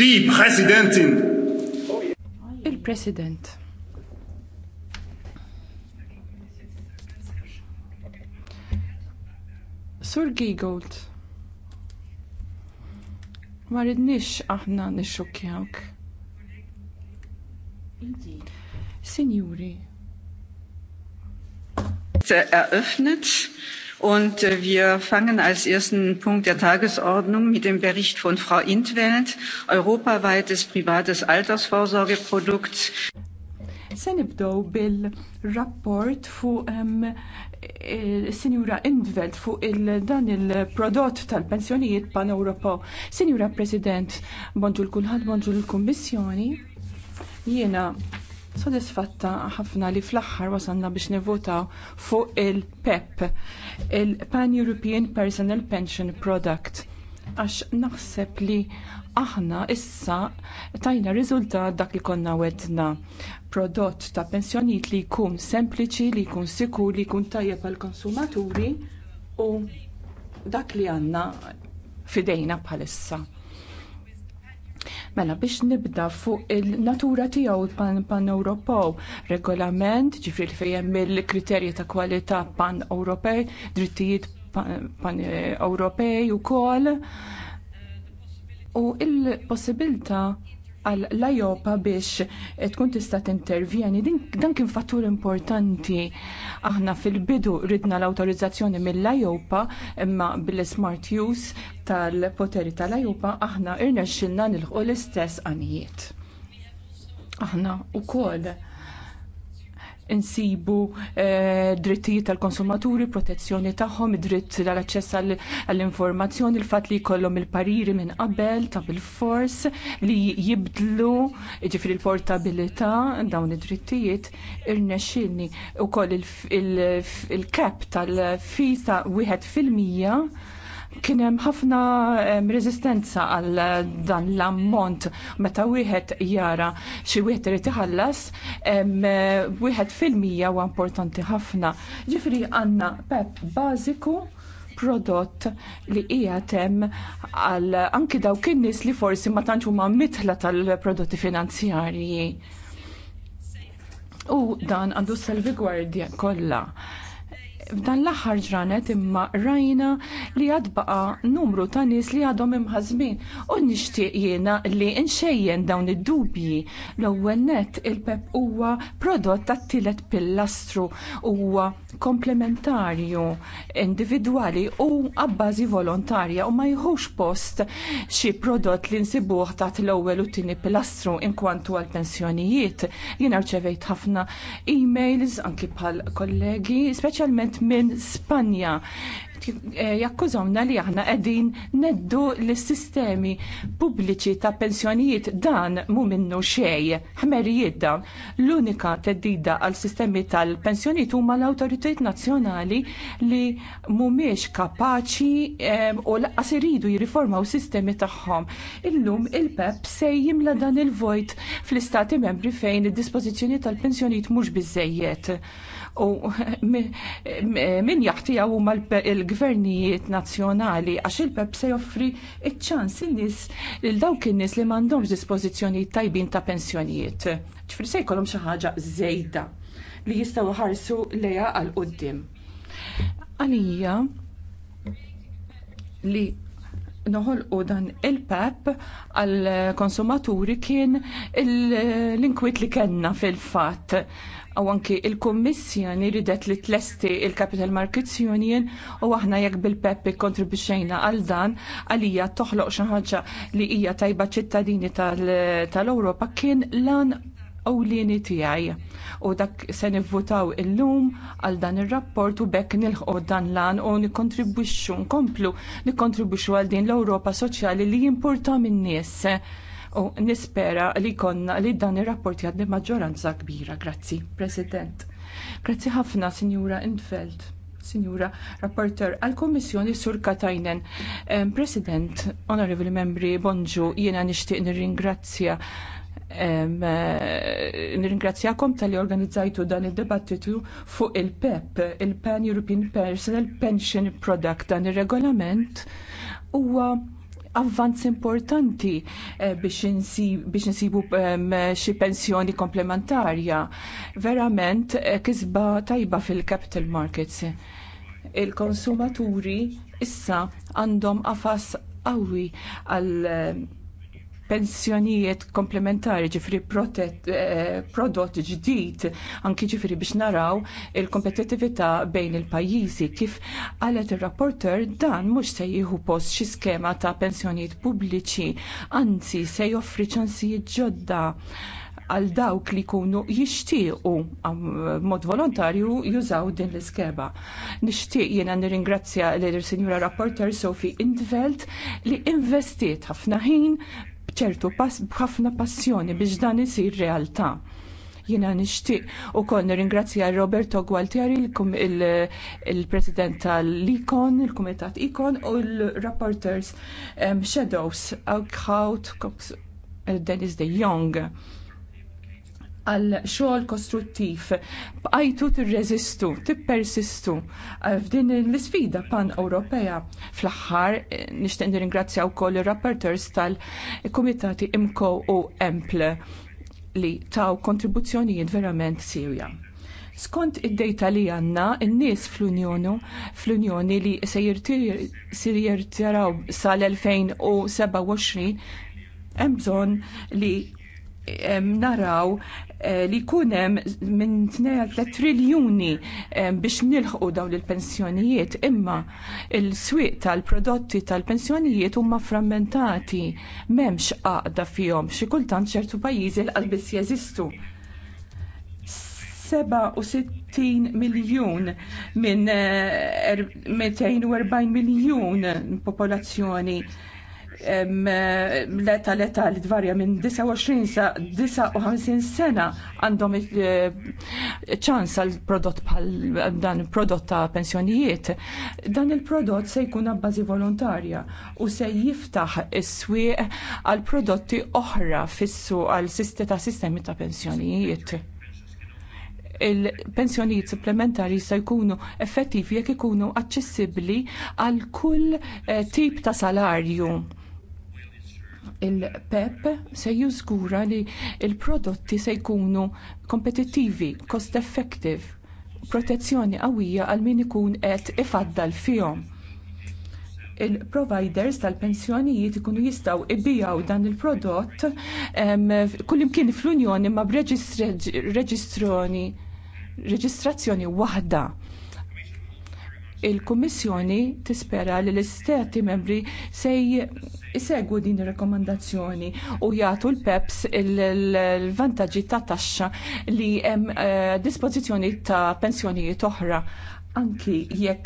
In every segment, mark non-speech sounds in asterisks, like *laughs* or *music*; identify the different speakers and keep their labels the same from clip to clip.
Speaker 1: Die Präsidentin. Il-President. Sur Giegold, ma ridnix aħna nixxukjawk. Signori.
Speaker 2: Se er Eröffnet. Und äh, wir fangen als ersten Punkt der Tagesordnung mit dem Bericht von Frau in 't veld europaweites privates Altersvorsorgeprodukt.
Speaker 1: Se nibdew bil-rapport fuq um, eh, Sinjura Indveld fuq dan il-prodott tal-pensjonijiet pan-Ewropew. Sinjura President, bonġur kulħadd bonġur l-Kummissjoni. Jiena Sodisfatta ħafna li fl-aħħar wasanna biex nivvotaw fuq il-PEP, il-Pan European Personal Pension Product. Għax naħseb li aħna issa tajna riżultat dak li konna wedna. Prodott ta' pensjonijiet li jkun sempliċi, li jkun sikur, li jkun tajjeb għall konsumaturi u dak li għandna fidejna bħalissa. Mela biex nibda fuq il-natura tiegħu pan-Ewropew, regolament ġifri li fejjem mill-kriterji ta' kwalità pan Europej, drittijiet pan-Ewropej kol, U il-possibilta għal l-Ajopa biex eh, tkun tista' tintervjeni. Dan kien fattur importanti. Aħna fil-bidu ridna l-autorizzazzjoni mill-Ajopa imma bil-Smart Use tal-poteri tal-Ajopa aħna irnexxilna nilħu l-istess għanijiet. Aħna u insibu eh, drittijiet tal-konsumaturi, protezzjoni tagħhom, id-dritt tal-aċċess għall-informazzjoni, il-fatt li jkollhom il-pariri minn qabel ta' bil-fors li jibdlu ġifri l-portabilità dawn id-drittijiet irnexxilni wkoll il-kap il il tal-fisa wieħed fil-mija Kien hemm ħafna reżistenza għal dan l-ammont meta wieħed jara xi wieħed irid iħallas wieħed fil-mija huwa importanti ħafna. Ġifri għandna pep bażiku prodott li hija hemm għal anki dawk in-nies li forsi ma tantx huma mitla tal-prodotti finanzjarji. U dan għandu salvigwardja kollha F'dan l-aħħar ġranet imma rajna li għad baqa numru ta' nies li għadhom imħazmin u nixtieq jiena li nxejjen dawn id-dubji l-ewwel net il-pep huwa prodott tat-tielet pillastru huwa komplementarju individwali u għabbażi volontarja u ma jħux post xi prodott li nsibuħ taħt l-ewwel u tini pilastru inkwantu għall pensjonijiet. Jiena rċevejt ħafna emails anki bħal kollegi, speċjalment minn Spanja. Eh, jakkużawna li aħna qegħdin neddu l-sistemi pubbliċi ta' pensjonijiet dan mu minnu xej, ħmerijiet dan. L-unika teddida għal sistemi tal-pensjonijiet huma l-awtoritajiet nazzjonali li mhumiex kapaċi eh, u laqas iridu jirriformaw sistemi tagħhom. Illum il-PEP se jimla dan il-vojt fl-istati membri fejn id-dispożizzjoni tal-pensjonijiet mhux biżejjed u *laughs* min għu u il-gvernijiet nazjonali għax il-pep se joffri il-ċans il-nis il-dawk il-nis li mandom dispozizjoni tajbin ta' pensjonijiet. ċfri se jkollhom xi ħaġa żejda li jistgħu ħarsu leja għal qudiem. Għalija li noħolqu dan il-pep għal konsumaturi kien l-inkwit li kellna fil-fatt għaw anki il-Kommissjoni ridet li tlesti il-Capital Markets Union u aħna jekk bil-PEP kontribuxejna għal dan għalija toħloq xi ħaġa li hija tajba ċittadini tal-Ewropa kien lan awlini tiegħi. U dak se nivvutaw illum għal dan ir-rapport u bekk nilħqu dan lan u nikkontribwixxu nkomplu nikkontribwixxu għal din l-Ewropa Soċjali li jimporta min-nies u nispera li konna li dan ir-rapport jgħaddi maġġoranza kbira. Grazzi, President. Grazzi ħafna, Sinjura Intfeld. Sinjura Rapporter, għal-Kommissjoni Sur Katajnen, President, Honorable Membri, bonġu, jiena nixtieq nirringrazzja nirringrazzjakom tal-li organizzajtu dan il-debattitu fuq il-PEP, il-Pan European Personal Pension Product, dan il-regolament huwa avvanz importanti eh, biex insibu ehm, xi pensjoni komplementarja. Verament eh, kisba tajba fil-capital markets. Il-konsumaturi issa għandhom afas qawwi għal eh, pensjonijiet komplementari ġifri eh, prodott ġdid anki ġifri biex naraw il-kompetitività bejn il-pajjiżi kif qalet ir-rapporter dan mhux se jieħu post xi skema ta' pensjonijiet pubbliċi anzi se joffri ċansijiet ġodda għal dawk li jkunu jixtiequ mod volontarju jużaw din l-iskeba. Nixtieq jiena nirringrazzja l sinjura rapporter Sophie Indveld li investiet ħafna ħin ċertu b'ħafna passjoni biex dan isir realtà. Jiena nixtieq konna ringrazzja Roberto Gualtieri il-President tal-Ikon, il-Kumitat Ikon u l-Rapporters um, Shadows, Alkhout, uh, Dennis de Jong għal xogħol kostruttiv. Bqajtu tirreżistu, tippersistu eh, f'din l-isfida pan Ewropea. Fl-aħħar eh, nixtieq nirringrazzja wkoll ir-rapporters tal-Kumitati Imco u Emple li taw kontribuzzjonijiet verament sirja. Skont id-dejta li għanna, n-nies fl unjonu fl-Unjoni li se jirtiraw sal-2027 hemm bżonn li naraw Eh, li kunem minn 2 triljuni eh, biex nilħu dawn il-pensjonijiet imma il-swiq tal-prodotti tal-pensjonijiet huma frammentati m'hemmx għaqda fihom xi kultant ċertu pajjiżi l-qalbis jeżistu. 67 miljun minn 240 eh, er-, miljun popolazzjoni l-età l-età li tvarja minn 29 sa 59 sena għandhom eh, ċans għal prodott bħal dan prodott ta' pensjonijiet. Dan il-prodott se jkun abbażi volontarja u se jiftaħ is-swieq għal prodotti oħra fissu għal sistema ta' sistemi ta' pensjonijiet il-pensjonijiet supplementari se jkunu effettivi jekk ikunu aċċessibbli għal kull eh, tip ta' salarju il-PEP se jużgura li l prodotti se jkunu kompetittivi, cost effective, protezzjoni qawwija għal min ikun qed ifaddal fihom. Il-providers tal-pensjonijiet ikunu jistgħu ibijaw dan il-prodott kullimkien fl-Unjoni ma' reġistrazzjoni waħda Il-Kummissjoni tispera li l-Istati membri se jsegwu din ir-rekomandazzjoni u jagħtu l-PEPS il-vantaġġi ta' taxxa li hemm eh, dispożizzjoni ta' pensjonijiet oħra anki jekk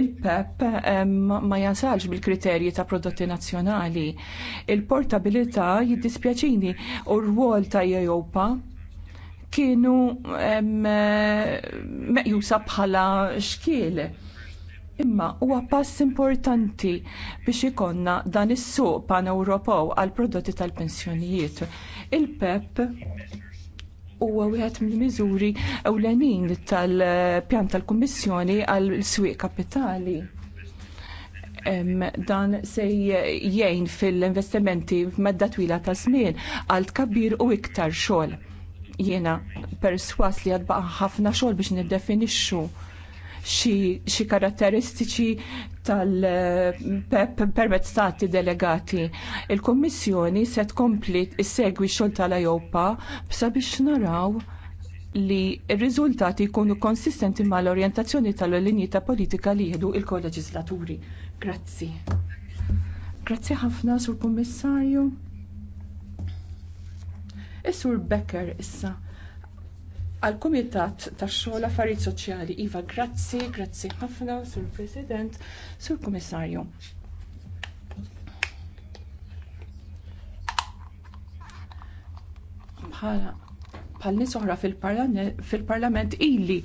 Speaker 1: il-PEP eh, ma jasalx bil-kriterji ta' prodotti nazzjonali. Il-portabilità jiddispjaċini u r-rwol ta' Europa kienu eh, meqjusa bħala xkiel imma huwa pass importanti biex ikonna dan is-suq pan-Ewropew għal prodotti tal-pensjonijiet. Il-PEP huwa wieħed mill-miżuri ewlenin tal-pjan tal-Kummissjoni għal swieq kapitali. dan se jgħin fil-investimenti f'medda twila ta' żmien għal tkabbir u iktar xogħol. Jiena perswas li għadbaqa ħafna xogħol biex niddefinixxu xi karatteristiċi tal-PEP permezz stati delegati. Il-Kommissjoni se tkompli segwi xogħol tal-Ajopa sabiex naraw li r-riżultati jkunu konsistenti mal-orjentazzjoni tal-linji ta' politika li jieħdu l koleġislaturi Grazzi. Grazzi ħafna sur kummissarju. Is-sur e Becker issa għal kumitat tax xogħol affarijiet soċjali. Iva, grazzi, grazzi ħafna, Sur President, Sur Kummissarju. Bħala bħal nies oħra fil-Parlament illi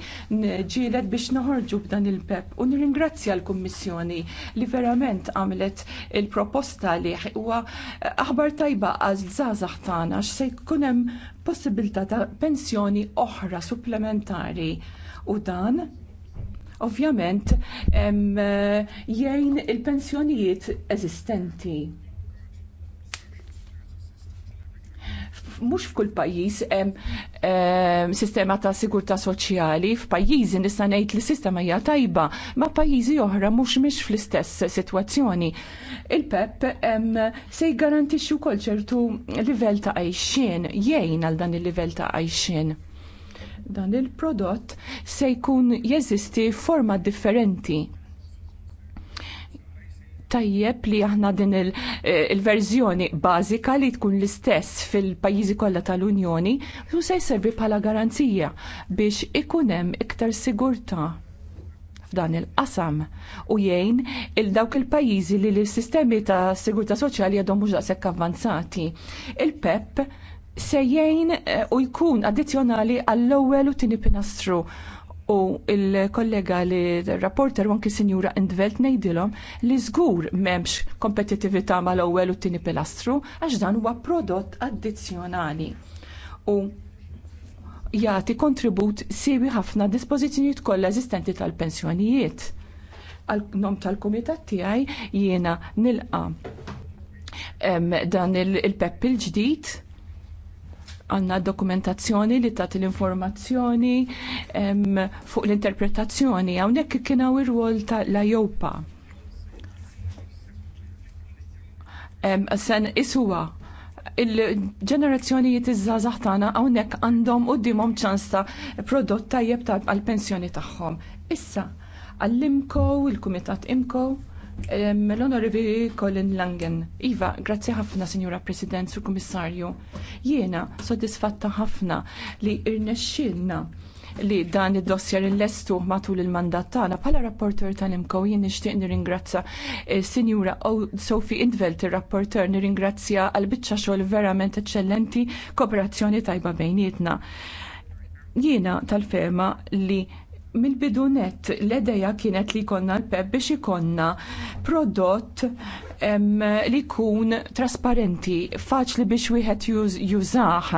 Speaker 1: ġielet biex noħorġu b'dan il-PEP u nirringrazzja l-Kummissjoni li verament għamlet il-proposta li huwa aħbar tajba għal żgħażagħ tagħna x'se jkun hemm possibilità ta' pensjoni oħra supplementari u dan ovvjament eh, jgħin il-pensjonijiet eżistenti. mhux f'kull pajjiż hemm ehm, sistema ta' sigurtà soċjali, f'pajjiżi nista' ngħid li sistema hija tajba, ma pajjiżi oħra mhux mhix fl-istess sitwazzjoni. Il-PEP ehm, se jgarantixxi wkoll ċertu livell ta' għajxien, jgħin għal dan il-livell ta' għajxien. Dan il-prodott se jkun jeżisti forma differenti tajjeb li aħna din eh, il-verżjoni il bażika li tkun l-istess fil-pajjiżi kollha tal-Unjoni u se jservi bħala garanzija biex ikun hemm iktar sigurtà f'dan il-qasam u jgħin il-dawk il-pajjiżi li l-sistemi ta' sigurtà soċjali għadhom mhux daqshekk avvanzati. Il-PEP se jgħin eh, u jkun addizzjonali għall-ewwel u tieni pinastru u il-kollega li rapporter u anki sinjura Indvelt nejdilom li zgur memx kompetitivita ma l-ewwel u t-tini pilastru għax dan huwa prodott addizzjonali. U jagħti kontribut siewi ħafna dispożizzjonijiet kollha eżistenti tal-pensjonijiet. Għal-nom tal-kumitat tiegħi jiena nilqa' dan il-pepp il-ġdid il peppil ġdid il il ġdid għanna dokumentazzjoni li tat l-informazzjoni fuq l-interpretazzjoni. Għawnek kien hawn ir-rwol ta' la ajopa Sen isuwa il-ġenerazzjonijiet iż-żazax tagħna hawnhekk għandhom dimom ċans prodotta prodott tajjeb għall-pensjoni tagħhom. Issa għall-imko, il-kumitat imkow il kumitat imkow il L-Onorevi Colin Langen. Iva, grazzi ħafna, Signora President, Sur Kummissarju. Jiena soddisfatta ħafna li irnexxilna li dan id-dossier il-lestu matul il-mandat tagħna bħala rapporter tal-imkow jien nixtieq nirringrazza eh, Sinjura Sophie Indvelt ir-rapporter nirringrazzja għal biċċa xogħol verament eċċellenti kooperazzjoni tajba bejnietna. Jiena tal ferma li mill bidunet l-edeja kienet li konna l-pep biex ikonna prodott em, li kun trasparenti, faċli biex wieħed jużaħ.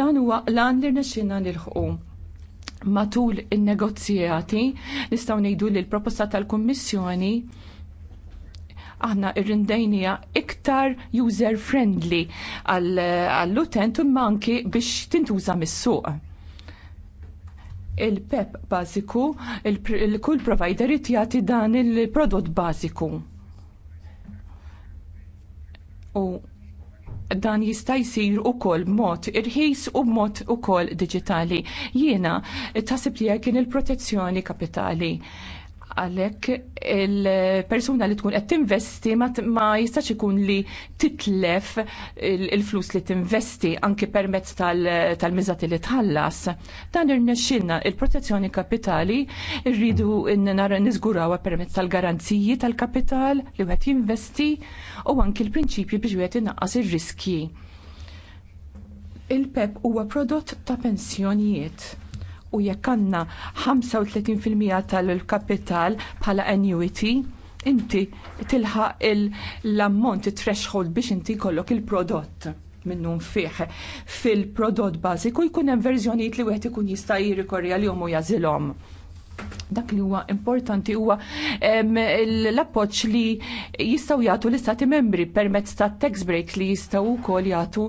Speaker 1: Dan huwa lan li rnexxina nilħqu matul in-negozjati nistgħu ngħidu li l-proposta tal-Kummissjoni aħna irrindejnija iktar user friendly għall-utent imma anki biex tintuża mis-suq il-PEP bażiku, il-kull provider jagħti dan il-prodott bażiku. U dan jista' jsir ukoll b'mod irħis u b'mod ukoll diġitali. Jiena taħsib li kien il-protezzjoni kapitali għalek il-persuna li tkun qed tinvesti ma jistax ikun li titlef il-flus li tinvesti anki permezz tal-miżati li tħallas. Dan irnexxilna il-protezzjoni kapitali rridu nara niżgurawha permezz tal-garanziji tal-kapital li wieħed jinvesti u anki l-prinċipji biex wieħed inaqqas ir-riskji. Il-PEP huwa prodott ta' pensjonijiet u jekk għandna 35% tal-kapital bħala annuity, inti tilħaq l-ammont threshold biex inti jkollok il-prodott minnum fih fil-prodott bażiku jkun hemm verżjonijiet li wieħed ikun jista' jirrikorja li jomu jażilhom dak li huwa importanti huwa l-appoġġ li jistgħu jagħtu l-istati membri permezz ta' tax break li jistgħu wkoll jagħtu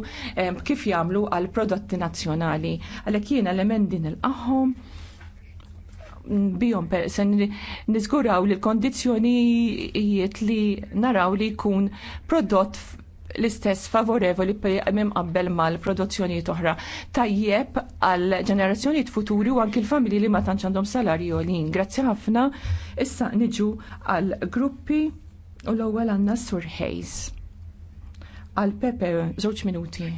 Speaker 1: kif jagħmlu għal prodotti nazzjonali. Għalhekk jiena l-emendi nilqahom Bihom se nizguraw li l-kondizjonijiet li naraw li jkun prodott l-istess favorevoli minn qabbel mal-produzzjonijiet oħra. Tajjeb għal ġenerazzjonijiet futuri u anki l-familji li ma tantx għandhom salarju għolin. Grazzi ħafna. Issa niġu għal gruppi u l-ewwel għandna Sur Hayes. Għal Pepe, żewġ minuti.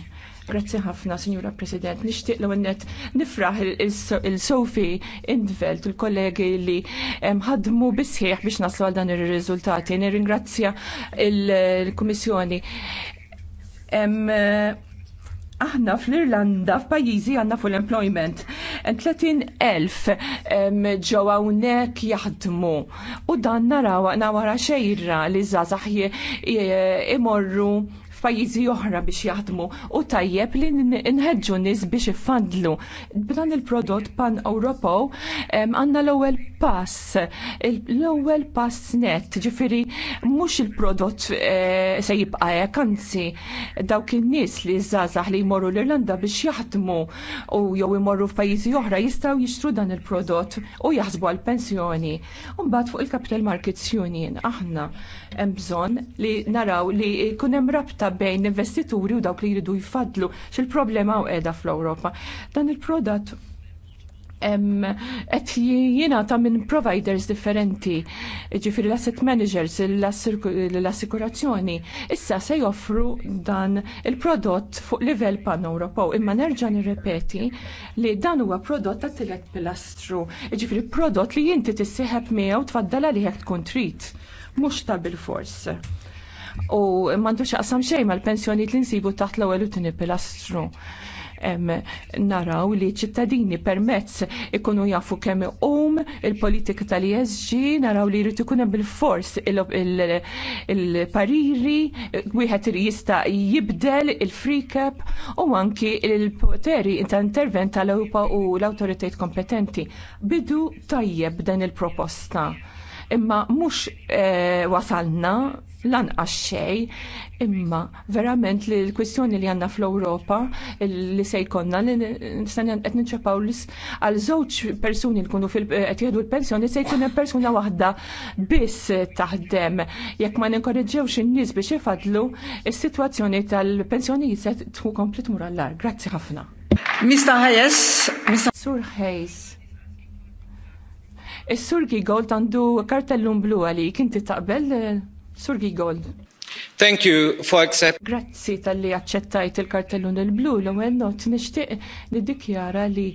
Speaker 1: Grazzi ħafna, Signora President. Nixtieq l għennet nifraħ il-Sofi Indvelt, il-kollegi li ħadmu bisħiħ biex naslu għal dan ir-riżultati. Nirringrazzja il-Kummissjoni. Aħna fl-Irlanda, f'pajjiżi għandna full employment. 30.000 ġew hawnhekk jaħdmu. U dan naraw wara xejra li żgħażagħ imorru f'pajjiżi oħra biex jaħdmu u tajjeb li nħeġġu nies biex ifandlu. B'dan il-prodott pan Ewropew għandna l-ewwel pass, l-ewwel pass net, ġifieri mhux il-prodott eh, se jibqa' hekk anzi dawk in-nies li żgħażagħ li jmorru l-Irlanda biex jaħdmu u jew imorru f'pajjiżi oħra jistgħu jixtru dan il-prodott u jaħsbu għal-pensjoni. Umbagħad fuq il-Capital Markets Union aħna hemm bżonn li naraw li jkun hemm rabta bejn investituri u dawk li jridu jfadlu xil-problema u qiegħda fl-Ewropa. Dan il-prodott qed jiena ta' minn providers differenti, ġifiri l-asset managers, l-assikurazzjoni, issa se joffru dan il-prodott fuq livell pan-Ewropew. Imma nerġa' nirrepeti li dan huwa prodott ta' tilet pilastru, ġifiri prodott li inti tissieħeb miegħu tfaddala li jek tkun trid, mhux ta' bil-fors u mandu xaqsam xejn mal-pensjoni li nsibu taħt l-ewwel u tieni pilastru. naraw li ċittadini permezz ikunu jafu kemm um il-politika tal-ESG, naraw li jrid ikun hemm bil-fors il-pariri, wieħed jista' jibdel il-free cap u anki il-poteri ta' intervent tal-Ewropa u l autoritajt kompetenti. Bidu tajjeb dan il-proposta imma mhux eh, wasalna lanqas xej, imma verament li l-kwistjoni li għanna fl-Ewropa li se jkollna li qed niċċepaw għal żewġ persuni li kunu qed jieħdu l-pensjoni se jkun hemm persuna waħda biss taħdem. Jekk ma ninkoreġġewx in-nies biex ifadlu is-sitwazzjoni tal pensjoni se tkun komplet mur Grazzi ħafna. Mista Hayes, Mista Sur Hayes. Is-sur Gigold għandu kartellum blu għalik, inti taqbel eh, Sur Gigold.
Speaker 3: Thank you for accept.
Speaker 1: Grazzi tal-li accettajt il-kartellun il-blu l-ewwel not nixtieq niddikjara li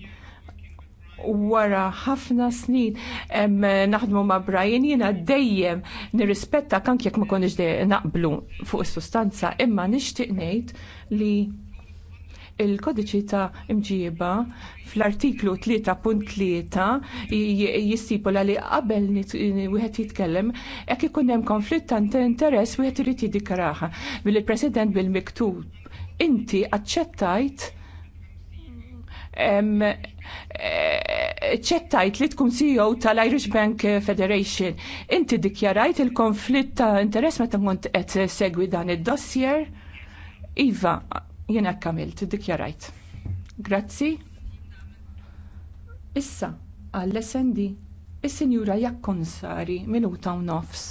Speaker 1: wara ħafna snin em, naħdmu ma' Brian jiena dejjem nirrispetta kank jekk ma konniex naqblu fuq is-sustanza imma nixtieq ngħid li il-kodiċi ta' imġiba fl-artiklu 3.3 jistipula li qabel wieħed jitkellem jekk ikun hemm konflitt ta' interess wieħed irid jiddikaraha mill-President bil-miktub. Inti aċċettajt eh, ċettajt li tkun CEO tal-Irish Bank Federation. Inti dikjarajt il-konflitt ta' interess meta kont qed segwi dan id-dossier. Iva, Jien hekk għamilt, iddikjarajt. Grazzi. Issa għall-SND is-Sinjura Jakkonsari minuta u nofs.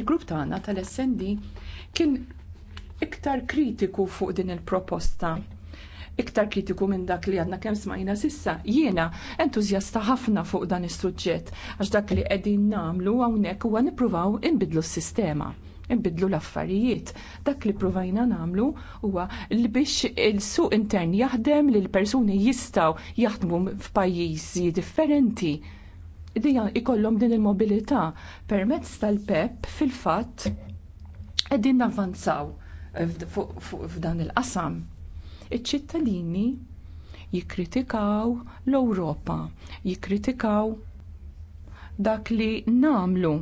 Speaker 1: il-grupp tagħna tal-SND kien iktar kritiku fuq din il-proposta iktar kritiku minn dak li għadna kemm smajna sissa. Jiena entużjasta ħafna fuq dan is-suġġett għax dak li qegħdin nagħmlu hawnhekk huwa nippruvaw inbidlu s-sistema inbidlu l-affarijiet. Dak li provajna namlu huwa li biex il-suq intern jaħdem li l-persuni jistaw jaħdmu f'pajjiżi differenti. Dija ikollhom din il-mobilità permezz tal-PEP fil-fatt qegħdin navvanzaw f'dan il-qasam iċ-ċittadini jikkritikaw l-Ewropa, jikkritikaw dak li nagħmlu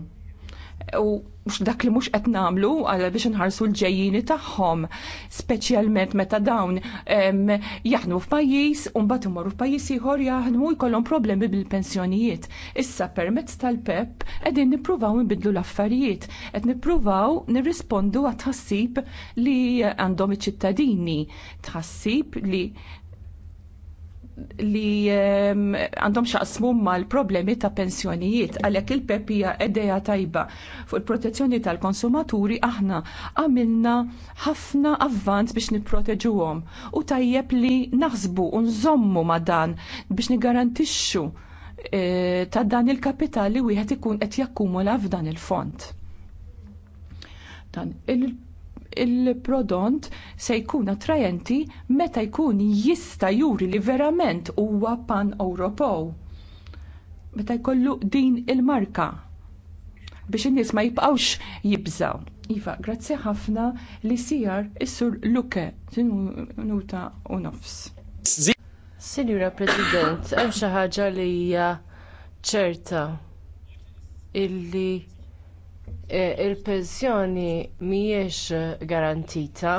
Speaker 1: u mux dak li mux qed namlu għala biex nħarsu l-ġejjini tagħhom, speċjalment meta dawn jaħnu f'pajjiż u mbagħad imorru f'pajjiż ieħor jaħdmu jkollhom problemi bil-pensjonijiet. Issa permezz tal-PEP qegħdin nippruvaw nbidlu l-affarijiet, qed nippruvaw nirrispondu għat tħassib li għandhom iċ-ċittadini, tħassib li li għandhom xaqsmu mal-problemi ta' pensjonijiet għalhekk il-pepija edeja tajba fuq il-protezzjoni tal-konsumaturi aħna għamilna ħafna avvanz biex nipproteġuhom u tajjeb li naħsbu u nżommu ma' dan biex nigarantixxu e, ta' dan il kapitali u wieħed ikun qed jakkumula f'dan il-fond. Dan il il-prodont se jkun attrajenti meta jkun jista' juri li verament huwa pan-Ewropew. Meta jkollu din il-marka biex in-nies ma jibqgħux jibżaw. Iva, grazzi ħafna li sijar is-sur Luke nuta u nofs. Sinjura President, hemm xi ħaġa li hija ċerta
Speaker 4: illi E, il-pensjoni mhijiex garantita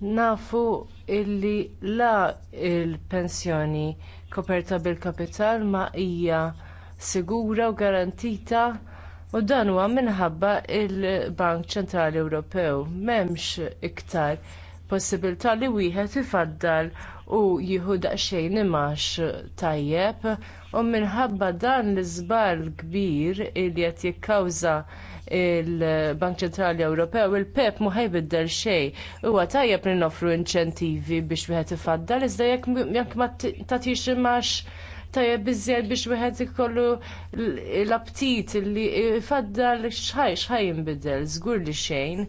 Speaker 4: nafu illi la l-pensjoni koperta bil-kapital ma hija sigura u garantita U dan huwa minħabba l bank Ċentrali Ewropew m'hemmx iktar possibilità li wieħed ifaddal u jieħu daqsxejn imax tajjeb u minħabba dan l-iżbal kbir li qed jikkawża il-Bank Ċentrali Ewropew, il-PEP mu ħajbiddel xejn. Huwa tajjeb li nofru inċentivi biex wieħed ifaddal iżda jekk ma tagħtix imax tajjeb biżjed biex wieħed ikollu l-aptit li ifaddal x'ħaj x'ħaj jinbidel, żgur li xejn.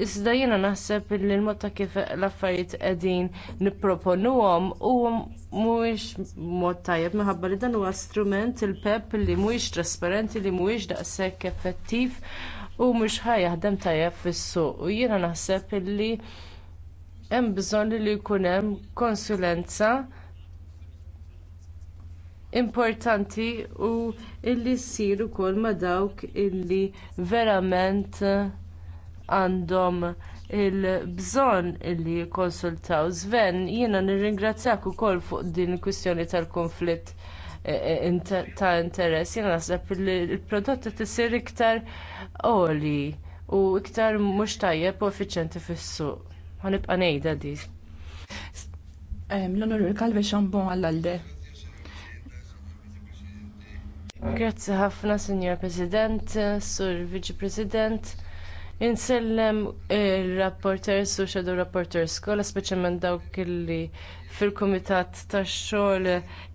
Speaker 4: Iżda jiena naħseb li l-mod ta' kif l-affarijiet qegħdin nipproponuhom huwa mhuwiex mod tajjeb minħabba li dan huwa strument il-PEP li mhuwiex trasparenti li mhuwiex daqshekk effettiv u mhux jaħdem tajjeb fis-suq. U jiena naħseb li hemm bżonn li jkun hemm konsulenza importanti u illi ssir ukoll ma' dawk illi verament għandhom il-bżonn illi jikkonsultaw. Sven, jiena nirringrazzjak ukoll fuq din il-kwistjoni tal-konflitt eh, eh, ta' interess. Jiena naħseb li l-prodotti tisir iktar oli u iktar mhux tajjeb u effiċjenti fis-suq. Ħanibqa' ngħidha di. L-Onorevoli Calve Xambon għall-Alde. Grazzi ħafna, Signor President, Sur Viċi President. Insellem il-rapporters u xedu rapporters kolla speċjalment dawk li fil-kumitat tax-xogħol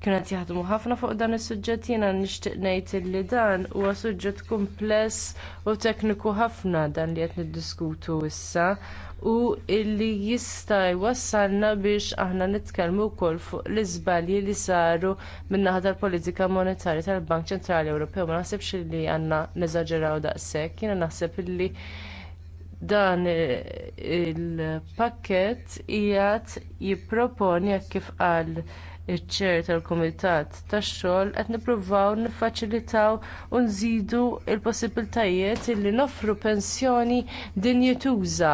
Speaker 4: kienu qed jaħdmu ħafna fuq dan is-suġġett jiena nixtieq ngħid li dan huwa suġġett kumpless u tekniku ħafna dan li qed niddiskutu issa u illi jista' jwassalna biex aħna nitkellmu wkoll fuq l-iżbalji li saru min-naħa tal-politika monetarja tal-Bank Ċentrali Ewropew ma naħsibx li għandna neżaġeraw daqshekk jiena naħseb illi dan eh, il-pakkett qiegħed jipproponi jekk kif qal iċ-ċer tal-kumitat tax-xogħol qed nippruvaw niffaċilitaw u nżidu l-possibbiltajiet li noffru pensjoni dinjituża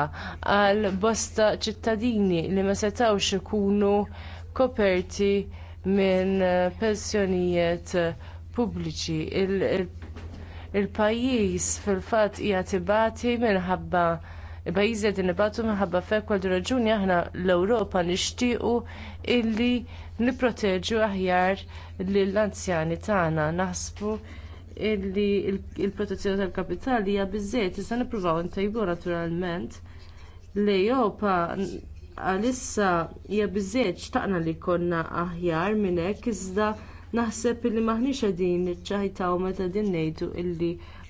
Speaker 4: għal bosta ċittadini li ma setgħux ikunu koperti minn pensjonijiet pubbliċi il-pajjiż fil-fatt hija tibati minħabba il-pajjiżi qed nibatu minħabba fekk għal raġuni aħna l-Ewropa nixtiequ illi nipproteġu aħjar lill-anzjani tagħna naħsbu illi il-protezzjoni tal-kapitali hija biżżejjed issa nippruvaw intajbu naturalment l ewropa għalissa hija biżżejjed xtaqna li jkollna aħjar minn hekk iżda naħseb illi maħniex qegħdin niċċaħitaw meta din ngħidu illi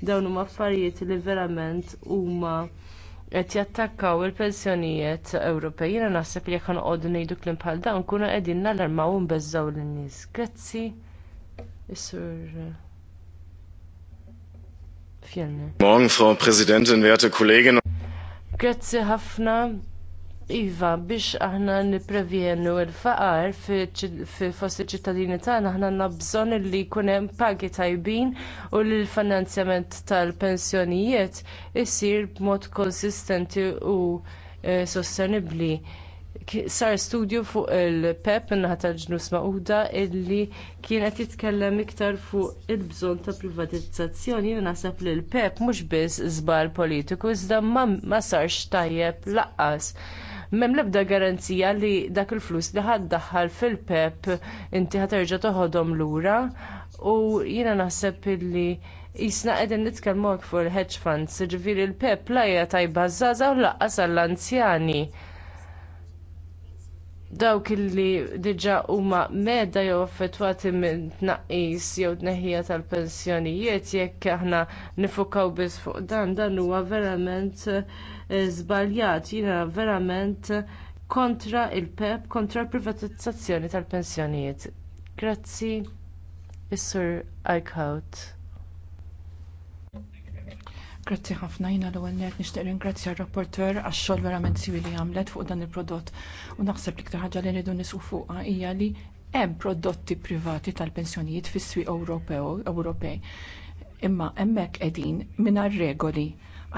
Speaker 4: dawn huma affarijiet li verament huma qed jattakkaw il-pensjonijiet Ewropej. Jiena naħseb li jekk noqogħdu ngħidu kliem bħal dawn nkunu qegħdin nallarmaw u nbeżżaw lin-nies. Grazzi. isur.
Speaker 3: Morgen, Frau Präsidentin, werte Kolleginnen.
Speaker 4: Grazzi ħafna. Iva, biex aħna nipprevjenu l faqar fi fost iċ-ċittadini tagħna aħna għandna bżonn li jkun hemm pagi tajbin u li l-finanzjament tal-pensjonijiet isir b'mod konsistenti u eh, sostenibbli. Sar studju fuq il-PEP naħa tal-ġnus maquda illi kienet jitkellem iktar fuq il-bżonn ta' privatizzazzjoni naħseb li l-PEP mhux biss żball politiku iżda ma sarx tajjeb laqqas. M'hemm l-ebda garanzija li dak il-flus li ħaddaħħal fil-PEP inti ħaterġa' toħodhom lura u jiena naħseb li jisna qegħdin nitkellmu fuq il-hedge funds, jiġifieri il-PEP lajja tajba żgħażagħ u laqqas għall-anzjani dawk illi diġà huma meda jew affettwati minn tnaqqis jew tneħħija tal-pensjonijiet jekk aħna nifukaw biss fuq dan dan huwa verament żbaljat jiena verament kontra l pep kontra l-privatizzazzjoni tal-pensjonijiet grazzi is-sur eickhout
Speaker 1: Grazzi ħafna jina l-ewwel nett nixtieq ringrazzja r-rapporteur għax-xogħol verament siwi li għamlet fuq dan il-prodott u naħseb li ħaġa li rridu nisqu fuqha hija li hemm prodotti privati tal-pensjonijiet fis-swieq Ewropew Ewropej. Imma hemmhekk qegħdin mingħajr regoli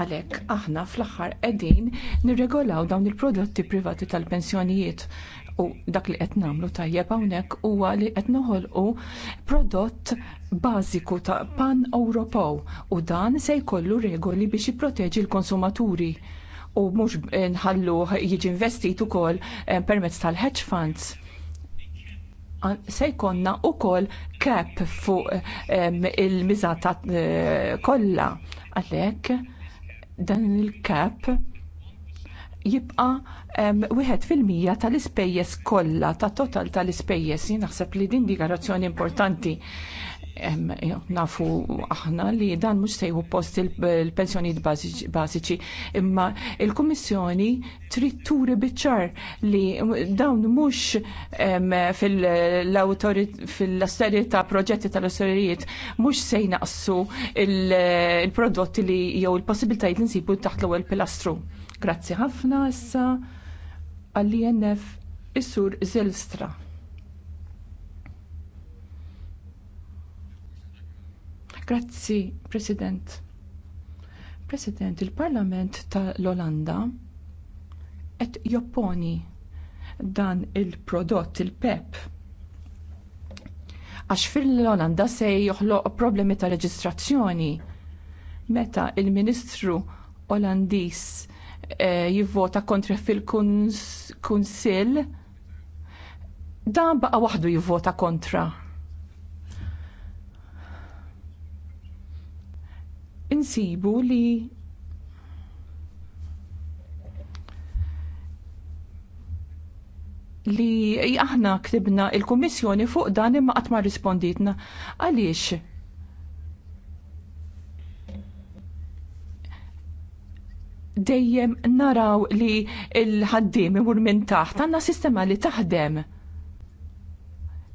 Speaker 1: Għalhekk aħna fl-aħħar qegħdin nirregolaw dawn il-prodotti privati tal-pensjonijiet u dak li qed nagħmlu tajjeb hawnhekk huwa li qed noħolqu prodott bażiku ta' pan Ewropew u dan se jkollu regoli biex jipproteġi l-konsumaturi u mhux nħallu jiġi investit ukoll eh, permezz tal-hedge funds se jkollna wkoll cap fuq eh, eh, il-miżata kollha għalhekk dan il-kap jibqa' wieħed fil-mija tal-ispejjeż kollha tat-total tal-ispejjeż. Jien naħseb li din dikarazzjoni importanti Eh, nafu aħna li dan mhux sejħu post il-pensjonijiet bażiċi imma il kommissjoni trid turi biċċar li dawn mhux fil ta' proġetti tal-austeritiet mhux se jnaqsu il-prodotti li jew il-possibilitajiet li nsibu taħt l-ewwel pilastru. Grazzi ħafna issa għall-INF is-sur Zilstra. Grazzi, President. President, il-Parlament tal-Olanda qed jopponi dan il-prodott, il-PEP, għax fil-Olanda se joħloq problemi ta' reġistrazzjoni. Meta il-Ministru Olandis eh, jivvota kontra fil-Kunsill, dan baqa waħdu jivvota kontra. insibu li li aħna ktibna il-Kummissjoni fuq dan imma qatt ma rispondietna Għaliex? Dejjem naraw li l-ħaddim imur minn taħt għandna sistema li taħdem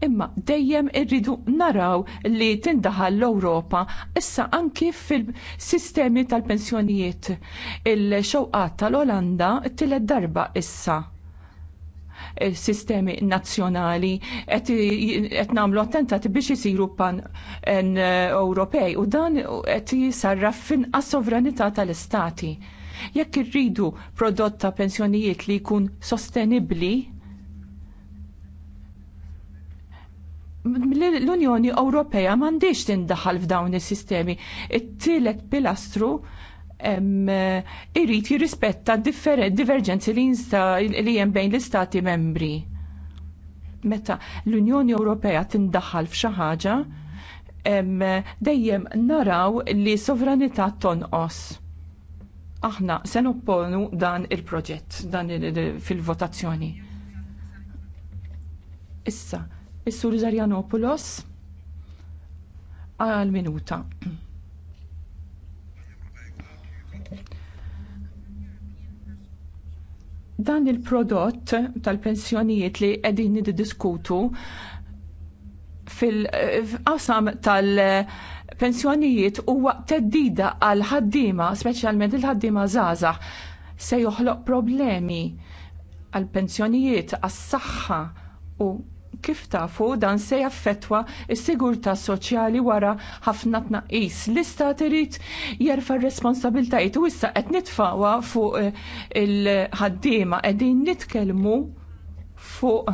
Speaker 1: imma dejjem irridu naraw li tindaħal l-Ewropa issa anki fil-sistemi tal-pensjonijiet. Il-xewqat tal-Olanda tillet darba issa sistemi nazzjonali qed nagħmlu attentati biex isiru pan Ewropej u dan qed jisarraf finqas sovranità tal-istati. Jekk irridu prodott ta' pensjonijiet li jkun sostenibbli, l-Unjoni Ewropea m'għandix tindaħal f'dawn is-sistemi. It-tielet pilastru irrid jirrispetta divergenzi li li hemm bejn l-istati membri. Meta l-Unjoni Ewropea tindaħal f'xi ħaġa, dejjem naraw li sovranità tonqos. Aħna se nopponu dan il-proġett dan fil-votazzjoni. Issa, Is-Sur Zarjanopoulos għal minuta. Dan il-prodott tal-pensjonijiet li qegħdin niddiskutu fil-qasam tal-pensjonijiet huwa teddida għal ħaddima speċjalment il-ħaddiema zaza, se joħloq problemi għal pensjonijiet għas-saħħa u kif tafu dan se jaffettwa s-sigurtà soċjali wara ħafna tnaqqis. L-istat irid jerfa' r-responsabiltajiet u issa qed nitfaqwa fuq eh, il-ħaddiema qegħdin nitkellmu fuq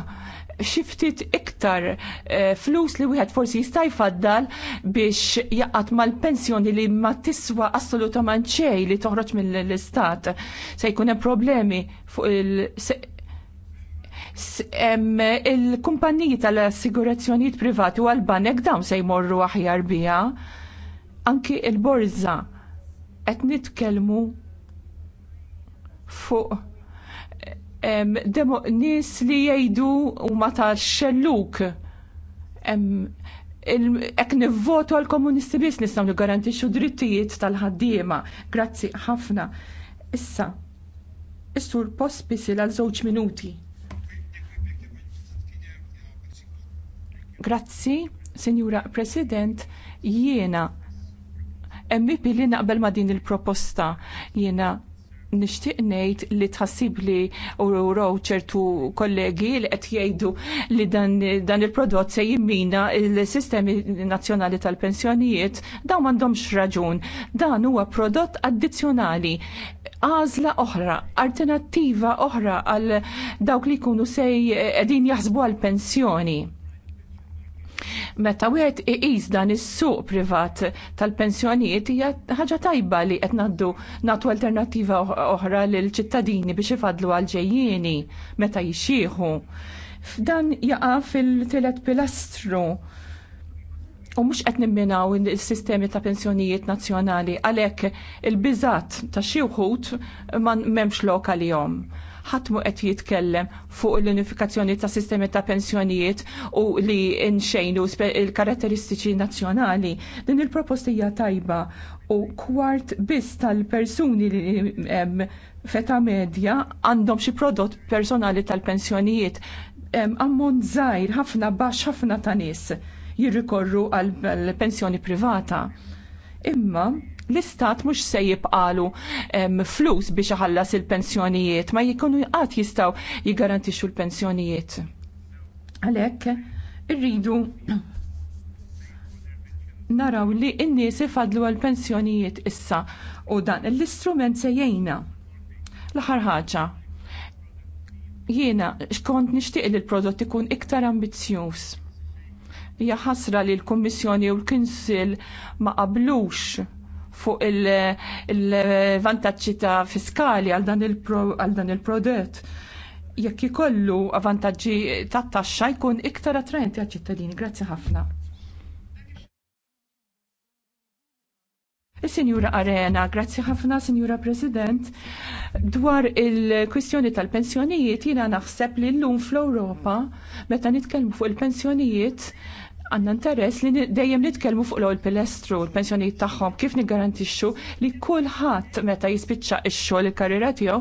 Speaker 1: xiftit iktar eh, flus li wieħed forsi jista' jfaddal biex jaqat mal-pensjoni li ma tiswa assolutament xejn li toħroġ mill-istat. Se jkun hemm problemi fuq il il kumpanniji tal-assigurazzjonijiet privati u għal-banek dawn se jmorru aħjar biha. Anki il-borza qed nitkellmu fuq nies li jgħidu huma ta' xelluk ek nivvotu għal komunisti biss nistgħu niggarantixxu drittijiet tal-ħaddiema. Grazzi ħafna. Issa, is-sur post bisil għal żewġ minuti. Grazzi, Sinjura President, jiena MP li naqbel ma din il-proposta jiena nixtieq ngħid li tħassib li uraw ċertu kollegi li qed jgħidu li dan, dan il-prodott se jimmina il-sistemi nazzjonali tal-pensjonijiet dawn m'għandhomx raġun. Dan huwa prodott addizzjonali għażla oħra, alternattiva oħra għal dawk li jkunu sej eh, qegħdin jaħsbu għal pensjoni Meta wieħed iqis dan is-suq privat tal-pensjonijiet hija ħaġa tajba li qed ngħaddu nagħtu alternattiva oħra lil ċittadini biex ifadlu għal ġejjieni meta jixxieħu. F'dan jaqa' fil-tielet pilastru u mhux qed nimminaw is-sistemi ta' pensjonijiet nazzjonali għalhekk il-biżat ta' xi wħud m'hemmx lok għalihom ħatmu qed jitkellem fuq l-unifikazzjoni ta' sistemi ta' pensjonijiet u li nxejnu il-karatteristiċi nazzjonali. Din il hija tajba u kwart biss tal-persuni li feta medja għandhom xi prodott personali tal-pensjonijiet ammont żgħir ħafna baxx ħafna ta' nies jirrikorru għal pensjoni privata. Imma l-istat mhux se jibqalu flus biex iħallas il-pensjonijiet, ma jkunu qatt jistgħu jiggarantixxu l-pensjonijiet. Għalhekk irridu naraw li n-nies ifadlu għal-pensjonijiet issa u dan l-istrument se jgħinna. L-aħħar ħaġa, jiena xkont nixtieq li l-prodott ikun iktar ambizzjuż. Hija ħasra li l-Kummissjoni u l kinsill ma qablux fuq il-vantaġġi ta' fiskali għal dan il-prodott. Jekk ikollu vantaġġi ta' taxxa jkun iktar attraenti għal ċittadini. Grazzi ħafna. Sinjura Arena, grazzi ħafna, Signora President. Dwar il-kwistjoni tal-pensjonijiet, jina naħseb li l-lum fl-Europa, meta nitkellmu fuq il-pensjonijiet, għanna interess li dejjem nitkellmu fuq l għol pilestru, l-pensjonijiet tagħhom kif niggarantixxu li kulħadd meta jispiċċa x-xogħol il-karriera tiegħu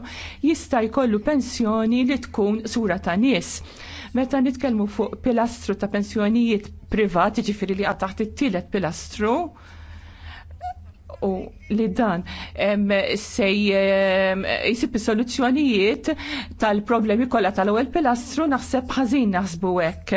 Speaker 1: jista' jkollu pensjoni li tkun sura ta' nies. Meta nitkellmu fuq pilastru ta' pensjonijiet privati, ġifieri li għad taħt it-tielet pilastru, u li dan se jisib soluzzjonijiet tal-problemi kollha tal-ewwel pilastru naħseb ħażin naħsbu hekk.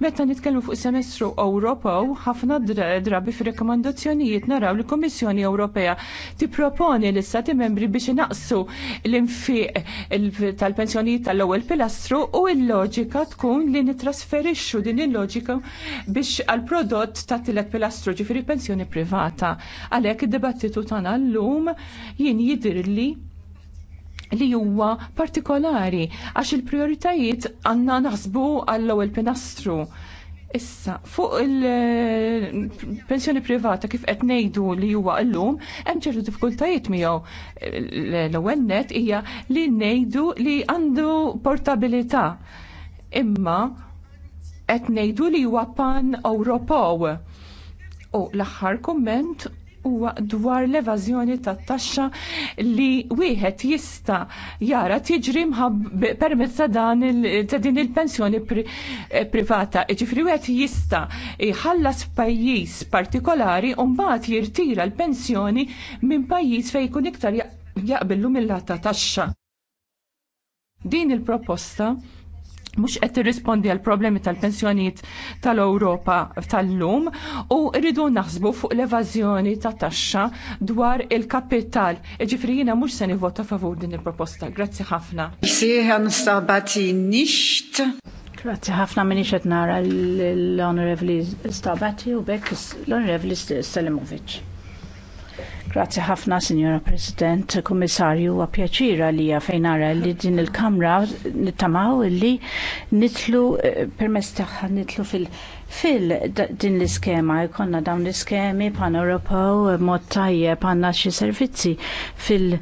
Speaker 1: Meta nitkellmu fuq semestru Ewropew ħafna drabi fir-rekomandazzjonijiet naraw li kummissjoni Ewropea tipproponi l istati membri biex naqsu l-infiq tal-pensjonijiet tal-ewwel pilastru u l-loġika tkun li nitrasferixxu din il-loġika biex għal prodott tat-tielet pilastru ġifiri pensjoni privata. Għalhekk id debattitu dibattitu l llum jien jidhirli li huwa partikolari għax il-prioritajiet għandna naħsbu għall-ewwel pinastru. Issa, fuq il-pensjoni privata kif qed ngħidu li huwa llum, hemm ċertu diffikultajiet miegħu. L-ewwel net hija li ngħidu li għandu portabilità. Imma qed ngħidu li huwa pan Ewropew. U l-aħħar kumment huwa dwar l-evażjoni tat-taxxa li wieħed jista' jara tiġri permezz ta' dan ta' din il-pensjoni eh, privata. Ġifri wieħed jista' jħallas pajjiż partikolari u mbagħad jirtira l-pensjoni minn pajjiż fejn jkun iktar jaqbillu mill għata ta' taxxa. Din il-proposta mux qed tirrispondi għal problemi tal-pensjoniet tal-Ewropa tal-lum u rridu naħsbu fuq l-evażjoni ta' taxxa dwar il-kapital. Ġifri jiena mhux se nivvota favur din il-proposta. Grazzi ħafna. Sieħan stabati nicht.
Speaker 2: Grazzi ħafna minix qed nara l honorevli Stabati u bekk l honorevli Selimovic. Grazzi ħafna, Signora President, Kummissarju, pjaċira li fejn li din il-Kamra nittamaw li nitlu eh, permess taħħa nitlu fil- Fil din l-iskema, jkonna dawn l-iskemi pan Ewropew eh, mottajje pan naċi xi servizzi fil-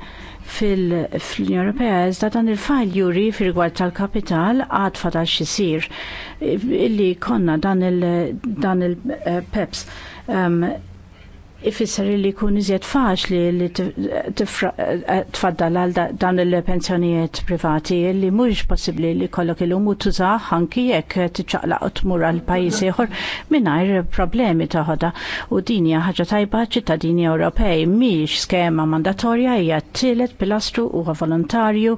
Speaker 2: fil-Unjoni Ewropea iżda dan il-fajl juri fil-rigward tal-kapital għad fadax xisir eh, illi konna dan il-PEPS. Il, um, ifisser li jkun iżjed faċli li eh, tfaddal għal dan il-pensjonijiet privati li mhux possibbli li kollok il-lum u tużaħ anki jekk tiċċaqlaq u tmur għal pajjiż ieħor mingħajr problemi ta' U din hija ħaġa tajba ċittadini Ewropej miex skema mandatorja hija tielet pilastru huwa volontarju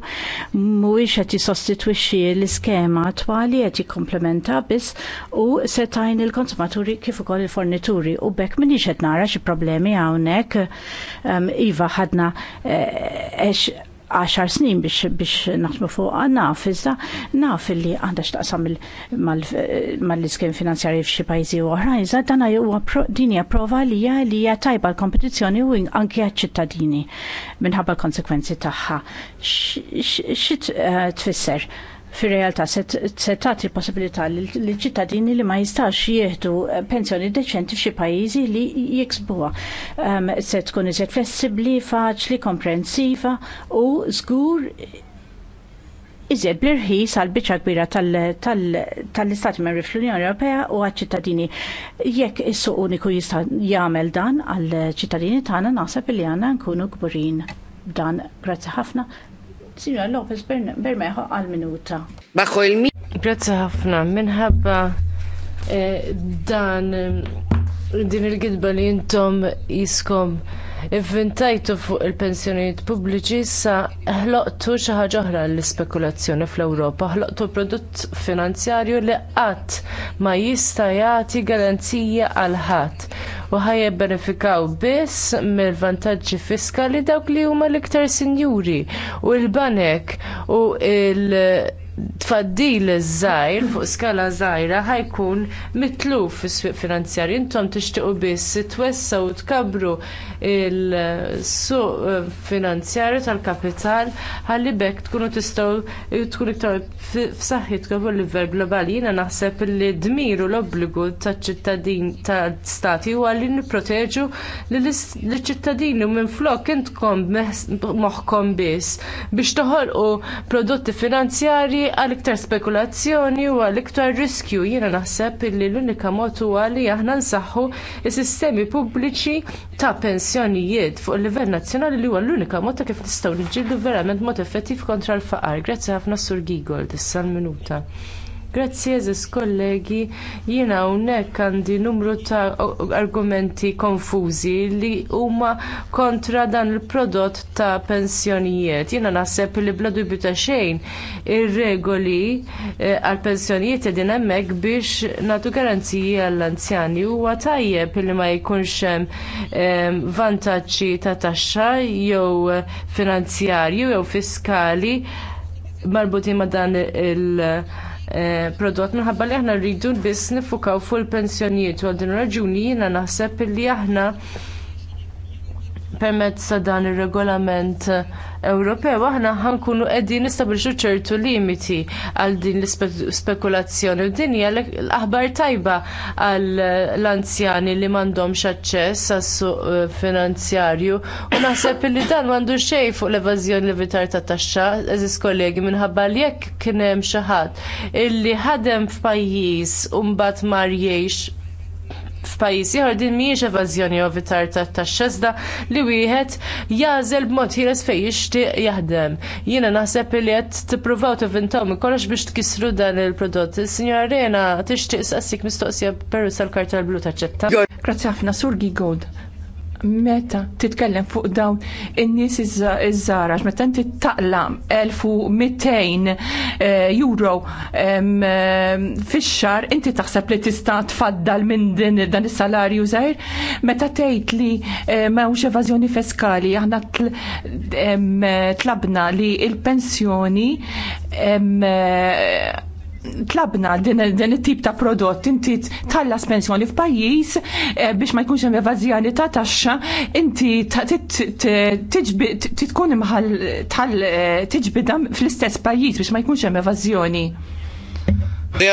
Speaker 2: mhuwiex qed jissostitwixxi l-iskema attwali qed jikkomplementa biss u setajn il-konsumaturi kif ukoll il-fornituri u bekk minix qed nara xi problemi problemi hawnhekk. Um, iva ħadna eċ eh, għaxar snin biex, biex naħdmu fuq ah, naf, iżda naf li għandha xtaqsam mal-iskem finanzjari f'xi pajjiżi oħra, iżda dan huwa dinja prova li hija li hija tajba l-kompetizzjoni u anke ċittadini minħabba l-konsekwenzi tagħha. Xi eh, tfisser? fir realtà se tagħti l-possibilità lill ċittadini li ma jistax jieħdu eh, pensjoni deċenti f'xi pajjiżi li jiksbuha. Um, se tkun iżjed flessibbli, faċli, komprensiva u żgur iżjed bl-irħis għal biċċa kbira tal-Istati Membri fl-Unjoni Ewropea u għal-ċittadini. Jekk is-suq uniku jista' jagħmel dan għal-ċittadini tagħna naħseb li għandna nkunu kburin dan. Grazzi ħafna Sinjora Lopez Bermejo għal minuta.
Speaker 4: il-mi. Grazzi ħafna minħabba eh, dan eh, din il-gidba li jintom jiskom ivvintajtu fuq il-pensjonijiet pubbliċi issa ħloqtu xi ħaġa oħra l-ispekulazzjoni fl-Ewropa, ħloqtu prodott finanzjarju li qatt ma jista' jagħti garanzija għal ħadd u ħajjebbenefikaw biss mill-vantaġġi fiskali dawk li huma l-iktar sinjuri u l-banek u l- tfaddil żgħir fuq skala żgħira ħajkun mitluf fis-swieq finanzjarji. Intom tixtiequ biss twessaw u tkabbru il-suq eh, finanzjarju tal-kapital ħalli bekk tkunu tistgħu eh, tkun iktar f'saħħitkom fuq livell globali. Jiena naħseb li dmir u l-obbligu taċ-ċittadin tal-stati huwa li nipproteġu lill-ċittadini minflok intkom moħħkom biss biex toħolqu prodotti finanzjarji għal iktar spekulazzjoni u għal iktar riskju. Jiena naħseb li l-unika mod huwa li aħna nsaħħu s-sistemi pubbliċi ta' pensjonijiet fuq il-livell nazzjonali li huwa l-unika mod ta' kif nistgħu niġġieldu verament mod effettiv kontra l-faqar. Grazzi ħafna Sur Gigol, tissa minuta. Grazzi eżis kollegi, jiena hawnhekk għandi numru ta' argumenti konfużi li huma kontra dan il-prodott ta' pensjonijiet. Jiena naħseb li bla dubju ta' xejn ir-regoli eh, għall pensjonijiet qegħdin hemmhekk biex nagħtu garanziji għall-anzjani huwa tajjeb li ma jkunx hemm ehm, vantaġġi ta' taxxa jew finanzjarju jew fiskali marbutin ma' dan il- Eh, prodott minħabba li aħna rridu biss nifukaw fuq il-pensjonijiet u għal din raġuni jiena naħseb li aħna permezz ta' dan ir-regolament Ewropew aħna ħankunu qegħdin nistabilxu ċertu limiti għal din l-spekulazzjoni. Din hija l-aħbar tajba għall anzjani li m'għandhomx aċċess għas-suq eh, finanzjarju u naħseb li dan m'għandu xejn fuq l-evażjoni levitar ta' taxxa, eżis kollegi minħabba li jekk kien hemm xi ħadd illi ħadem f'pajjiż u mbagħad mar jgħix f'pajjiż ieħor din mhijiex evażjoni jew vitar tax taxxezda li wieħed jażel b'mod ħieles fejn jixtieq jaħdem. Jiena naħseb li qed tippruvaw tivintaw ikollox biex tkissru dan il-prodott. Is-Sinjora Rena tixtieq saqsik mistoqsija perus tal-karta blu taċċetta.
Speaker 1: Grazzi ħafna Sur Gold meta titkellem fuq dawn in-nies iż-żarax, meta inti taqlam 1200 eh, euro fix-xar, inti taħseb li tista' tfaddal minn din dan is-salarju żgħir, meta tgħid li eh, m'hawnx evażjoni fiskali, aħna eh, tlabna li l-pensjoni tlabna din it-tip ta' prodott inti tallas pensjoni f'pajjiż eh, biex ma jkunx hemm evażjoni ta' taxxa, inti tkun imħal tiġbida fl-istess pajjiż biex ma jkunx hemm evażjoni.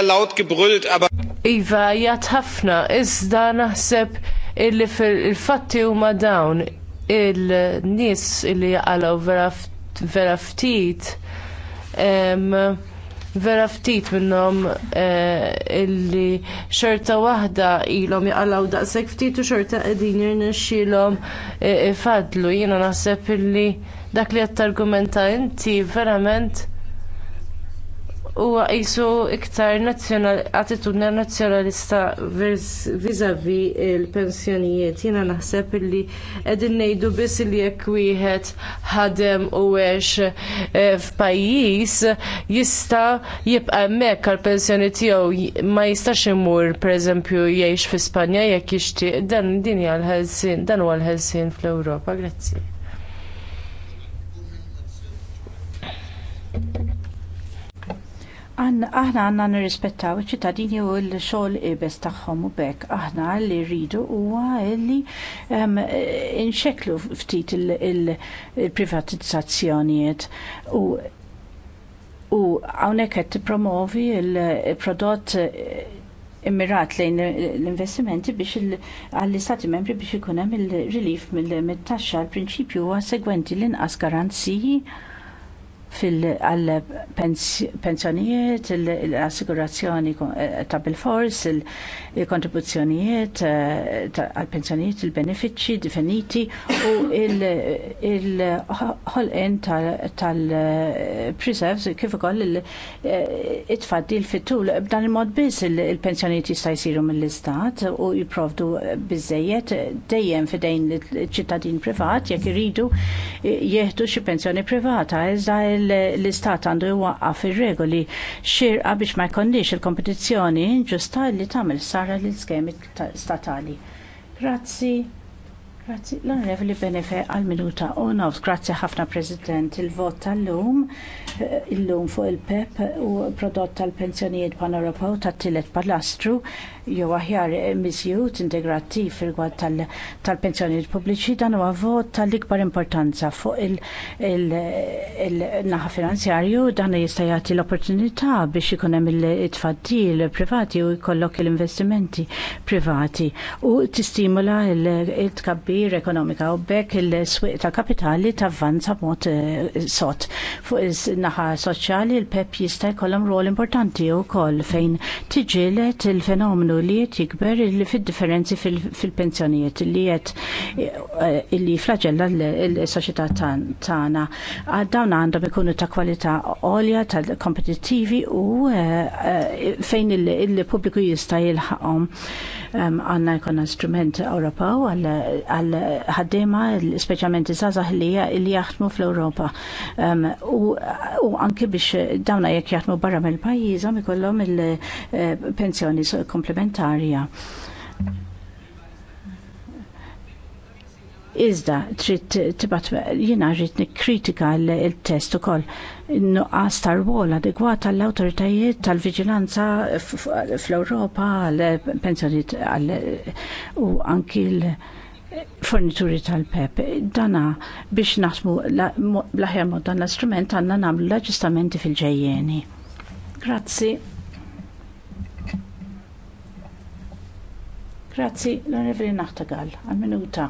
Speaker 5: laut gebrüllt, aber
Speaker 4: Iva jgħat ħafna, iżda naħseb illi fil-fatti huma dawn il-nies illi jaqalgħu vera ftit vera ftit minnhom eh, illi xorta waħda ilhom jaqalaw daqshekk ftit u xorta qegħdin jirnexxielhom eh, ifadlu. Jiena naħseb illi dak li qed targumenta inti verament huwa qisu iktar attitudna nazzjonalista viżavi il-pensjonijiet. Jiena naħseb illi qegħdin ngħidu biss li jekk wieħed ħadem u għex eh, f'pajjiż jista' jibqa' hemmhekk għall-pensjoni tiegħu ma jistax imur pereżempju jgħix fi Spanja jekk jixtieq dan din hija l-ħelsien dan huwa l-ħelsien fl-Ewropa. Grazzi.
Speaker 2: Aħna għanna nirrispettaw iċ-ċittadini u l-xogħol ibes tagħhom u bekk. Aħna li rridu huwa għalli nxeklu ftit il-privatizzazzjonijiet u u hawnhekk qed tippromovi il-prodott immirat lejn l-investimenti biex għall-istati membri biex ikun hemm il-relief mill-taxxa l-prinċipju huwa segwenti l-inqas garanziji fil-pensjonijiet, l-assigurazzjoni eh, ta' bil-fors, il-kontribuzzjonijiet eh, għal-pensjonijiet, il-benefiċċji definiti u il-ħolqin tal-preserves kif ukoll eh, it-tfaddil fit-tul b'dan il-mod biss il-pensjonijiet jista' jsiru mill-istat u jipprovdu biżejjed dejjem fidejn ċittadin privat jekk iridu jieħdu xi pensjoni privata iżda l-istat għandu jwaqqaf ir-regoli xirqa biex ma jkonniex il-kompetizzjoni ġusta li tagħmel sara l-iskemi statali. Grazzi. Grazzi, l-onorevoli Benefe għal-minuta u nofs, grazzi ħafna President, il-vot tal-lum, eh, il-lum fuq il-PEP u prodott tal-pensionijiet pan u tat-tillet palastru, jew aħjar mizjut integrattiv fil-gwad tal-pensionijiet pubbliċi dan huwa vot tal-ikbar importanza fuq il-naħa finanzjarju dan jista' jagħti l-opportunità biex ikun hemm il-tfaddil privati u jkollok l-investimenti privati u tistimula il tkabbi kbir ekonomika u bekk il-swiq ta' kapitali tavvanza mod eh, sot. Fuq is-naħa soċjali il-PEP jista' jkollhom rol importanti wkoll fejn tiġilet il-fenomenu li qed jikber li fid-differenzi fil-pensjonijiet li qed illi eh, flagella l-soċjetà tagħna. Dawn għandhom ikunu ta' kwalità għolja tal-kompetittivi u eh, fejn il-pubbliku jista' jilħaqhom għandna jkollna strument Ewropew għal għal ħaddiema speċjalment iż-żgħażagħ li jaħdmu fl-Ewropa. U anke biex dawna jekk jaħdmu barra mill-pajjiżhom ikollhom il-pensjoni eh, komplementarja. Iżda, trid tibat, jiena rrid nikkritika l-test ukoll nuqqas tar-wol adegwat għall awtoritajiet tal-viġilanza fl-Ewropa għall pensjonijiet u anki l- fornituri tal-PEP. Dana biex naħsmu blaħjar mod dan l-istrument għanna namlu l-aġġustamenti fil-ġejjeni. Grazzi. Grazzi, l onivri Naħtagal, għal-minuta.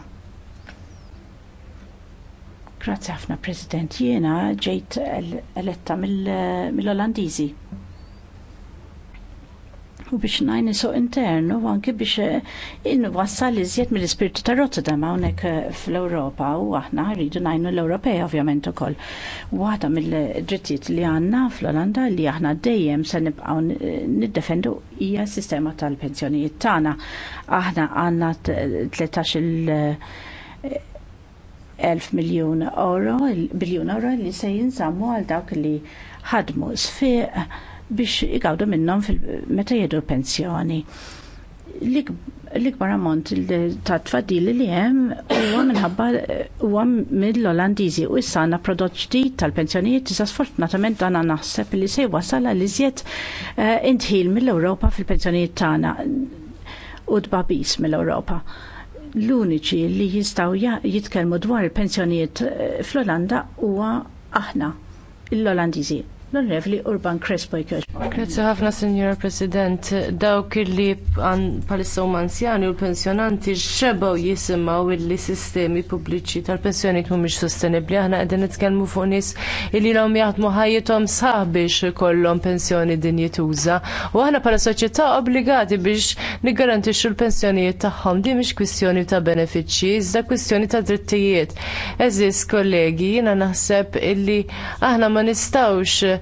Speaker 2: Grazzi ħafna, President. Jiena ġejt eletta mill-Olandizi. mill olandizi u biex najn isu internu u anki biex eh, inwassal iżjed mill-ispirtu ta' Rotterdam hawnhekk eh, fl-Ewropa u aħna rridu najnu l-Ewropej ovvjament ukoll. Waħda mill-drittijiet li għandna fl-Olanda li aħna dejjem se nibqgħu eh, niddefendu hija s-sistema tal-pensjonijiet tagħna. Aħna għandna 13 il- 1000 miljon euro, biljun euro li se jinżammu għal dawk li ħadmu sfiq biex jgħawdu minnhom meta jedu pensjoni. L-ikbar ammont ta' tfadili li hemm huwa minħabba huwa mill-Olandiżi u issa għandna prodott ġdid tal-pensjonijiet jissa sfortunatament għanna naħseb li se wasal li zjed eh, intħil mill-Ewropa fil-pensjonijiet tagħna u tbabis mill-Ewropa l-uniċi li jistaw jitkelmu dwar il-pensjonijiet eh, fl-Olanda huwa aħna l-Olandiżi
Speaker 4: l-Onorevli Urban Crespo Grazie ħafna, Signora President. Dawk kirli palissa u manzjani u l-pensjonanti xebaw jisimaw illi sistemi pubbliċi tal-pensjoni mhumiex sostenibbli. Aħna qegħdin nitkellmu fuq nies illi l jaħdmu ħajjithom sħaħ biex ikollhom pensjoni din jituża. U aħna bħala soċieta obbligati biex niggarantixxu l-pensjonijiet tagħhom. Di miex kwistjoni ta' benefiċċji, iżda kwistjoni ta' drittijiet. Eżis kollegi, jiena naħseb illi aħna ma nistgħux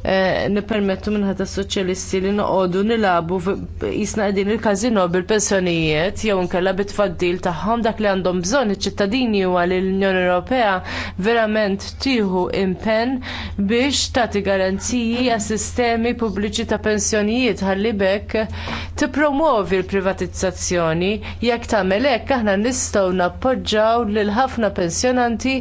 Speaker 4: Eh, nippermettu minħata soċjalisti li noqogħdu nilagħbu jisna qegħdin il-każino bil-pensjonijiet jew inkella bit-tfaddil tagħhom dak li għandhom bżonn iċ-ċittadini huwa li l-Unjoni Ewropea verament tieħu impenn biex tagħti garanziji għas sistemi pubbliċi ta' pensjonijiet ħalli bekk tippromovi l-privatizzazzjoni jekk tagħmel hekk aħna nistgħu nappoġġjaw lil ħafna pensjonanti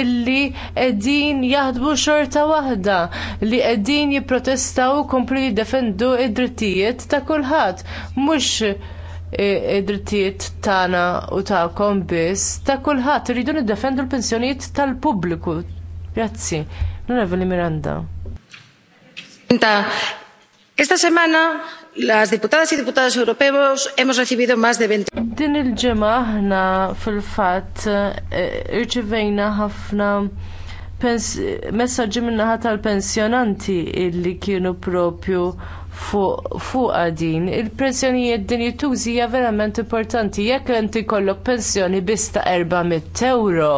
Speaker 4: illi qegħdin jaħdmu xorta waħda li qegħdin Din jipprotestaw u komplu jiddefendu id-drittijiet ta' kulħadd, mhux e, id-drittijiet tagħna u tagħkom biss, ta' kulħadd iridu niddefendu l-pensjonijiet tal-pubbliku. Grazzi. Onorevoli Miranda. Esta semana las diputadas y diputados europeos hemos recibido más de 20. Din il-ġemma aħna fil-fatt e, irċivejna ħafna messaġġi min-naħa tal-pensjonanti illi kienu propju fuq din. Il-pensjonijiet din jittużi hija verament importanti. Jekk inti kollok pensjoni biss ta' 400 euro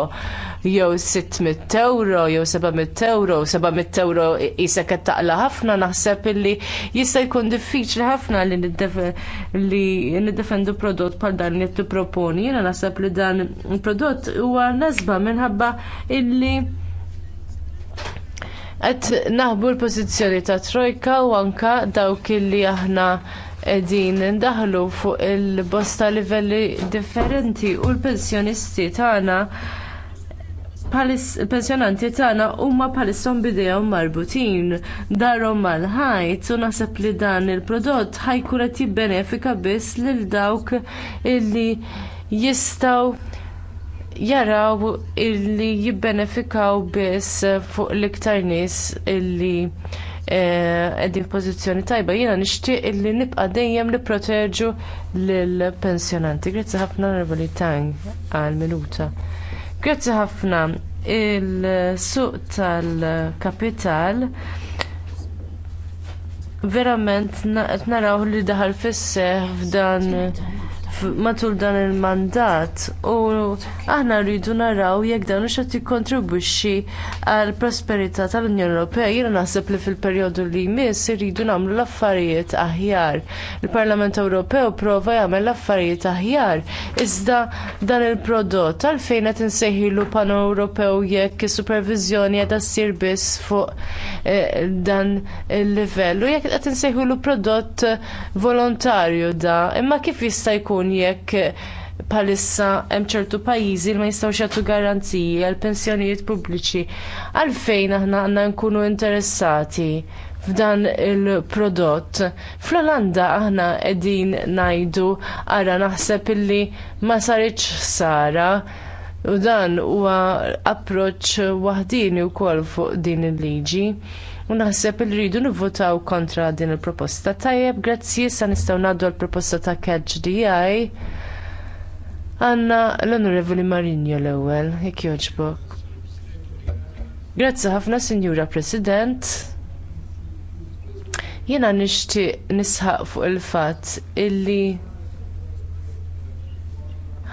Speaker 4: jew 600 euro, jew 700 euro, 700 euro jisek qed taqla ħafna naħseb illi jista' jkun diffiċli ħafna li niddefendu prodott bħal dan li tipproponi. Jiena naħseb li dan il-prodott huwa nesba minħabba illi qed naħbu l-pożizzjoni ta' trojka u anke dawk li aħna qegħdin indaħlu fuq il-bosta livelli differenti u l-pensjonisti tagħna pensjonanti tagħna huma bħalishom bidejhom marbutin darhom mal-ħajt u naħseb li dan il-prodott ħajkun qed jibbenefika biss lil dawk illi jistgħu jaraw illi jibbenefikaw biss fuq l-iktar nies illi eh, qegħdin pożizzjoni tajba. Jiena nixtieq illi nibqa' dejjem nipproteġu lill-pensjonanti. Grazzi ħafna Onorevoli Tang għal minuta. Grazzi ħafna il-suq tal-kapital verament naraw li daħal fis-seħħ f'dan matul dan il-mandat u aħna rridu naraw jekk dan xed jikkontribwixxi għall prosperità tal-Unjoni Ewropea. Jiena naħseb li fil-perjodu li jmiss irridu nagħmlu l-affarijiet aħjar. Il-Parlament Ewropew prova jagħmel l-affarijiet aħjar iżda dan il-prodott għalfejn qed insejħilu pan-Ewropew jekk is-supervizjoni qiegħda ssir biss fuq eh, dan il-livell u jekk qed insejħilu prodott volontarju da imma kif jista' jkun ikun jekk bħalissa hemm ċertu pajjiżi li ma jistgħux jagħtu garanziji għal pensjonijiet pubbliċi għalfejn aħna għandna nkunu interessati f'dan il-prodott. Fl-Olanda aħna qegħdin ngħidu ara naħseb illi ma saritx sara u dan huwa approċċ waħdini wkoll fuq din il-liġi u naħseb li rridu nivvotaw kontra din il-proposta. Tajjeb, grazzi, sa nistgħu ngħaddu l-proposta ta' catch DI. Għanna l-Onorevoli Marinjo l-ewwel, jekk jogħġbok. Grazzi ħafna, Sinjura President. Jiena nixtieq nisħaq fuq il-fatt illi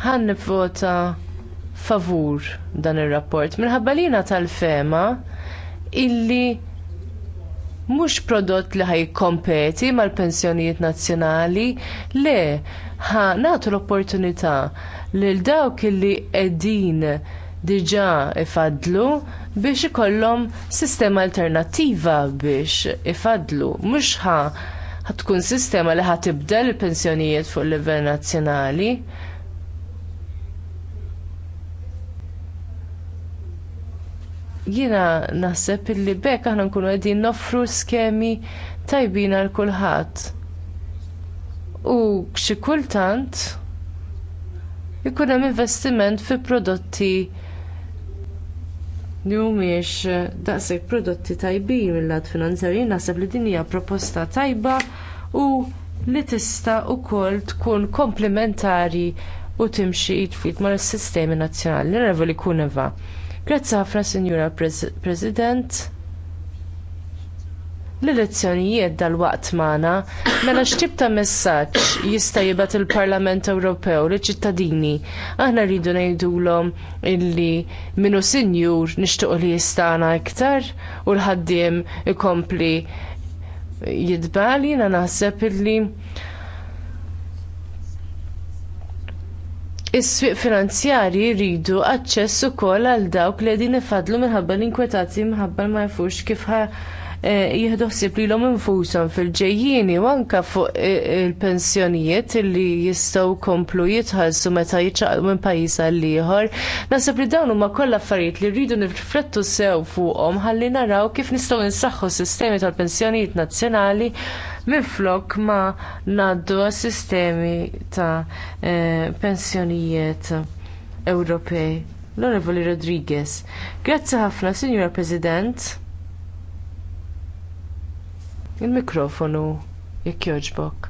Speaker 4: ħan nivvota favur dan ir-rapport minħabba li tal-fema illi mhux prodott li ħajkompeti mal-pensjonijiet nazzjonali, le ħa nagħtu l-opportunità lil dawk li qegħdin diġà ifadlu biex ikollhom sistema alternattiva biex ifadlu mhux ħa tkun sistema li ħatibdel il-pensjonijiet fuq il livell nazzjonali. Jiena naħseb illi bekk aħna nkunu qegħdin noffru skemi tajbin għal kulħadd. U xi kultant ikun hemm investiment fi prodotti li mhumiex daqshekk prodotti tajbin mill-lat finanzjarji naħseb li din hija proposta tajba u li tista' wkoll tkun komplementari u timxi id-fit mal-sistemi nazzjonali. Nirrevu li kun eva. Grazzi ħafna, Sinjura President. L-elezzjonijiet dalwaqt magħna mela x'tib ta' messaġġ jista' jibgħat il-Parlament Ewropew liċ ċittadini aħna rridu ngħidulhom illi minnu sinjur nixtiequ li jistana iktar u l-ħaddiem ikompli jidbali na naħseb illi Is-swieq finanzjarji jridu aċċess ukoll għal dawk li qegħdin ifadlu minħabba l-inkwetati minħabba ma jafux kif Eh, jihdossib li l-om infusom fil-ġejjini u anke fuq eh, il-pensjonijiet li jistgħu jkomplu jitħallsu meta jiċċaqlu minn pajjiż għal ieħor. Naħseb li dawn huma kollha affarijiet li rridu nirriflettu sew fuqhom ħalli naraw kif nistgħu nsaħħu s-sistemi tal-pensjonijiet nazzjonali flok ma naddu sistemi ta' eh, pensjonijiet Ewropej. L-Onorevoli Rodriguez. Grazzi ħafna, Signor President il-mikrofonu jekk jogħġbok.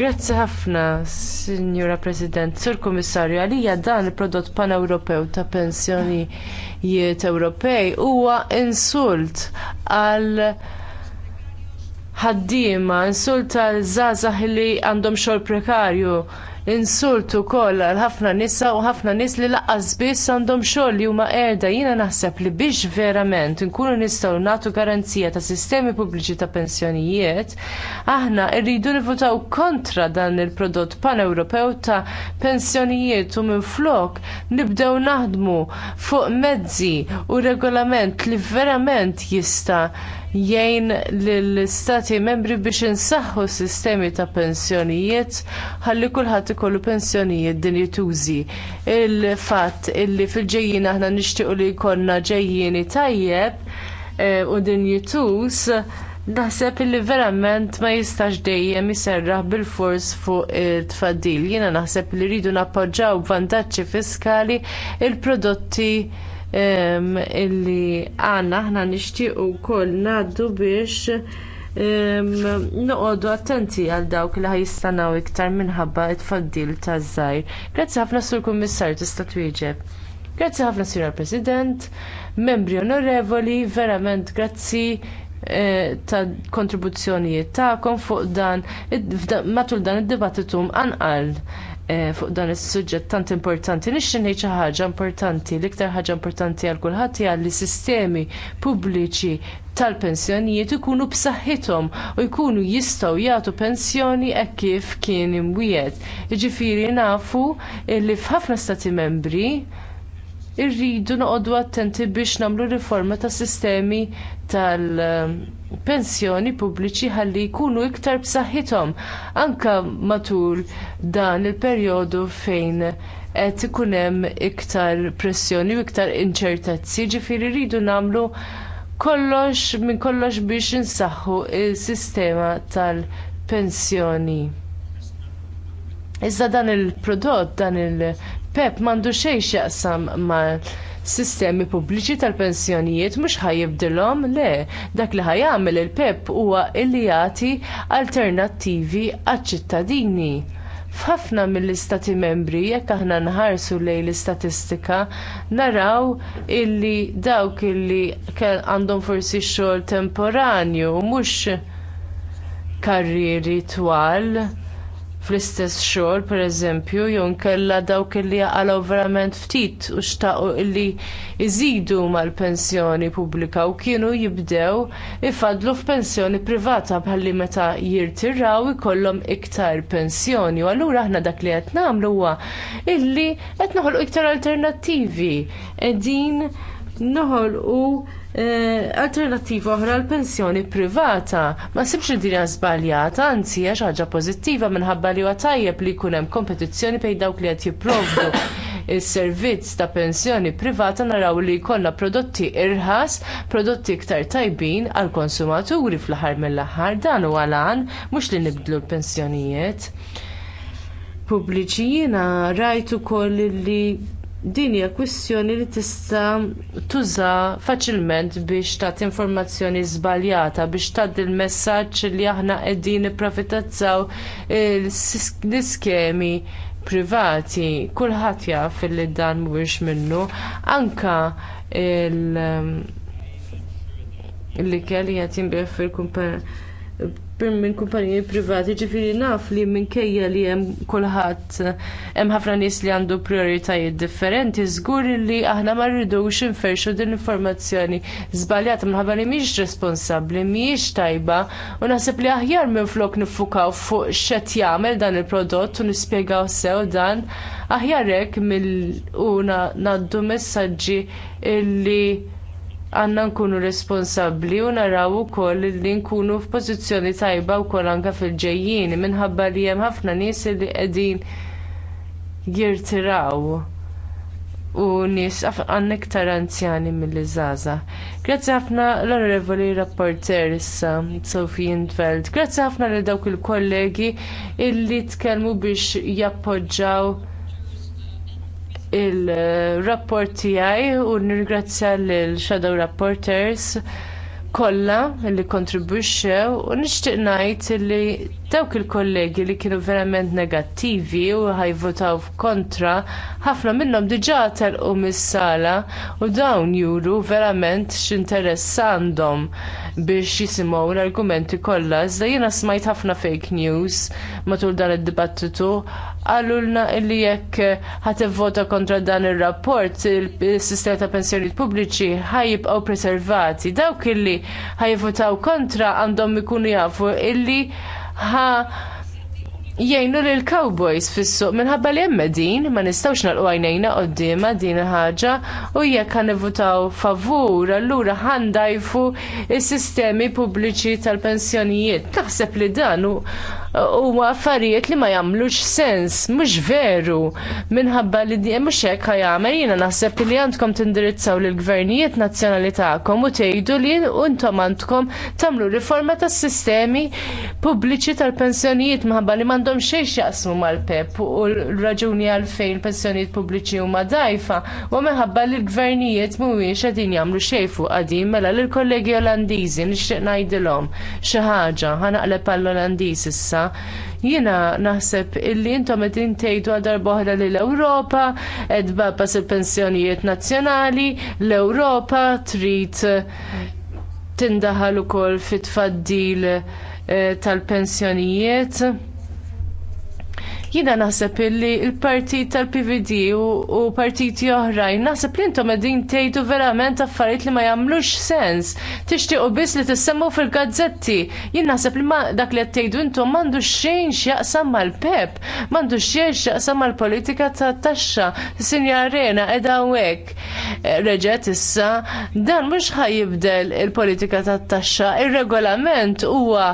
Speaker 4: Grazzi ħafna, Sinjura President, Sur Kommissarju, għalija dan il-prodott pan-Ewropew ta' pensjonijiet Ewropej huwa insult għal ħaddiema, insult għal żgħażagħ li għandhom xogħol prekarju insult ukoll għal ħafna nisa u ħafna nies li laqqas biss għandhom xogħol li huma qiegħda jiena naħseb li biex verament inkunu nistgħu nagħtu garanzija ta' sistemi pubbliċi ta' pensjonijiet, aħna rridu nivutaw kontra dan il-prodott pan-Ewropew ta' pensjonijiet u minflok nibdew naħdmu fuq mezzi u regolament li verament jista' jgħin lill-istati membri biex insaħħu s sistemi ta' pensjonijiet ħalli kulħadd ikollu pensjonijiet dinjitużi. Il-fatt illi fil-ġejjin aħna nixtiequ li jkollna ġejjien tajjeb eh, u dinjituż Naħseb illi verament ma jistax dejjem iserraħ bil-fors fuq it-tfaddil. Jiena naħseb li rridu nappoġġaw vantaġġi fiskali il-prodotti l il prodotti illi għandna aħna nixtiequ wkoll ngħaddu biex noqogħdu attenti għal dawk li ħajistanaw iktar minħabba t tfaddil ta' żgħir Grazzi ħafna sur kummissar tista' twieġeb. Grazzi ħafna Sira President, membri onorevoli, verament grazzi eh, ta' kontribuzzjonijiet tagħkom fuq dan matul dan id-dibattitu mqanqal Eh, fuq dan is-suġġett tant importanti. Nixtieq ngħid xi ħaġa importanti, l-iktar ħaġa importanti għal kulħadd hija li sistemi pubbliċi tal-pensjonijiet ikunu b'saħħithom u jkunu jistgħu jagħtu pensjoni hekk kif kien imwiegħed. Jiġifieri nafu li f'ħafna stati membri irridu noqogħdu attenti biex nagħmlu riforma tas sistemi tal- pensjoni pubbliċi ħalli jkunu iktar b'saħħithom anke matul dan il-perjodu fejn qed ikun hemm iktar pressjoni u iktar inċertezzi, ġifieri rridu nagħmlu kollox minn kollox biex insaħħu s sistema tal-pensjoni. Iżda dan il-prodott, dan il Pep mandu xej xaqsam ma' sistemi pubbliċi tal-pensjonijiet mhux ħajibdilhom le dak li ħajamil il-PEP huwa li jagħti alternattivi għaċ-ċittadini. F'ħafna mill-istati membri jekk aħna nħarsu lejn l-istatistika naraw illi dawk illi għandhom forsi xogħol temporanju mhux karrieri twal fl-istess xogħol pereżempju jew inkella dawk li jaqalgħu verament ftit u xtaqu li jżidu mal-pensjoni pubblika u kienu jibdew ifadlu f'pensjoni privata bħalli meta jirtiraw ikollhom iktar pensjoni u allura aħna dak li qed nagħmlu huwa illi qed noħolqu iktar alternattivi qegħdin noħolqu Eh, alternativa oħra l pensjoni privata. Ma sibx li dinja żbaljata, anzi hija xi ħaġa pożittiva minħabba li huwa tajjeb li jkun hemm kompetizzjoni bejn dawk li qed jipprovdu s *coughs* servizz ta' pensjoni privata naraw li jkollna prodotti irħas, prodotti iktar tajbin għall konsumaturi fl-aħħar mill-aħħar dan huwa lan mhux li nibdlu l-pensjonijiet. Pubbliċi jiena rajt ukoll li din hija kwistjoni li tista' tuża faċilment biex tagħti informazzjoni żbaljata biex tgħaddi l-messaġġ li aħna qegħdin nipprofittazzaw l-iskemi privati. Kulħadd jaf li dan mhuwiex minnu anke l- li kelli qed fil-kumpanija minn kumpaniji privati ġifiri naf li minkejja li hemm kulħadd hemm ħafna nies li għandu prioritajiet differenti żgur li aħna ma rridux inferxu din l-informazzjoni żbaljata minħabba li mhijiex responsabbli mhijiex tajba u naħseb li aħjar minflok niffukaw fuq x'qed jagħmel dan il-prodott u nispjegaw sew dan aħjar hekk mill u messaġġi illi għandna nkunu responsabbli u naraw ukoll li nkunu f'pożizzjoni tajba wkoll anke fil-ġejjin minħabba li hemm ħafna nies li qegħdin jirtiraw u nies għandna iktar anzjani milli żgħażagħ. Grazzi ħafna l-onorevoli rapporter issa Sophie Infeld. Grazzi ħafna lil dawk il-kollegi illi tkellmu biex jappoġġaw il-rapport tiegħi u nirgrazzja lill shadow rapporters kollha li kontribwixxew u nixtieq ngħid li Dawk il-kollegi li kienu verament negattivi u ħajvotaw kontra, ħafna minnhom diġà telqu mis-sala u dawn juru verament x'interess għandhom biex jisimgħu l-argumenti kollha. Iżda jiena smajt ħafna fake news matul dan id-dibattitu għallulna li jekk ħativvota kontra dan ir rapport il-sistema ta' pensjonijiet pubbliċi ħajibqgħu preservati. Dawk illi ħajvotaw kontra għandhom ikunu jafu illi ha jgħinu lill l-cowboys fis-suq minħabba li hemm din ma nistgħux nalqu għajnejna qoddiema din ħaġa u jekk ħanivutaw favur allura ħandajfu s-sistemi pubbliċi tal-pensjonijiet. Taħseb li dan huwa affarijiet li ma jagħmlux sens, mhux veru minħabba li di mhux hekk ħajamel jiena naħseb li għandkom tindirizzaw lill gvernijiet nazzjonali tagħkom u tgħidu li intom għandkom tagħmlu riforma tas-sistemi pubbliċi tal-pensjonijiet minħabba li ma għandhom xejn x'jaqsmu mal-PEP u l-raġuni għalfejn il-pensjonijiet pubbliċi huma dgħajfa u minħabba li l-gvernijiet mhuwiex qegħdin jagħmlu xejn fuq qadim mela lill kollegi Olandiżi nixtieq ngħidilhom xi ħaġa ħanaqleb għall-Olandiż issa. Jiena naħseb illi intom qegħdin tgħidu għal darba oħra lil Ewropa qed babbas il-pensjonijiet nazzjonali, l-Ewropa trid tindaħal ukoll fit-tfaddil eh, tal-pensjonijiet Jiena naħseb illi l partit tal-PVD u partiti oħrajn naħseb li intom qegħdin tgħidu verament affarijiet li ma jagħmlux sens. Tixtiequ biss li tissemmu fil-gazzetti. Jien naħseb li dak li qed tgħidu intom m'għandux xejn x'jaqsam mal-pep, m'għandux xejn x'jaqsam mal-politika tat-taxxa. Sinjar Rena qiegħda hawnhekk. Eh, reġgħet issa dan mhux ħajibdel il-politika tat-taxxa. Ir-regolament huwa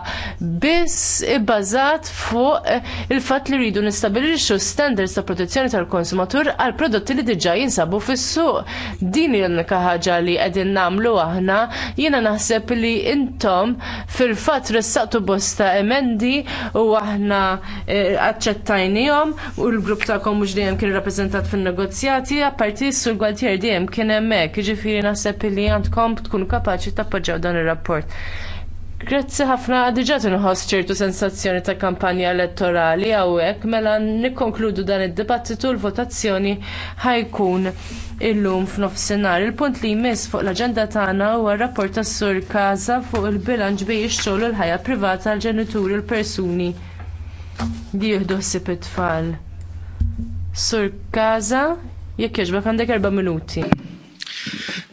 Speaker 4: biss ibbażat fuq eh, il-fatt li rridu nistabilixxu standards ta' protezzjoni tal-konsumatur għal prodotti li diġà jinsabu fis-suq. Din hi l-unika ħaġa li qegħdin nagħmlu aħna, jiena naħseb li intom fil-fatt ressaqtu bosta emendi u aħna eh, aċċettajnihom u l-grupp tagħkom mhux dejjem kien rappreżentat fin-negozjati, apparti sul gwaltier dejjem kien hemmhekk, jiġifieri naħseb li għandkom tkunu kapaċi tappoġġjaw dan ir-rapport. Grazzi ħafna diġà tinħoss ċertu sensazzjoni ta' kampanja elettorali hawnhekk mela nikkonkludu dan id-dibattitu l-votazzjoni ħajkun illum f'nofsinhar. Il-punt li jmiss fuq l-aġenda tagħna huwa r-rapport tas-Sur Kaza fuq il-bilanċ bejn ix-xogħol u l-ħajja privata għall ġenituri u l-persuni li jieħdu ħsieb it-tfal. Sur Kaza, jekk jogħġbek għandek erba' minuti.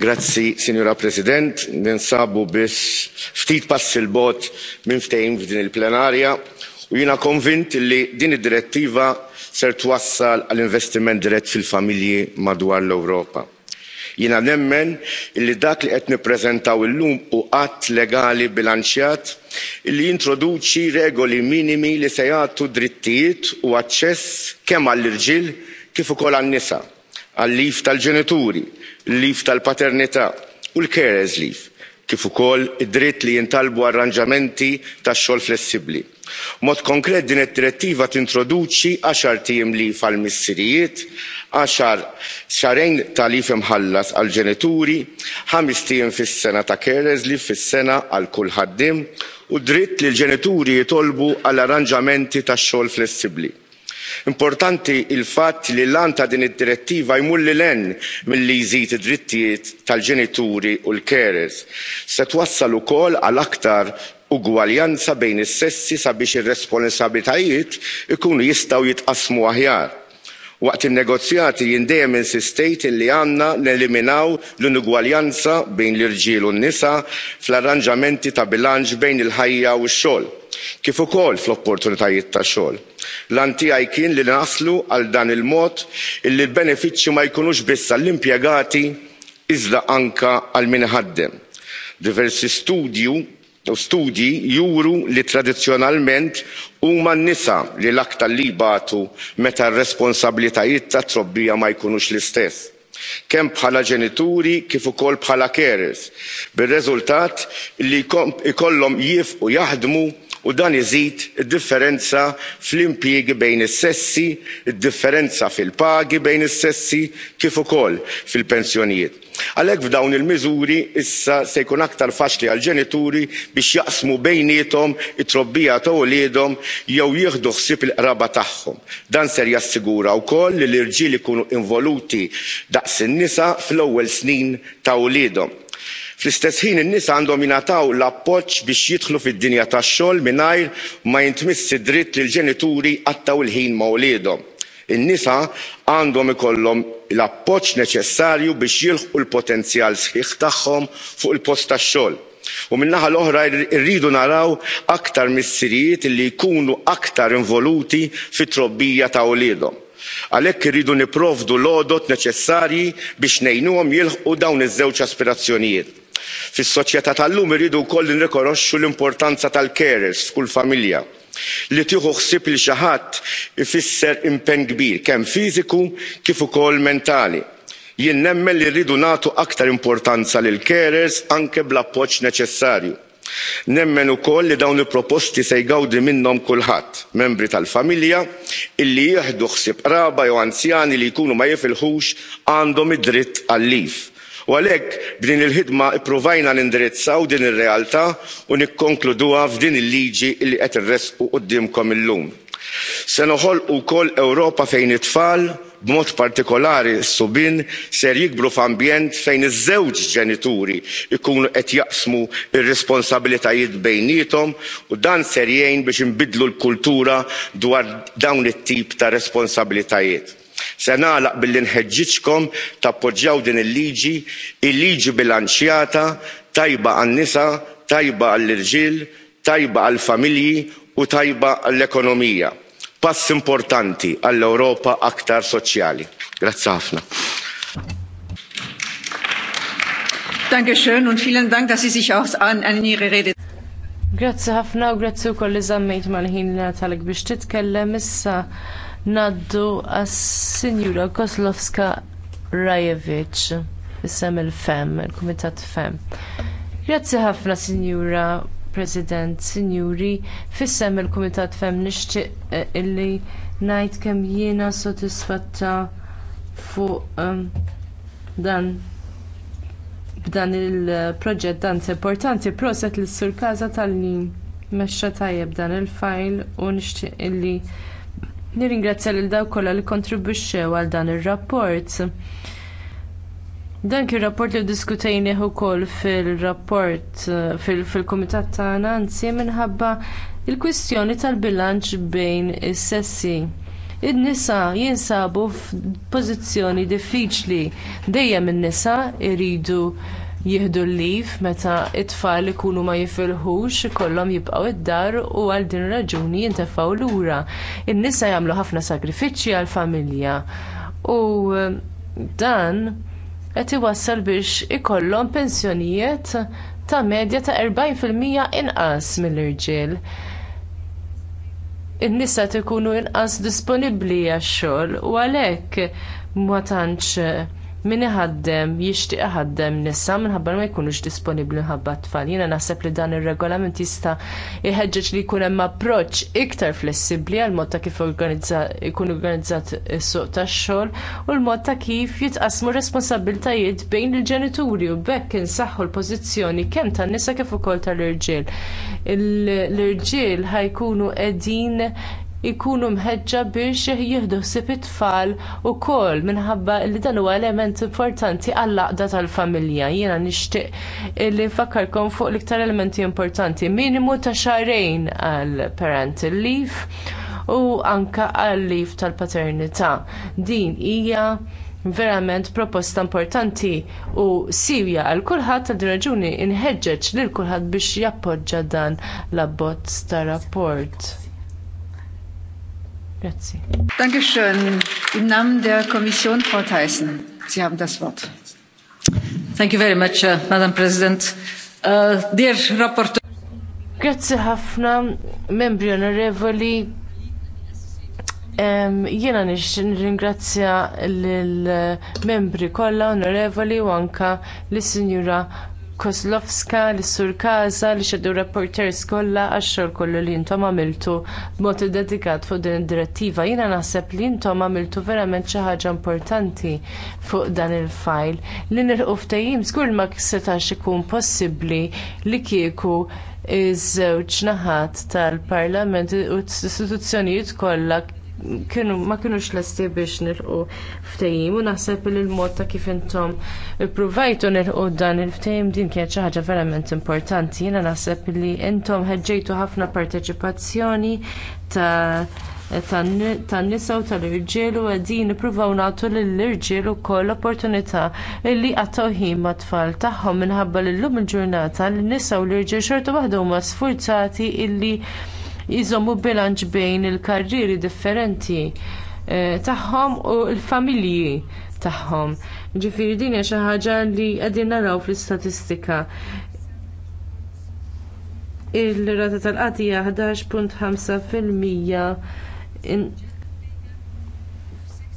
Speaker 3: Grazzi, Signora President, ninsabu biss ftit pass il bot minn ftejn f'din il-plenarja u jiena konvint li din id-direttiva ser twassal għal investiment dirett fil-familji madwar l-Ewropa. Jiena nemmen li dak li qed nippreżentaw illum u qatt legali bilanċjat li jintroduċi regoli minimi li se jagħtu drittijiet u aċċess kemm għall-irġiel kif ukoll għan-nisa għal-lif tal-ġenituri leave tal paternità u l carers leave kif ukoll id-dritt li jintalbu arranġamenti tax-xogħol flessibbli. B'mod konkret din id-direttiva tintroduċi għaxar tiem leave għall missirijiet, għaxar xahrejn ta' leave imħallas għal ġenituri, ħames tiem fis-sena ta' carers leave fis-sena għal kull ħaddiem u dritt li l-ġenituri jitolbu għal arranġamenti tax-xogħol flessibbli importanti l fatt li l ta' din id-direttiva jmur lil hinn milli jżid id-drittijiet tal-ġenituri u l-carers. se twassal ukoll għal aktar ugwaljanza bejn is-sessi sabiex ir-responsabbiltajiet ikunu jistgħu jitqasmu aħjar. waqt in-negozjati jien dejjem insistejt illi għandna neliminaw l-inugwaljanza bejn l-irġiel u n-nisa fl-arranġamenti ta' bilanċ bejn il-ħajja u x-xogħol kif ukoll fl-opportunitajiet ta' xogħol L-għan tiegħi kien li naslu għal dan il-mod illi l benefiċċju ma jkunux biss għall-impjegati iżda anke għal minħaddem. Diversi studju u studji juru li tradizzjonalment huma n-nisa li l-aktar li jbagħtu meta r-responsabbiltajiet tat-trobbija ma jkunux l-istess kemm bħala ġenituri kif ukoll bħala carers bir-riżultat li jkollhom jieqfu jaħdmu u dan iżid id-differenza fl-impjiegi bejn is-sessi id-differenza fil-pagi bejn is-sessi kif ukoll fil-pensjonijiet. għalhekk f'dawn il miżuri issa se jkun aktar faċli għal ġenituri biex jaqsmu bejniethom it trobbija ta' wliedhom jew jieħdu ħsieb il qraba tagħhom. dan ser jassigura wkoll li l-irġiel ikunu involuti daqs in-nisa fl-ewwel snin ta' wliedhom fl-istess ħin in-nisa għandhom jingħataw l-appoġġ biex jidħlu fid-dinja tax-xogħol mingħajr ma jintmiss id-dritt li l-ġenituri għattaw il-ħin ma' wliedhom. In-nisa għandhom ikollhom l-appoġġ neċessarju biex jilħqu l-potenzjal sħiħ tagħhom fuq il-post tax-xogħol. U min-naħa l-oħra rridu naraw aktar missirijiet li jkunu aktar involuti fit-trobbija ta' wliedhom. Għalhekk irridu nipprovdu l-għodot neċessarji biex ngħinuhom jilħqu dawn iż-żewġ aspirazzjonijiet fis soċjetà tal lum iridu wkoll nirrikonoxxu l-importanza tal carers f'kull familja li tieħu ħsieb li xi ħadd ifisser impenn kbir kemm fiżiku kif ukoll mentali. jien nemmen li rridu nagħtu aktar importanza lil carers anke bl-appoġġ neċessarju. Nemmen ukoll li dawn il-proposti se jgawdi minnhom kulħadd membri tal-familja illi jieħdu ħsieb qraba jew anzjani li jkunu ma jifilħux għandhom id-dritt għal leave u għalhekk b'din il-ħidma pprovajna nindirizzaw din ir-realtà u nikkonkluduha f'din il-liġi li qed irresqu qudiemkom illum. Se noħolqu wkoll Ewropa fejn it-tfal b'mod partikolari s subin ser jikbru f'ambjent fejn iż-żewġ ġenituri jkunu qed jaqsmu r-responsabbiltajiet bejniethom u dan ser jgħin biex inbidlu l-kultura dwar dawn it-tip ta' responsabbiltajiet se nagħlaq billi nħeġġiġkom tappoġġjaw din il-liġi il liġi bilanċjata tajba għan nisa tajba għall irġiel tajba għall familji u tajba għall ekonomija pass importanti għall ewropa aktar soċjali. grazzi ħafna.
Speaker 4: Grazzi ħafna u grazzi wkoll li żammejt mal-ħin li nagħtalek biex titkellem issa Ngħaddu għas-Sinjura kozlowska Rajevic, isem il femm il-Kumitat FEM. Grazzi ħafna, Sinjura President, Sinjuri, fissem il-Kumitat FEM nixtieq eh, illi ngħid kemm jiena sodisfatta fuq ehm, dan b'dan il-proġett tant importanti proset lis sur Kaza tal-li mexxa tajjeb dan il-fajl u nixtieq illi Nirringrazzja lil dawk kollha li kontribwixxew għal dan ir-rapport. Dan kien rapport li diskutejni ukoll fil-rapport eh, fil-kumitat -fil tagħna anzi minħabba l kwistjoni tal-bilanċ bejn is-sessi. In-nisa jinsabu f'pożizzjoni diffiċli dejjem in-nisa jridu jieħdu l-lif meta it-tfal ikunu ma jifilħux ikollhom jibqgħu id-dar u għal din raġuni jintefgħu lura. In-nisa jagħmlu ħafna sagrifiċċji għall familja u eh, dan qed iwassal biex ikollhom pensjonijiet ta' medja ta' 40% inqas mill-irġiel in-nisa tkunu inqas disponibbli għax-xogħol u għalhekk ma tantx eh, min iħaddem jixtieq iħaddem nisa minħabba ma jkunux disponibbli minħabba tfal. Jiena naħseb li dan ir-regolament jista' jħeġġeġ li jkun hemm approċċ iktar flessibbli għal mod ta' kif ikun organizzat is-suq tax-xogħol u l-mod ta' kif jitqasmu responsabbiltajiet bejn il-ġenituri u b'hekk insaħħu l-pożizzjoni kemm tan-nisa kif ukoll tal-irġiel. L-irġiel ħajkunu qegħdin Ikunu mħeġġa biex jieħdu ħsieb it-tfal ukoll minħabba li dan huwa element importanti għall-laqda tal-familja. Jiena nixtieq li nfakkarkom fuq l-iktar elementi importanti. Minimu ta' xarejn għal parental leave u anke għall leave tal-paternità. Din hija verament proposta importanti u sivja għal kulħadd għad raġuni inħeġġeġ lil kulħadd biex jappoġġa dan l-abbozz ta' rapport. Grazzi.
Speaker 2: Dankeschön. Im Namen der Kommission, Frau
Speaker 4: Thyssen, Sie haben das Wort. Thank you very much, uh, Madam President. Uh, dear Rapporteur. ħafna, membri onorevoli, Um, jiena nix nirringrazzja lill uh, membri kollha onorevoli u anke lis sinjura Kozlovska, lis sur Kaza, li xeddu reporters kollha għax-xogħol kollu li intom għamiltu b'mod dedikat fuq din id-direttiva. Jiena naħseb li intom għamiltu verament xi ħaġa importanti fuq dan il-fajl li nilqu ftehim żgur ma setax ikun possibbli li kieku iż-żewġ naħat tal-Parlament u l-istituzzjonijiet kollha kienu ma kienux lesti biex nilqu ftehim u naħseb li l-mod ta' kif intom ippruvajtu nilqu dan il-ftehim din kienet xi ħaġa verament importanti. Jiena naħseb li intom ħeġġejtu ħafna parteċipazzjoni ta' tan-nisa u tal-irġiel u qegħdin ippruvaw nagħtu lill-irġiel ukoll opportunità li għattaw ħin mat-tfal tagħhom minħabba l-lum il-ġurnata li nisa u l-irġiel xorta waħda huma sfurzati illi jżommu bilanċ bejn il-karriri differenti eh, tagħhom u l-familji tagħhom. Ġifieri din hija xi ħaġa li qegħdin naraw fl-istatistika. Il-rata tal-qati hija 11.5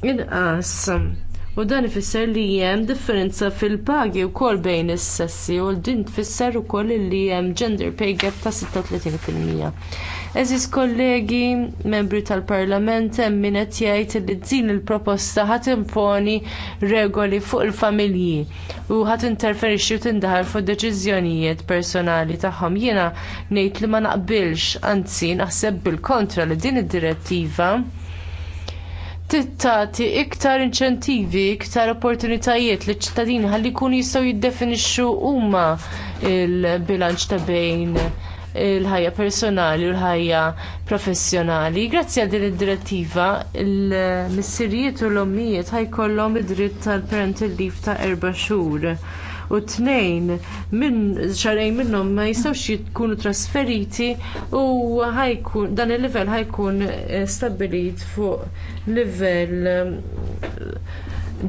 Speaker 4: inqas. In u dan ifisser li hemm differenza fil-pagi wkoll bejn is-sessi u din tfisser ukoll li hemm gender pay gap ta' 36%. fil-mija. Eżis kollegi, membri tal-Parlament hemm min qed jgħid li din il-proposta ħadd imponi regoli fuq il-familji u ħadd interferixxi u tindaħal fuq deċiżjonijiet personali tagħhom. Jiena ngħid li ma naqbilx, anzi naħseb bil-kontra li din id-direttiva tittati iktar inċentivi, iktar opportunitajiet li ċittadini ħalli jkunu jistgħu jiddefinixxu huma l bilanċ ta' bejn il-ħajja personali u l-ħajja professjonali. Grazzi għal din id-direttiva, il-missirijiet u l-ommijiet ħajkollhom id-dritt tal-parental leave ta' erba' xhur u tnejn minn xarejn minnhom ma jistgħux jkunu trasferiti u ħajkun dan il-livell ħajkun eh, stabbilit fuq livell eh,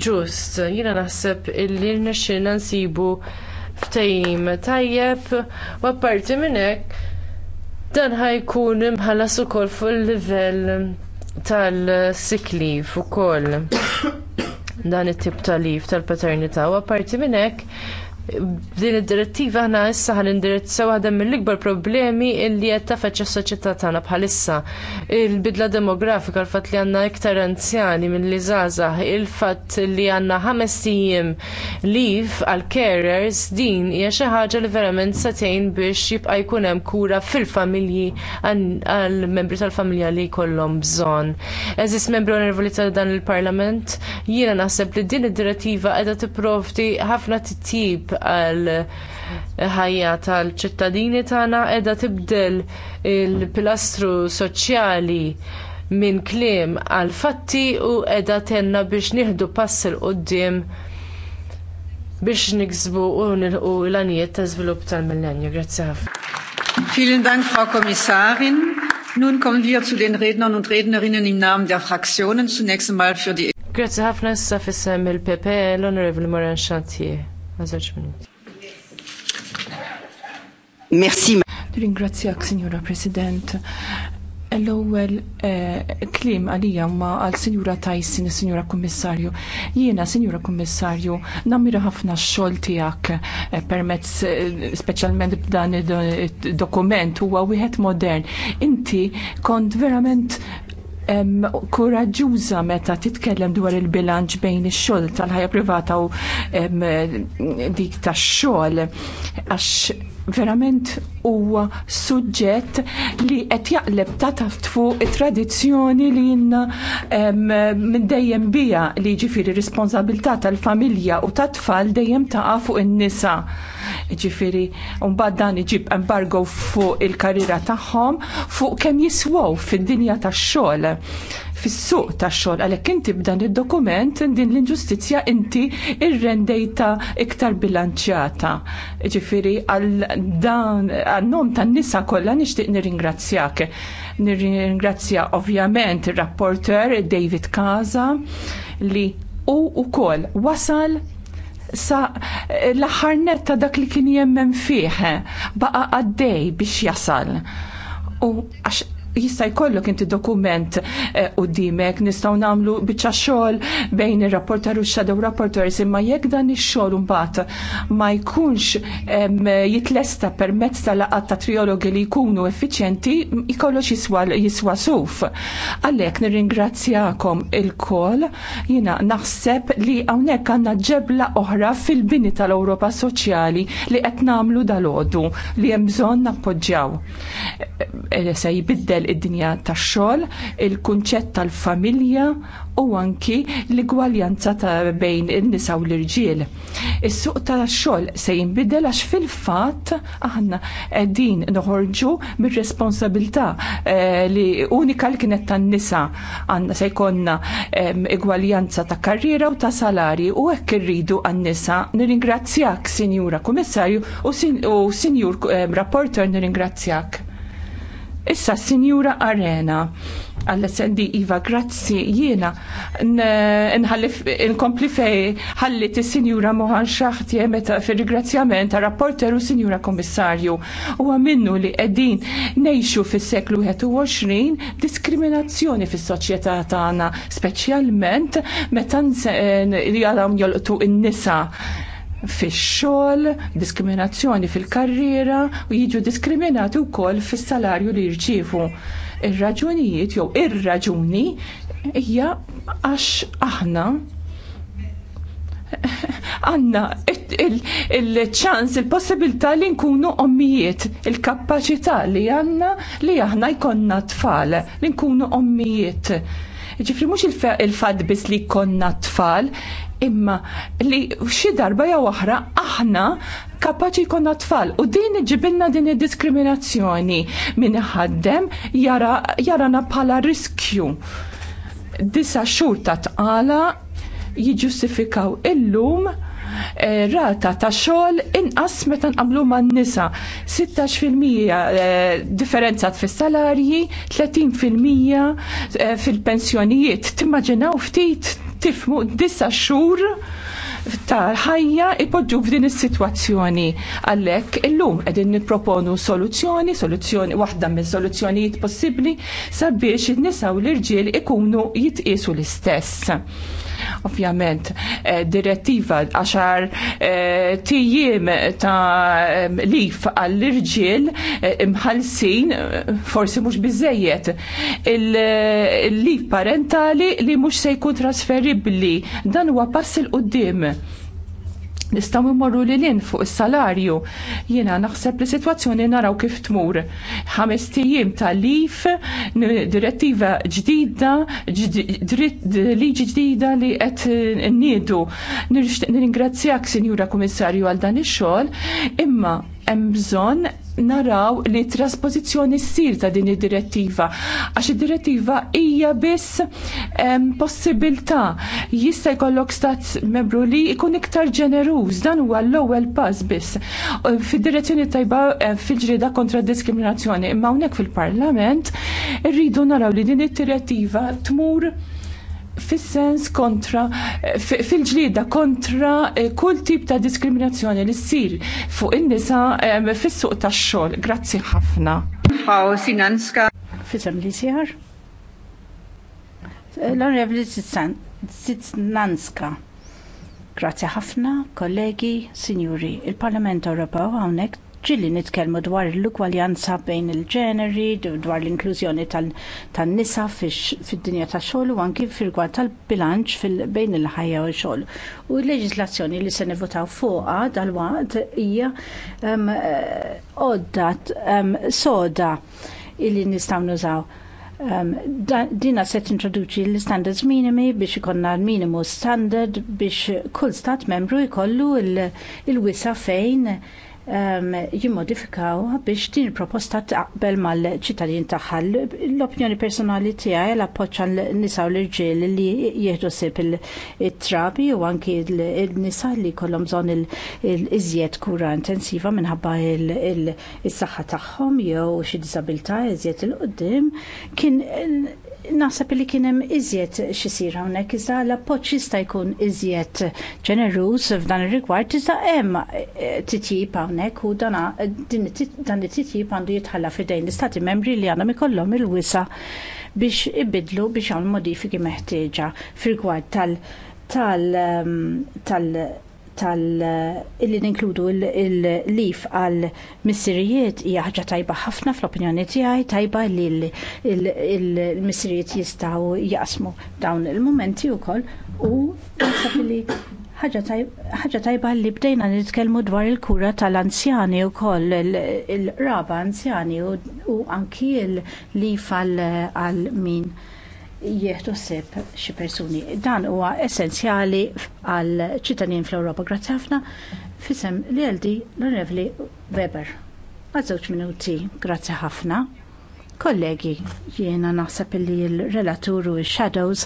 Speaker 4: ġust. Jiena naħseb illi rnexxilna nsibu ftehim tajjeb u apparti minn hekk dan ħajkun imħallas ukoll fuq il livell tal-sikli fuq ukoll dan it-tip ta' lif tal-paternità u apparti minn hekk Din id-direttiva aħna issa ħan indirizzaw waħda mill-ikbar problemi li qed tafeċċa s-soċjetà tagħna bħalissa. Il-bidla demografika, l-fatt li għandna iktar anzjani milli żgħażagħ, il-fatt li għandna ħames ijiem għal carers din hija xi ħaġa li verament se tgħin biex jibqa' jkun hemm kura fil-familji għall membri tal-familja li jkollhom bżonn. Eżis membri onervoli ta' dan il-Parlament, jiena naħseb li din id-direttiva qiegħda tipprovdi ħafna titjib għal ħajja tal-ċittadini tagħna qiegħda tibdel il-pilastru soċjali minn kliem għal fatti u qiegħda tenna biex nieħdu pass il qudiem biex niksbu u nilqu l-għanijiet ta' żvilupp tal-millenju. Grazzi ħafna. Vielen Dank, Frau Kommissarin. Nun kommen wir zu den Rednern und Rednerinnen im Namen der Fraktionen. Zunächst einmal für die. Grazie ħafna issa il-PP l-Honorable Moran Chantier minuti.
Speaker 1: Merci. Ringrazzjak, Signora President. L-ewwel eh, klim kliem għalija ma għal Sinjura Tyson, Sinjura Kummissarju. Jiena, Sinjura Kummissarju, nammira ħafna x-xogħol tiegħek eh, permezz eh, speċjalment b'dan id-dokument huwa wieħed modern. Inti kont verament kuraġuża meta titkellem dwar il-bilanċ bejn ix-xogħol tal-ħajja privata u dik tax-xogħol għax verament huwa suġġett li qed jaqleb ta' taft fuq it-tradizzjoni li jinna minn dejjem bija li ġifiri responsabilità tal-familja u tat tfal dejjem taqa' fuq in-nisa. Ġifiri, mbagħad dan iġib embargo fuq il-karriera tagħhom fuq kemm jiswow fid-dinja tax-xogħol fis-suq tax-xogħol għalhekk inti b'dan id-dokument din l-inġustizzja inti rrendejtha iktar bilanċjata. Ġifieri għal dan għan-nom tan-nisa kollha nixtieq nirringrazzjak. Nirringrazzja ovvjament ir-rapporter David Kaza li u ukoll wasal sa l-aħħar netta dak li kien jemmen fih baqa għaddej biex jasal. U għax jista' jkollok inti dokument eh, dimek nistgħu nagħmlu biċċa xogħol bejn ir-rapporter u x-shadow rapporteurs imma jekk dan ix-xogħol imbagħad ma jkunx jitlesta permezz tal-laqgħat ta' triologi li jkunu effiċjenti jkollox jiswa jiswa suf. Għalhekk nirringrazzjakom ilkoll jiena naħseb li hawnhekk għandna ġebla oħra fil-bini tal-Ewropa Soċjali li qed nagħmlu dalgħodu li hemm bżonn nappoġġjaw. Eh, eh, se jbiddel qabel id-dinja tax-xogħol, il-kunċett tal-familja u anki l-igwaljanza ta' bejn in-nisa u l-irġiel. Is-suq tax-xogħol se jinbidel għax fil-fatt aħna qegħdin noħorġu mir-responsabilità eh, li unika li kienet tan-nisa għandna se jkollna igwaljanza ta' karriera u ta' salari u hekk irridu għan-nisa. Nirringrazzjak, Sinjura Kummissarju u Sinjur Rapporter nirringrazzjak. Issa, Sinjura Arena, għall sendi Iva, grazzi, jiena, nkompli fej, ħallit il-Sinjura Mohan Xaħti, meta fil-rigrazzjament rapporter u Sinjura Komissarju, u għaminnu li edin nejxu fis seklu 21 diskriminazzjoni fis soċjetà tagħna, speċjalment meta li għalhom jolqtu in-nisa fix-xogħol, diskriminazzjoni fil-karriera u jiġu diskriminati wkoll fis-salarju li jirċievu. Ir-raġunijiet jew ir-raġuni hija għax aħna *laughs* għanna il-ċans, il il-possibilità li nkunu ommijiet, il-kapacità li għanna li aħna jkonna tfal, li nkunu ommijiet Ġifri mhux il-fad biss li konna tfal, imma li xi darba jew oħra aħna kapaċi jkollna tfal u din ġibilna din id-diskriminazzjoni min ħaddem jara jarana bħala riskju. Disa xur ta' tqala jiġġustifikaw illum Eh, rata ta' xogħol inqas meta nqablu man-nisa. 16% eh, differenza fis-salarji, 30% fil-pensjonijiet. Eh, Timmaġinaw ftit tifmu disa xhur ta' ħajja ipoġġu f'din is-sitwazzjoni. Għalhekk illum qegħdin nipproponu soluzzjoni, soluzzjoni waħda mis-soluzzjonijiet possibbli sabiex in-nisa u l-irġiel ikunu jitqiesu l-istess Ovvjament, eh, direttiva għaxar eh, tijiem ta' eh, lif għall-irġiel imħalsin, forsi mux bizzejiet, il-lif parentali li mux se jkun trasferibli, dan huwa pass il-qoddim Nistgħu immorru li lin fuq is-salarju. Jiena naħseb li sitwazzjoni naraw kif tmur. Ħames tijiem ta' lif, direttiva ġdida, liġi ġdida li qed nniedu. Nirringrazzjak, Sinjura Kummissarju, għal dan ix-xogħol, imma hemm bżonn naraw li trasposizzjoni ssir ta' din id-direttiva għax id-direttiva hija biss possibilità jista' jkollok stat membru li jkun iktar ġeneruż dan huwa l-ewwel pass biss. Fid-direzzjoni tajba fil-ġrieda kontra d diskriminazzjoni imma hawnhekk fil-Parlament irridu naraw li din id-direttiva tmur fis-sens kontra fil-ġlieda kontra eh, kull tip ta' diskriminazzjoni li ssir fuq in-nisa fis-suq tax-xogħol. Grazzi ħafna.
Speaker 2: Faw Sinanska.
Speaker 1: Fisem li eh,
Speaker 2: L-Onorevoli Sitnanska. Grazzi ħafna, kollegi, sinjuri. Il-Parlament Ewropew hawnhekk ġilli nitkellmu dwar l-ugwaljanza bejn il-ġeneri, dwar l-inklużjoni tan-nisa fid-dinja tax-xogħol u anki firgward tal-bilanċ bejn il-ħajja u x-xogħol. U l-leġislazzjoni li se nivvotaw fuqha dalwaqt hija għodda soda illi nistgħu nużaw. Um, dina se introduċi l-standards minimi biex ikonna l-minimu standard biex kull stat membru jkollu il-wisa il fejn Um, jimmodifikaw biex din il-proposta taqbel mal-ċittadin tagħha. L-opinjoni personali tiegħi l-appoġġa nisa u l-irġiel li jieħdu sib il-trabi u anki l-nisa li jkollhom bżonn il żjed kura intensiva minħabba il-saħħa tagħhom jew xi disabilità iżjed il-qudiem kien naħseb li kien hemm iżjed xisir hawnhekk iżda l-appoġġ jista' jkun iżjed ġeneruż f'dan ir-rigward iżda hemm eh, titjib hawnhekk u dan it-titjib għandu jitħalla f'idejn l-istati membri li għandhom ikollhom il-wisa biex ibidlu biex hawn modifiki meħtieġa f'rigward rigward tal- tal- tal- tal illi ninkludu il-lif għal missirijiet hija ħaġa tajba ħafna fl-opinjoni tiegħi tajba li l-missirijiet jistgħu jaqsmu dawn il-momenti wkoll u naħseb li ħaġa tajba li bdejna nitkellmu dwar il-kura tal-anzjani wkoll il-raba anzjani u anki l-lif għal min jieħdu sib xi persuni. Dan huwa essenzjali għal ċittadin fl-Ewropa. Grazzi ħafna fisem li għaldi l-Revli Weber. Għazzoċ minuti, grazzi ħafna. Kollegi, jiena naħseb li l-relatur u shadows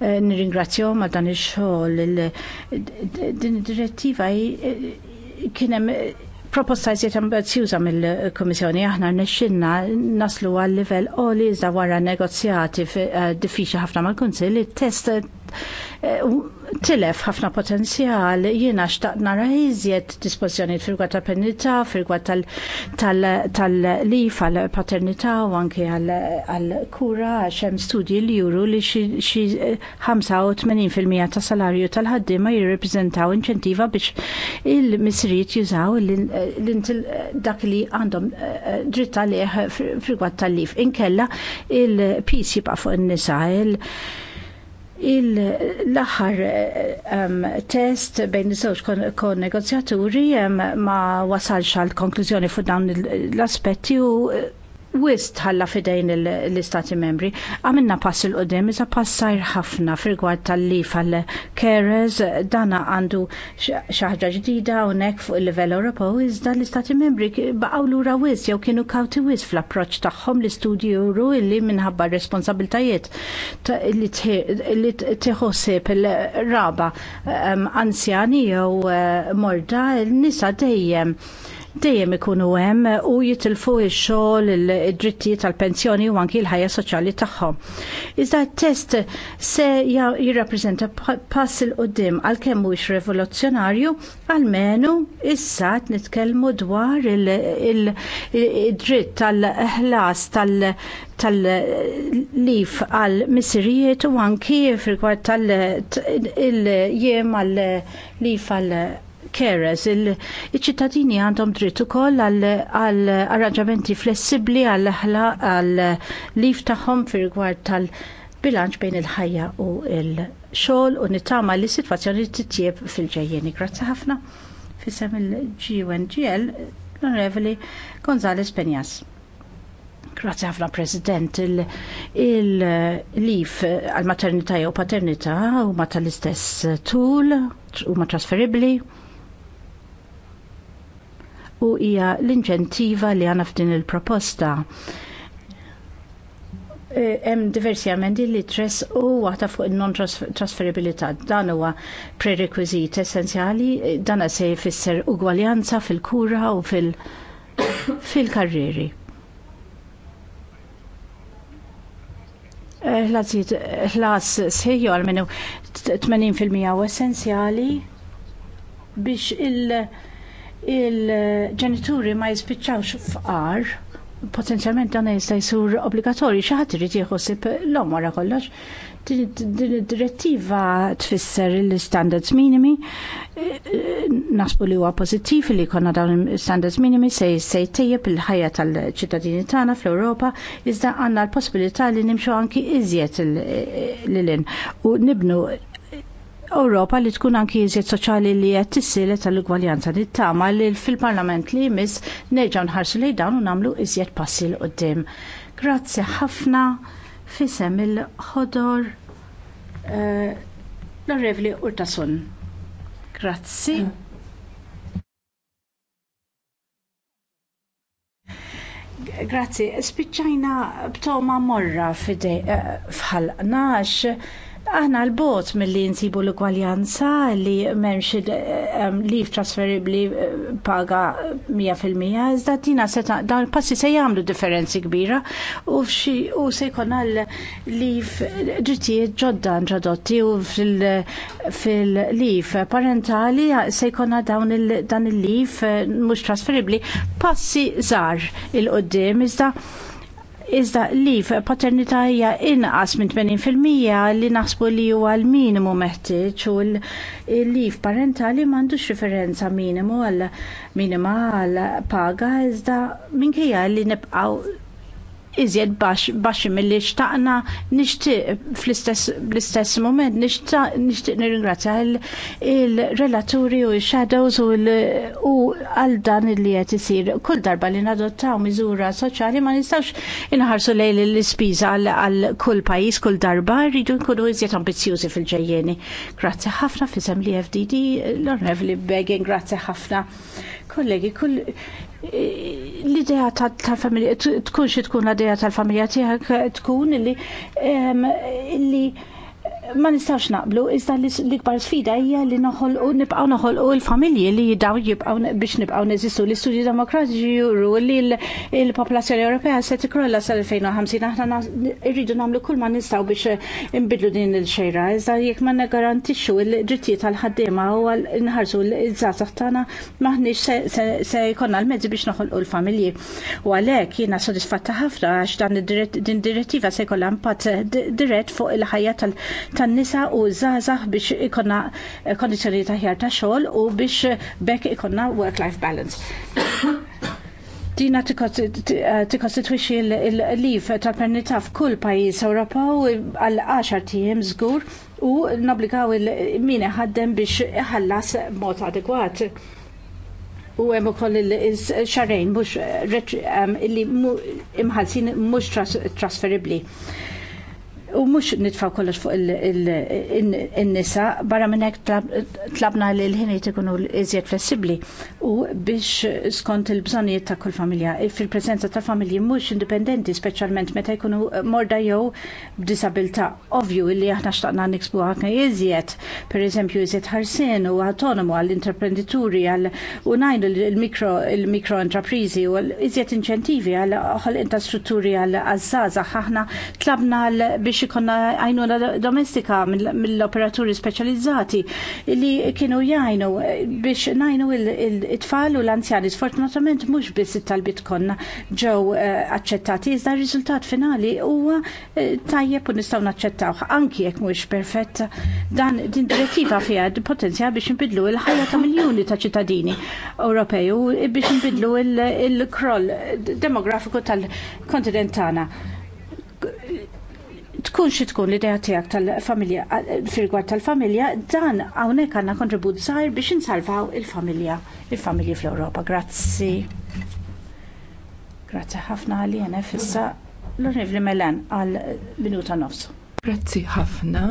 Speaker 2: eh, Nirringrazzjaw għal dan ix-xogħol din id-direttiva eh, kien hemm eh, proposta jżiet ambizjuża mill-Komissjoni aħna nixxinna naslu għal livell oli iżda wara negozjati eh, diffiċli ħafna mal-Kunsill it-test Eh, tilef ħafna potenzjal jiena xtaqt nara iżjed dispożjonijiet fil ta' penità, fil tal-lif għal-paternità u anke għal-kura xem hemm studji li juru li xi 85% ta' salarju tal ma jirreprezentaw inċentiva biex il-misrijiet jużaw dak li għandhom eh, dritta liħ fil tal-lif. Inkella il pc jibqa' fuq in-nisa l-aħħar um, ehm, test bejn iż-żewġ kon, kon negozjaturi um, ma wasalx għal konklużjoni fuq dawn l-aspetti u uh, wist ħalla fidejn l-istati membri. Għamilna pass il qudiem iżda passajr ħafna fil-gwad tal-lif għal-keres, dana għandu xaħġa ġdida nek fuq il-level u iżda l-istati membri baqaw lura wis jew kienu kawti wis fl-approċ tagħhom l-istudju juru illi minħabba responsabiltajiet li tħossib il-raba ehm, anzjani jew eh, morda, il-nisa dejjem dejjem ikunu hemm u jitilfu x-xogħol id-drittijiet tal-pensjoni u anki l-ħajja soċjali tagħhom. Iżda t-test se jirrappreżenta pass il qudiem għalkemm mhuwiex rivoluzzjonarju, għalmenu issa qed nitkellmu dwar il-dritt tal-ħlas tal-lif għal misirijiet u anki fil tal-jiem għal-lif għal Keres, Il-ċittadini għandhom dritt ukoll għal arranġamenti flessibbli għal lif tagħhom fir rigward tal- bilanċ bejn il-ħajja u il-xogħol u nittama li s-sitwazzjoni titjieb fil-ġejjeni. Grazzi ħafna fisem il-GUNGL l-Onorevoli Gonzales Penjas. Grazzi ħafna President, il-lif għal maternita u paternità huma tal-istess tul huma trasferibbli u hija l-inċentiva li għana f'din il-proposta. E, hemm diversi amendi li tress u waħda fuq non trasferibilità. Dan huwa prerekwiżit essenzjali, dan se jfisser ugwaljanza fil-kura u fil-karrieri. Eh, Ħlasijiet ħlas sejju għal minnu 80% u essenzjali biex il- il-ġenituri ma jispiċċawx f'qar, potenzjalment dan jista' jsur obbligatorju xi ħadd irid jieħosib l-om wara kollox. Din id-direttiva tfisser l-standards minimi, nasbu li huwa pożittiv li jkollna dawn standards minimi se se jtejjeb il-ħajja tal-ċittadini tagħna fl-Ewropa, iżda għandna l-possibilità li nimxu anki iżjed lilin u nibnu Ewropa li tkun anki iżjed soċjali li qed tissilet tal-ugwaljanza tama li fil-Parlament li jmiss nerġgħu nħarsu lejn dawn u nagħmlu iżjed passi l qudiem Grazzi ħafna fisem il-ħodor eh, l-Orevli Urtasun. Grazzi. Grazzi, spiċċajna b'toma morra eh, f'ħalqna Aħna l-bot mill-li nsibu l-ugwaljanza li memx li trasferibli eh, paga 100% iżda tina seta dan passi se jagħmlu differenzi kbira u f'xi u se jkollna li f'drittijiet ġodda nġadotti u fil-lif parentali se jkollna dan il-lif eh, mhux trasferibbli passi żgħar il-qoddim iżda iżda li paternità hija inqas minn 80% li naħsbu li huwa l-minimu meħtieġ u l li parentali m'għandux referenza minimu għal minima għal paga iżda minkejja li nibqgħu iżjed baxxi milli xtaqna nixtieq fl-istess mument nixtieq nirringrazzja il-relaturi u il shadows u għal dan li qed isir. Kull darba li nadottaw miżura soċjali ma nistax inħarsu lejl l-ispiża għal kull pajjiż kull darba rridu nkunu iżjed ambizzjużi fil-ġejjeni. Grazzi ħafna fisem li FDD l-Onorevoli Begin, grazzi ħafna kollegi, kull l-idea tal-familja, tkun xi tkun l-idea tal-familja tiegħek tkun li li ma nistawx naqblu, iżda l-ikbar sfida hija li nibqaw nibqgħu u l-familji li jidaw jibqaw biex nibqgħu neżistu l studi demokratiċi juru li l-popolazzjoni Ewropea se tikrolla sal-2050 aħna irridu nagħmlu kull ma nistaw biex inbidlu din il-xejra, iżda jekk ma nagarantixxu l-ġittijiet tal-ħaddiema u nħarsu l-żgħażagħ tagħna maħniex se jkollna l-mezzi biex u l-familji. U għalhekk jiena sodisfatta ħafna għax dan din direttiva se jkollha impatt dirett fuq il-ħajja tal tan-nisa u zazah biex ikonna kondizjoni ta' ħjar ta' xogħol u biex bekk ikonna work-life balance. *coughs* Dina eh, tikostitwixi l lif tal-pernita f'kull pajis Ewropew għal 10 tiem żgur u nobligaw il-min ħaddem biex iħallas mod adekwat. U hemm ukoll il-xarrejn mhux li imħallsin mhux trasferibbli. U mux nitfaw kollox fuq il-nisa, barra minnek tlabna li l-ħiniet ikunu iżjed flessibli u biex skont il-bżonijiet ta' kull familja. Fil-prezenza ta' familji mux indipendenti, specialment meta jkunu morda jew disabilta' Ovju li aħna xtaqna niksbu għakna iżjed, per eżempju iżjed ħarsin u autonomu għall-intraprenditori għal u najdu il-mikro intraprizi u iżjed inċentivi għal ħol inta strutturi għal-azzaza ħahna tlabna biex biex ikonna għajnuna domestika mill-operaturi speċjalizzati li kienu jgħajnu biex najnu il-tfal u l-anzjani. Sfortunatament mhux biss it-talbit konna ġew eh, aċċettati, iżda r-riżultat finali huwa eh, tajjeb u nistgħu naċċettawh anki jekk mhuwiex perfett. Dan din direttiva fiha potenzja biex nbidlu il-ħajja ta' miljuni ta' ċittadini Ewropej u biex nbidlu il-kroll demografiku tal-kontinent tagħna tkun xi tkun l-idea tiegħek tal-familja firgwar tal-familja dan hawnhekk għandna kontribut żgħir biex insalvaw il-familja il-familji fl-Ewropa. Grazzi. Grazzi ħafna għalli għana fissa l-Onivli Melan għal minuta
Speaker 1: nofsu. Grazzi ħafna.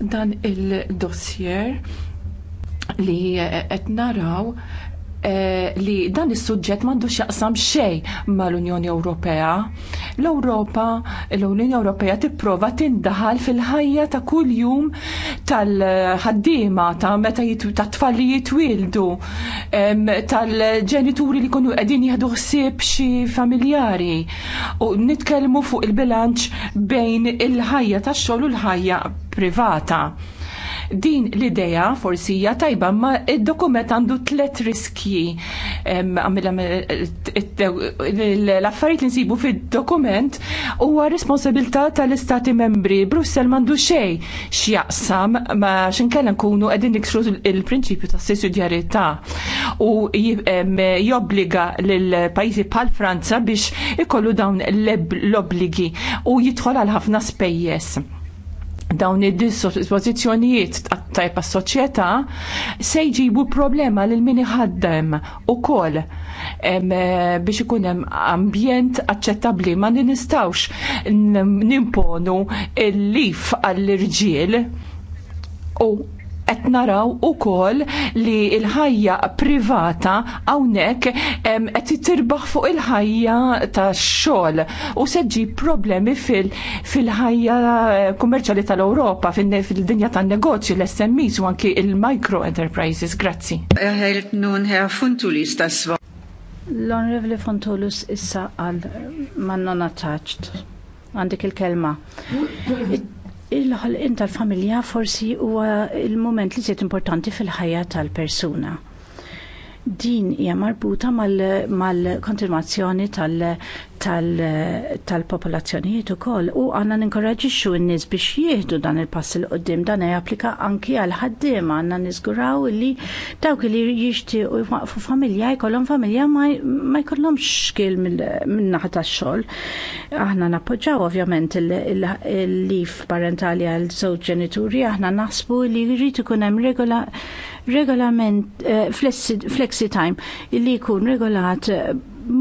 Speaker 1: Dan il-dossier li qed naraw Eh, li dan is-suġġett m'għandux jaqsam xejn mal-Unjoni Ewropea. L-Ewropa, l-Unjoni Ewropea tipprova tindaħal fil-ħajja ta' kuljum tal-ħaddiema ta' meta ta' tfal li jitwildu, tal-ġenituri li jkunu qegħdin jieħdu ħsieb xi familjari. U nitkellmu fuq il-bilanċ bejn il-ħajja tax-xogħol u l-ħajja privata Din l-idea forsi hija tajba ma id-dokument għandu tlet riskji. L-affarijiet li nsibu fid-dokument huwa responsabilità tal-Istati membri. Brussel m'għandu xejn x'jaqsam ma x'inkella nkunu qegħdin niksru il-prinċipju ta' sussidjarjetà u jobbliga lil pajjiżi bħal Franza biex ikollu dawn l-obbligi u jidħol għal ħafna spejjeż dawn id-dispożizzjonijiet tajpa s-soċjetà se jġibu problema lil min iħaddem ukoll eh, biex ikun hemm ambjent aċċettabbli ma nistgħux nimponu l-lif għall-irġiel u qed naraw ukoll li l-ħajja privata hawnhekk qed titirbaħ fuq il-ħajja tax-xogħol u se problemi fil-ħajja eh, kummerċjali tal-Ewropa fil-dinja tan-negozju l-SMEs u anki il-micro enterprises. Grazzi.
Speaker 2: L-Onorevoli Fontulus issa għal man non attached. Għandik il-kelma il-ħolqien tal-familja forsi huwa il-moment li żied importanti fil-ħajja tal-persuna din hija marbuta mal-kontinuazzjoni tal-popolazzjonijiet ukoll u għandna xu n-nies biex jieħdu dan il-pass il qoddim dan applika anki għal ħaddiem għandna niżguraw li dawk li jixtiequ jwaqfu familja jkollhom familja ma jkollhomx xkil min-naħa tax-xogħol. Aħna nappoġġaw ovvjament il-lif parentali għal żewġ ġenituri aħna naħsbu li jrid ikun hemm regola regolament eh, flexi, time li jkun regolat eh,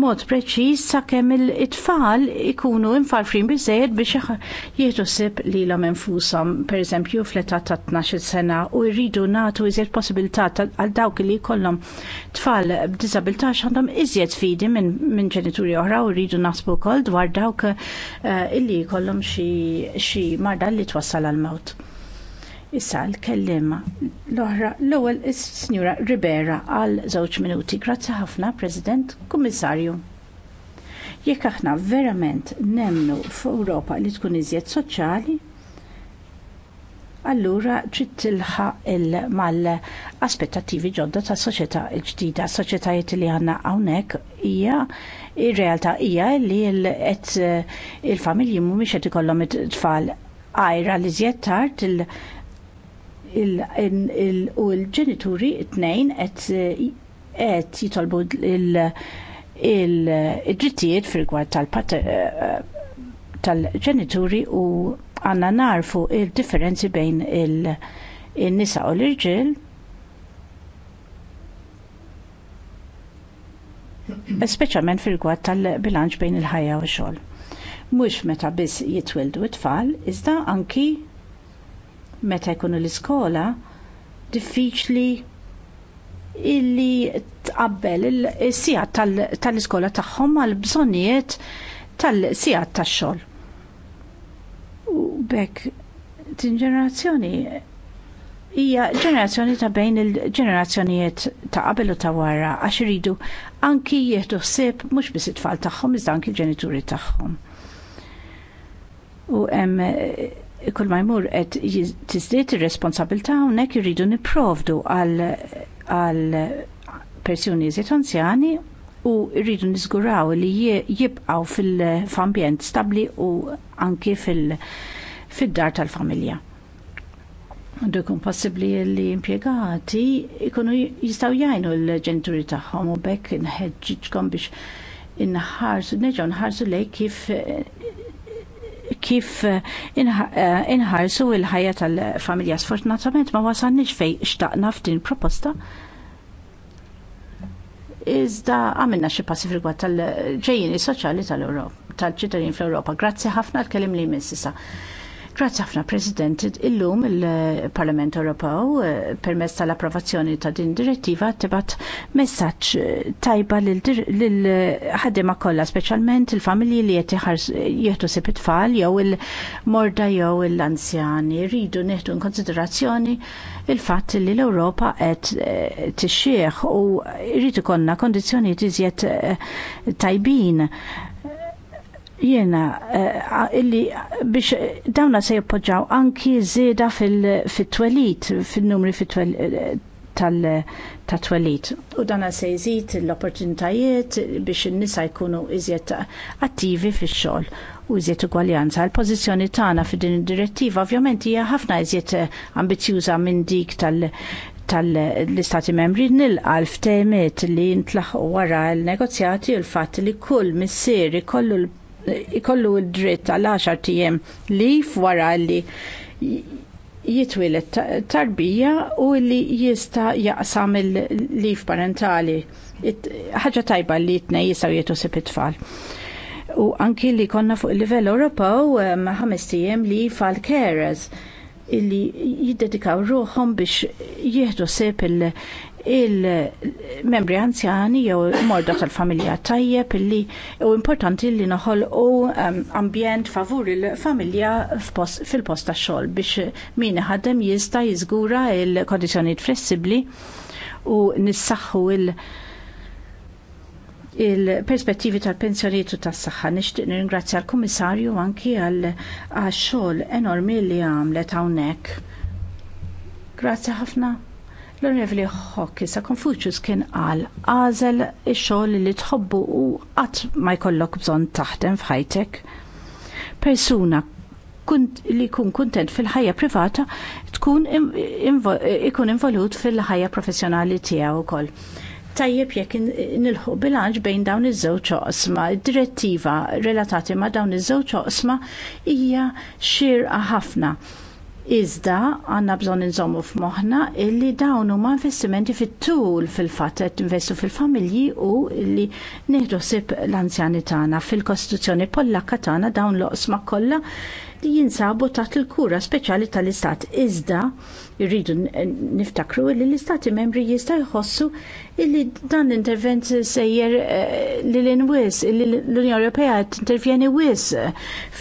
Speaker 2: mod preċis preċiż sakemm it-tfal ikunu infarfrin biżejjed biex jieħdu sib lilhom infushom pereżempju fl-età ta' 12 sena u jridu nagħtu iżjed possibilità għal dawk li jkollhom tfal b'diżabilità għandhom iżjed fidi minn ġenituri oħra u jridu naħsbu wkoll dwar dawk eh, illi jkollhom xi marda li twassal għal mewt. Issa l kelliema l-oħra l-ewwel is-Sinjura Ribera għal żewġ minuti. Grazzi ħafna, President, Kummissarju. Jekk aħna verament nemnu f'Ewropa li tkun iżjed soċjali, allura trid tilħaq mal-aspettattivi ġodda tas soċjetà l-ġdida. Soċjetajiet li għandna hawnhekk hija ir-realtà hija li il-familji mhumiex qed ikollhom it-tfal għajra li żjed tard il- u l-ġenituri t-nejn qed jitolbu il-drittijiet fil-gwar eh, tal-ġenituri u għanna narfu il-differenzi bejn il-nisa u l-irġil. Speċjalment fil-gwar tal-bilanċ bejn il-ħajja u x-xogħol. Mhux meta biss jitwildu it-tfal, iżda anki meta jkunu l-iskola diffiċli illi tqabbel il-sijat tal-iskola tagħhom għal bżonnijiet tal-sijat tax-xogħol. U bekk din ġenerazzjoni hija ġenerazzjoni ta' bejn il-ġenerazzjonijiet ta' qabel u ta' wara għax iridu anki jieħdu ħsieb mhux biss it-tfal tagħhom iżda anki l-ġenituri tagħhom. U hemm kull ma jmur qed tiżdied ir-responsabilità hawnhekk iridu nipprovdu għal għal persuni iżjed anzjani u rridu niżguraw li jibqgħu fil-ambjent stabbli u anki fil-dar tal-familja. Għandu jkun possibbli li impjegati jkunu jistaw jgħinu l-ġenituri tagħhom u bekk inħeġġiġkom biex inħarsu, neġgħu nħarsu lej kif kif eh, eh, inħarsu il-ħajja tal-familja. Sfortunatament ma wasalniex fej xtaqna f'din proposta. Iżda għamilna xi passi rigward tal-ġejjini soċjali tal-Ewropa tal-ċittadin fl-Ewropa. Grazzi ħafna l-kelim li jmiss Grazzi ħafna President, illum il-Parlament Ewropew eh, permezz tal-approvazzjoni ta' din direttiva tibat messaġġ eh, tajba lil-ħaddiema kollha, speċjalment il-familji li qed jieħdu sib it-tfal jew il-morda jew l-anzjani. Rridu in konsiderazzjoni il-fatt li l-Ewropa qed eh, tixxieħ u rrid ikollna kondizzjonijiet iżjed tajbin Jena, eh, illi biex dawna se jippoġġaw anki zeda fil-twelit, fil-numri eh, tal-twelit. U dana se jżid l-opportunitajiet biex in-nisa jkunu iżjed attivi fix-xogħol u iżjed ugwaljanza. L-pożizzjoni tagħna fid-din id-direttiva ovvjament hija ħafna iżjed eh, ambizjuża minn dik tal- tal-istati membri nil l-ftemiet li jintlaħu wara l-negozjati u l-fatt li kull missieri kollu l ikollu d-dritt għal 10 tijem li wara li jitwilet tarbija u li jista jaqsam il-lif parentali. ħaġa tajba li jitnej jisaw jietu it-tfal. U anki li konna fuq il-livell Ewropew ħames tiegħem li fal carers illi jiddedikaw ruħom biex jieħdu sep il-membri anzjani jew morda tal-familja tajjeb illi u importanti li noħol u um, ambjent favur il-familja fil-post ta' xogħol biex min ħaddem jista' jiżgura il-kondizzjonijiet flessibbli u nissaxħu il- il-perspettivi tal-pensjoniet u tas-saħħa nixtieq nirringrazzja l-Kummissarju anki għal għax-xogħol enormi li għamlet hawnhekk. Grazzi ħafna. L-Onorevoli Hawk, sa Confucius kien qal għażel ix-xogħol li tħobbu u qatt ma jkollok bżonn taħdem f'ħajtek. Persuna li jkun kuntent fil-ħajja privata tkun ikun involut fil-ħajja professjonali tiegħu wkoll. Tajjeb jekk nilħu bilanċ bejn dawn iż-żewġ oqsma, direttiva relatati ma' dawn iż-żewġ oqsma hija xierqa ħafna Iżda għandna bżonn inżommu f'moħħna illi dawn huma investimenti fit-tul fil-fatt qed investu fil-familji u li nieħdu sib l-anzjani tagħna fil-Kostituzzjoni Pollakka tagħna dawn l-oqsma kollha li jinsabu taħt il-kura speċjali tal-Istat. Iżda Irridu niftakru li l-istati membri jista' jħossu li dan l-intervent sejjer eh, li l-inwis, li l-Unjoni Ewropea t-intervjeni wis eh,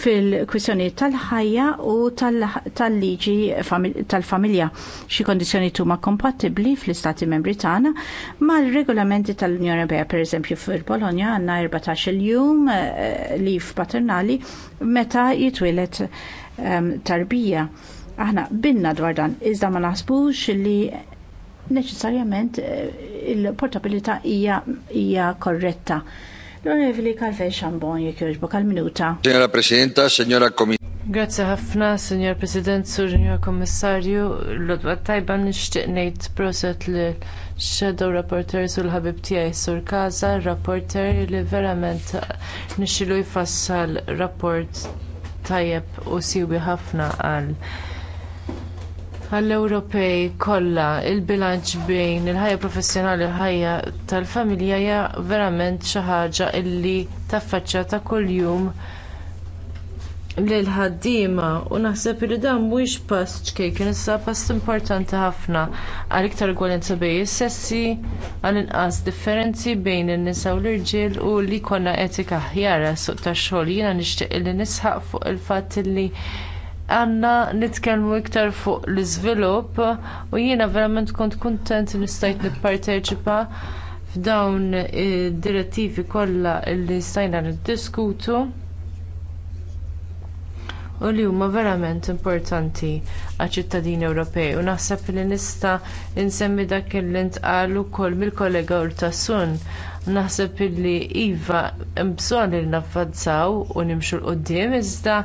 Speaker 2: fil-kwissjoni tal-ħajja u tal-liġi tal-familja. Xi kondizzjoni huma kompatibbli fl-istati membri tagħna mal-regolamenti tal-Unjoni Ewropea, pereżempju fil-Polonja għandna 14 jum li paternali meta jitwilet um, ehm, tarbija Aħna binna dwar dan, iżda ma naħsbux li neċessarjament eh, il-portabilità hija korretta.
Speaker 4: L-Onorevoli Calvej Xambon jek joġbok għal-minuta.
Speaker 5: Signora Presidenta, Signora Komissarju.
Speaker 4: Grazie ħafna, Signor President, Signor Kommissarju. L-odwa tajba nishtiq nejt proset li Shadow Rapporters u l-ħabib tiegħi sur Kaza, rapporter li verament nixilu jfassal rapport tajjeb u siwi ħafna għal għall-Ewropej kollha il-bilanċ bejn il-ħajja professjonali u l-ħajja tal-familja hija verament xi ħaġa li taffaċċja ta' kuljum lil ħaddiema u naħseb li dan mhuwiex pass ċkejken issa pass importanti ħafna għal iktar igwaljanza bejn is-sessi għal inqas differenzi bejn in-nisa u l-irġiel u li jkollna etika aħjar suq tax-xogħol jiena nixtieq li nisħaq fuq il-fatt li għanna nitkellmu iktar fuq l-iżvilupp u jiena verament kont kuntent li stajt nipparteċipa f'dawn id-direttivi kollha li stajna niddiskutu u li huma verament importanti għaċ-ċittadini Ewropej u naħseb li nista' insemmi dak li ntqal ukoll mill-kollega Urtasun naħseb li iva hemm bżonn li navvanzaw u nimxu l qudiem iżda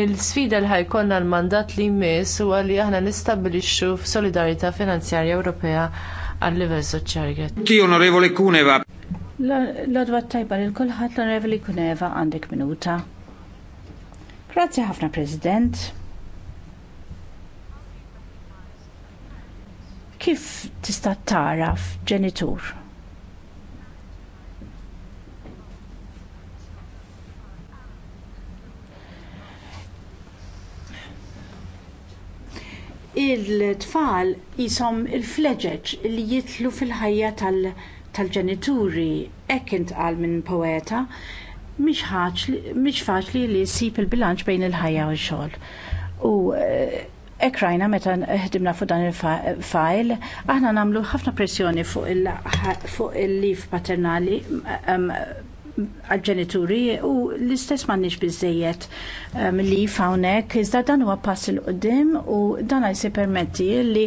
Speaker 4: l-sfida li ħajkollna l-mandat li jmiss huwa li aħna nistabbilixxu f'solidarjetà finanzjarja Ewropea għal livell soċjali.
Speaker 2: Ti onorevoli Kuneva. l tajba lil kulħadd l-onorevoli Kuneva għandek minuta. Grazzi ħafna President. Kif tista' taraf ġenitur? il-tfal jisom il-fleġeġ li jitlu fil-ħajja tal-ġenituri, tal hekk intqal minn poeta, mhix faċli li jsib il-bilanċ bejn il-ħajja u x-xogħol. U eh, ekrajna meta ħdimna fuq dan il-fajl, aħna nagħmlu ħafna pressjoni fuq il-lif paternali ehm, għal-ġenituri u l-istess m'għandniex biżżejjed ehm, lif hawnhekk, iżda dan huwa pass il qudiem u dan se permetti li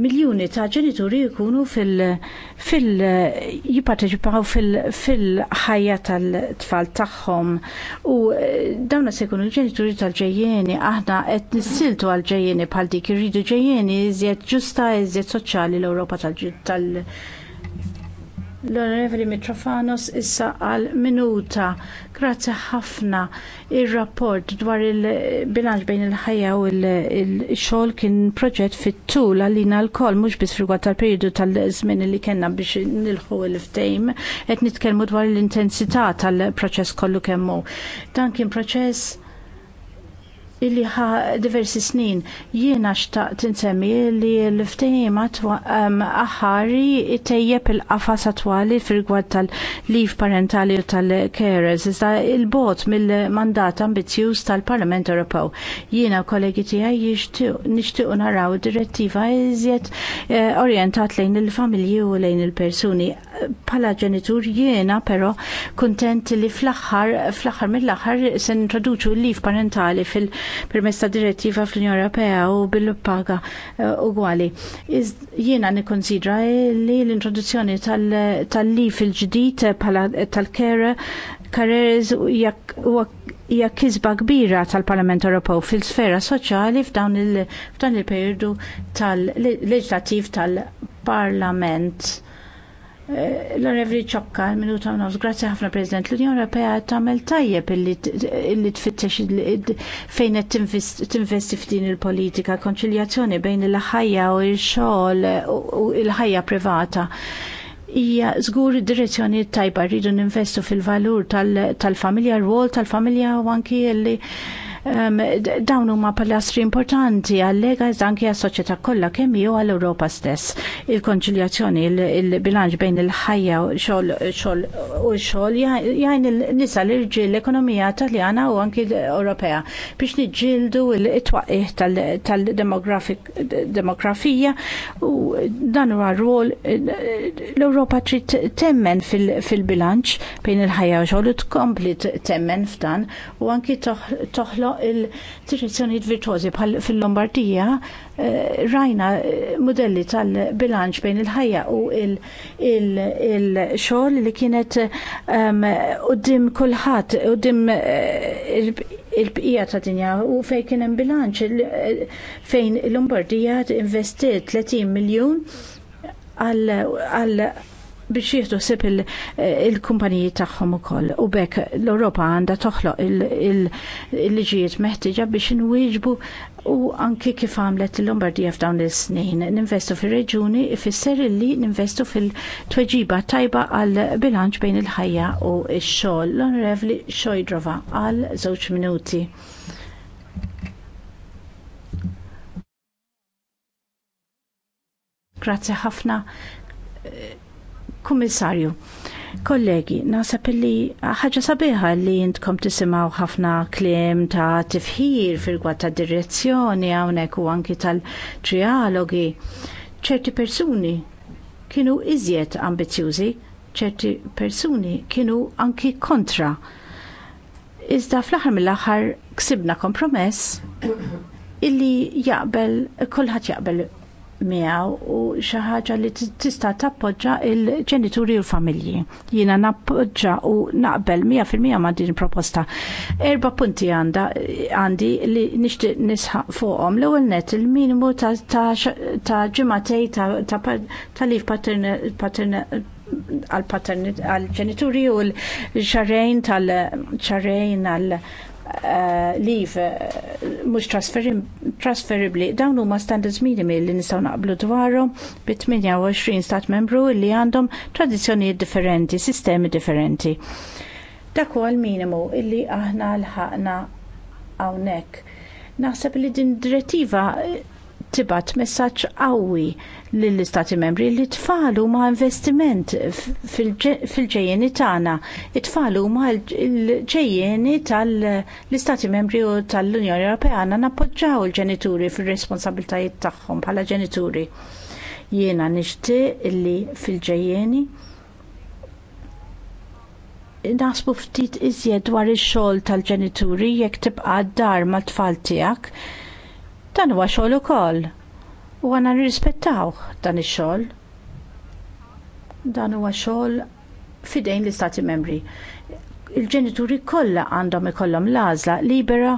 Speaker 2: miljuni ta' ġenituri jkunu fil- fil- jipparteċipaw fil-ħajja fil tal-tfal tagħhom u eh, dawna se jkunu l-ġenituri tal-ġejjeni aħna qed nissiltu għal ġejjeni bħal dik irridu ġejjeni iżjed ġusta iżjed soċjali l-Ewropa tal-ġejjeni. tal ġejjeni tal L-Onorevoli Mitrofanos issa għal minuta. Grazzi ħafna. Il-rapport dwar il-bilanċ bejn il-ħajja u il-xogħol kien proġett fit-tul għalina l-koll mhux biss rigward tal periodu tal-żmien li kellna biex nilħu l-ftejm qed nitkellmu dwar l-intensità tal-proċess kollu kemmu. Dan kien proċess illi ħa diversi snin jiena xtaq tinsemmi li l-ftehim aħari tejjeb il-qafas satwali fil-gwad tal-lif parentali u tal-carers iżda il-bot mill-mandat ambizjuż tal-Parlament Ewropew. Jiena u kollegi tiegħi nixtiequ naraw direttiva iżjed eh, orjentat lejn il-familji u lejn il-persuni. Pala ġenitur jiena però kuntent li fl-aħħar fl-aħħar mill-aħħar se introduċu l-lif parentali fil- permezz ta' direttiva fl-Unjoni Ewropea u bil-paga eh, ugwali. Jiena nikkonsidra li l-introduzzjoni tal-lif il-ġdid eh, eh, tal-kera careers hija kisba kbira tal-Parlament Ewropew fil-sfera soċjali f'dan il tal-leġislattiv tal-Parlament. tal-leġlattiv tal-Parlament L-Onorevoli Ċokka, minuta nofs, grazzi ħafna President. L-Unjoni Ewropea tagħmel tajjeb illi tfittex fejn qed tinvesti f'din il-politika, konċiljazzjoni bejn il-ħajja u l-xogħol u l-ħajja privata. Ija żgur id-direzzjoni tajba rridu ninvestu fil-valur tal-familja, r-rwol tal-familja u anki illi dawn huma palastri importanti għallega anki għas-soċjetà kollha kemm jew għall-Ewropa stess. Il-konċiljazzjoni il-bilanċ bejn il-ħajja xogħol u xogħol jgħin nisa l-irġiel l-ekonomija Taljana u anki Ewropea biex niġġieldu it-twaqqih tal-demografija u dan huwa rwol l-Ewropa trid temmen fil-bilanċ bejn il-ħajja u xogħol u tkompli temmen f'dan u anki toħlo il-direzzjonijiet virtuożi bħal fil-Lombardija eh, rajna eh, modelli tal-bilanċ bejn il-ħajja u il-xogħol li kienet ehm, qudiem kulħadd qudiem eh, il-bqija ta' dinja u fejn kien hemm bilanċ fejn il-Lombardija investiet 30 miljun għal biex jieħdu sepp eh, il-kumpaniji tagħhom ukoll. U bekk l-Ewropa għandha toħloq il-liġijiet meħtieġa biex inwieġbu u anki kif għamlet il-Lombardija f'dawn is-snin. Ninvestu fir-reġuni ifisser li ninvestu fil-tweġiba tajba għal bilanċ bejn il-ħajja u x-xogħol. L-Onorevli Xojdrova għal żewġ minuti. Grazie ħafna Kummissarju, kollegi, nasab li ħaġa sabiħa li jintkom tisimaw ħafna klim ta' tifħir fil-gwa ta' direzzjoni għawnek u anki tal-trialogi. ċerti persuni kienu iżjed ambizjużi, ċerti persuni kienu anki kontra. Iżda fl-aħħar mill-aħħar ksibna kompromess illi jaqbel, kullħat jaqbel miegħu u xi ħaġa li tista' tappoġġa il-ġenituri u l-familji. Jiena nappoġġa u naqbel 100% ma' din proposta. Erba punti għanda għandi li nixtieq nisħaq fuqhom. L-ewwel net il-minimu ta' ġimatej ta' lif għal-ġenituri u l-xarrejn tal-xarrejn għal ġenituri u l ċarrejn tal ċarrejn għal Eh, leave eh, mhux trasferibbli dawn huma standards minimi li nistgħu naqblu dwarhom bi 28 stat membru li għandhom tradizzjonijiet differenti, sistemi differenti. Dak huwa l-minimu illi aħna lħaqna hawnhekk. Naħseb li din direttiva tibat messaġġ qawwi lill-istati membri li tfal huma investiment fil-ġejjeni tagħna. tfalu tfal huma l-ġejjeni tal-istati membri u tal-Unjoni Ewropea għanna nappoġġaw il-ġenituri fir-responsabiltajiet tagħhom bħala ġenituri. Jiena nixtieq li fil-ġejjeni naħsbu ftit iżjed dwar ix-xogħol tal-ġenituri jekk tibqa' d-dar mat-tfal tiegħek, dan huwa xogħol ukoll u għana nirrispettaw dan ix-xogħol. Dan huwa xogħol fidejn l-Istati membri. Il-ġenituri kollha għandhom ikollhom l-għażla libera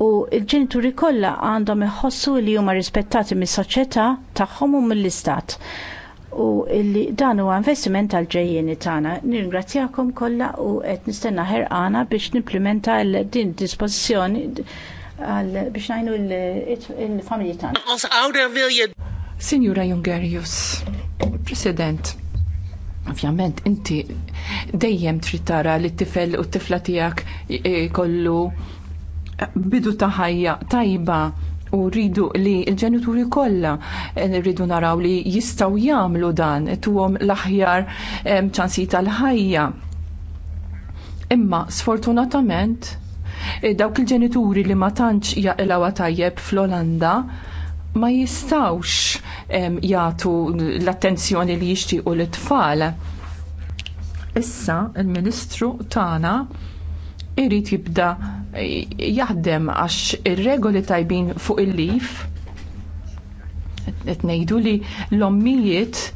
Speaker 2: u l ġenituri kollha għandhom iħossu li huma rispettati mis-soċjetà tagħhom u mill-istat. U li dan huwa investiment għal ġejjieni tagħna. Nirringrazzjakom kollha u qed nistenna ħerqana biex nimplementa din dispożizzjoni biex najnu
Speaker 1: l-familji tan. Signora Jungerius, President, ovvjament inti dejjem trid tara li t-tifel u t-tifla tiegħek kollu bidu ta' ħajja tajba u rridu li l-ġenituri kollha eh, rridu naraw li jistgħu jagħmlu dan tuwom l-aħjar eh, ċansi tal-ħajja. Imma sfortunatament Eh, dawk il-ġenituri li ma tantx jaqilgħu tajjeb fl-Olanda ma jistawx jagħtu l-attenzjoni li jixtiequ l-tfal. Issa il-Ministru tagħna irid jibda eh, jaħdem għax ir-regoli tajbin fuq il-lif qed ngħidu li l-ommijiet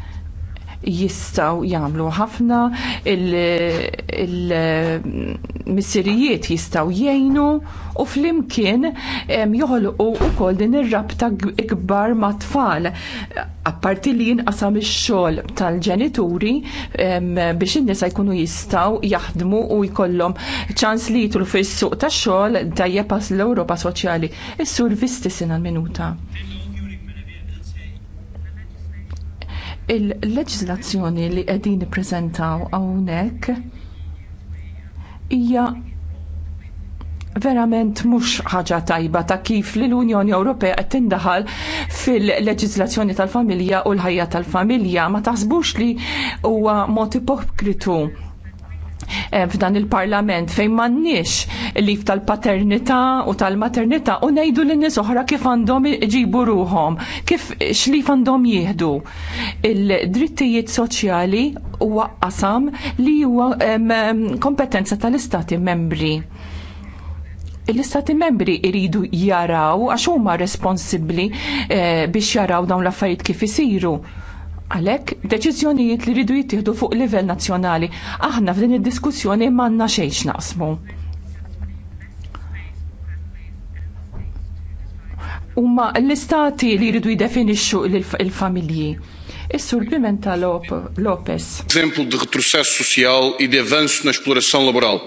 Speaker 1: jistaw jamlu ħafna, il-missirijiet il jistaw jgħinu u flimkien joħolqu u koll din ir-rabta ikbar ma' tfal. Apparti li jinqasam ix-xogħol tal-ġenituri biex in-nisa jkunu jistaw jaħdmu u jkollhom ċans li jitlu fis-suq tax-xogħol tajjeb l-Ewropa Soċjali. Is-sur visti l minuta. il-leġislazzjoni li qegħdin ippreżentaw hawnhekk hija verament mhux ħaġa tajba ta' kif li l-Unjoni Ewropea qed tindaħal fil-leġiżlazzjoni tal-familja u l-ħajja tal-familja ma taħsbux li huwa mod ipokritu Eh, f'dan il-parlament fejn m'għandniex lif tal-paternità u tal-maternità u ngħidu lin nies oħra kif għandhom iġibu ruhom, kif xlif għandhom jieħdu. Il-drittijiet soċjali huwa qasam li huwa kompetenza tal-istati membri l-istati membri iridu jaraw għax huma responsibbli eh, biex jaraw dawn l-affarijiet kif isiru Għalhekk deċiżjonijiet li rridu jittieħdu fuq livell nazzjonali, aħna f'din id-diskussjoni m'għandna xejn naqsmu. Umma l-istati li jridu jidefinixxu il-familji. Is-Sur Pimenta Lopes.
Speaker 3: Exemplo de retrocesso social e de avanço na exploração laboral.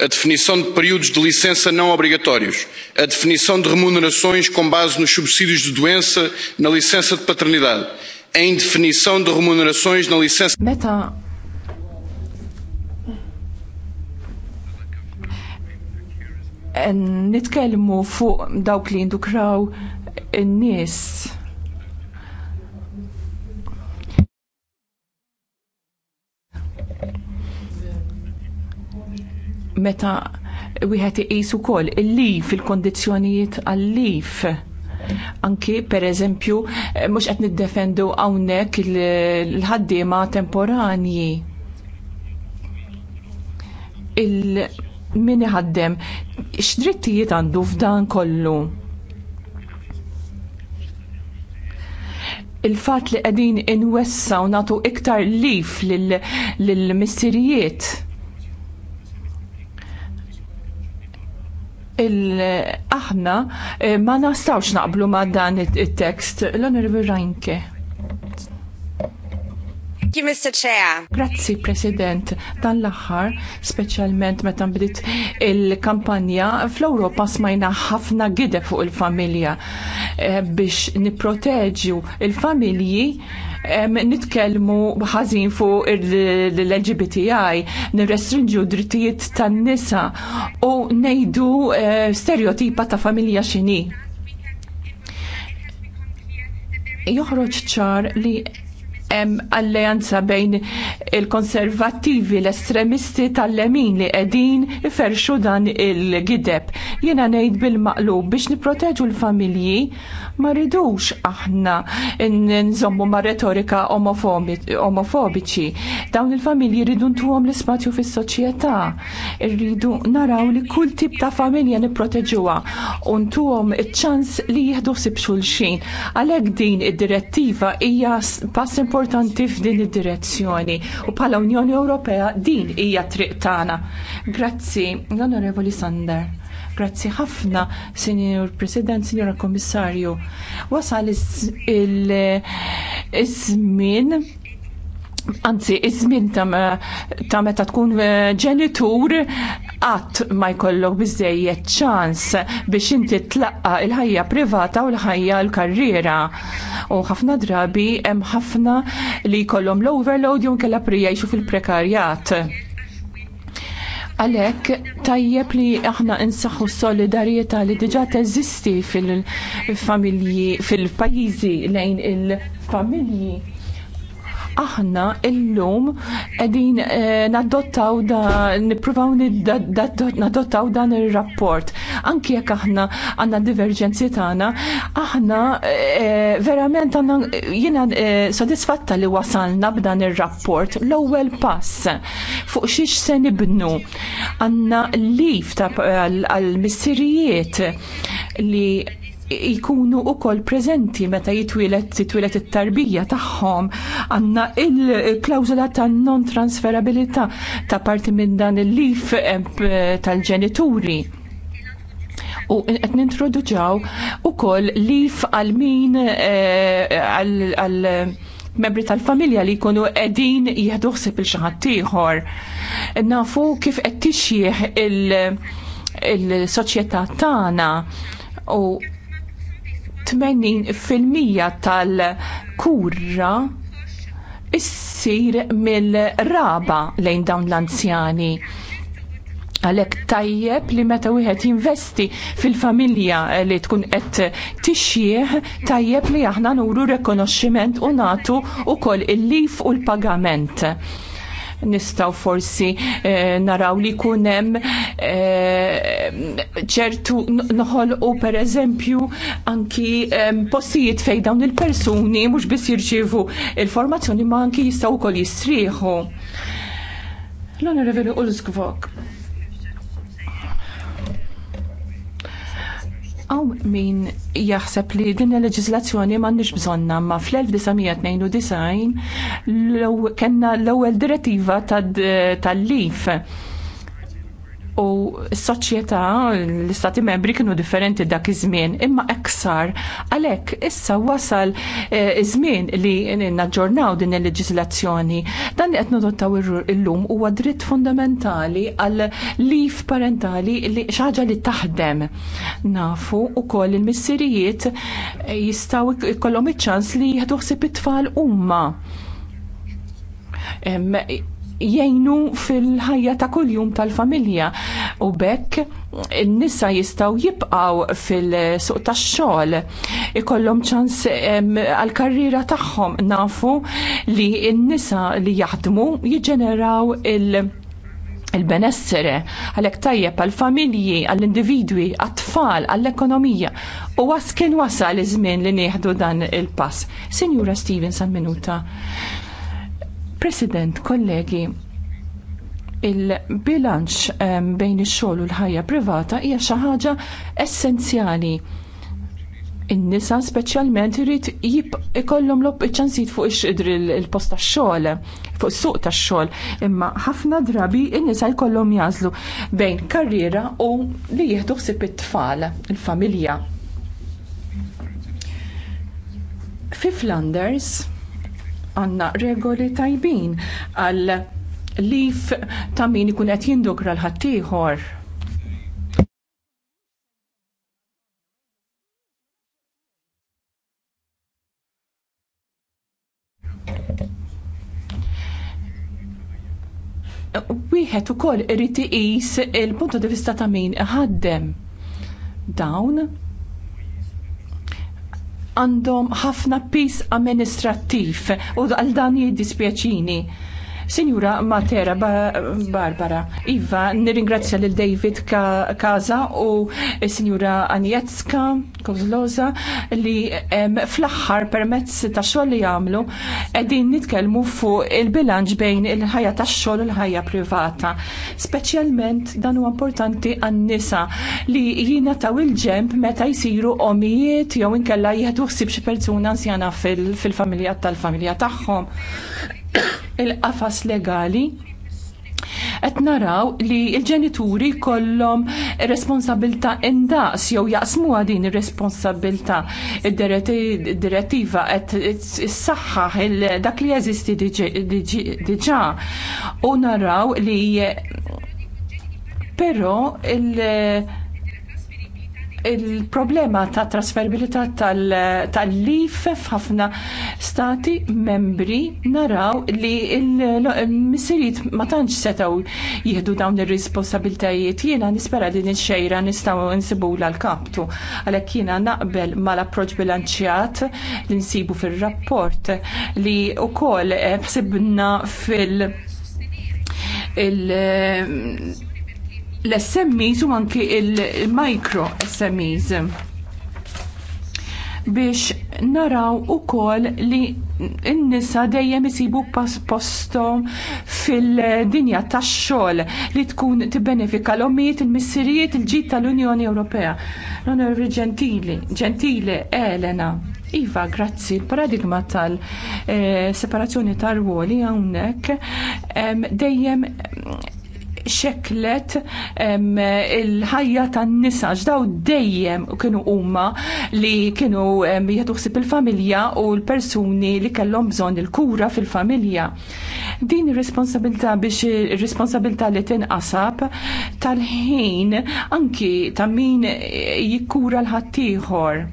Speaker 3: A definição de períodos de licença não obrigatórios. A definição de remunerações com base nos subsídios de doença na licença de paternidade em definição de remunerações na licença.
Speaker 1: Meta nitkellmu fuq dawk li jindukraw n nies meta wieħed iqisu ukoll il-lif il-kondizzjonijiet għal-lif. il kondizzjonijiet għal lif Anki, per eżempju, eh, mux qed niddefendu hawnhekk il-ħaddiema temporanji. Il min iħaddem x'drittijiet għandu f'dan kollu? Il-fat li qegħdin inwessaw nagħtu iktar lif lill-missirijiet. Lil aħna eh, ma nastawx naqblu ma dan it-tekst. L-Onorevole Reinke. Mr. Chair. Grazzi, President. Dan l-aħħar, speċjalment meta bdiet il-kampanja, fl-Ewropa smajna ħafna gide fuq il-familja eh, biex niproteġu il-familji nitkellmu ħażin fuq l-LGBTI, nirrestrinġu drittijiet tan-nisa u ngħidu eh, stereotipa ta' familja x'inhi. Joħroġ ċar li hemm alleanza bejn il-konservattivi l-estremisti tal-lemin li qegħdin iferxu dan il-gideb. Jiena ngħid bil-maqlub biex nipproteġu l-familji ma ridux aħna nżommu ma' retorika omofobiċi. Dawn il-familji rridu ntuhom l-ispazju fis-soċjetà. Irridu naraw li kull tip ta' familja nipproteġuha u ntuhom iċ-ċans li jieħdu sib xulxin. Għalhekk din id-direttiva hija pass importanti importanti f'din id-direzzjoni u bħala Unjoni Ewropea din hija triq tagħna. Grazzi, l-Onorevoli Sander. Grazzi ħafna, Sinjor President, Sinjora Komissarju. Wasal iż-żmien Anzi, iż-żmien ta' meta tkun eh, ġenitur qatt ma jkollok biżejjed ċans biex inti tlaqqa il-ħajja privata u l-ħajja l-karriera. U ħafna drabi hemm ħafna li jkollhom l-overload jew kellha prijajxu fil-prekarjat. Għalhekk tajjeb li aħna insaħħu s-solidarjetà li diġà teżisti fil-familji fil-pajjiżi lejn il-familji aħna illum qegħdin eh, nadottaw da nipruvaw nadottaw dan ir-rapport. Anki jekk aħna għandna diverġenzi tagħna, aħna eh, verament għanna jiena eh, sodisfatta li wasalna b'dan ir-rapport l-ewwel pass fuq xiex se nibnu. Għandna lif ta' għal-missirijiet li jkunu wkoll preżenti meta jitwilet titwilet it-tarbija tagħhom għandna il-klawżola ta' non transferabilità ta' parti minn dan il-lif eh, tal-ġenituri u qed nintroduċaw ukoll lif għal min eh, għal membri tal-familja li jkunu qegħdin jieħdu ħsieb il xi ħadd ieħor. Nafu kif qed tixjih il-soċjetà tagħna u 80% tal-kura issir mill-raba lejn dawn l-anzjani. Għalek tajjeb li meta wieħed jinvesti fil-familja li tkun qed tixjieħ, tajjeb li aħna nuru rekonoxximent u natu wkoll il-lif u l-pagament nistaw forsi eh, naraw li kunem eh, ċertu eh, u per eżempju anki eh, postijiet fej dawn il-persuni mux bis jirċivu il-formazzjoni ma anki jistaw kol jistriħu. L-onorevoli Ulzgvok. Għaw min jaħseb li din il-leġizlazzjoni m'għandniex bżonna ma fl-1992 kena l-ewwel direttiva tal-lif. Tad, u s-soċjetà l-istati membri kienu differenti dak iż-żmien imma eksar għalhekk issa wasal eh, iż-żmien li naġġornaw din il-leġiżlazzjoni dan li qed nadottaw illum huwa dritt fundamentali għal lif parentali li xaġa li taħdem. Nafu wkoll il-missirijiet eh, jistgħu jkollhom iċ-ċans li jieħdu ħsieb it-tfal huma jgħinu fil-ħajja ta' kuljum tal-familja u bekk n-nisa jistaw jibqaw fil-suq tax xogħol ikollhom ċans għal-karriera tagħhom nafu li n-nisa li jaħdmu jiġġeneraw il- il-benessere, għalek tajjeb għal-familji, għall-individwi, għat-tfal, għall-ekonomija. U għas kien wasal iż-żmien li nieħdu dan il-pass. Sinjura għal minuta. President, kollegi, il-bilanċ ehm, bejn ix-xogħol u l-ħajja privata hija xi ħaġa essenzjali. In-nisa speċjalment irid ikollhom ċansit fuq ix-qidr il-post tax-xogħol, fuq is-suq tax-xogħol, imma ħafna drabi in-nisa jkollhom jażlu bejn karriera u li jieħdu ħsieb it-tfal, il-familja. Fi Flanders, għandna regoli tajbin għal lif ta' min ikun qed jindokra l-ħaddieħor. wieħed ukoll irid iqis il-punt di vista ta' min ħaddem dawn għandhom ħafna pis amministrattiv u għal dan jiddispjaċini Sinjura Matera Barbara, Iva, nirringrazzja lil David Kaza u Sinjura Anietzka Kozloza li fl-aħħar permezz ta' xogħol li jagħmlu qegħdin nitkellmu fuq il-bilanċ bejn il-ħajja tax-xogħol u l-ħajja privata. Speċjalment dan huwa importanti għan-nisa li jina taw il-ġemp meta jsiru omijiet jew inkella jieħdu ħsieb xi persuna anzjana fil-familja tal-familja tagħhom il-qafas legali qed naraw li l-ġenituri kollhom responsabilta indaqs jew jaqsmuha din ir-responsabilta. Id-direttiva qed issaħħaħ dak li jeżisti diġà u naraw li però il- il-problema ta' trasferibilità tal-lif f'ħafna stati membri naraw li l-missiriet ma tantx setgħu jieħdu dawn ir-responsabiltajiet jiena nispera din ix-xejra nistgħu nsibula l-kaptu għalhekk jiena naqbel mal-approċċ bilanċjat li nsibu fir-rapport li wkoll ħsibna eh, fil- il- l-SMEs u anki il-micro SMEs biex naraw u kol li n-nisa dejjem isibu postom fil-dinja tax xogħol li tkun tibbenefika l ommiet il missiriet il-ġid tal-Unjoni Ewropea. l unjoni Gentili, Gentili Elena. Iva, grazzi, paradigma tal-separazzjoni eh, tar-ruoli hawnhekk dejjem xeklet il-ħajja tan-nisa ġdaw dejjem kienu huma li kienu jatuħsib il-familja u l-persuni li kellhom bżonn il-kura fil-familja. Din ir-responsabilità biex ir-responsabilità li tinqasab tal-ħin anki ta' min jikkura l-ħaddieħor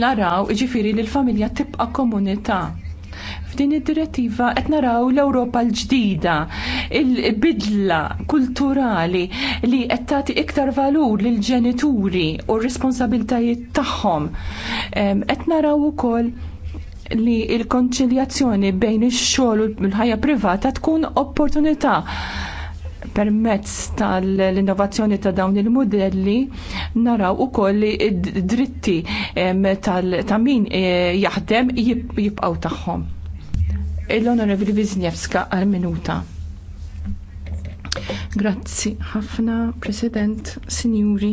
Speaker 1: naraw ġifiri li l-familja tibqa komunità. F'din id-direttiva qed naraw l-Ewropa l-ġdida, il-bidla kulturali li qed tagħti iktar valur lil ġenituri u r-responsabiltajiet tagħhom. Qed naraw ukoll li l konċiljazzjoni bejn ix-xogħol u l-ħajja privata tkun opportunità permezz tal-innovazzjoni ta' dawn il-modelli naraw ukoll li d dritti ta' min eh, jaħdem jibqgħu tagħhom l-Onorevoli Wisniewska għal-minuta. Grazzi ħafna, President, Signuri.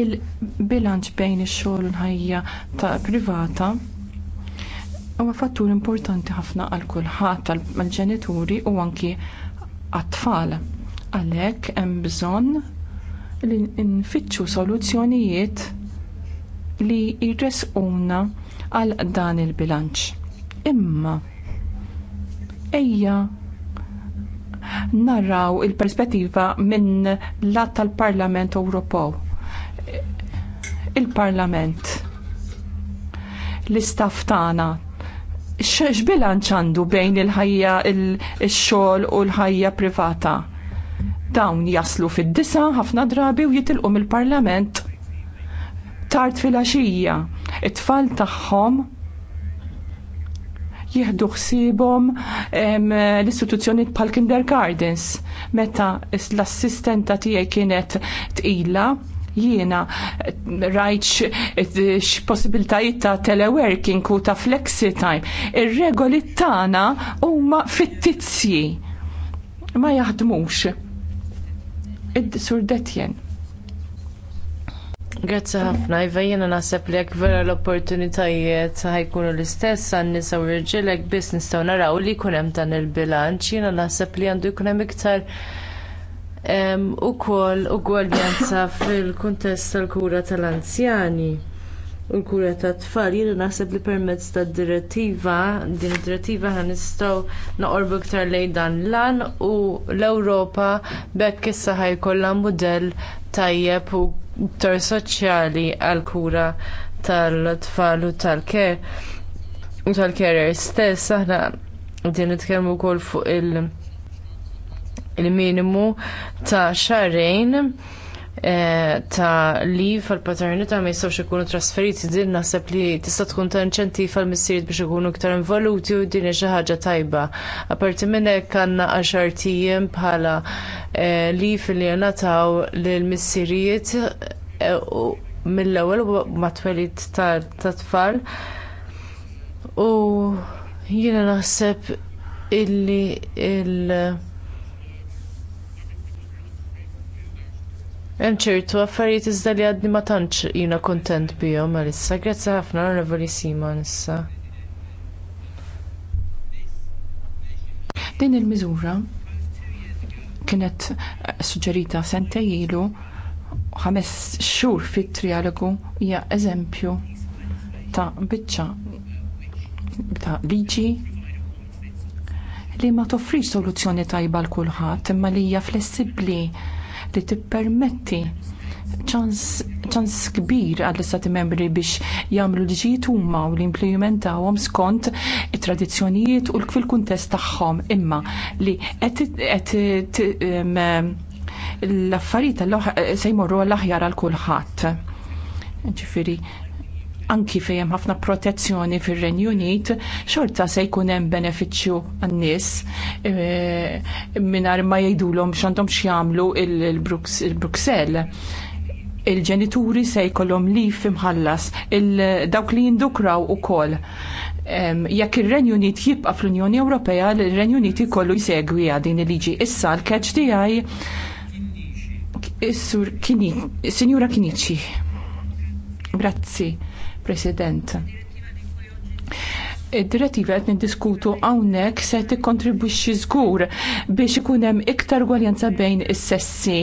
Speaker 1: Il-bilanċ bejn ix-xogħol u l-ħajja ta' privata huwa fattur importanti ħafna għal kulħadd għall-ġenituri u anki għat-tfal. Għalhekk hemm bżonn li nfittxu soluzzjonijiet li jresquna għal dan il-bilanċ. Imma ejja narraw il-perspettiva minn lat tal-Parlament Ewropew. Il-Parlament l-istaff tagħna x'bilanċ għandu bejn il-ħajja il-xogħol u l-ħajja privata. Dawn jaslu fid-disa ħafna drabi u jitilqu mill-Parlament tard fil-għaxija. It-tfal tagħhom jieħdu ħsiebhom l-istituzzjoni pal kindergardens. Meta l-assistenta tiegħi kienet tqila, jiena rajt x-possibilitajiet ta' teleworking u ta' flexi time. Ir-regoli tagħna huma fittizji ma jaħdmux. Id-sur detjen. Grazzi ħafna,
Speaker 4: Iva jiena naħseb li jekk vera l-opportunitajiet ħajkunu l-istess għan nisa u rġilek biss nistgħu naraw li jkun hemm dan il-bilanċ, jiena naħseb li għandu jkun hemm iktar u ugwaljanza fil-kuntest tal-kura tal-anzjani u l-kura tat-tfal jiena naħseb li permezz tad-direttiva din id-direttiva ħa nistgħu naqorbu iktar lejn dan lan u l-Ewropa b'hekk issa ħajkolla mudell tajjeb u tor soċjali għall kura tal-tfal u tal-care u tal-carer stess aħna din nitkellmu wkoll fuq il-minimu ta' xarrejn Eh, ta' li fil-paternità ma jistgħux ikunu trasferiti din naħseb li tista' tkun ta' inċentiv għal missierijiet biex ikunu iktar involuti u din xi ħaġa tajba. Aparti minn hekk għandna għaxar tiem bħala eh, li fil-li nataw lil missieriet eh, mill-ewwel mat-twelid ta' tfal. U jiena naħseb illi il- Hemm ċertu affarijiet iżda li għadni ma tantx jiena kuntent bihom għalissa. Grazzi ħafna Onorevoli Simon issa.
Speaker 1: Din il-miżura kienet suġġerita sentej ilu ħames xhur fit-trialogu hija eżempju ta' biċċa ta' liġi li ma toffri soluzzjoni tajba l kulħadd imma li hija flessibbli li tippermetti ċans kbir għall-istati membri biex jagħmlu liġijiet huma u li implementawhom skont it-tradizzjonijiet u fil-kuntest tagħhom imma li qed l-affarijiet se jmorru l-aħjar għal kulħadd anki fejn ħafna protezzjoni fir-Renju Unit, xorta se jkun hemm benefiċċju għan-nies eh, mingħajr ma jgħidulhom x'għandhom x'jagħmlu il bruxell Il-ġenituri se jkollhom li imħallas dawk li jindukraw ukoll. Jekk ir-Renju Unit jibqa' fl-Unjoni Ewropea, l renju Unit ikollu jsegwi din il-liġi. Issa l-catch tiegħi Is-sur Sinjura Kinici. Grazzi. President. Id-direttiva qed niddiskutu hawnhekk se tikkontribwixxi żgur biex ikun hemm iktar gwaljanza bejn is-sessi,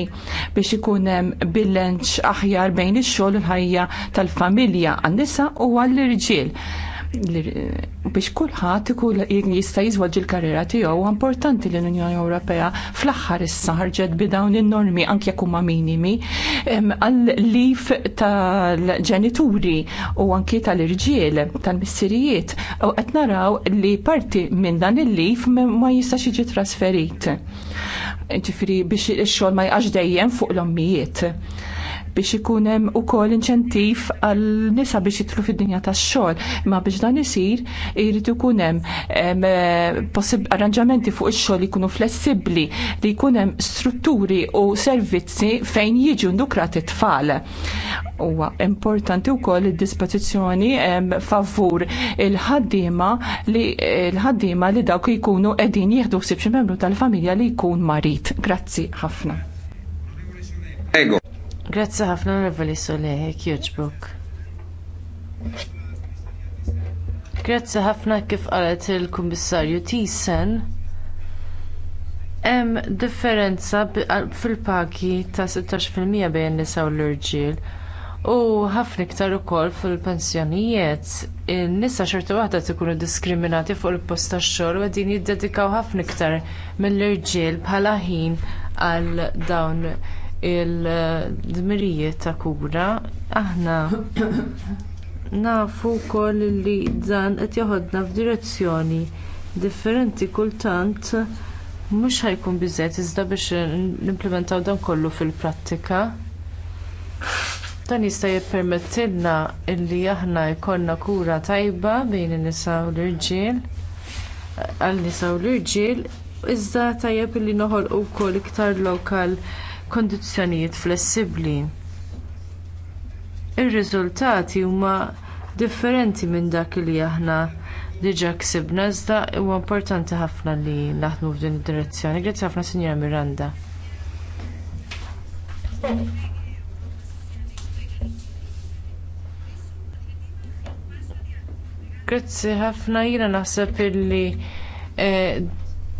Speaker 1: biex ikun hemm bilanċ aħjar bejn ix-xogħol u l-ħajja tal-familja għan-nisa u għall-irġiel biex kulħadd ikun jista' jiżvolġi l-karriera tiegħu importanti li l-Unjoni Ewropea fl-aħħar issa ħarġet bi dawn in-normi anke jekk huma minimi għall-lif tal-ġenituri u anki tal-irġiel tal-missirijiet u qed naraw li parti minn dan il-lif ma jistax jiġi trasferit. Ġifieri biex ix-xogħol ma jqax dejjem fuq l-ommijiet biex ikun hemm ukoll inċentiv għal nisa biex jitlu fid-dinja tax-xogħol. imma biex dan isir irid ikun hemm arranġamenti fuq ix-xogħol jkunu flessibbli li jkun hemm strutturi u servizzi fejn jiġu ndukrat it-tfal. Huwa importanti wkoll id-dispożizzjoni favur il-ħaddiema li l-ħaddiema li dawk jkunu qegħdin jieħdu ħsieb xi membru tal-familja li jkun marit. Grazzi ħafna. Ego. Grazzi ħafna Reveli Soleħ, Kjuġbuk.
Speaker 4: Grazzi ħafna kif qalet il-Kummissarju Tisen. Hemm differenza fil-pagi ta' 16% bejn nisa u l-irġiel u ħafna iktar ukoll fil-pensjonijiet. In-nisa xorta waħda tkunu diskriminati fuq il-post tax-xogħol u qegħdin jiddedikaw ħafna iktar mill-irġiel bħala ħin għal dawn il-dmirijiet ta' kura aħna nafu wkoll li dan qed joħodna f'direzzjoni differenti kultant mhux ħajkun biżżejjed iżda biex nimplementaw dan kollu fil-prattika. Dan jista' jippermettilna li aħna jkollna kura tajba bejn in-nisa u l-irġiel għal nisa u l-irġiel iżda tajjeb li noħolqu wkoll iktar lokal kondizzjonijiet flessibbli. Ir-riżultati huma differenti minn dak li aħna diġà ksibna iżda huwa importanti ħafna li naħdmu f'din id-direzzjoni. Grazzi ħafna Sinjora Miranda. Grazzi ħafna jiena naħseb illi eh,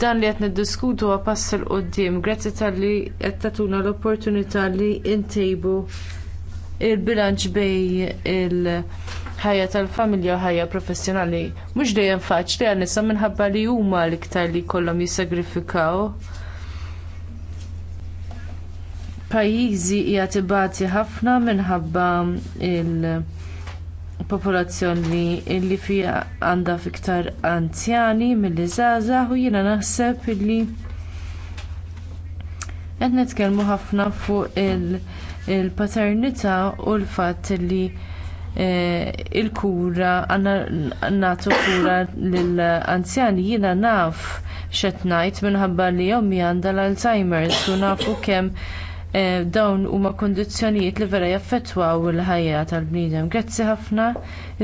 Speaker 4: dan li qed niddiskutu huwa pass il qudiem grazzi talli qed tagħtuna l-opportunità li ntejbu l bilanċ bejn il-ħajja tal-familja u ħajja professjonali. Mhux dejjem faċli għal nisa minħabba li huma l-iktar li jkollhom jissagrifikaw. Pajjiżi hija tibati ħafna minħabba il- popolazzjoni li fiha għandha iktar anzjani milli żgħażagħ u jiena naħseb li qed nitkellmu ħafna fuq il-paternità u l-fatt li eh, il-kura nagħtu kura lill-anzjani jiena naf x'qed ngħid minħabba li ommi għandha l-Alzheimer's u nafu kemm Eh, dawn huma kundizzjonijiet li vera jaffettwaw il-ħajja tal-bniedem. Grazzi ħafna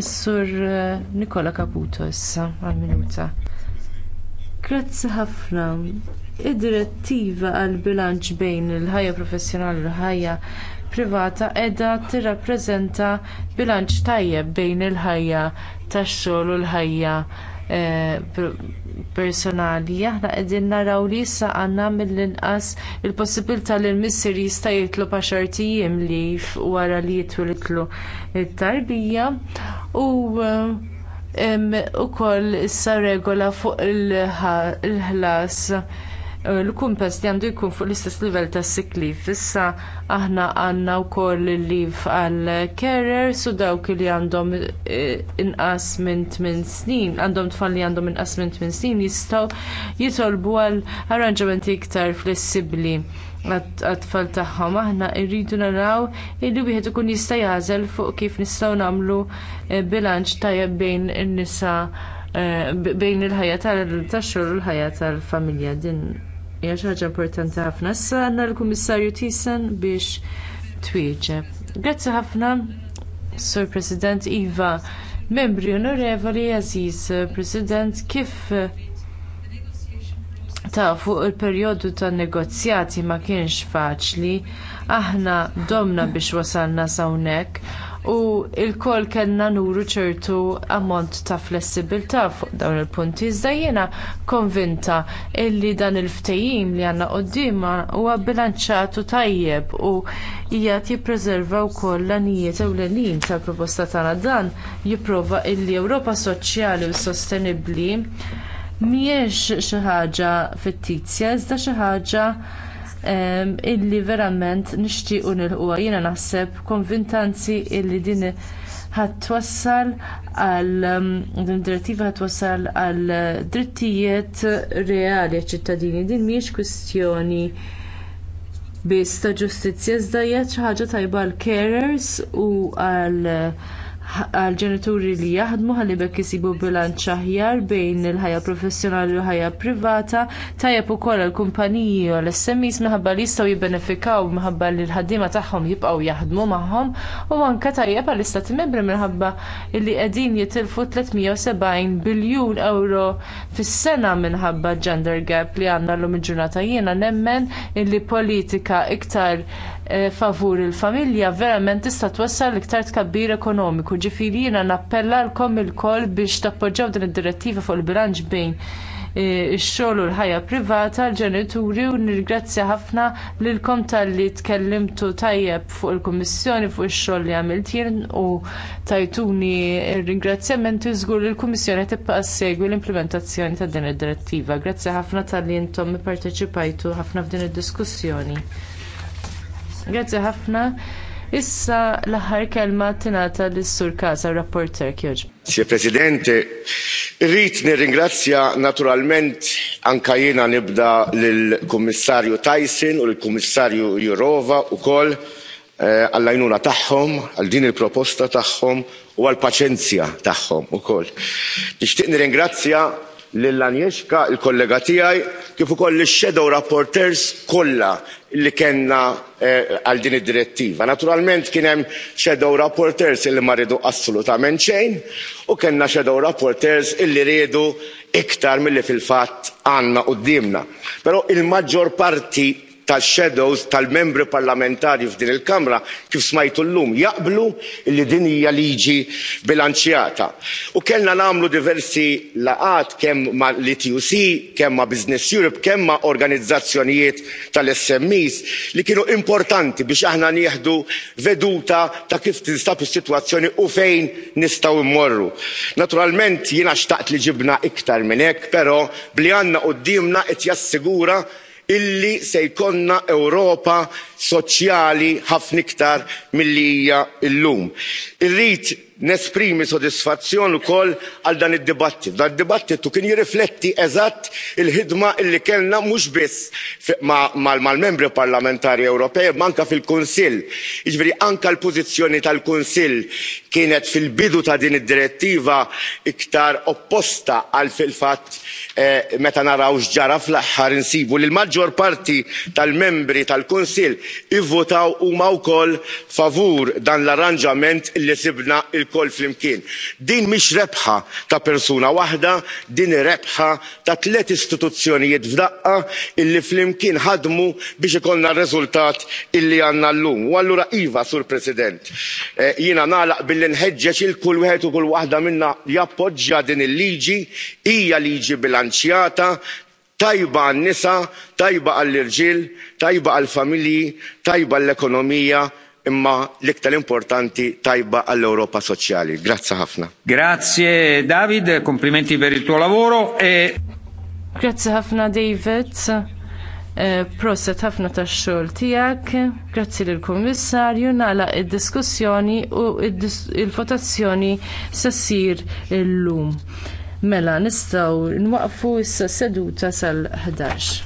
Speaker 4: is-sur eh, Nicola Caputo issa għall minuta Grazzi ħafna. Id-direttiva għall bilanċ bejn il-ħajja professjonali u l-ħajja privata qiegħda tirrappreżenta bilanċ tajjeb bejn il-ħajja tax-xogħol u l-ħajja Eh, personali. Aħna qegħdin naraw li issa għandna mill-inqas il-possibilità li l-missier jista' jitlu paxartijiem li wara li jitwilitlu it-tarbija u eh, ukoll issa regola fuq il-ħlas. il ħlas Eh, l-kumpas li għandu jkun fuq l-istess livell ta' siklif. Issa aħna għandna wkoll il-liv għal carers su dawk li għandhom eh, inqas minn 8 snin, għandhom tfal li għandhom inqas minn 8 snin jistgħu jitolbu għal arranġamenti iktar flessibbli għat-tfal tagħhom aħna rridu naraw li wieħed ikun jista' jażel fuq kif nistgħu nagħmlu eh, bilanċ tajjeb bejn in-nisa bejn il-ħajja tal-xogħol u l-ħajja tal-familja din hija xi ħaġa importanti ħafna. Issa għandna l-Kummissarju Tisen biex twieġeb. Grazzi ħafna, Sur President Iva, membri onorevoli, Aziz President, kif ta' fuq il-perjodu tan negozjati ma kienx faċli, aħna domna biex wasalna sawnek u lkoll kellna nuru ċertu ammont ta' flessibilta fuq dawn il-punti. Iżda jiena konvinta li dan il-ftehim li għandna qoddima huwa bilanċat u tajjeb u qiegħed jippreserva wkoll l-anijiet ewlenin tal-proposta tagħna dan jipprova illi Ewropa soċjali u sostenibbli mhijiex xi ħaġa fittizja iżda xi ħaġa illi verament nixtiequ nilħuha. Jiena naħseb konvintanzi illi din ħatwassal għal din direttiva ħatwassal għal drittijiet reali ċittadini. Din mhijiex kwistjoni biss ta' ġustizzja iżda hija xi ħaġa tajba għall carers u għal għal ġenituri li jaħdmu ħalibek isibu bilanċ aħjar bejn il-ħajja professjonali u l-ħajja privata, tajjeb ukoll għall kumpaniji u għall-SMEs minħabba li jistgħu jibbenefikaw minħabba li l-ħaddiema tagħhom jibqgħu jaħdmu magħhom u anke tajjeb għall-istati membri minħabba li qegħdin jitilfu 370 biljun euro fis-sena minħabba gender gap li għandna llum il-ġurnata jiena nemmen illi politika iktar Eh, favur il-familja verament tista' twassal iktar tkabbir ekonomiku. Ġifieri jiena nappellalkom ilkoll biex tappoġġjaw din id-direttiva fuq il-bilanċ bejn eh, ix-xogħol u l-ħajja privata l-ġenituri u nirgrazzja ħafna lilkom talli tkellimtu tajjeb fuq il-Kummissjoni fuq ix-xogħol li għamilt jien u tajtuni r-ringrazzjamenti żgur li l-Kummissjoni tibqa' segwi l-implementazzjoni ta' din id-direttiva. Grazzi ħafna talli intom ipparteċipajtu ħafna f'din id-diskussjoni. Grazzi ħafna. Issa l-aħħar kelma tingħata lis-Sur Casa rapporter kjoġ.
Speaker 3: Sie Presidente, rrit nirringrazzja naturalment anka jiena nibda lill-Kummissarju Tyson u lill-Kummissarju Jurova wkoll eh, għall-għajnuna tagħhom, għal din il-proposta tagħhom u għall paċenzja tagħhom ukoll. Nixtieq nirringrazzja lil Agnieszka, il-kollega tiegħi, kif ukoll ix-shadow rapporteurs kollha li kellna eh, għal din id-direttiva. Naturalment kien hemm shadow rapporteurs illi ma rridu assolutament xejn u kellna shadow rapporteurs illi riedu iktar milli fil-fatt għandna quddiemna. Però il-maġġor parti tax shadows tal-membri parlamentari f'din il-kamra kif smajtu llum jaqblu li din hija liġi bilanċjata u kellna nagħmlu diversi laqgħat kemm mal-ituc kemm ma' business europe kemm ma' organizzazzjonijiet tal-smes li kienu importanti biex aħna nieħdu veduta ta' kif tinstab is-sitwazzjoni u fejn nistgħu mmorru. naturalment jiena xtaqt li ġibna iktar minn hekk però bli għandna qudiemna qed jassigura illi se jkollna ewropa soċjali ħafna iktar milli hija llum. irrid nesprimi sodisfazzjon ukoll għal dan id-dibattitu. Dan id-dibattitu kien jirrifletti eżatt il-ħidma illi kellna mhux biss mal-membri parlamentari Ewropej ma anke fil-Kunsill. Jiġifieri anke l-pożizzjoni tal-Kunsill kienet fil-bidu ta' din id-direttiva iktar opposta għal fil-fatt Eh, meta naraw x'ġara fl-aħħar insibu li l-maġġor parti tal-membri tal-kunsill ivvotaw huma wkoll favur dan l-arranġament li sibna lkoll flimkien. din mhix rebħa ta' persuna waħda din rebħa ta' tliet istituzzjonijiet f'daqqa illi flimkien ħadmu biex ikollna r-riżultat illi għandna llum. U allura iva sur President eh, jiena nagħlaq billi nħeġġeġ il kull wieħed u kull waħda minnha jappoġġja din il-liġi hija liġi bilanċjata bbilanċjata tajba għan nisa tajba għall irġiel tajba għall familji tajba għall ekonomija imma l-iktar importanti tajba għall europa soċjali. Grazzi ħafna.
Speaker 5: Grazie David, komplimenti per il tuo lavoro.
Speaker 3: E...
Speaker 4: Grazzi ħafna David. Eh, proset ħafna tax xogħol tiegħek, grazzi lill kummissarju nagħlaq id-diskussjoni u il-votazzjoni se ssir illum. Mela nistgħu nwaqfu issa seduta sal-11.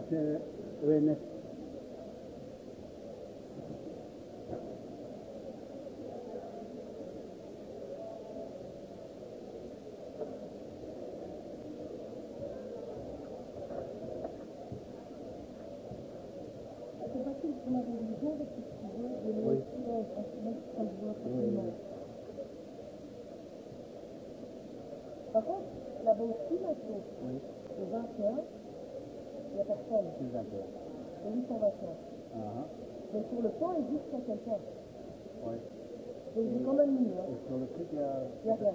Speaker 6: Rapporteur René. Par contre, la bonne Mais sur le temps, il existe quelqu'un. Oui. Donc j'ai quand même mis. Et sur le truc, il y a. Il y a rien.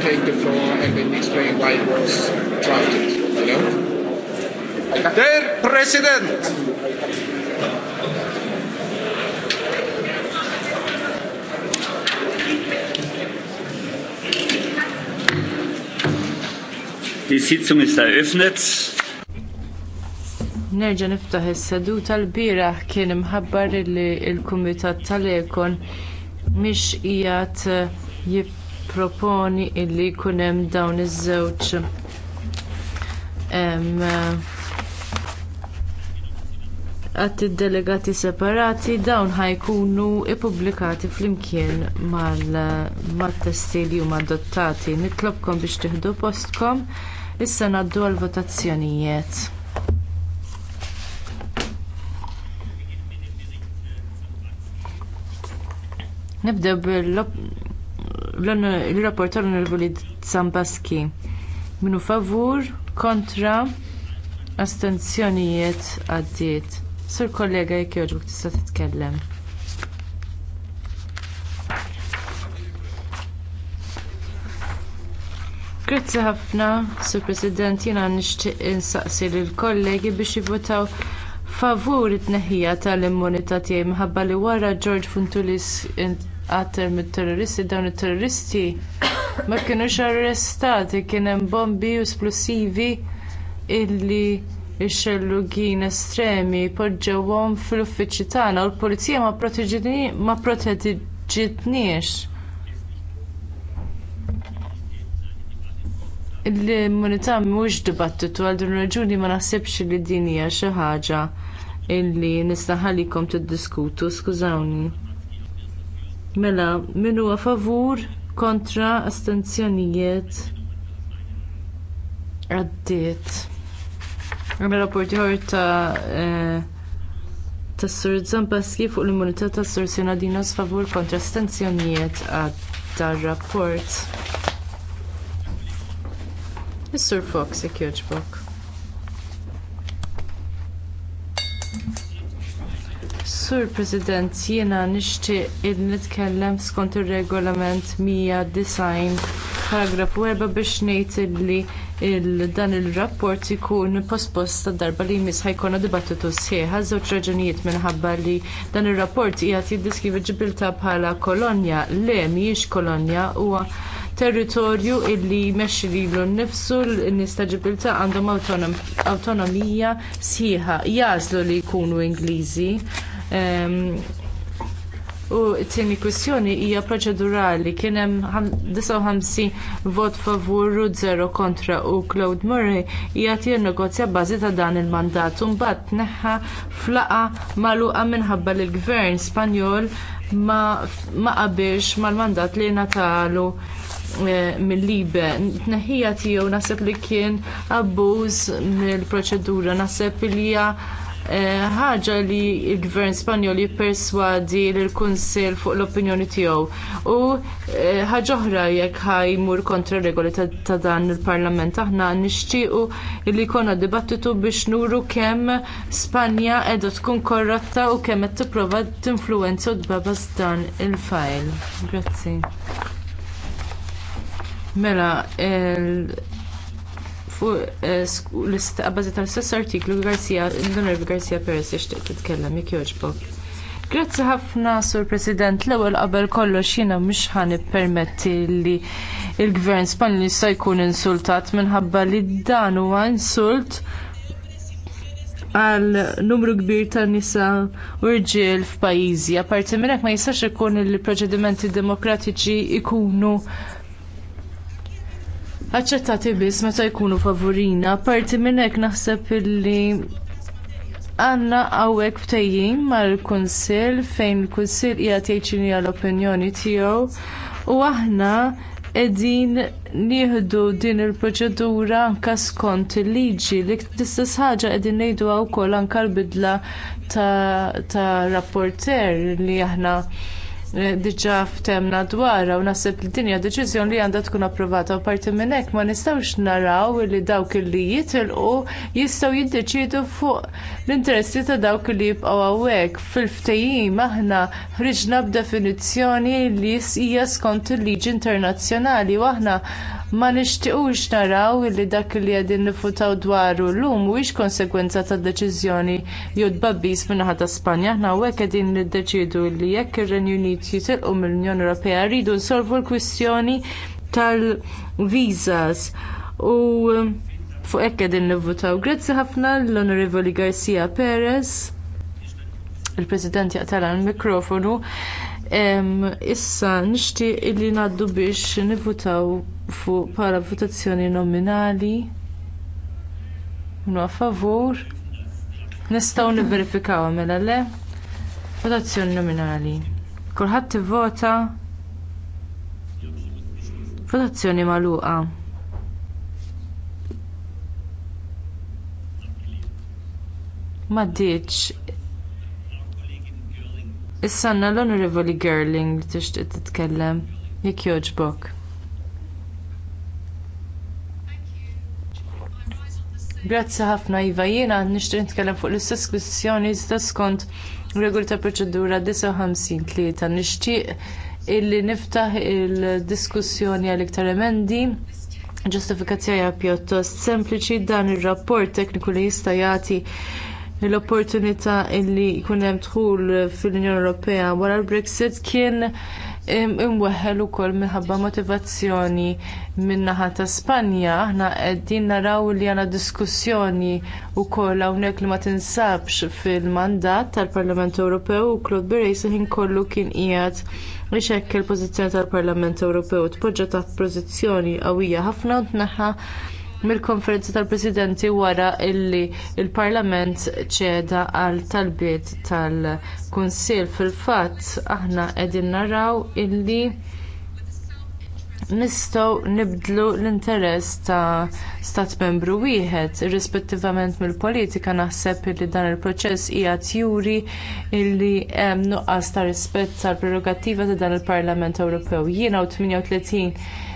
Speaker 6: take the floor and then explain why it was drafted.
Speaker 3: Hello? know? Der President!
Speaker 5: Die Sitzung ist eröffnet.
Speaker 4: Nerġa' niftaħ is-seduta tal bieraħ kien imħabbar li l-Kumitat tal-Ekon mhix qiegħed jif tipproponi illi jkun hemm dawn iż-żewġ id delegati separati dawn ħajkunu ippubblikati flimkien mal-testi li huma adottati. Nitlobkom biex tieħdu postkom issa ngħaddu għall votazzjonijiet. Nibdew il-rapport tal-Onorevoli Zambaski. Minu favur, kontra, astenzjonijiet għaddiet. Sur kollega jekk jogħġbok tista' titkellem. Grazzi ħafna, Sur President, jiena nixtieq insaqsi lill kollegi biex jivvotaw favur it-tneħħija tal-immunità tiegħi minħabba li wara George Funtulis qatel mit-terroristi dawn it-terroristi ma kinux arrestati kien hemm bombi u splussivi illi ix-xellugin estremi poġġewhom fl-uffiċċji tagħna u l-pulizija ma proteġġitniex. l-immunità mhux dibattitu għal din raġuni ma naħsibx li din hija xi ħaġa illi nista' ħallikom tiddiskutu, skużawni. Mela, min huwa favur kontra astenzjonijiet għaddiet. Mela ħor ta' eh, tas-sur Zambaski fuq l-immunità tas-sur Sinadinos favur kontra astenzjonijiet għad rapport Is-sur Fox jogħġbok. Sur President, jiena nixtieq li nitkellem skont ir-regolament 190 paragrafu 4 biex ngħid li dan ir rapport ikun pospost tad darba li jmiss ħajkonna dibattitu sħiħ. żewġ raġunijiet minħabba li dan ir-rapport qiegħed jiddeskrivi ġibilta bħala kolonja, le mhijiex kolonja huwa territorju li jmexxi lilu nnifsu n-nies ta' ġibilta għandhom awtonomija sħiħa jażlu li jkunu Ingliżi Ehm, u t-tieni kwistjoni hija proċedurali. Kien hemm 59 vot favur u 0 kontra u Claude Murray hija negozja bażi ta' dan il-mandat mbagħad tneħħa flaqa magħluqa minħabba li l-Gvern Spanjol ma qabilx mal-mandat li natalu eh, mill-libe. Tneħħija tiegħu naħseb li kien abbuż mill-proċedura, naħseb li hija Eh, ħaġa li l-gvern Spanjol jipperswadi lill-Kunsill fuq l-opinjoni tiegħu u eh, ħaġa oħra jekk ħajmur kontra regoli ta' dan il-Parlament aħna nixtiequ li jkollna dibattitu biex nuru kemm Spanja qiegħda tkun korrotta u kemm qed tipprova tinfluwenza u tbabbas dan il-fajl. Grazzi. Mela, il fuq eh, l-bażi tal-istess artiklu Garcia l-Onorevoli Garcia Perez jixtieq titkellem jekk jogħġbok. Grazzi ħafna Sur President l-ewwel qabel kollox jiena mhux ħan ippermetti li l-Gvern Spanjol jista' jkun insultat minħabba li dan huwa insult għal numru kbir ta' nisa u rġiel f'pajjiżi. Apparti minn hekk ma jistax ikun li proċedimenti demokratiċi jkunu aċċettati biss meta jkunu favorina. Parti minn hekk naħseb illi għandna hawnhekk ftehim mal-kunsill fejn il-kunsill qiegħed jgħid hija l-opinjoni tiegħu u aħna qegħdin nieħdu din il-proċedura anke skont il-liġi li l-istess ħaġa qegħdin ngħiduha wkoll anke l-bidla ta', ta rapporter li aħna Eh, diġà ftemna dwarha u naħseb li din hija deċiżjoni li għandha tkun approvata u parti minn hekk ma nistgħux naraw li dawk li jitilqu jistgħu jiddeċiedu fuq l-interessi ta' dawk li jibqgħu hawnhekk. Fil-ftehim aħna ħriġna b'definizzjoni li hija skont il-liġi internazzjonali u aħna ma nixtiequx naraw li dak li qegħdin nifutaw dwaru llum mhuwiex konsegwenza ta' deċiżjoni jew tbabbis min-naħa ta' Spanja. Aħna hawnhekk qegħdin niddeċiedu li jekk ir-Renju Unit jitilqu mill-Unjoni Ewropea rridu nsolvu l-kwistjoni tal viżas u um, fuq hekk qegħdin nivvutaw. Grazzi ħafna l-Onorevoli Garcia Perez il-President jaqtala l-mikrofonu issa nixtieq li ngħaddu biex nivvutaw fuq bħala votazzjoni nominali favur nistgħu nivverifikaw mela le votazzjoni nominali kulħadd ivvota votazzjoni magħluqa Issanna l-Onorevoli Girling li tixtieq titkellem jekk jogħġbok. Grazzi ħafna Iva jiena nixtieq nitkellem fuq l-istess kwistjoni iżda skont regoli ta' proċedura 59 nixtieq illi niftaħ il-diskussjoni għal iktar emendi ġustifikazzjoni pjuttost sempliċi dan ir-rapport tekniku li jista' jagħti l-opportunità illi jkun hemm dħul fil-Unjoni Ewropea wara l-Brexit kien imweħħel ukoll minħabba motivazzjoni min-naħa ta' Spanja. Aħna qegħdin naraw li għandna diskussjoni wkoll hawnhekk li ma tinsabx fil-mandat tal-Parlament Ewropew u Claude Berejs ħin kollu kien qiegħed ixekkel pożizzjoni tal-Parlament Ewropew tpoġġa taħt pożizzjoni qawwija ħafna u tneħħa mill-konferenza tal-presidenti wara li l parlament ċeda għal talbiet tal-kunsill fil-fatt aħna qegħdin naraw illi nistgħu nibdlu l-interess ta' stat membru wieħed irrispettivament mill-politika naħseb li dan il-proċess qiegħed juri li hemm nuqqas ta' rispett tal-prerogattiva ta' dan il-Parlament Ewropew. Jiena u 38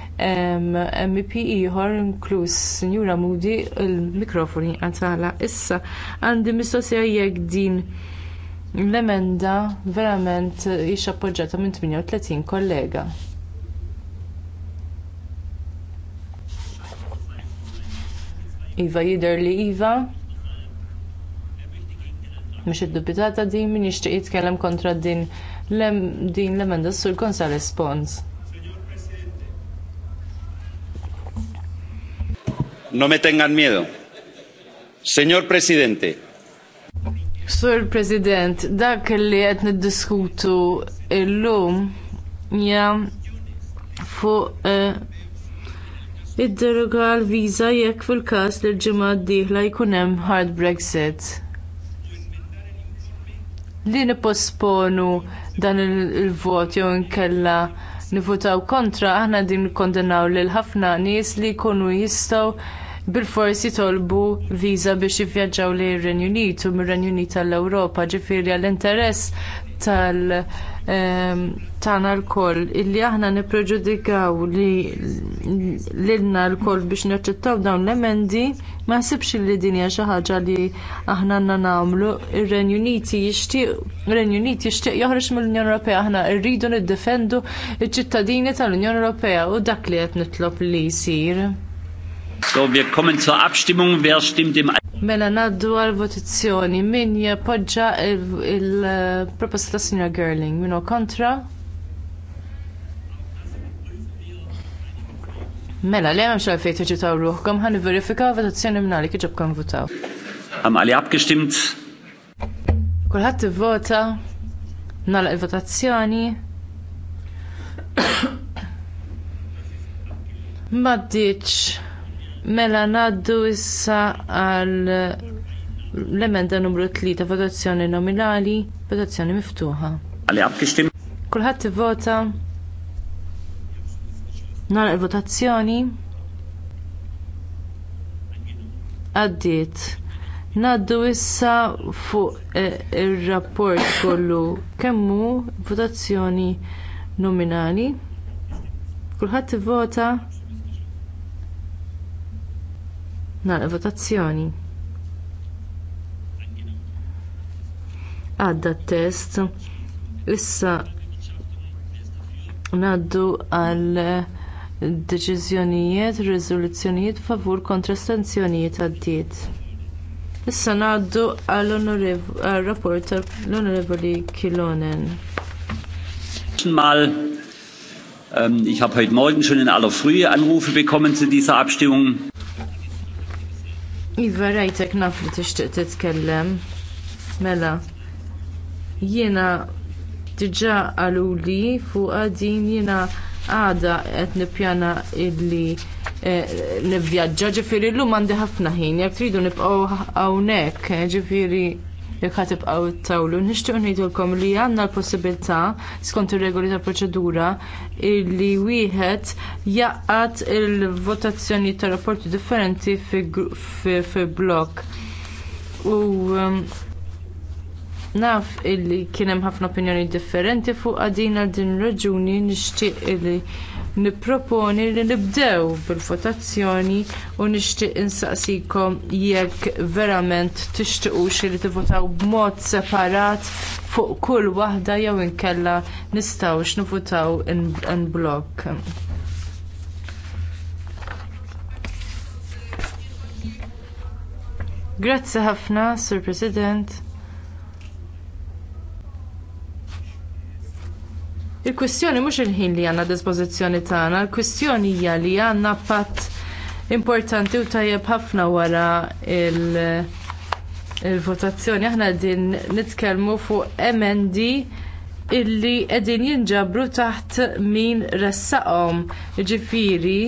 Speaker 4: MEP ieħor inkluż Sinjura Moody il-mikrofoni għatala issa għandi mistoqsija jekk din l-emenda verament hija appoġġjata minn 38 kollega. Iva jidher li Iva mhux iddubitata din min jixtieq jitkellem kontra din l-emenda sur konsa respons.
Speaker 5: no me tengan miedo. Señor Presidente.
Speaker 4: Sur President, dak li qed niddiskutu illum hija fuq eh, id-deroga l-viża jekk fil-każ li l-ġimgħa d-dieħla jkun hemm hard Brexit. Li nipposponu dan il-vot jew inkella nivutaw kontra aħna din nikkondenaw lil ħafna nies li jkunu jistgħu bilforsi jitolbu viża biex jivvjaġġaw lejn ir-Renju Unit u mir-Renju Unit tal-Ewropa, ġifieri għall-interess tal- ehm, tagħna lkoll illi aħna nippreġudikaw li lilna lkoll biex naċċettaw dawn l-emendi ma nsibx li din hija xi ħaġa li aħna għandna nagħmlu ir-Renju Uniti jixtieq ir-Renju Unit jixtieq joħroġ mill-Unjoni Ewropea aħna rridu niddefendu ċ-ċittadini tal-Unjoni Ewropea u dak li qed nitlob li jsir.
Speaker 5: So, wir kommen zur Abstimmung. Wer stimmt im
Speaker 4: Mela naddu għal votazzjoni min jappoġġa il-proposta il, ta' Sinja Gerling. Minu kontra? Mela, li għamx għalfejn teġitaw ruħkom ħan verifikaw votazzjoni minnali kieġobkom votaw.
Speaker 5: Għam għali abgestimt?
Speaker 4: Kulħadd ivvota nagħlaq il-votazzjoni. *coughs* Maddiċ. Mela ngħaddu issa għal l-emenda numru 3 votazzjoni nominali, votazzjoni miftuħa. Kulħadd ivvota nhar il-votazzjoni għaddiet. Ngħaddu issa fuq eh, ir-rapport kollu kemm hu votazzjoni nominali. Kulħadd ivvota Nara votazzjoni. Għadda t-test. Issa ngħaddu għal deċiżjonijiet, riżoluzzjonijiet favur kontra sanzjonijiet għaddiet. Issa ngħaddu għal rapport tal-Onorevoli Kilonen.
Speaker 5: Mal ähm, Ich habe heute Morgen schon in aller Frühe Anrufe bekommen zu dieser Abstimmung.
Speaker 4: Iva rajtek naf li tixtieq titkellem. Mela, jiena diġà għaluli fuq din jiena għada qed nippjana illi eh, nivvjaġġa ġifieri llum għandi ħafna ħin, jekk tridu nibqgħu hawnhekk, eh, ġifieri jekk ħad tibqgħu tawlu. Nixtieq ngħidulkom li għandna l-possibilità skont ir-regoli tal-proċedura li wieħed jaqgħad il-votazzjoni tar rapporti differenti fi blok. U um, naf illi kien hemm ħafna opinjoni differenti fuq għadina din raġuni nixtieq li nipproponi li nibdew bil-votazzjoni u nixtieq insaqsikom jekk verament tixtiequx li tivvotaw b'mod separat fuq kull waħda jew inkella nistgħux nivvotaw in blok. Grazzi ħafna, Sur President. Il-kwistjoni mhux il-ħin li għandna dispożizzjoni tagħna, il-kwistjoni hija li għandna patt importanti u tajjeb ħafna wara il-votazzjoni. Aħna din nitkellmu fuq emendi illi qegħdin jinġabru taħt min ressaqhom. Ġifieri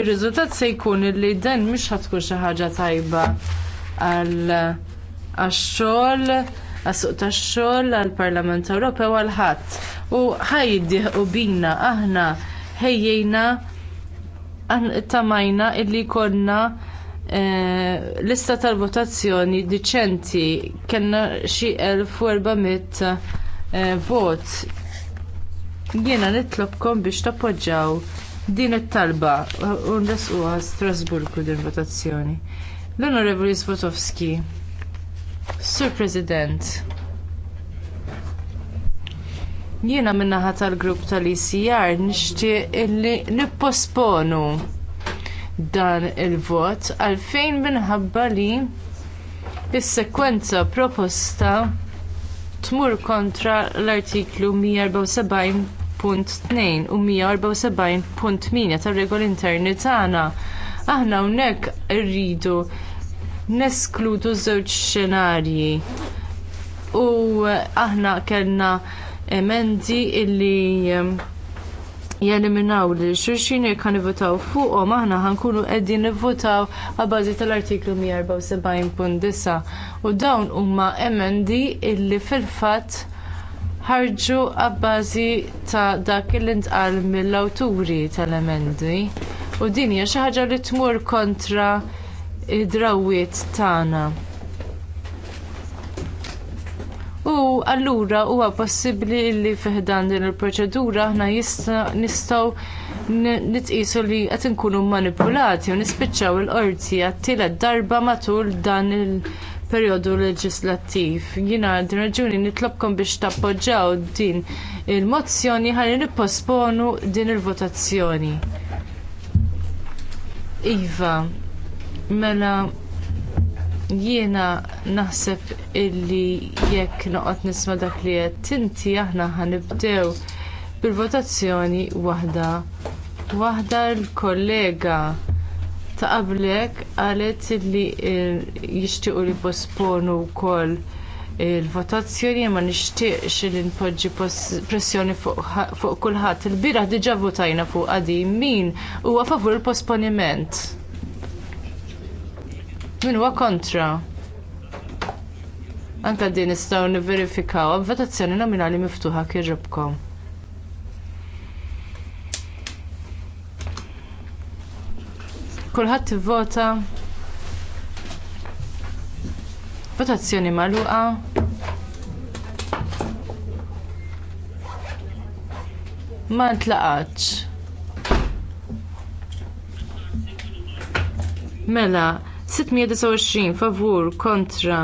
Speaker 4: ir-riżultat se jkun illi dan mhux ħatkun xi ħaġa tajba għal għax-xogħol għas-suq tax-xogħol għall-Parlament Ewropew għal ħadd. U ħajdiħqu bina aħna ħejjejna tamajna illi jkollna eh, lista tal-votazzjoni diċenti kellna xi 1400 eh, vot. Jiena nitlobkom biex tappoġġjaw din it-talba u nresquha Strasburgu din votazzjoni. L-Onorevoli Sur President, jiena min-naħa tal-grupp tal-ICR nixtieq illi nipposponu dan il-vot għalfejn minħabba li s sekwenza proposta tmur kontra l-artiklu 174.2 u 174.8 tar-regoli interni tagħna aħna hawnhekk irridu neskludu żewġ xenarji u eh, aħna kellna emendi illi eh, jeliminaw li xulxin jekk ħanivvotaw fuqhom aħna ħankunu qegħdin nivvotaw għabazi tal-artiklu 174.9 u dawn huma emendi illi fil-fatt ħarġu għabazi ta' dak li ntqal mill-awturi tal-emendi u din hija xi ħaġa li tmur kontra id-drawiet tagħna. U allura huwa possibbli li fiħdan din il-proċedura aħna nistgħu nitqisu li qed inkunu manipulati u nispiċċaw il-qorti għat-tielet darba matul dan il- perjodu leġislattiv. Jiena din raġuni nitlobkom biex tappoġġjaw din il-mozzjoni ħalli nipposponu din il-votazzjoni. Iva, Mela jiena naħseb illi jekk noqgħod nisma' dak li qed inti aħna ħanibdew bil-votazzjoni waħda waħda l-kollega ta' qablek qalet li eh, jixtiequ li posponu wkoll il-votazzjoni ma nixtieqx li npoġġi pressjoni fuq kulħadd. Il-bieraħ diġà votajna fuq qadim min huwa favur il-posponiment. Min huwa kontra? Anka din nistgħu nivverifikaw votazzjoni nominali miftuħa kirribkom. Kulħadd ivvota votazzjoni magħluqa. Ma ntlaqatx. Mela, 629 favur kontra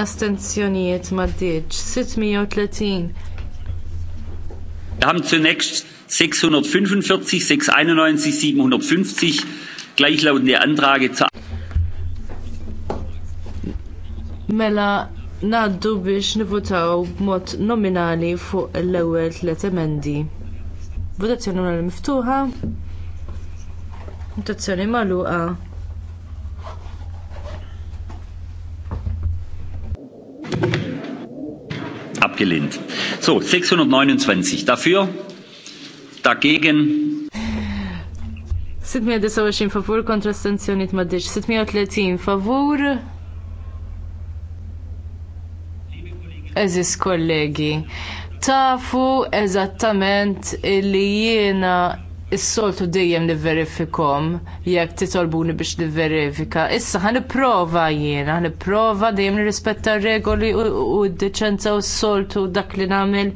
Speaker 4: astenzjonijiet m'għaddiex 630
Speaker 5: Wir 691, 750
Speaker 4: Mela ngħaddu biex nivvotaw b'mod nominali fuq l-ewwel tliet emendi. Votazzjoni miftuħa. Votazzjoni
Speaker 5: abgelehnt. So, 629 dafür, dagegen.
Speaker 4: 629 favur kontra astenzjoniet maddiċ, 630 favur. Eżis kollegi, tafu eżattament li jiena is-soltu dejjem nivverifikhom jekk titolbuni biex nivverifika. Issa ħan nipprova jiena, ħan nipprova dejjem nirrispetta r-regoli u d-deċenza u s-soltu dak li nagħmel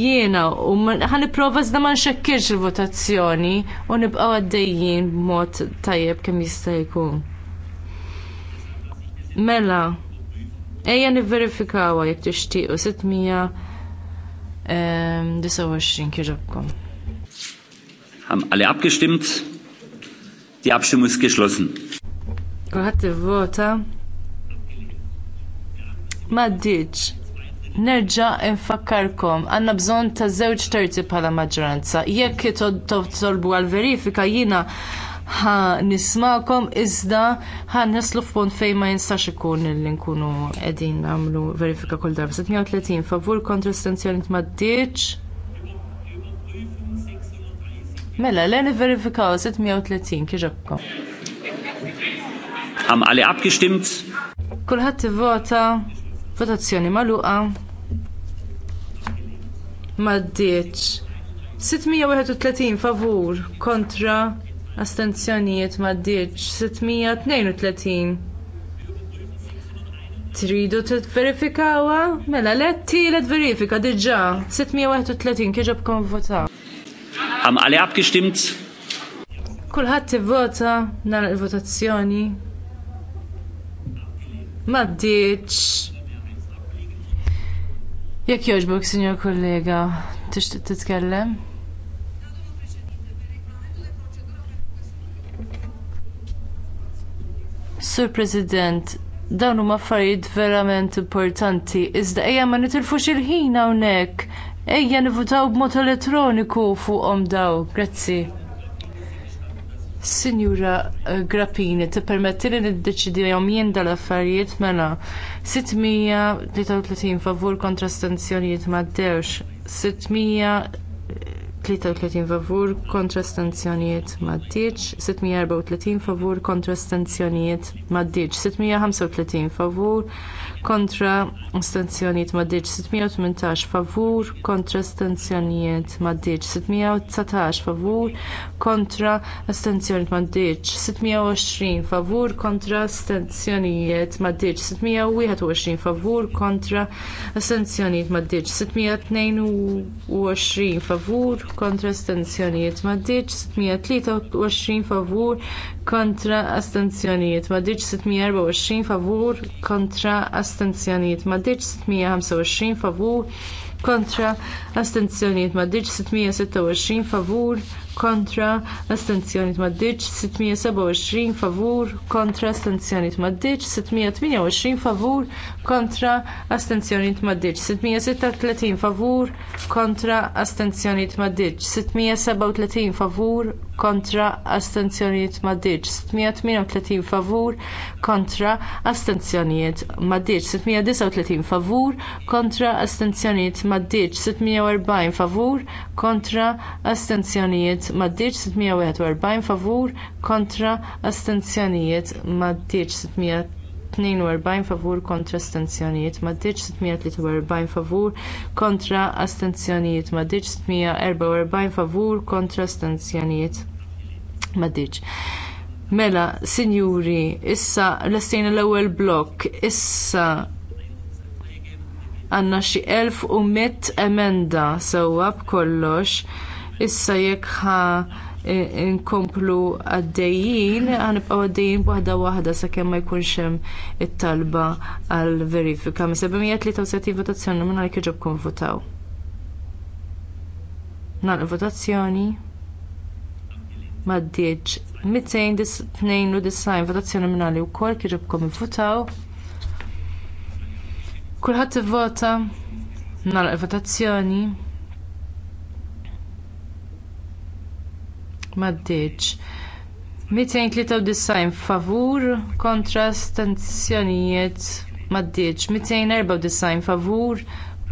Speaker 4: jiena u ħan nipprova iżda ma nxekkirx il-votazzjoni u nibqgħu għaddejjin b'mod tajjeb kemm jista' jkun. Mela, ejja nivverifikawha jekk tixtiequ 629 ehm, kieġobkom.
Speaker 5: Haben alle abgestimmt? Die Abstimmung ist geschlossen.
Speaker 4: Kulħadd ivvota. Ma Nerġa' infakkarkom, għandna bżonn ta' żewġ terzi bħala maġġoranza. Jekk tolbu għal verifika jiena ħa nismakom iżda ħa neslu f'pont fejn ma jinstax ikun li nkunu qegħdin nagħmlu verifika kull darba. 37 favur kontra estensjoni ma' Mela, l-għeni verifikaw 630 kħiġabko.
Speaker 5: Ham għali abgestimmt?
Speaker 4: Kulħadd vota votazzjoni magħluqa. Maddieċ. 631 favur kontra astenzjonijiet maddieċ. 632 Tridu t-verifikawa? Mela, let tielet verifika diġà. 631 kħiġabkom votaw.
Speaker 5: Haben alle abgestimmt?
Speaker 4: Kulħadd ivvota nara il-votazzjoni. Ma ddiċ. Jekk jogħġbok, sinjor kollega, tixtieq titkellem? Sur President, dawn huma affarijiet verament importanti, iżda ejja ma nitilfux il-ħin hawnhekk. Ejja nivutaw b'mod elettroniku fuqhom daw. Grazzi. Sinjura eh, Grappini, tippermetti li d-deċidi jom jien dal-affarijiet mela 633 favur kontra stanzjoniet ma' dewx, 633 favur kontra stanzjoniet ma' ddiċ, 634 favur kontra stanzjoniet ma' ddiċ, 635 favur kontra stazzjonijiet mad m'għaddiex 618 favur kontra stazzjonijiet mad m'għaddiex 619 favur kontra stazzjonijiet mad m'għaddiex 620 favur kontra stazzjonijiet mad m'għaddiex 621 favur kontra stazzjonijiet mad m'għaddiex 622 favur kontra stazzjonijiet mad m'għaddiex 623 favur kontra astenzjonijiet ma diċ 624 favur kontra astenzjonijiet ma diċ 625 favur kontra astenzjonijiet ma diċ 626 favur kontra astenzjoni tmaddiċ 627 favur kontra astenzjoni tmaddiċ 628 favur kontra astenzjoni tmaddiċ 636 favur kontra astenzjoni tmaddiċ 637 favur kontra astenzjoni tmaddiċ 638 favur kontra astenzjoni m'għaddiex 639 favur kontra astenzjoni m'għaddiex 640 favur kontra astenzjoni astenzjonijiet maddiċ 641 e favur kontra astenzjonijiet maddiċ 642 e favur kontra astenzjonijiet maddiċ 643 e favur kontra astenzjonijiet maddiċ 644 favur kontra astenzjonijiet maddiċ mela sinjuri issa lestejna l-ewwel blokk issa għandna xi 1100 emenda sewwa b'kollox Issa jekk ħa eh, nkomplu għaddejjin, għanibqaw għaddejjin waħda waħda sakemm ma jkunx hemm it-talba għal verifika. Mi 773 votazzjoni minn għalik iġobkom votaw. Nal votazzjoni ma ddieċ 292 votazzjoni minn għalik ukoll kieġobkom votaw. Kulħadd ivvota nagħlaq votazzjoni Maddiċ. 293 favur kontra astenzjonijiet maddiċ. 294 favur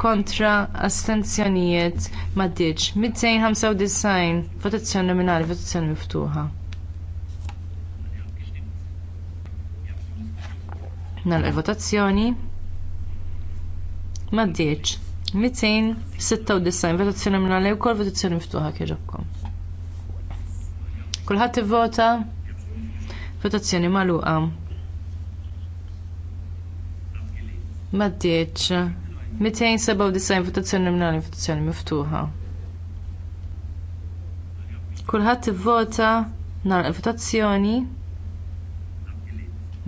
Speaker 4: kontra astenzjonijiet maddiċ. 295 votazzjoni nominali, votazzjoni miftuħa. Nagħlaq votazzjoni. Maddiċ. 296 votazzjoni nominali wkoll votazzjoni miftuħa kieġobkom. Kulħadd ivvota. Votazzjoni magħluqa. Ma 297 votazzjoni nominali votazzjoni miftuħa. Kulħadd ivvota nagħlaq votazzjoni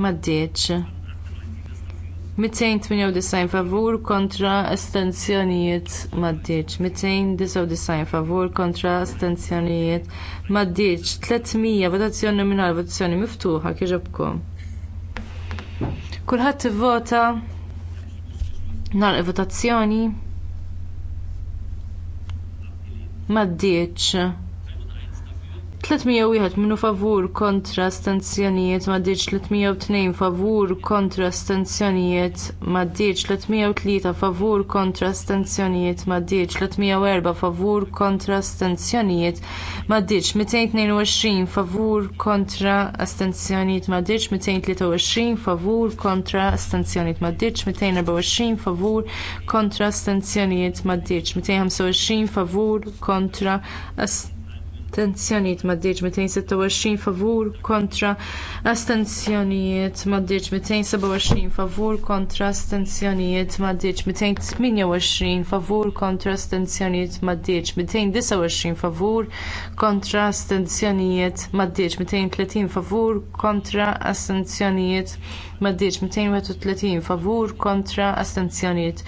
Speaker 4: ma 298 favur kontra astenzjonijiet maddiċ 299 favur kontra astenzjonijiet maddiċ 300 votazzjoni nominali votazzjoni miftuħa kieġobkom kulħadd ivvota nagħlaq votazzjoni maddiċ 301 minnu favur kontra stanzjonijiet m'għaddiex 302 favur kontra stanzjonijiet m'għaddiex 303 favur kontra stanzjonijiet m'għaddiex 304 favur kontra stanzjonijiet m'għaddiex 222 favur kontra stanzjonijiet m'għaddiex 223 favur kontra stanzjonijiet m'għaddiex 224 favur kontra stanzjonijiet m'għaddiex 225 favur kontra stanzjonijiet astenzjonijiet maddiċ 226 favur kontra astenzjonijiet maddiċ 227 favur kontra astenzjonijiet maddiċ 228 favur kontra astenzjonijiet maddiċ 229 favur kontra astenzjonijiet maddiċ 230 favur kontra astenzjonijiet maddiċ 231 favur kontra astenzjonijiet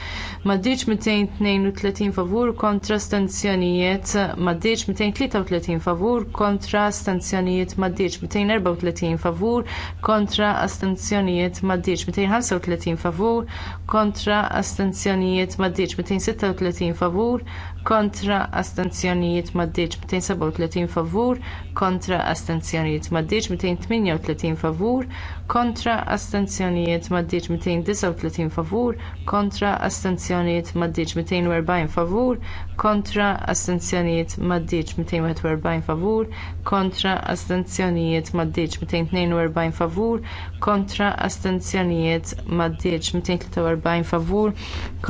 Speaker 4: maddiċ 232 favur kontra astenzjonijiet maddiċ 233 favur kontra astenzjonijiet maddiċ 234 favur kontra astenzjonijiet maddiċ 235 favur kontra astenzjonijiet maddiċ 236 favur kontra astenzjonijiet maddiċ 237 favur kontra astenzjonijiet maddiċ 238 favur kontra astenzjonijiet maddiċ 239 favur kontra astenzjonijiet maddiċ 240 favur kontra astenzjonijiet maddiċ 241 favur kontra astenzjonijiet maddiċ 242 favur kontra astenzjonijiet maddiċ 243 favur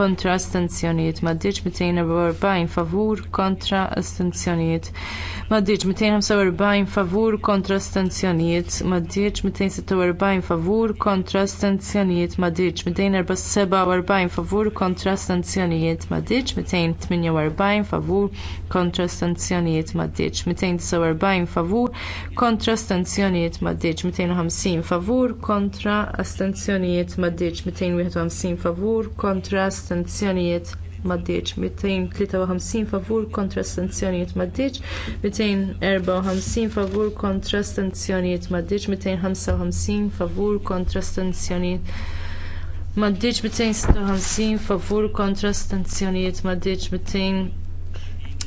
Speaker 4: kontra astenzjonijiet maddiċ 244 240 favur kontra astenzjonijiet. Maddiġ 245 favur kontra astenzjonijiet. Maddiġ 246 favur kontra astenzjonijiet. Maddiġ 247 favur kontra astenzjonijiet. Maddiġ 248 favur kontra astenzjonijiet. Maddiġ 249 favur kontra astenzjonijiet. Maddiġ 250 favur kontra astenzjonijiet. Maddiġ 251 favur kontra astenzjonijiet maddiċ, 253 favur kontra astenzjonijiet maddiċ, 254 favur kontra astenzjonijiet maddiċ, 255 favur kontra astenzjonijiet maddiċ, 256 favur kontra astenzjonijiet maddiċ,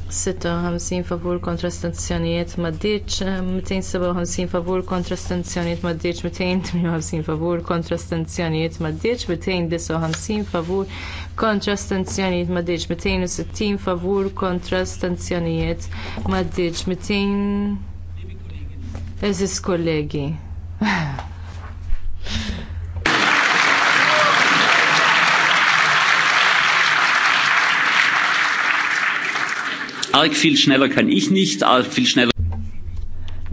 Speaker 4: 56 favur kontra stanzjonijiet maddiċ, 257 favur kontra stanzjonijiet maddiċ, 258 favur kontra stanzjonijiet maddiċ, 259 favur kontra stanzjonijiet maddiċ, 260 favur kontra stanzjonijiet maddiċ, 200 Eżis kollegi. *laughs*
Speaker 5: Arg viel schneller kann ich nicht, arg viel schneller.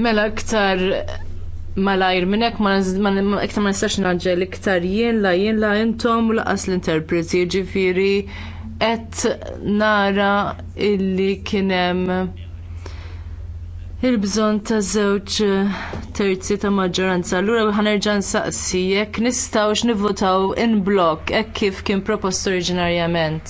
Speaker 4: Mela iktar malajr minnek ma iktar ma nistax naġġel iktar jien la jien la intom laqas l-interpreti ġifiri qed nara illi kienem il-bżon ta' żewġ terzi ta' maġġoranza. Allura ħanerġa' nsaqsi jekk nistgħux nivvotaw in blok hekk kif kien propost oriġinarjament.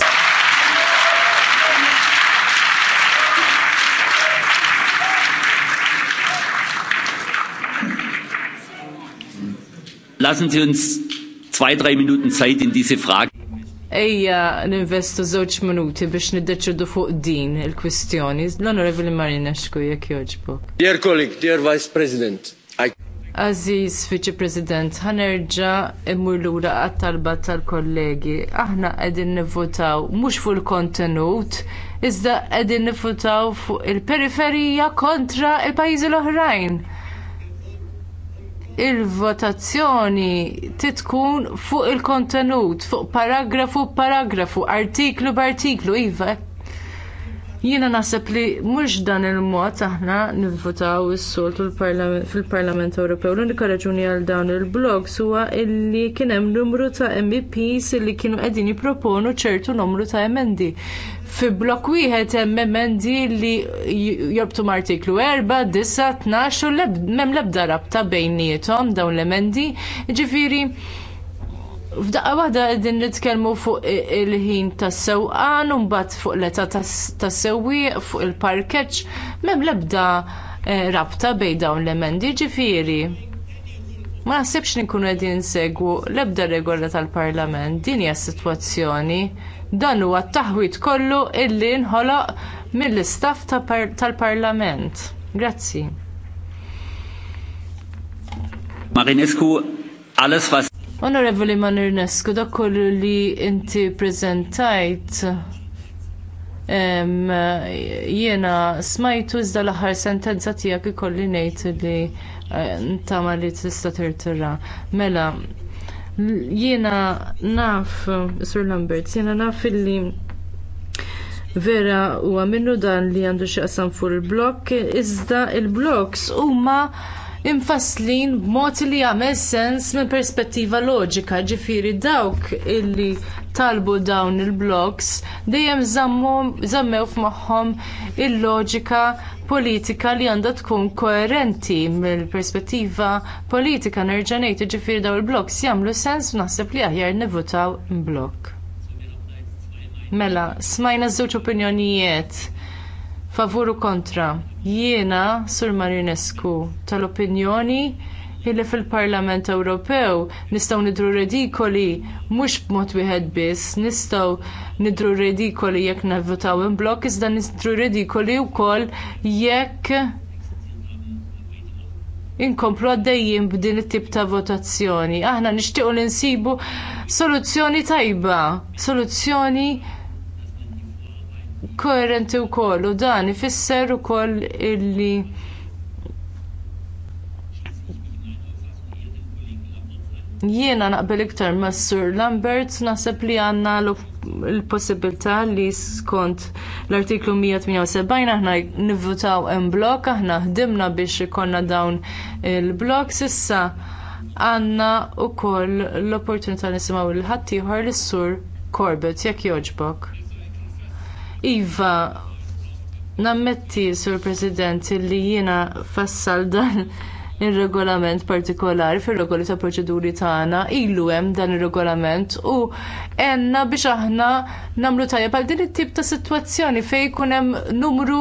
Speaker 5: Lassen Sie uns zwei, drei Minuten Zeit in diese Frage.
Speaker 4: Ejja ninvestu żewġ minuti biex niddeċidu fuq din il-kwistjoni. L-Onorevoli Marina xku jekk joġbok.
Speaker 3: Dear colleague, dear Vice President, I...
Speaker 4: Aziz Vice President, ħanerġa immur lura għat-talba tal-kollegi. Aħna qegħdin nivvotaw mhux fuq il-kontenut, iżda qegħdin nivvotaw fuq il-periferija kontra il-pajjiżi l-oħrajn il-votazzjoni titkun fuq il-kontenut, fuq paragrafu paragrafu, artiklu b'artiklu, iva. Jiena naħseb li mhux dan il-mod aħna nivvotaw is-soltu fil-Parlament Ewropew. L-unika raġuni għal dawn il blog huwa li kien hemm numru ta' MEPs li kienu qegħdin jipproponu ċertu numru ta' emendi fi blok wieħed hemm emendi li jobtu artiklu 4, 9, 12 u m'hemm l-ebda rabta bejniethom dawn l-emendi. Ġifieri F'daqqa waħda qegħdin nitkellmu fuq il-ħin tas-sewqan u mbagħad fuq l-età tas-sewwieq fuq il-parkeġġ m'hemm l-ebda eh, rabta bejn dawn l-emendi ġifieri. Ma naħsibx li nkunu qegħdin insegwu l-ebda regola tal-Parlament din hija s-sitwazzjoni. Dan huwa t-taħwit kollu illi nħoloq mill-istaff tal-Parlament. Grazzi.
Speaker 5: Marinescu, alles was
Speaker 4: Onorevoli Marinescu, dak kollu li inti prezentajt jiena smajtu iżda l-aħħar sentenza tiegħek ikolli ngħid li uh, ntama li tista' tirtira. Mela, Jiena naf, Sir Lambert, jiena naf illi vera huwa minnu dan li għandu xi fuq il-blok, iżda il-bloks huma imfasslin b'mod li jagħmel sens minn perspettiva loġika, ġifieri dawk illi talbu dawn il-blogs dejjem żammew f'moħħhom il-loġika politika li għandha tkun koerenti mill-perspettiva politika nerġa' ngħid iġifieri dawn il-blogs jagħmlu sens u naħseb li aħjar nivvutaw blok. Mela, smajna żewġ opinjonijiet favur u kontra. Jiena, Sur Marinescu, tal-opinjoni illi fil-Parlament Ewropew nistgħu nidru redikoli mhux b'mod wieħed biss, nistgħu nidru redikoli jekk navvutaw in blok, iżda nidru redikoli wkoll jekk inkomplu għaddejjin b'din it-tip ta' votazzjoni. Aħna nixtiequ li nsibu soluzzjoni tajba, soluzzjoni koerenti wkoll u dan ifisser ukoll illi jiena naqbel iktar mas Sur Lambert naħseb li għandna l-possibilità li skont l-artiklu 178 aħna nivvutaw hemm blok, aħna ħdimna biex ikollna dawn il-blok issa għandna wkoll l-opportunità nisimgħu il ħaddieħor lis sur Corbett jekk jogħġbok. Iva, nammetti, Sur President, li jiena fassal dan ir-regolament partikolari fir-regoli ta' proċeduri tagħna ilu hemm dan ir-regolament u għenna biex aħna nagħmlu tajjeb għal din it-tip ta' sitwazzjoni fejn jkun hemm numru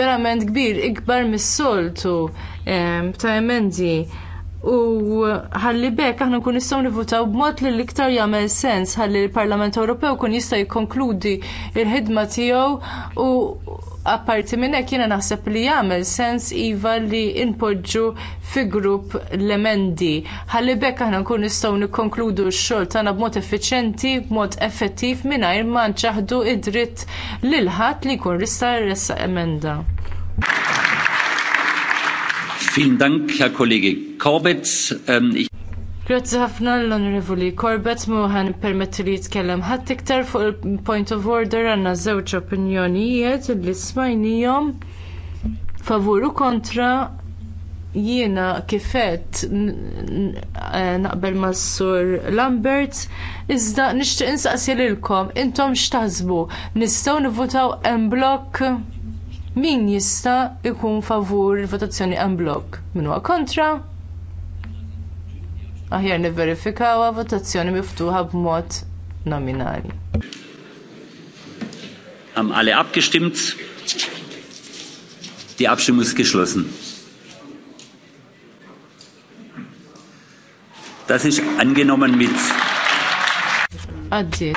Speaker 4: verament kbir ikbar mis-soltu ta' emendi u ħalli bekk aħna nkun nistgħu nivutaw b'mod li l-iktar jagħmel sens ħalli l-Parlament Ewropew kun jista' jikkonkludi l ħidma tiegħu u apparti minn hekk jiena naħseb li jagħmel sens iva li npoġġu fi grupp l-emendi. Ħalli bekk aħna nkun nistgħu nikkonkludu x-xogħol tagħna b'mod effiċjenti, b'mod effettiv mingħajr ma nċaħdu id-dritt lil ħadd li jkun rista' jressaq emenda.
Speaker 5: Vielen Dank, Herr Kollege Corbett. Ähm,
Speaker 4: Grazzi ħafna l-Onorevoli Corbett muħan permetti li jitkellem ħadd iktar fuq il-point of order għandna żewġ opinjonijiet li smajnijom favur u kontra jiena kifet eh, naqbel mas-sur Lambert iżda nixtieq insaqsi lilkom intom x'taħsbu nistgħu nivvutaw en blok Min jista' jkun favur il-votazzjoni en blok? Min huwa kontra? Aħjar nivverifikaw votazzjoni miftuħa b'mod nominali.
Speaker 5: Haben alle abgestimmt? Die Abstimmung ist geschlossen. Das ist angenommen mit drei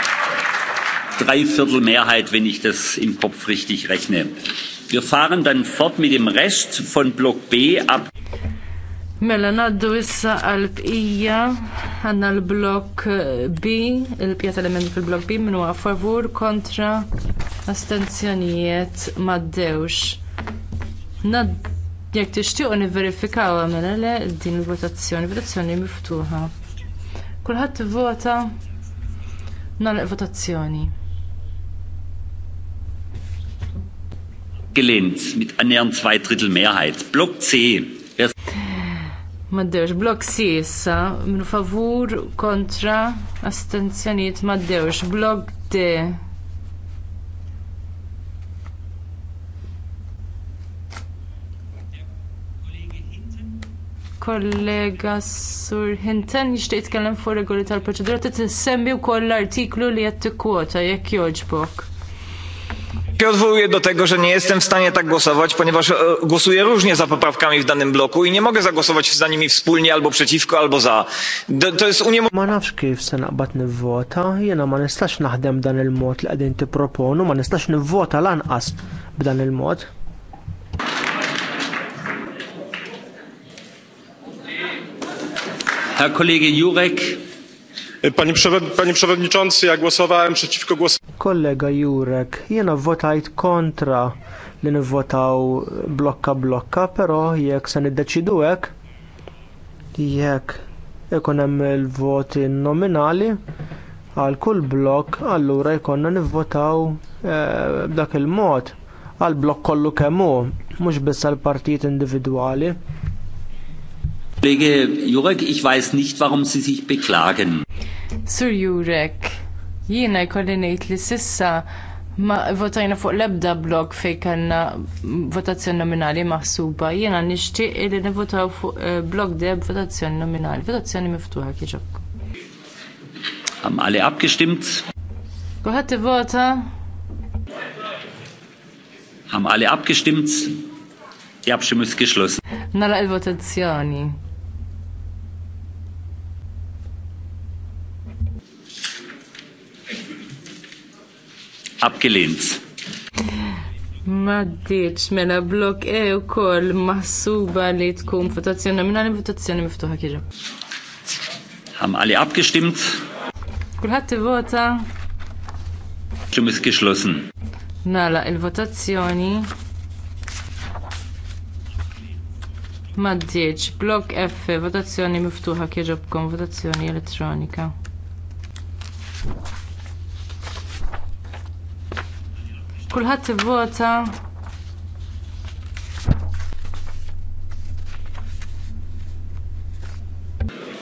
Speaker 5: Dreiviertel Mehrheit, wenn ich das im Kopf richtig rechne. Wir fahren dann fort mit dem Rest von Block B ab.
Speaker 4: Mela naddu issa għal bqija għanna l-blok B, il-pjat element fil-blok B minnu huwa favur kontra astenzjonijiet maddewx. Nad jekk tixtiequ verifikaw mela le din il-votazzjoni, votazzjoni miftuħa. Kulħadd vota nal votazzjoni.
Speaker 5: abgelehnt mit annähernd zwei Drittel Mehrheit. Block C.
Speaker 4: Maddeus, Block C issa, minn favur kontra astenzjoniet Maddeus, Block D. kollega Sur Hinten jixtieq jitkellem fuq regoli tal-proċedura titsemmi wkoll l-artiklu li qed tikkwota jekk jogħġbok
Speaker 5: się odwołuję do tego że nie jestem w stanie tak głosować ponieważ e, głosuję różnie za poprawkami w danym bloku i nie mogę zagłosować za nimi wspólnie albo
Speaker 3: przeciwko albo za. to jest
Speaker 7: Ma nafx kif se naqbad nivvota, jena ma nistax naħdem dan il-mod li qegħdin tipproponu, ma nistax nivvota lanqas b'dan il-mod.
Speaker 5: Herr Kollege Jurek, Pani, Przewodniczący, ja głosowałem przeciwko
Speaker 7: Kollega Jurek, jena votajt kontra li nivvotaw blokka blokka, però jekk se niddeċidu hekk, jekk ikun hemm il-voti nominali għal kull blokk, allura jkollna nivvotaw e, b'dak il-mod għal blokk kollu kemm hu, mhux biss għal partit individwali.
Speaker 5: Kollege Jurek, ich weiß nicht, warum Sie sich beklagen.
Speaker 4: Sir Jurek, jiena jkolli ngħid li sissa ma votajna fuq l-ebda blok fej kanna votazzjoni nominali maħsuba. Jiena nixtieq li nivvotaw fuq eh, blok deb votazzjoni nominali, votazzjoni miftuħa kieġobkom.
Speaker 5: Am alle abgestimmt?
Speaker 4: Kulħadd vota?
Speaker 5: Am alle abgestimmt? Die Abstimmung ist geschlossen.
Speaker 4: Nara il-votazzjoni.
Speaker 5: Abgelehnt.
Speaker 4: Maddiċ, mela blok e u koll maħsuba li tkun votazzjoni li votazzjoni miftuħa kieġa.
Speaker 5: Ham għali abgestimmt?
Speaker 4: Kulħadd ivota.
Speaker 5: Ġim iskixlosen.
Speaker 4: Nala, il-votazzjoni. Maddiċ, blok F, votazzjoni miftuħa kieġa bkom votazzjoni elettronika. Kulħadd ivvota.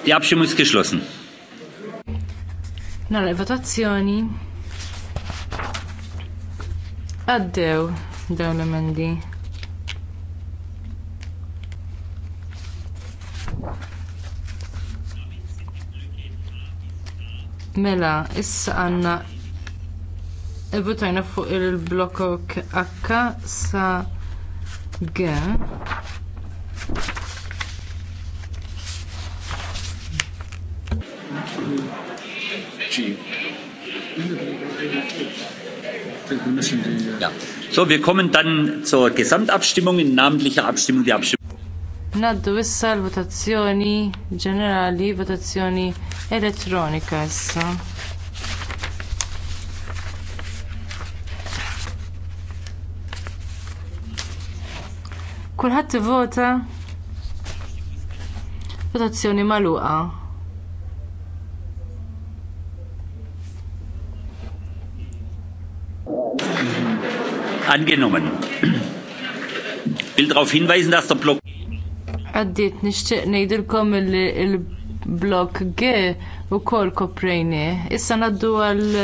Speaker 5: Die Abstimmung ist geschlossen.
Speaker 4: Nara votazioni. Għaddew dawn l-emendi. Mela, issa għanna votajna fuq il-blokok H sa G.
Speaker 5: Ja. So, wir kommen dann zur Gesamtabstimmung in namentlicher Abstimmung die Abstimmung.
Speaker 4: Naddu issa l-votazzjoni ġenerali, votazzjoni elettronika issa. Kulħadd ivota votazzjoni magħluqa.
Speaker 5: Angenommen. Will darauf hinweisen, dass der Block
Speaker 4: Għaddiet nixtieq ngħidilkom li l-blok G ukoll koprejni. Issa ngħaddu għall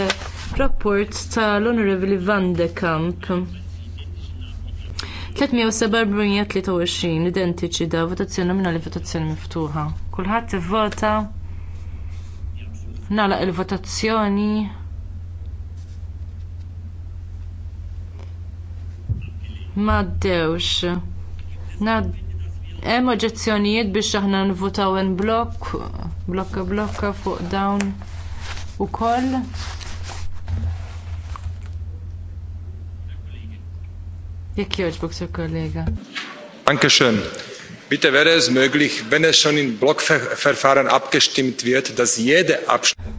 Speaker 4: rapport tal-Onorevoli Van de Kamp. 327 identiċi da votazzjoni nominali votazzjoni miftuħa. Kulħadd ivvota. Nagħlaq il-votazzjoni. M'għaddewx. Hemm oġġezzjonijiet biex aħna nvutaw in blokk, blokka blokka fuq dawn ukoll. Jekk jogħġbok, sur kollega.
Speaker 5: Dankeschön. Bitte wäre es möglich, wenn es schon in Blockverfahren abgestimmt wird, dass jede Abstimmung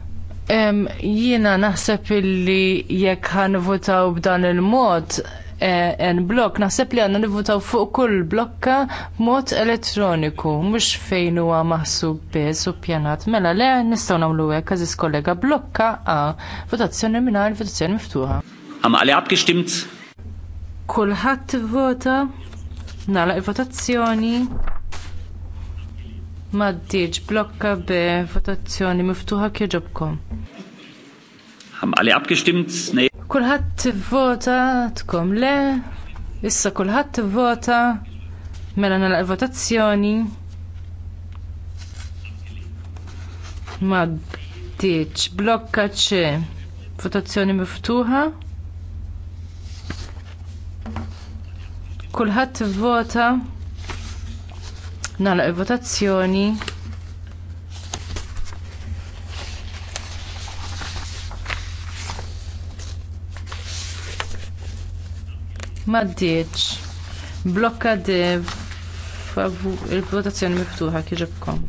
Speaker 4: Um, jiena naħseb illi jekk ħan votaw b'dan il-mod e, en blok, naħseb li għanna nivvotaw fuq kull blokka mod elettroniku, mhux fejn huwa maħsub biss u pjanat. Mela le nistgħu nagħmlu hekk għażis kollega blokka a votazzjoni mingħajr votazzjoni miftuħa.
Speaker 5: Għamma għalli abgestimmt?
Speaker 4: Kulħadd ivvota nagħlaq il-votazzjoni m'għaddiex blokka b'votazzjoni miftuħa kieġobkom.
Speaker 5: Haben
Speaker 4: Kulħadd ivvota tkom le, issa kulħadd ivvota mela nagħlaq il-votazzjoni. Ma blokka ċe votazzjoni miftuħa. Kulħadd vota nagħlaq il-votazzjoni. Maddiċ. Blokka dev il-votazzjoni miftuħa kieġibkom.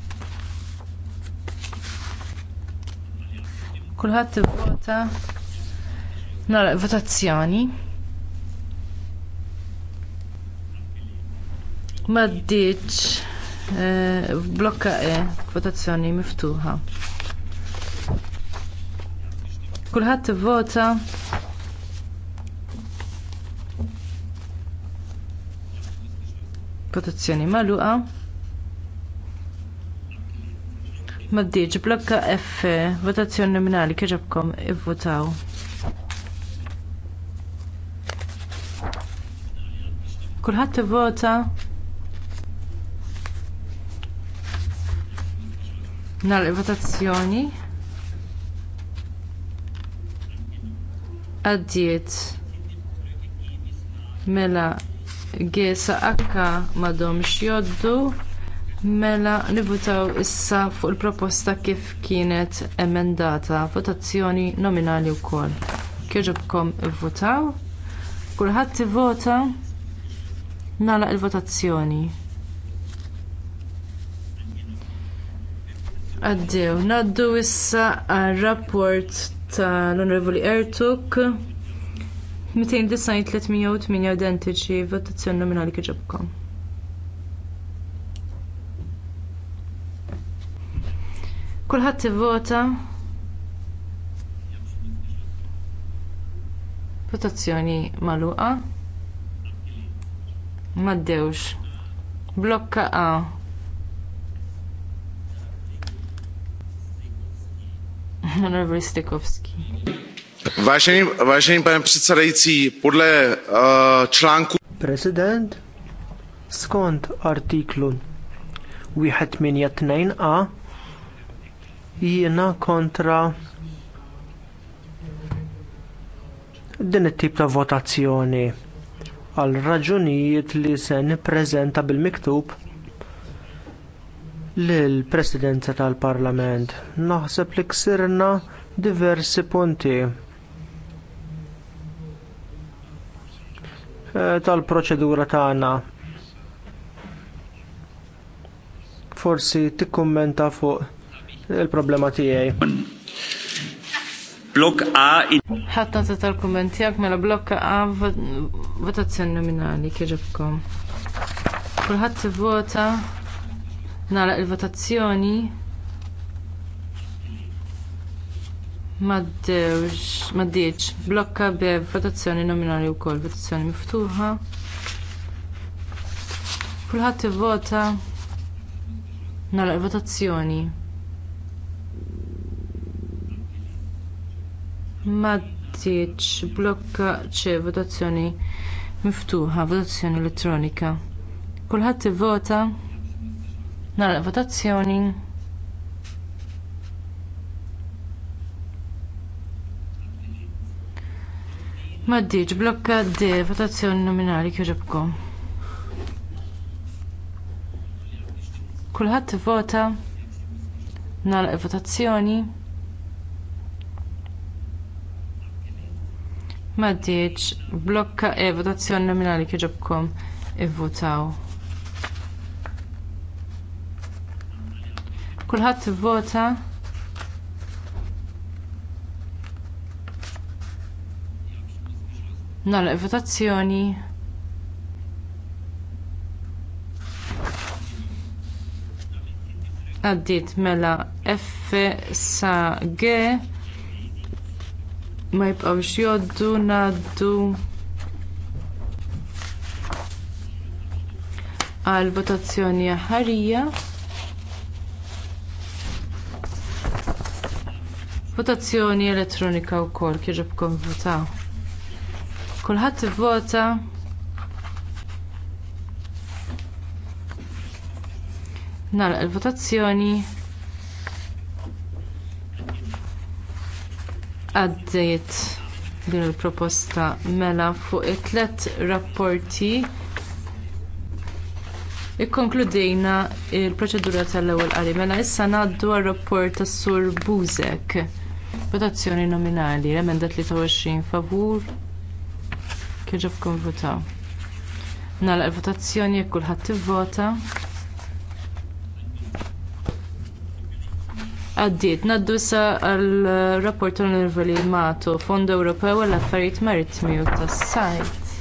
Speaker 4: Kulħadd ivvota nara votazzjoni. Maddiċ eh, blokka E, votazzjoni miftuħa. Kulħadd ivvota. Votazzjoni magħluqa. Maddiċ blokka F, votazzjoni nominali kieġabkom ivvotaw. Kulħadd ivvota. il votazzjoni. Għaddiet. Mela gesa akka madomx jgħoddu, Mela nivutaw issa fuq il-proposta kif kienet emendata. Votazzjoni nominali wkoll. Kieġobkom ivvutaw. Kulħadd ivvota nagħlaq il-votazzjoni. Għaddew, naddu issa għal-rapport tal-Onorevoli Ertuk 293 identiċi votazzjoni nominali kħiġabkom. Kulħadd ivvota votazzjoni magħluqa m'għaddewx. Blokka A Honorable
Speaker 3: pane předsedající, podle uh, článku...
Speaker 4: Prezident,
Speaker 7: skont artiklu 182a jiena kontra din it-tip ta' votazzjoni għal raġunijiet li se nippreżenta bil-miktub lill-Presidenza tal-Parlament. Naħseb li ksirna diversi punti eh, tal-proċedura tagħna. Forsi tikkummenta
Speaker 4: fuq il-problema tiegħi.
Speaker 5: Blok A.
Speaker 4: Ħatta ta' tal-kumment tiegħek mela blok A votazzjoni nominali kieġobkom. Kulħadd ivvota Nara il-votazzjoni. ma maddiċ, blokka b'votazzjoni votazzjoni nominali wkoll votazzjoni miftuħa. Kulħadd ivvota nara il-votazzjoni. Maddiċ, blokka ċe votazzjoni miftuħa, votazzjoni elettronika. Kulħadd ivvota Nara votazzjoni. Maddiġ, blokka D, votazzjoni nominali kjoġobkom. Kulħadd vota nara votazzjoni. Maddiġ, blokka E, eh, votazzjoni nominali kjoġobkom. Ivvotaw. Kulħadd vota Nagħlaq votazzjoni. Għaddiet mela F sa G ma jibqgħux jgħoddu ngħaddu għal votazzjoni aħħarija. Votazzjoni elettronika wkoll kif ġobkom votaw. Kulħadd ivvota. Nagħlaq il-votazzjoni. Għaddiet din il-proposta mela fuq it-tlet rapporti ikkonkludejna l proċedura tal-ewwel qari mela issa ngħaddu għar-rapport tas-sur Buzek. Votazzjoni nominali, l emenda 23 favur. Kieġobkom votaw. Nagħlaq il-votazzjoni jekk kulħadd tivvota. Għaddiet, naddu issa għal rapport onorevoli Mato, Fond Ewropew għall affarijiet Maritmi u tas-sajt.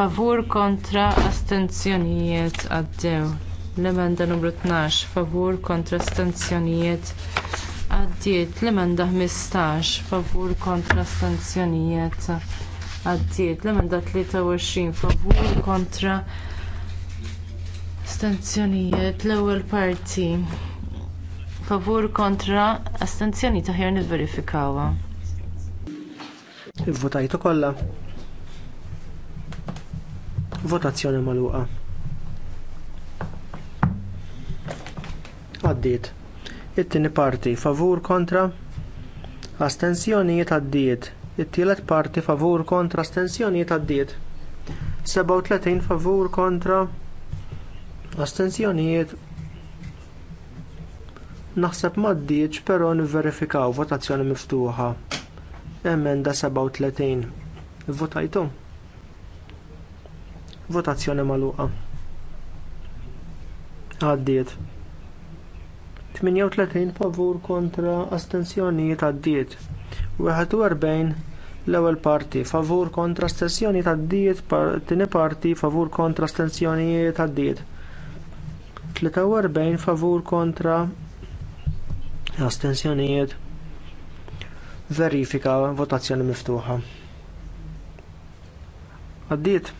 Speaker 4: Favur kontra astenzjonijiet għaddew. L-emenda numru 12, favur kontra astenzjonijiet Għaddiet l-emenda 15 favur kontra stanzjonijiet. Għaddiet l-emenda 23 favur kontra stanzjonijiet l-ewwel parti. Favur kontra astenzjoni taħjar nil il
Speaker 7: Votajtu kollha. Votazzjoni magħluqa. Għaddiet it-tieni parti favur kontra astensjonijiet għaddiet. It-tielet parti favur kontra astensjonijiet għaddiet. 37 favur kontra astensjonijiet Naħseb maddiċ però nivverifikaw votazzjoni miftuħa. Emenda 37. Votajtu. Votazzjoni magħluqa. Għaddiet. 38 favur kontra astensjoni tad u 41 l-ewwel parti favur kontra astensjoni tad tieni parti favur kontra astensjoni tad-diet. 43 favur kontra astensjonijiet. Verifika votazzjoni miftuħa. Għaddiet.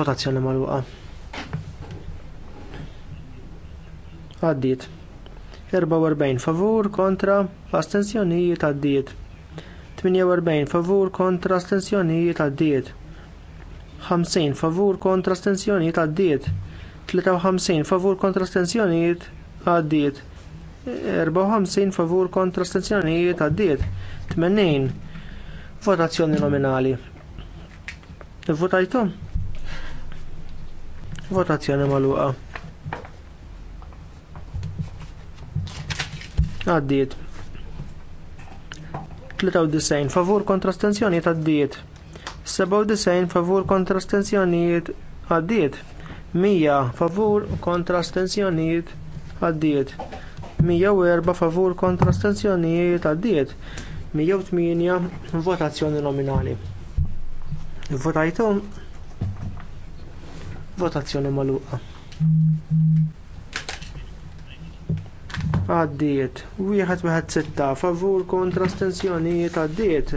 Speaker 7: Votazzjoni magħluqa. għaddiet. 44 favur kontra astensjonijiet għaddiet. 48 favur kontra astensjonijiet għaddiet. 50 favur kontra astensjonijiet għaddiet. 53 favur kontra astensjonijiet għaddiet. 54 favur kontra astensjonijiet għaddiet. 80 votazzjoni nominali. Votajtu? Votazzjoni maluqa. Għaddiet. 93 favur kontra stenzjonijiet għaddiet. 97 favur kontra stenzjonijiet għaddiet. 100 favur kontra stenzjonijiet għaddiet. 104 favur kontra stenzjonijiet għaddiet. 108 votazzjoni nominali. Votajtu votazzjoni magħluqa għaddiet. Wieħed wieħed sitta favur kontra stensjonijiet għaddiet.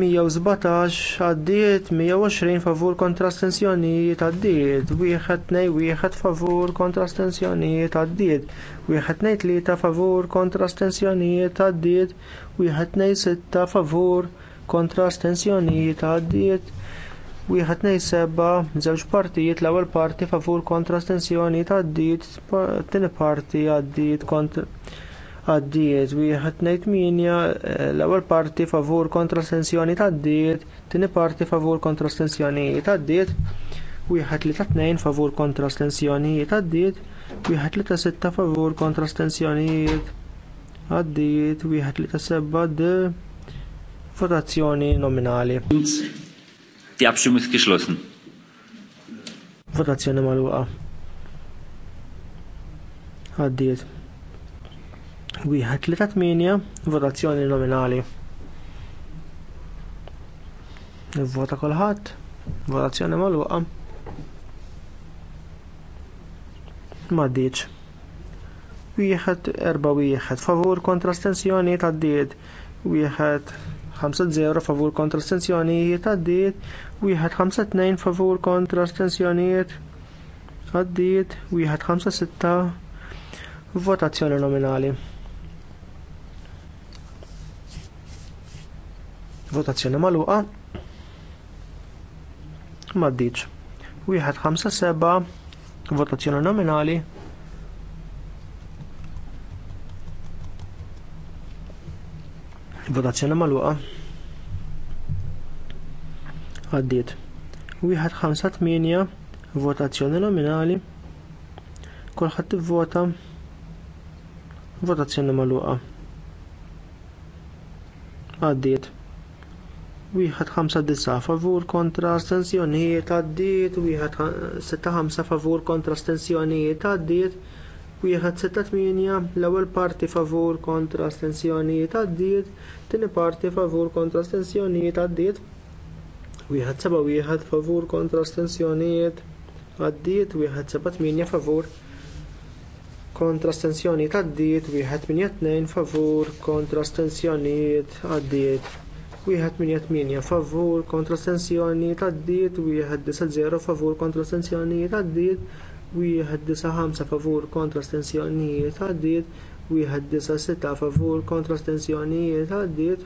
Speaker 7: 117 għaddiet, 120 favur kontra stensjonijiet għaddiet, wieħed nej wieħed favur kontra stensjonijiet għaddiet, wieħed nej tlieta favur kontra stensjonijiet għaddiet, wieħed nej sitta favur kontra stensjonijiet għaddiet wieħed ngħid seba' żewġ partijiet l-ewwel parti favur kontra astensjoni tad-diet tieni parti għad kontra għad wieħed ngħid minja l-ewwel parti favur kontra astensjoni tad-diet tieni parti favur kontra astensjoni tad-diet wieħed li ta' tnejn favur kontra astensjonijiet għaddiet wieħed li ta' sitta favur kontra astensjonijiet għaddiet wieħed li ta' seba' d votazzjoni nominali.
Speaker 5: Die Abstimmung ist geschlossen.
Speaker 7: mal-waqa. Għaddiet. Wieħed tlieta tminja votazzjoni nominali. Nivvota kolħat, votazzjoni mal-waqa. Maddiċ. Wieħed erba' wieħed favur kontra stensjoni tad-diet. Wieħed 5-0 favur kontra astensjonijiet għaddiet, wieħed 5-2 favur kontra astensjonijiet għaddiet, wieħed 5-6 votazzjoni nominali. Votazzjoni magħluqa. Maddiċ. Wieħed 5-7 votazzjoni nominali. Votazzjoni magħluqa. Għaddiet. Wieħed ħamsa tminja votazzjoni nominali. Kulħadd tivvota? Votazzjoni mal-waqa Għaddiet. Wieħed ħamsa disa favur kontra astensjonijiet għaddiet, wieħed sitta ħamsa favur kontra astensjonijiet għaddiet. Wieħed 6 l-ewwel parti favur kontra astensjonijiet għaddiet, tieni parti favur kontra astensjonijiet għaddiet. Wieħed seba' wieħed favur kontra astensjonijiet għaddiet, wieħed seba' favur kontra astensjonijiet għaddiet, wieħed 8 favur kontra astensjonijiet għaddiet. Wieħed 1 favur kontra astensjonijiet għaddiet, wieħed 9-0 favur kontra astensjonijiet għaddiet 195 favur kontra stensjonijiet għaddiet 6 favur kontra stensjonijiet għaddiet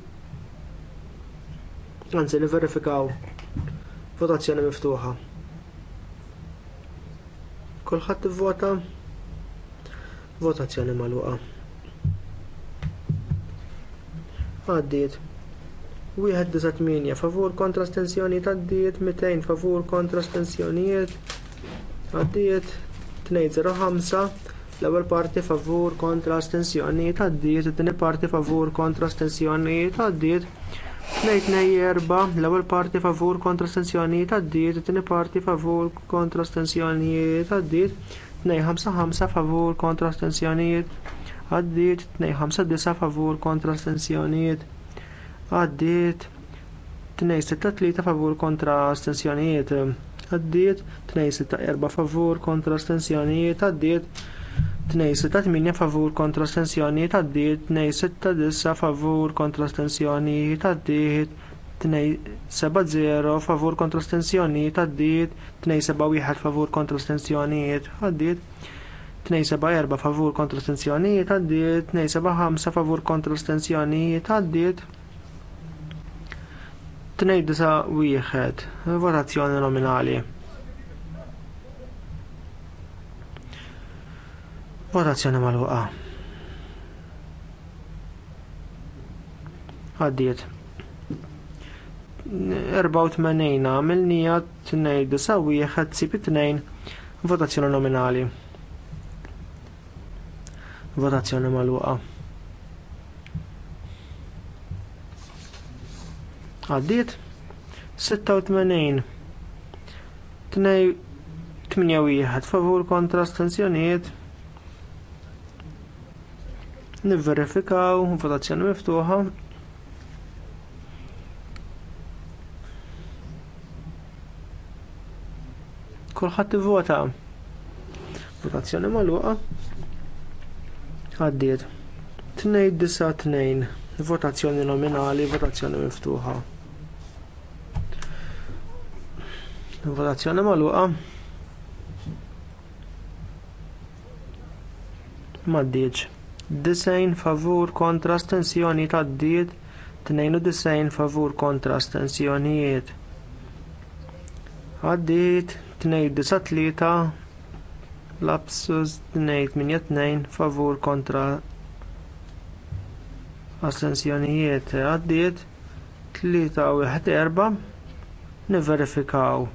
Speaker 7: anzi nivverifikaw. votazzjoni miftuħa kulħadd ivvota votazzjoni magħluqa għaddiet 198 favur kontra stensjonijiet għaddiet 200 favur kontra stensjonijiet. Għaddiet 205 l-ewwel parti favur kontra astensjonijiet għaddiet, it-tieni parti favur kontra astensjonijiet għaddiet. Nejt erba l-ewwel parti favur kontra astensjonijiet għaddiet, it-tieni parti favur kontra astensjonijiet għaddiet. Tnej ħamsa favur kontra astensjonijiet għaddiet, tnej ħamsa favur kontra astensjonijiet għaddiet. Tnej sitta favur kontra astensjonijiet tad-diet, għaddiet, 264 favur kontra astensjonijiet tad-diet, għaddiet, 268 favur kontra astensjonijiet tad-diet, għaddiet, 269 favur kontra astensjonijiet tad-diet, għaddiet, 270 favur kontra astensjonijiet tad-diet, għaddiet, 271 favur kontra astensjonijiet tad-diet, għaddiet. 274 favur kontra astensjonijiet stenzjonijiet għaddiet, 275 favur kontra astensjonijiet tad għaddiet, Tnejdu sa wieħed, votazzjoni nominali. Votazzjoni mal-waqa. Għaddiet. 84 għamilnija tnejdu sa wieħed sib tnejn votazzjoni nominali. Votazzjoni mal għaddiet 86 81 favur kontra astensjonijiet nivverifikaw votazzjoni miftuħa kulħadd ivvota votazzjoni magħluqa għaddiet 92 votazzjoni nominali votazzjoni miftuħa Votazzjoni magħluqa. Maddiġ. Disejn favur kontra stensjoni tad Tnejnu disajn favur kontra stensjonijiet. Għaddiet 293 lapsus tnejn favur kontra astensjonijiet għaddiet tlita u erba niverifikaw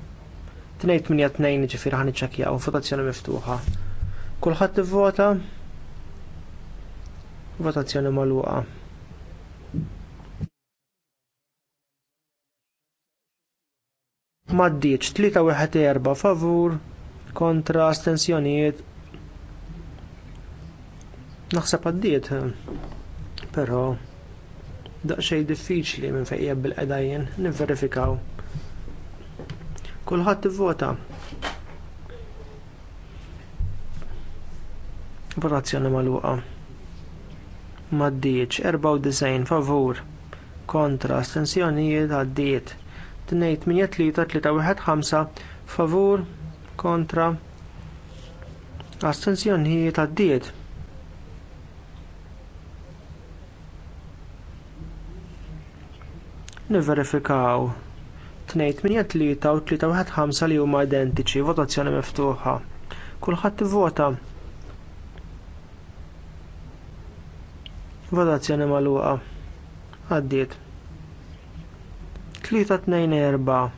Speaker 7: 2-8-2 ġifir ħan u votazzjoni miftuħa. Kulħadd vota? Votazzjoni maluqa. Maddiċ 3-1-4 favur kontra astensjonijiet. Naħseb għaddiet, eh, però daqsxejn diffiċli minn fejn bil-qedajjen verifikaw Kulħadd ivvota. Votazzjoni magħluqa. Maddiċ 94 favur kontra astensjonijiet għaddiet. Tnejn 83 favur kontra astensjonijiet għaddiet. Niverifikaw 283 u 3-1-5 li huma identiċi, votazzjoni miftuħa. Kulħadd ivvota. Votazzjoni magħluqa. Għaddiet. 324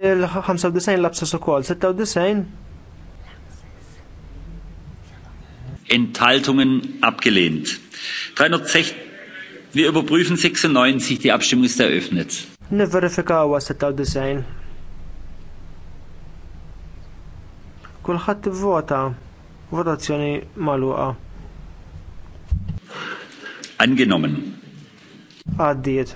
Speaker 7: il-95 labsa sokol, 96
Speaker 5: Enthaltungen abgelehnt. wir überprüfen 96, die Abstimmung ist eröffnet.
Speaker 7: Kulħadd ivvota votazzjoni magħluqa. Angenommen. Għaddiet.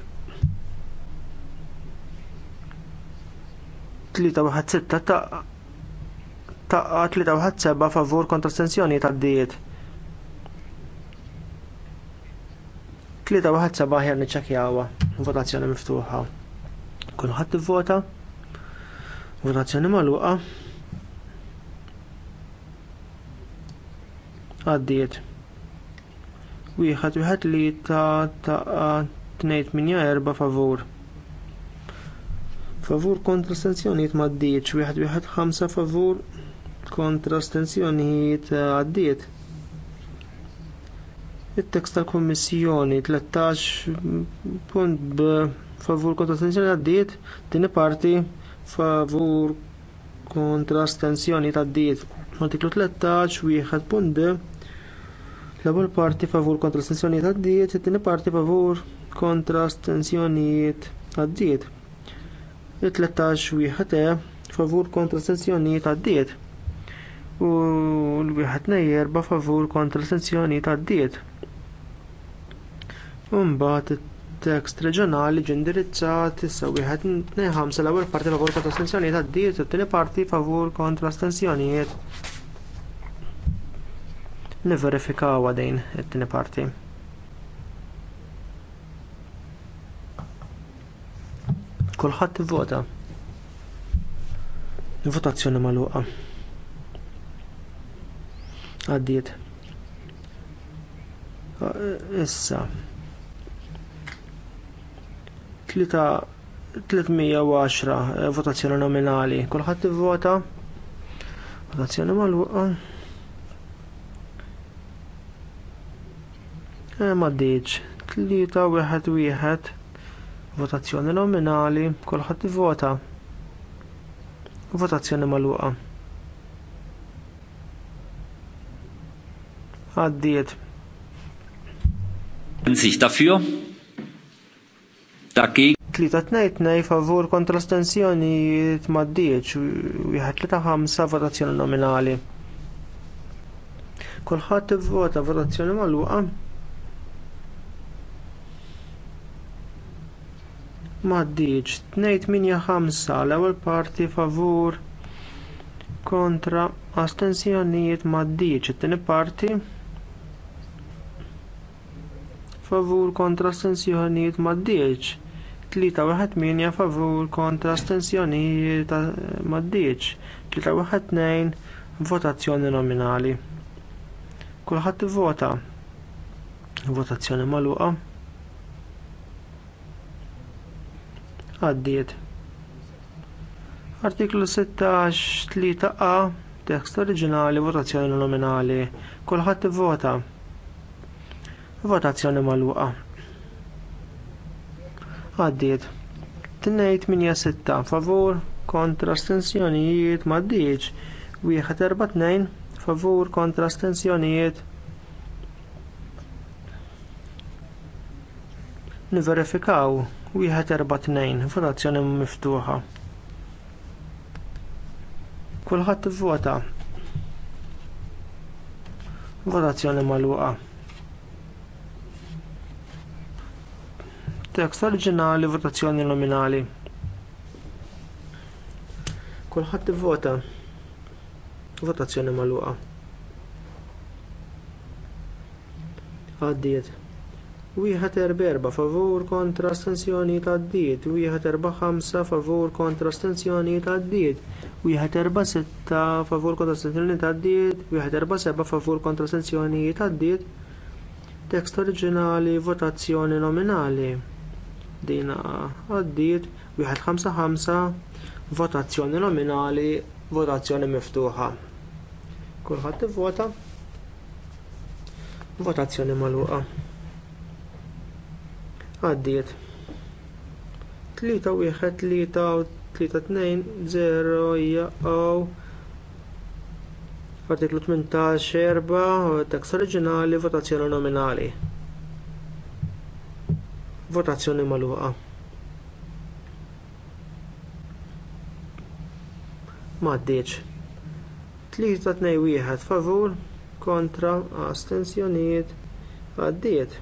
Speaker 7: 316 taqqa favur kontra stensjoni tad Tlieta waħed sabaħ jan niċċakjawa, votazzjoni miftuħa. Kulħadd ivvota. Votazzjoni magħluqa. Għaddiet. Wieħed wieħed li ta' ta' tnejt minja erba' favur. Favur kontra stenzjonijiet ma' ddiċ, wieħed wieħed ħamsa favur kontra stenzjonijiet eh, għaddiet it tekst tal-Kommissjoni 13.b favur kontra astensjoni għaddiet, tieni parti favur kontra astensjoni għaddiet. Artiklu 13, wieħed punt d l-ewwel parti favur kontra astensjoni għaddiet, it-tieni parti favur kontra astensjonijiet għaddiet. Il-13 wieħed e favur kontra astensjonijiet għaddiet. U l-wieħed nejjerba favur kontra astensjonijiet għaddiet. Mbagħad it-tekst reġjonali ġie indirizzat issa wieħed ħamsa l-ewwel parti favur kontra astensjonijiet għaddiet u t-tieni parti favur kontra astensjonijiet. Niverifikaw għadejn it-tieni parti. Kulħadd ivvota. Votazzjoni magħluqa. Għaddiet. Issa, 310 eh, votazzjoni nominali. Kulħadd ivvota. Votazzjoni magħluqa. E ma ddiċ. Tlieta wieħed wieħed votazzjoni nominali. Kulħadd ivvota. Votazzjoni magħluqa. Għaddiet.
Speaker 5: Sich dafür? Taki.
Speaker 7: Tlita tnejt nej favur kontra stenzjoni t-maddiċ, wieħed tlita ħamsa votazzjoni nominali. Kulħadd ivvota votazzjoni magħluqa. Maddiċ, tnejt minja ħamsa l-ewwel parti favur kontra astensjonijiet maddiċ, it-tieni parti favur kontra astensjonijiet maddiċ 318 favur kontra astensjonijiet m'għaddiex 312 votazzjoni nominali kulħadd ivvota votazzjoni magħluqa għaddiet artiklu 16 3 a tekst oriġinali votazzjoni nominali kulħadd ivvota votazzjoni magħluqa għaddiet. Tinnejt 8-6 favur kontra stenzjonijiet maddiċ. Wieħed erba' tnejn favur kontra stenzjonijiet. Niverifikaw wieħed erba' tnejn votazzjoni miftuħa. Kulħadd ivvota. Votazzjoni magħluqa. Tekst oriġinali votazzjoni nominali. Kulħadd ivvota. Votazzjoni magħluqa. Għaddiet. Wieħed erba' erba' favur kontra astensjoni ta' wieħed erba' ħamsa favur kontra astensjoni ta' wieħed erba' sitta favur kontra astensjoni ta' wieħed erba' seba' favur kontra astensjoni ta' Tekst oriġinali votazzjoni nominali dina għaddiet wieħed 55 votazzjoni nominali votazzjoni miftuħa. Kulħadd ivvota votazzjoni magħluqa. Għaddiet. Tlieta wieħed tlieta u tlieta tnejn artiklu 18 erba' tekst oriġinali votazzjoni nominali. Votazzjoni magħluqa. M'għaddiex. 3-2-1 favur kontra astenzjonijiet għaddiet.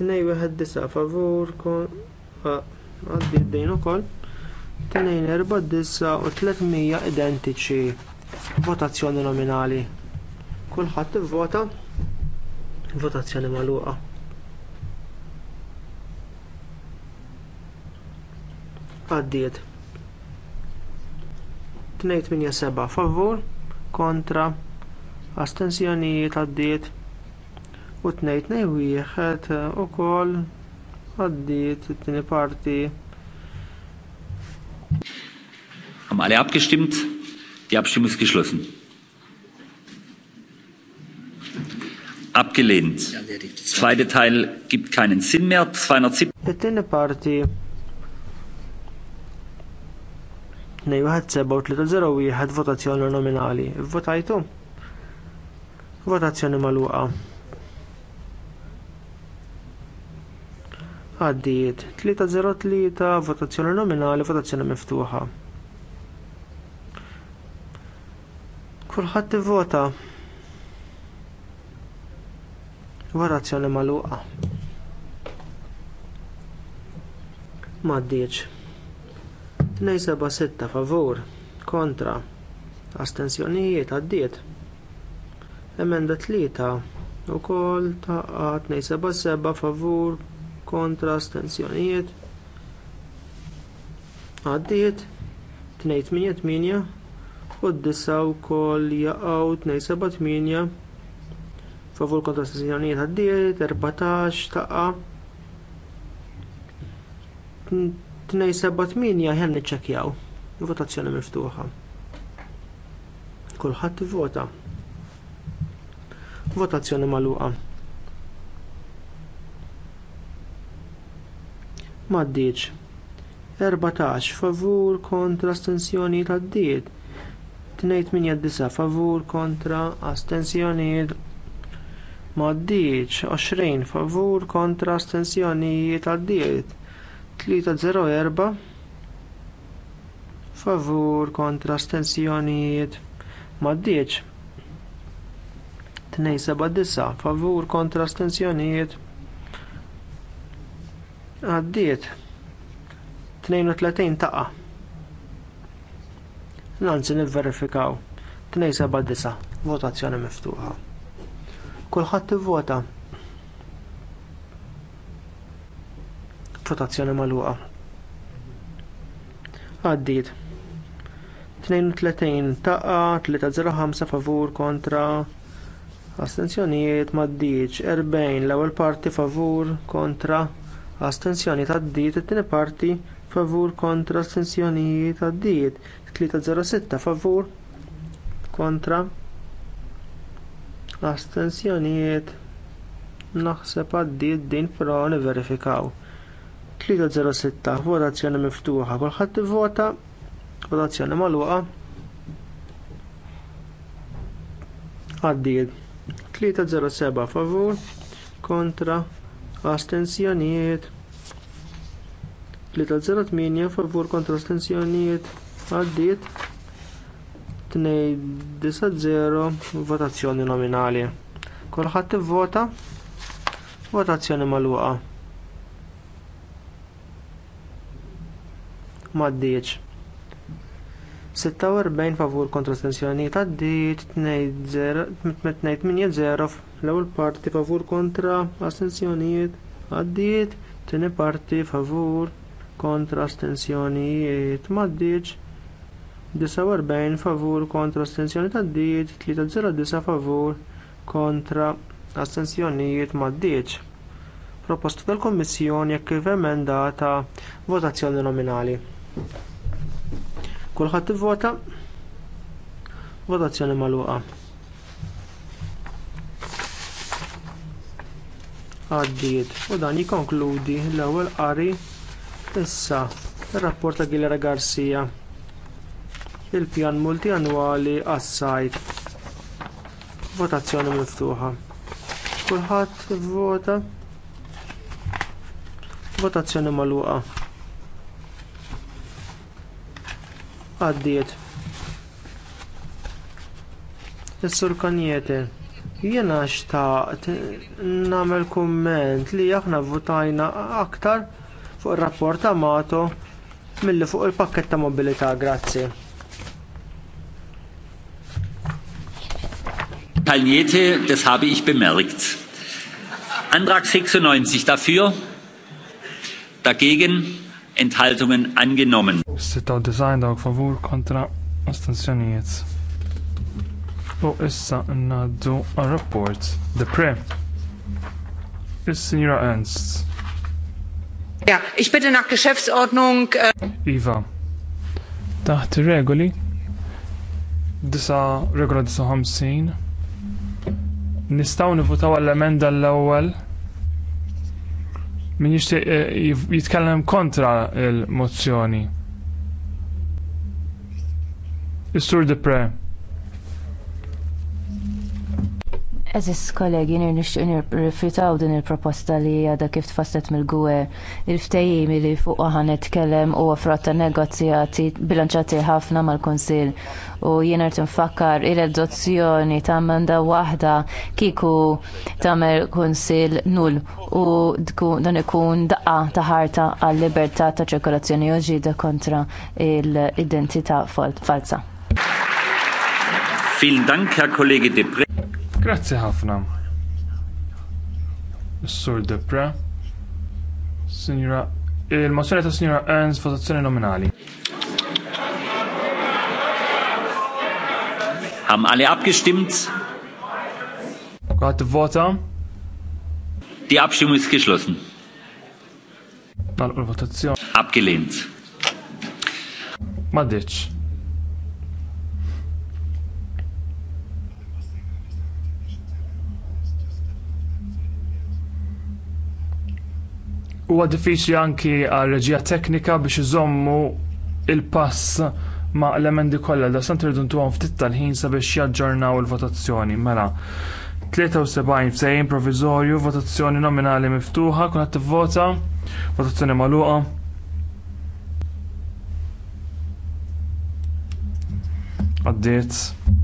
Speaker 7: 2-1-9 favur kontra għaddiet bejn ukoll. 2 4 u 300 identiċi votazzjoni nominali kulħadd ivvota votazzjoni magħluqa għaddiet 287 favur kontra astensjonijiet għaddiet u 221 ukoll għaddiet it-tieni parti
Speaker 5: Haben alle abgestimmt? Die Abstimmung ist geschlossen. Abgelehnt. Zweite Teil gibt keinen Sinn mehr.
Speaker 7: 270. 217301 votazzjoni nominali. Votajtu? Votazzjoni magħluqa. Għaddiet 303 votazzjoni nominali, votazzjoni miftuħa. Kulħadd ivvota. Votazzjoni magħluqa. Ma' 276 favur kontra astensjonijiet għaddiet emenda wkoll ukoll taqqa 277 favur kontra astensjonijiet għaddiet 288 u d-disa wkoll jaqgħu 278 favur kontra stazzjonijiet għaddiet 14 ta'qa. 278 ħen niċċekkjaw. Votazzjoni miftuħa. Kulħadd ivvota. Votazzjoni magħluqa. Maddiċ. 14 favur kontra astensjoni tad-diet. 289 favur kontra astensjonijiet maddiċ 20 favur kontra astensjonijiet għaddiet 304 favur kontra astensjonijiet 7 279 favur kontra stensjonijiet, għaddiet 32 taqa Nanzi nivverifikaw 279 votazzjoni miftuħa kulħadd ivvota votazzjoni magħluqa. Għaddiet. 32 taqa, 305 favur kontra astenzjonijiet maddiċ, 40 l-ewwel parti favur kontra astenzjoniet tad it-tieni parti favur kontra astenzjonijiet tad-diet, 306 favur kontra astenzjonijiet naħseb għaddiet din però verifikaw. 306 votazzjoni miftuħa kulħadd ivvota votazzjoni magħluqa għaddiet 307 favur kontra astensjonijiet 308 favur kontra astensjonijiet għaddiet 290 votazzjoni nominali kulħadd ivvota votazzjoni magħluqa maddiċ. 46 favur kontra stensjonijiet għaddit, 2-0 l-ewwel parti favur kontra astensjonijiet għaddiet, tieni parti favur kontra astensjonijiet maddiċ, 49 favur kontra astensjonijiet għaddiet, 3-0 favur kontra astensjonijiet maddiċ proposta tal kummissjoni jekk kif emendata votazzjoni nominali. Kulħadd ivvota. Votazzjoni magħluqa. Għaddiet u dan jikkonkludi l-ewwel qari issa ir-rapport ta' Gilera Garcia il-pjan multianwali għas-sajt. Votazzjoni miftuħa. Kulħadd ivvota. Votazzjoni magħluqa. għaddiet. Is-sur kanjete, jiena xtaqt nagħmel komment li aħna votajna aktar fuq ir-rapport amato Mato milli fuq il-pakket ta' mobilità, grazzi.
Speaker 5: Pagnete, das habe ich bemerkt. Antrag 96 dafür, dagegen Enthaltungen angenommen.
Speaker 8: Sittaw design dawk favur kontra astensjonijiet. U issa naddu għal rapport The Pre. Is-Sinjura Ernst.
Speaker 1: Ja, ich bitte nach Geschäftsordnung. Äh,
Speaker 8: iva, taħt regoli disa regola disa 59 Nistaw nivutaw għall-emenda l ewel min jixtieq eh, jitkellem kontra l-mozzjoni. Is-Sur pre.
Speaker 9: Eżis kollegi, nirnixtuq nirrifjutaw din il-proposta li għada kif tfasset mill-gwe il-ftejim li fuq it kellem u għafratta negozjati bilanċati ħafna mal-Konsil u jien tinfakkar nfakkar il-adozzjoni ta' manda waħda kiku tamer Konsil nul u dan ikun daqqa ta' ħarta għal-libertà ta' ċirkolazzjoni u da' kontra l-identità falsa.
Speaker 5: Vielen Dank, Herr Kollege Debre. Grazzi ħafna.
Speaker 8: Sur Depre. Signora, il-mozzjoni ta' Signora Ernst votazzjoni nominali.
Speaker 5: Haben alle abgestimmt?
Speaker 8: Gott vota.
Speaker 5: Die Abstimmung ist geschlossen. Abgelehnt.
Speaker 8: Madic. Huwa diffiċli anki għal reġija teknika biex iżommu il-pass ma' l-emendi kollha da sant irridu ntuhom ftit tal-ħin sabiex jaġġornaw il-votazzjoni. Mela, 73 f'sejjin proviżorju, votazzjoni nominali miftuħa, kun qed tivvota, votazzjoni magħluqa. Għaddiet.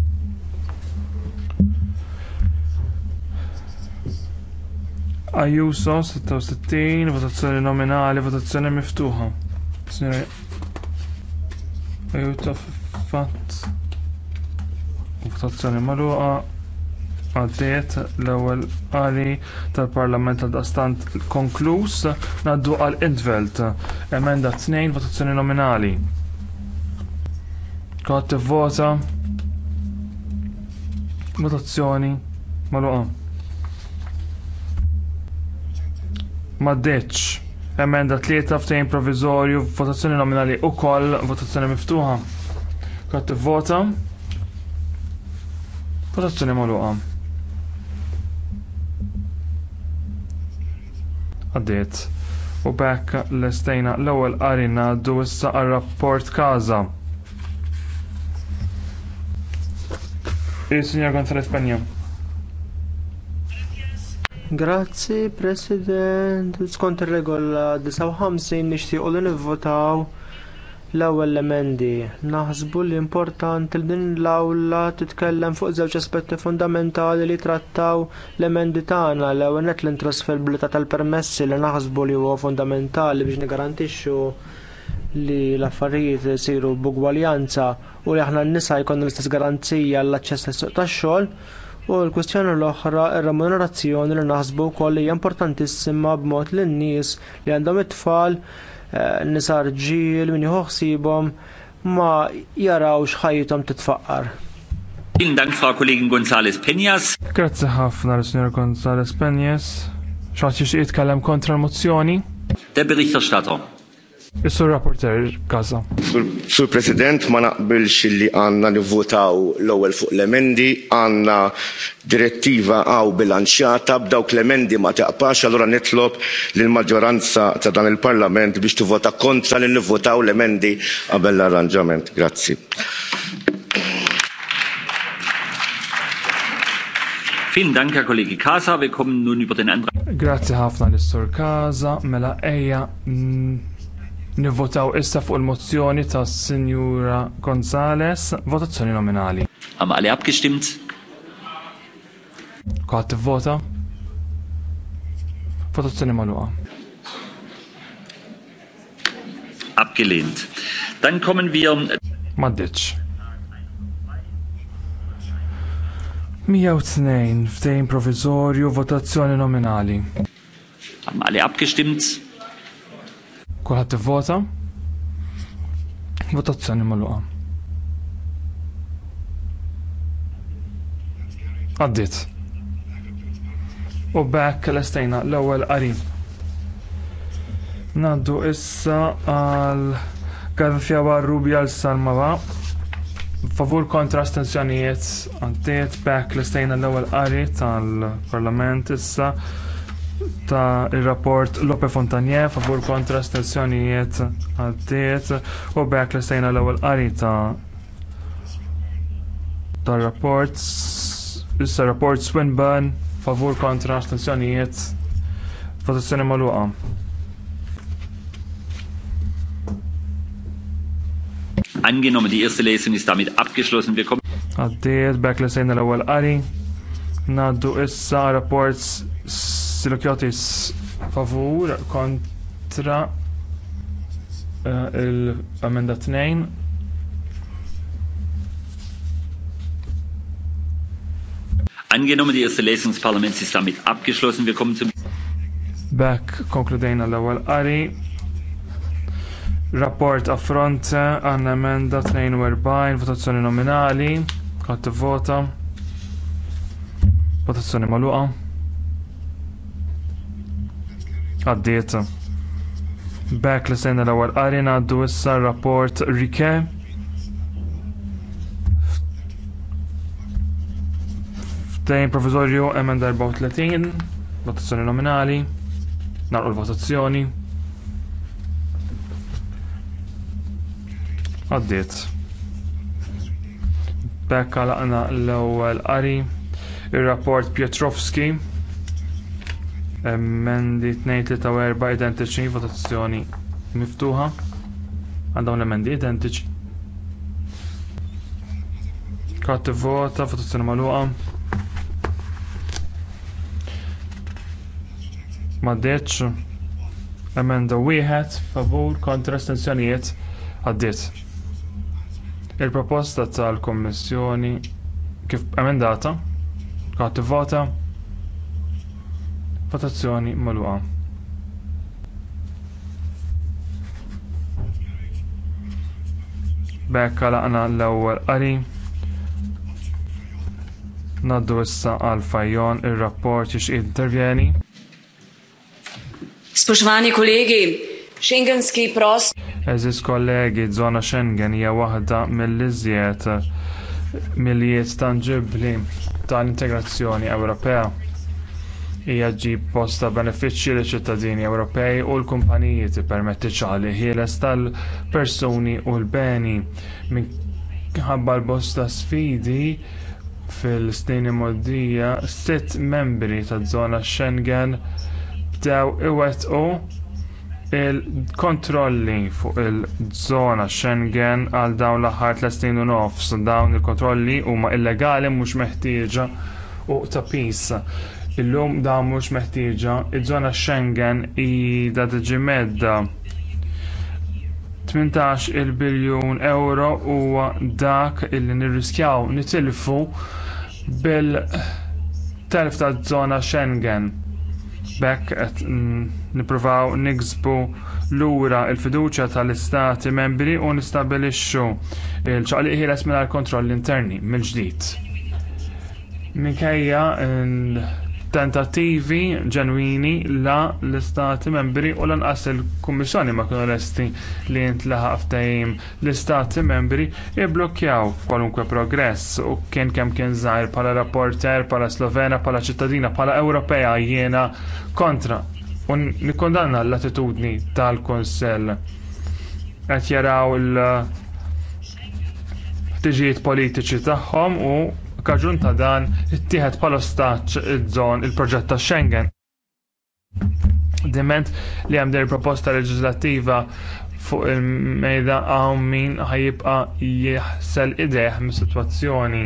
Speaker 8: Ajuso 66, votazzjoni nominali, votazzjoni miftuħa. Signore, Ajuto fatt. Votazzjoni magħluqa għaddiet l-ewwel qali tal-Parlament għal dastant konkluż ngħaddu għal Intvelt emenda tnejn votazzjoni nominali. Kotte vota, votazzjoni maluqa. Maddeċ. Emenda tlieta ftehim provizorju votazzjoni nominali wkoll votazzjoni miftuħa. Kat vota. Votazzjoni magħluqa. Għaddiet. U b'hekk lestejna l-ewwel qari ngħaddu issa għar-rapport Kaza. Il-Sinjor Gonzalez
Speaker 7: Grazzi, President. Skont ir-regola 59 nixtiequ li nivvotaw l-ewwel emendi. Naħsbu li importanti li din l-awla titkellem fuq żewġ aspetti fundamentali li trattaw l-emendi tagħna l-ewwel net l intrasferbilità tal-permessi li naħsbu li huwa fundamentali biex nigarantixxu li l-affarijiet isiru b'ugwaljanza u li aħna n-nisa jkollna l-istess garanzija għall aċċess tas-suq tax-xogħol U l-kwistjoni l-oħra ir-remunerazzjoni li naħsbu wkoll hija importantissima b'mod li n-nies li għandhom it-tfal eh, nisa rġiel min jieħu ħsiebhom ma jarawx ħajjithom titfaqqar.
Speaker 5: Vielen Dank, Frau Kollegin González Peñas.
Speaker 8: Grazie ħafna, Signor González Peñas. Xaħti xie jitkellem kontra l-mozzjoni?
Speaker 3: Der Berichterstatter.
Speaker 8: Sur rapporter Gaza.
Speaker 3: Sur President, ma naqbilx li għanna nivvotaw l-ewwel fuq l-emendi, għanna direttiva għaw bilanċjata b'dawk l-emendi ma taqpax, allura nitlob lill l-maġġoranza ta' dan il-Parlament biex tivvota kontra li nivvotaw l-emendi qabel l-arranġament. Grazzi.
Speaker 5: Fin danka kollegi Kaza, vi nun über den Antrag.
Speaker 8: Grazie ħafna l-Sur Kaza, mela eja mm, Nivvotaw issa fuq il-mozzjoni ta' Sinjura Gonzales, votazzjoni nominali.
Speaker 5: Amma għalli għabki kishtimt?
Speaker 8: Kħat t-vota? Votazzjoni maluqa.
Speaker 5: Abgelehnt. Dan kommen vijom.
Speaker 8: Maddiċ. 102 f'dejn provizorju votazzjoni nominali.
Speaker 5: għalli għabki abgestimmt?
Speaker 8: t-vota Votazzjoni magħluqa. Għaddiet. U bekk l-estejna l-ewwel qari. Naddu issa għal Garfja Rubja l-Salmava favur kontra astensjonijiet għaddiet bekk l estajna l-ewwel qari tal-Parlament issa ta' il-rapport Lope Fontanier favur kontra stazzjonijiet għaddiet u bekk li stajna l-ewwel qari ta' rapport issa rapport Swinburne favur kontra stazzjonijiet votazzjoni magħluqa.
Speaker 5: erste ist damit abgeschlossen. Wir kommen.
Speaker 8: Addiet, l Naddu issa rapports Silokjotis favur kontra eh, l-amenda 2
Speaker 5: Angenommen, die erste Lesung des Parlaments ist damit abgeschlossen. Wir kommen zum
Speaker 8: Back konkludejna l-ewwel qari. Rapport affront għandna emenda 42 votazzjoni nominali. Qatt vota. Votazzjoni magħluqa għaddiet. B'hekk li sejna l-ewwel qari ngħaddu issa r-rapport Rike. Ftehim provizorju emenda 34, votazzjoni nominali, narqu l-votazzjoni. Għaddiet. Bekk għalaqna l-ewwel qari ir-rapport Pietrovski. Emendi 2-4 identiċi, votazzjoni miftuħa. Għandaw l-emendi identiċi. Kati vota, votazzjoni maluqa. Maddeċ. Emenda wieħed, favur, kontra estensjonijiet, għaddiet. Il-proposta tal-Kommissjoni kif emendata, kati vota, Votazzjoni magħluqa. Bekka laqna l-ewwel qari. Ngħaddu issa għal fajjon ir-rapport jiex intervjeni.
Speaker 2: Spoštovani Schengen Ski prost.
Speaker 8: Eżis kollegi, żona Schengen hija waħda mill-iżjed miljiet tangibbli tal-integrazzjoni Ewropea hija ġġib bosta benefiċċji liċ ċittadini Ewropej u l-kumpaniji tippermetti ċali ħieles tal-persuni u l-beni. Minħabba l-bosta sfidi fil-snin imgħoddija sitt membri taż-żona Schengen bdew iwettqu il-kontrolli fuq il-żona Schengen għal dawn l-aħħar tliet snin u nofs dawn il-kontrolli huma illegali mhux meħtieġa u tapis Illum dan mhux meħtieġa, iż-żona Schengen qiegħda tiġi medda. 18 il biljun euro huwa dak illi nirriskjaw nitilfu bil-telf taż-żona Schengen. B'hekk qed nippruvaw niksbu lura l-fiduċja tal-istati membri u nistabilixxu l ċaqliq ħieles mingħajr kontroll interni mill-ġdid minkejja tentattivi ġenwini la l-istati membri u lanqas il-kummissjoni ma kienu lesti li jintlaħaq ftehim l-istati membri ibblukjaw kwalunkwe progress u kien kemm kien żgħir bħala rapporter bħala slovena bħala ċittadina bħala ewropea jiena kontra u nikkondanna l-attitudni tal-kunsell qed jaraw il-ħtiġijiet politiċi tagħhom u Kaġun ta' dan ittieħed bħala ostaġġ iż-żon il-proġett ta' Schengen. Diment li hemm din proposta leġislattiva fuq il-mejda għaw min ħajibqa jieħsel ideħ mis sitwazzjoni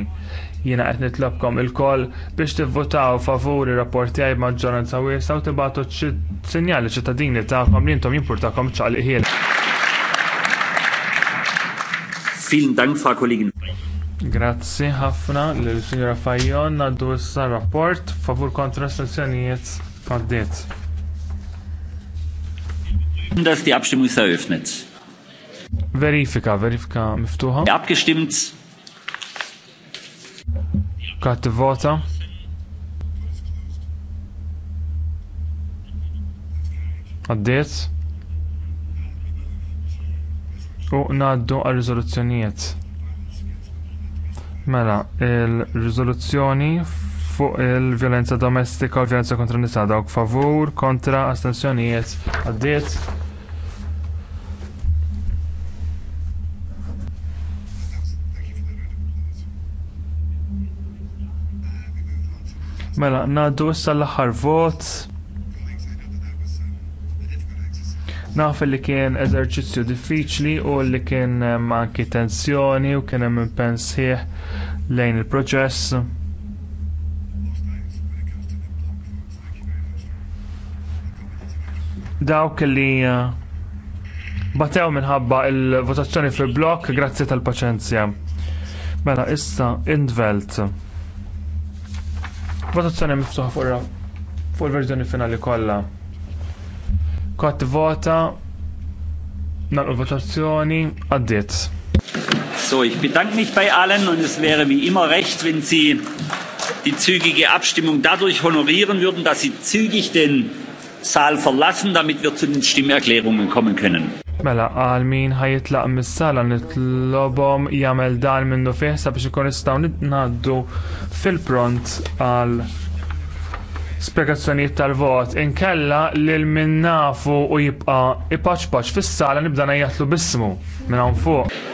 Speaker 8: Jiena qed nitlobkom koll biex tivvotaw favuri rapporti għaj maġġoranza wiesa u tibatu sinjali ċittadini tagħkom li intom jimpurtakom ċaqliħiel.
Speaker 5: Vielen Dank, Frau Kollegin.
Speaker 8: Grazzi ħafna lil Sinjora Fajon għaddu issa rapport favur kontra sanzjonijiet għaddiet.
Speaker 5: Das die Abstimmung ist eröffnet.
Speaker 8: Verifika, verifika miftuħa.
Speaker 5: Abgestimmt.
Speaker 8: Kat vota. Għaddiet. U ngħaddu għal riżoluzzjonijiet. Mela, il-riżoluzzjoni fuq il-vjolenza domestika u l-vjolenza kontra nisa dawk favur, kontra, astensjonijiet, għaddiet. Mela, ngħaddu issa l-aħħar vot. Naf li kien eżerċizzju diffiċli u li kien eh, anki tensjoni u kien hemm impensieħ lejn il-proċess. Dawk li eh, batew minħabba l votazzjoni fil-blok grazzi tal-paċenzja. Mela issa indvelt. Votazzjoni miftuħa fuq il-verżjoni finali kollha. Kot vota nagħlqu votazzjoni għaddiet.
Speaker 5: So, ich bedanke mich bei allen und es wäre wie immer recht, wenn Sie die zügige Abstimmung dadurch honorieren würden, dass Sie zügig den Saal verlassen, damit wir zu den Stimmerklärungen kommen können.
Speaker 8: Mela, għal min ħajitlaq mis-sala nitlobom jagħmel dan minnu fih sabiex ikun nistgħu ngħaddu fil-pront għal spjegazzjonijiet tal-vot inkella lil min nafu u jibqa' ipaċpaċ fis-sala nibda ngħajjatlu bismu minn hawn fuq.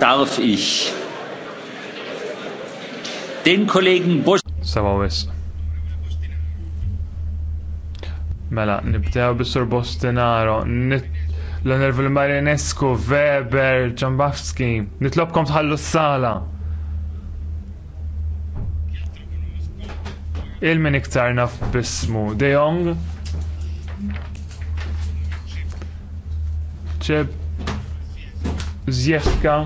Speaker 5: darf ich den Kollegen Bush. Sabawis
Speaker 8: Mela, nibdew bis Bostinaro, l-Onorevoli Marinescu, Weber, Ġambafski, nitlobkom tħallu s-sala. Il-min iktar naf bismu, De Jong, Ċeb, Zjefka,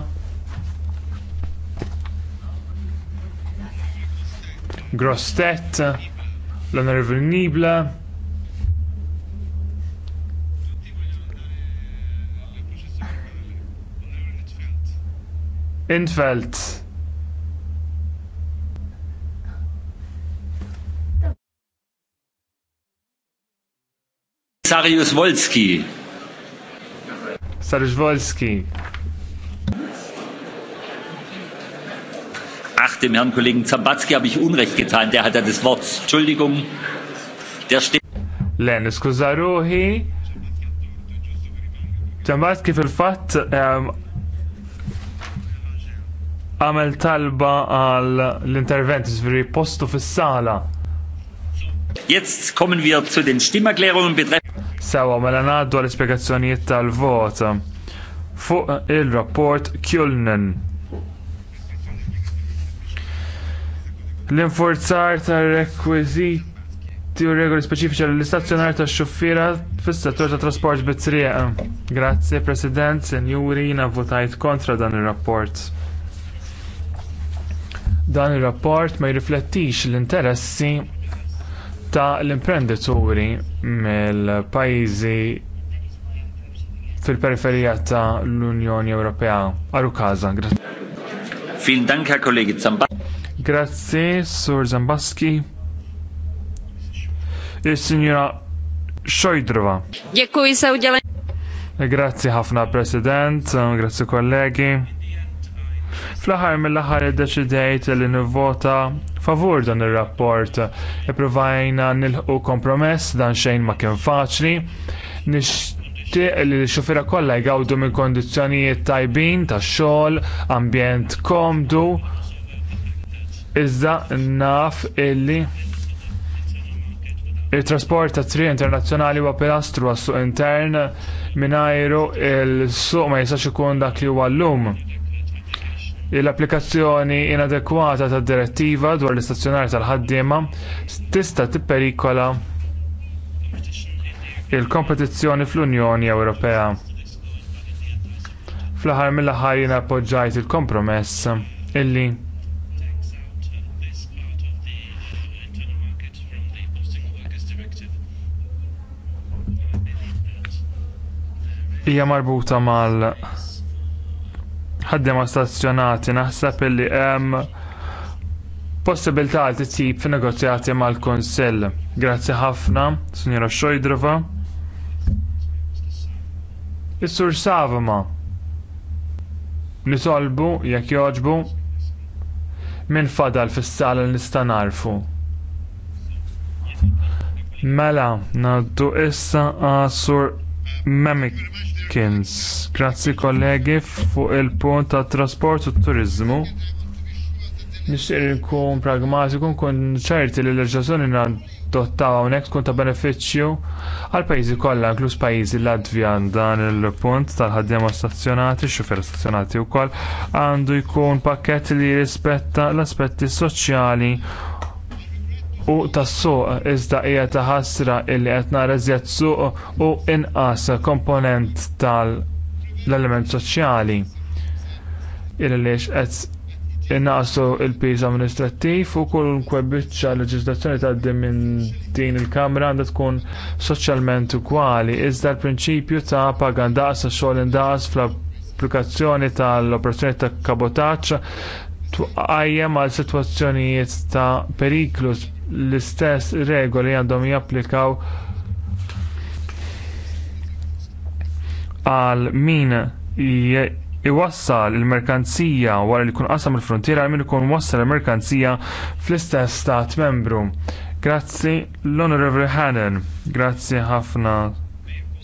Speaker 8: Grostet, l honorable Nibla, Infeld.
Speaker 5: Sarius Wolski.
Speaker 8: Sarius Wolski.
Speaker 5: dem Herrn Kollegen Zambatzki habe ich Unrecht getan. Der hat ja das Wort. Entschuldigung. Der steht.
Speaker 8: Len, iskuża ruħi. Zambatzki fil-fatt ehm, għamel talba għal l-intervent ġviri postu fis-sala.
Speaker 5: Jetzt kommen wir zu den Stimmerklärungen betreffend.
Speaker 8: Sawa, mela ngħaddu għall-ispjegazzjonijiet tal-vot fuq il-rapport Kjulnen. l inforzar ta' rekwiżiti u regoli speċifiċi għall istazzjonar tax xufiera fis-settur tat trasport bit-triq. Grazzi President, Senjuri, jiena votajt kontra dan ir-rapport. Dan ir-rapport ma jirriflettix l-interessi ta' l-imprenditori mill-pajjiżi fil-periferija ta' l-Unjoni Ewropea. Aru Kaza, grazie. Zambat. Grazzi, Sur Zambaski. il signora Shoidrova.
Speaker 4: Grazie, Hafna
Speaker 8: Grazzi ħafna, President, grazie kollegi. Fl-aħħar mill-aħħar iddeċidejt li nivvota favur dan ir-rapport. Ippruvajna ħu kompromess dan xejn ma kien faċli. Nixtieq li l-xufira kollha jgawdu minn kondizzjonijiet tajbin tax xogħol, ambjent komdu iżda naf illi il trasport tat triq internazzjonali huwa pilastru għas-suq intern mingħajru il-suq ma jistax ikun dak li huwa llum l-applikazzjoni inadekwata tad direttiva dwar l-istazzjonar tal-ħaddiema tista' tipperikola l kompetizzjoni fl-Unjoni Ewropea. Fl-aħħar mill-aħħar jiena appoġġajt il-kompromess illi hija marbuta mal ħaddima stazzjonati naħseb illi hemm possibilità li tip f'negozjati mal-Kunsill. Grazzi ħafna, Sinjora Xojdrova. Is-Sur Savma nitolbu jekk jogħġbu min fadal fis-sala li nista' narfu. Mela, ngħaddu issa għasur Mamikins, grazzi kollegi fuq il-punt tat trasport u t turiżmu. Nixtieq nkun pragmatiku nkun ċerti li l-leġazzjoni nadottaw hawnhekk tkun ta' benefiċċju għall pajjiżi kollha inkluż pajjiżi Latvijan dan il-punt tal-ħaddiema stazzjonati, xufer stazzjonati wkoll għandu jkun pakkett li jirrispetta l-aspetti soċjali u tas-suq iżda hija ta' ħasra illi qed nara iżjed suq u inqas komponent tal-element soċjali il-għaliex qed innaqsu l-piż amministrattiv u kull biċċa leġiżlazzjoni tgħaddi minn din il-Kamra għandha tkun soċjalment ukwali iżda l-prinċipju ta' paga ndaqs għax-xogħol indaqs fl-applikazzjoni tal-operazzjoni ta' kabotaġġ Tqajjem għal sitwazzjonijiet ta' periklu l-istess regoli għandhom japplikaw għal min iwassal il-merkanzija wara li jkun qasam il-frontiera għal min ikun wassal il-merkanzija fl-istess stat membru. Grazzi l-Honorable Hannon, grazzi ħafna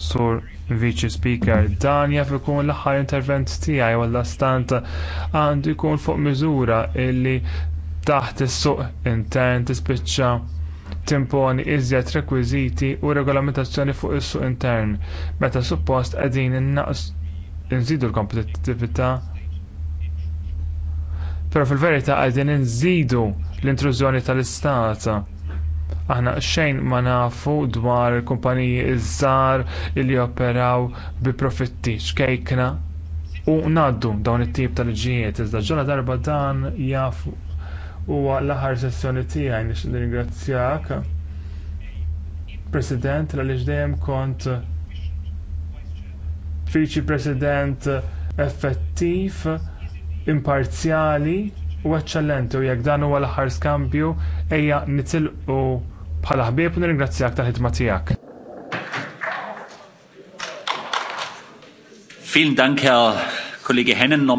Speaker 8: sur Vice Speaker, dan jaf ikun l-aħħar intervent tiegħi walla stant għandu jkun fuq miżura illi taħt is-suq intern tispiċċa timponi iżjed rekwiżiti u regolamentazzjoni fuq is-suq intern meta suppost qegħdin innaqs inżidu l-kompetittività però fil-verità qegħdin inżidu l-intrużjoni tal-istat aħna xejn ma nafu dwar kumpaniji iż-żgħar li operaw bi profitti xkejkna u ngħaddu dawn it-tip ta' liġijiet iżda ġala darba dan jafu huwa l-aħħar sessjoni tiegħi nix nirringrazzjak President għaliex dejjem kont Viċi President effettiv, imparzjali u eċċellenti u jekk dan huwa l-aħħar skambju ejja nitilqu bħala ħbieb u nirringrazzjak tal-ħidma tiegħek.
Speaker 5: Vielen Dank, Herr Kollege Hennen.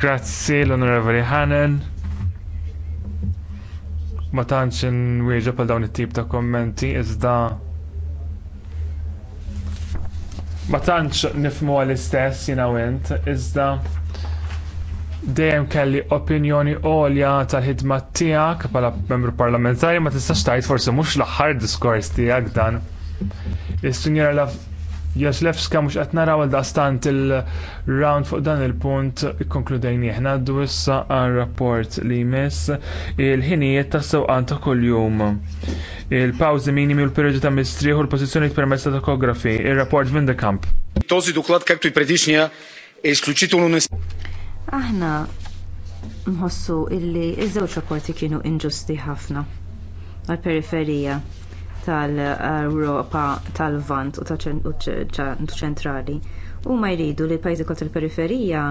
Speaker 8: Grazzi l-Onorevoli Hennen. Ma tantx nwieġeb għal dawn it-tip ta' kommenti iżda ma tantx nifmu għall-istess jiena u int iżda dejjem kelli opinjoni għolja tal-ħidma tiegħek bħala membru parlamentari ma tistax tgħid forsi mhux l-aħħar diskors tiegħek dan. Is-Sinjora Jaslewska mhux qed naraw għal daqstant il-round fuq dan il-punt ikkonkludejni aħna għaddu issa għal rapport li jmiss il-ħinijiet tas sewqan ta' kuljum. il pawzi minimi u l-perjodu ta' mistrieħu l pożizzjoni permezz ta' tokografi, ir rapport Vindekamp.
Speaker 3: Tożi duklad i tu e eskluċitu l
Speaker 9: Aħna nħossu illi iż-żewġ rapporti kienu inġusti ħafna għal-periferija tal-Europa tal-Vant u tal-ċentrali huma jridu li l-pajzi kont il-periferija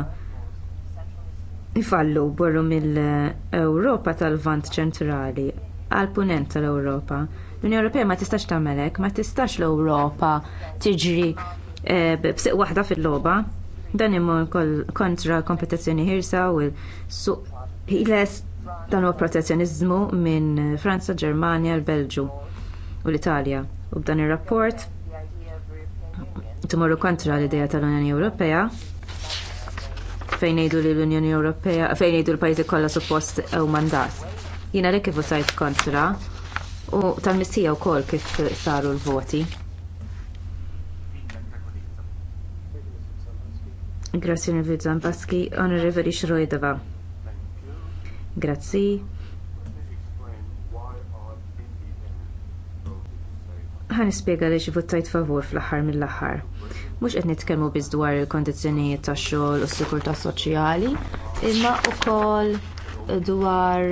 Speaker 9: ifallu borru mill-Ewropa tal-Vant ċentrali għall punent tal-Ewropa. L-Unjoni Ewropea ma tistax tagħmel hekk, ma tistax l-Ewropa tiġri eh, b'siq waħda fil-logħba Dan imur kontra kompetizzjoni ħirsa u l-suq ħiles dan huwa protezzjonizmu minn Franza, Ġermanja, l-Belġu u l-Italja. U b'dan ir-rapport timorru kontra l-idea tal-Unjoni Ewropea fejn jgħidu li l-Unjoni Ewropea fejn l-pajjiżi kollha suppost u mandat. Jiena li kif sajt kontra u tal-mistija wkoll kif saru l-voti. Grazzi Nervi Zambaski, Onorevoli Roedova. Grazzi. Għan ispiega li xivuttajt favur fl ħar mill ħar Mux qed nitkellmu biz dwar il-kondizzjonijiet tax-xogħol u s-sikurtà soċjali, imma wkoll dwar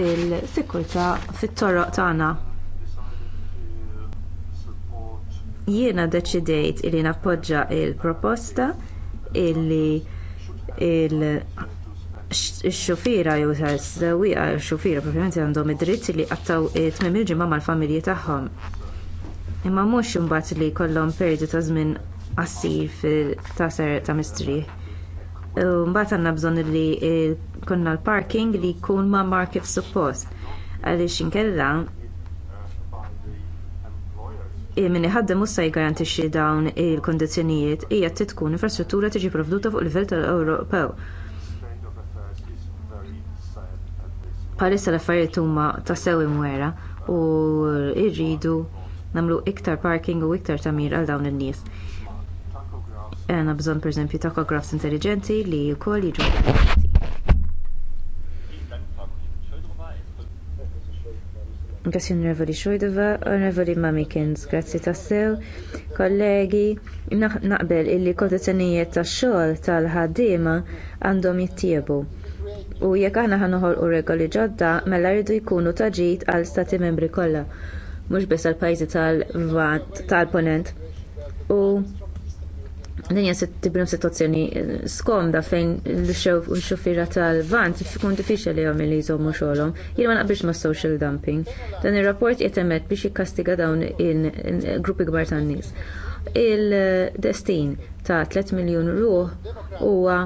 Speaker 9: il-sikurtà fit-toroq tagħna. Jiena deċidejt li nappoġġa l proposta illi il xufiera jew sewwieqa xufira propjament għandhom id-dritt li qattaw tmiem il-ġimgħa mal-familji tagħhom. Imma mhux imbagħad li jkollhom perjodu ta' żmien qasir fil-taser ta' mistrieħ. Mbagħad għandna bżonn li konna l-parking li jkun ma' market suppost għaliex inkella E min iħaddem mussa jgarantixxi dawn il-kondizzjonijiet hija trid tkun infrastruttura tiġi provduta fuq livell tal-Ewropew. Palissa l-affarijiet huma tassew imwera u rridu nagħmlu iktar parking u iktar tagħmir għal dawn in-nies. Għandna bżonn pereżempju takografs intelligenti li wkoll jiġu Grazzi onorevoli Xojdova, onorevoli Mamikins, grazzi tassew, kollegi, naqbel illi kondizzjonijiet tax-xogħol tal-ħaddiema għandhom jittiebu. U jekk aħna u regoli ġodda, mela rridu jkunu ta' ġid għal stati membri kollha, mhux biss għal pajzi tal-ponent. U Dinja se tibnu situazzjoni eh, skomda fejn l-xufira tal-vant ikun diffiċli li għamil li jżommu xogħolhom. Jien ma naqbilx ma' social dumping. Dan ir-rapport jitemet biex jikkastiga dawn il-gruppi kbar tan-nies. Il-destin ta' 3 miljun ruħ huwa